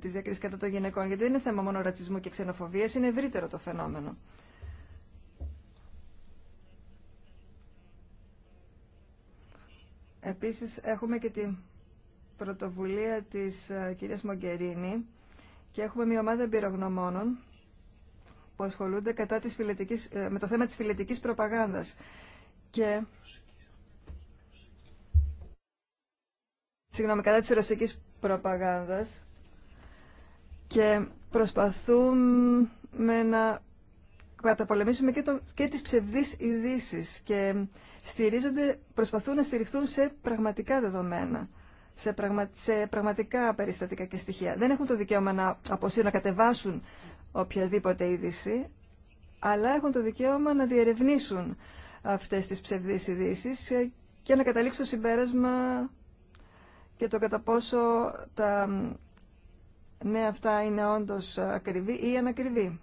της κατά των γυναικών, γιατί δεν είναι θέμα μόνο ρατσισμού και ξενοφοβίας, είναι ευρύτερο το φαινόμενο. Επίσης έχουμε και την πρωτοβουλία της ε, κυρίας Μογκερίνη και έχουμε μια ομάδα εμπειρογνωμόνων που ασχολούνται κατά της ε, με το θέμα της φιλετικής προπαγάνδας. Και συγγνώμη, κατά της ρωσικής προπαγάνδας και προσπαθούμε να καταπολεμήσουμε και, το, και τις ψευδείς ειδήσει και στηρίζονται, προσπαθούν να στηριχθούν σε πραγματικά δεδομένα, σε, πραγματικά περιστατικά και στοιχεία. Δεν έχουν το δικαίωμα να αποσύρουν, να κατεβάσουν οποιαδήποτε είδηση, αλλά έχουν το δικαίωμα να διερευνήσουν αυτές τις ψευδείς ειδήσει και να καταλήξουν στο συμπέρασμα και το κατά πόσο τα νέα αυτά είναι όντως ακριβή ή ανακριβή,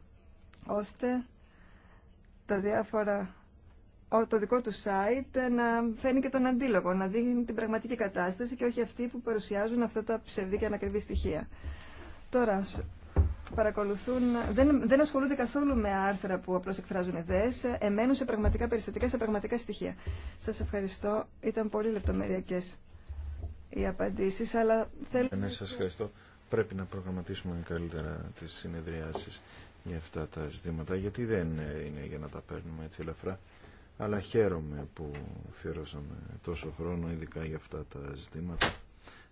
ώστε τα διάφορα το δικό του site να φαίνει και τον αντίλογο, να δείχνει την πραγματική κατάσταση και όχι αυτοί που παρουσιάζουν αυτά τα ψευδή και ανακριβή στοιχεία. Τώρα, παρακολουθούν, δεν, δεν ασχολούνται καθόλου με άρθρα που απλώς εκφράζουν ιδέες, ε, εμένουν σε πραγματικά περιστατικά, σε πραγματικά στοιχεία. Σας ευχαριστώ, ήταν πολύ λεπτομεριακές οι απαντήσεις, αλλά θέλω... Ναι, σας ευχαριστώ. Πρέπει να προγραμματίσουμε καλύτερα τις συνεδριάσεις για αυτά τα ζητήματα, γιατί δεν είναι για να τα παίρνουμε έτσι ελαφρά. Αλλά χαίρομαι που αφιερώσαμε τόσο χρόνο, ειδικά για αυτά τα ζητήματα.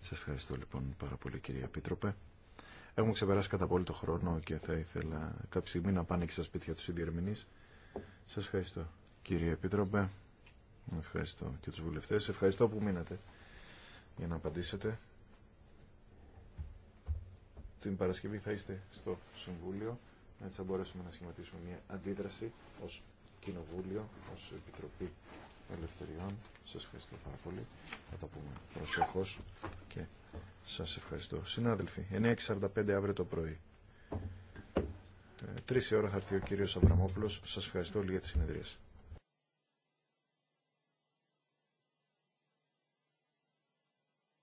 Σας ευχαριστώ λοιπόν πάρα πολύ κύριε Πίτροπε. Έχουμε ξεπεράσει κατά πολύ το χρόνο και θα ήθελα κάποια στιγμή να πάνε και στα σπίτια του οι διερμηνείς. Σας ευχαριστώ κύριε Επίτροπε. Ευχαριστώ και τους βουλευτές. Ευχαριστώ που μείνατε για να απαντήσετε. Την Παρασκευή θα είστε στο Συμβούλιο, έτσι θα μπορέσουμε να σχηματίσουμε μια αντίδραση ως Κοινοβούλιο, ως Επιτροπή Ελευθεριών. Σας ευχαριστώ πάρα πολύ. Θα τα πούμε προσεχώς και σας ευχαριστώ. Συνάδελφοι, 9.45 αύριο το πρωί. Ε, τρεις ώρα χαρτί ο κύριος Αβραμόπουλος. Σας ευχαριστώ όλοι για τη συνεδρίαση.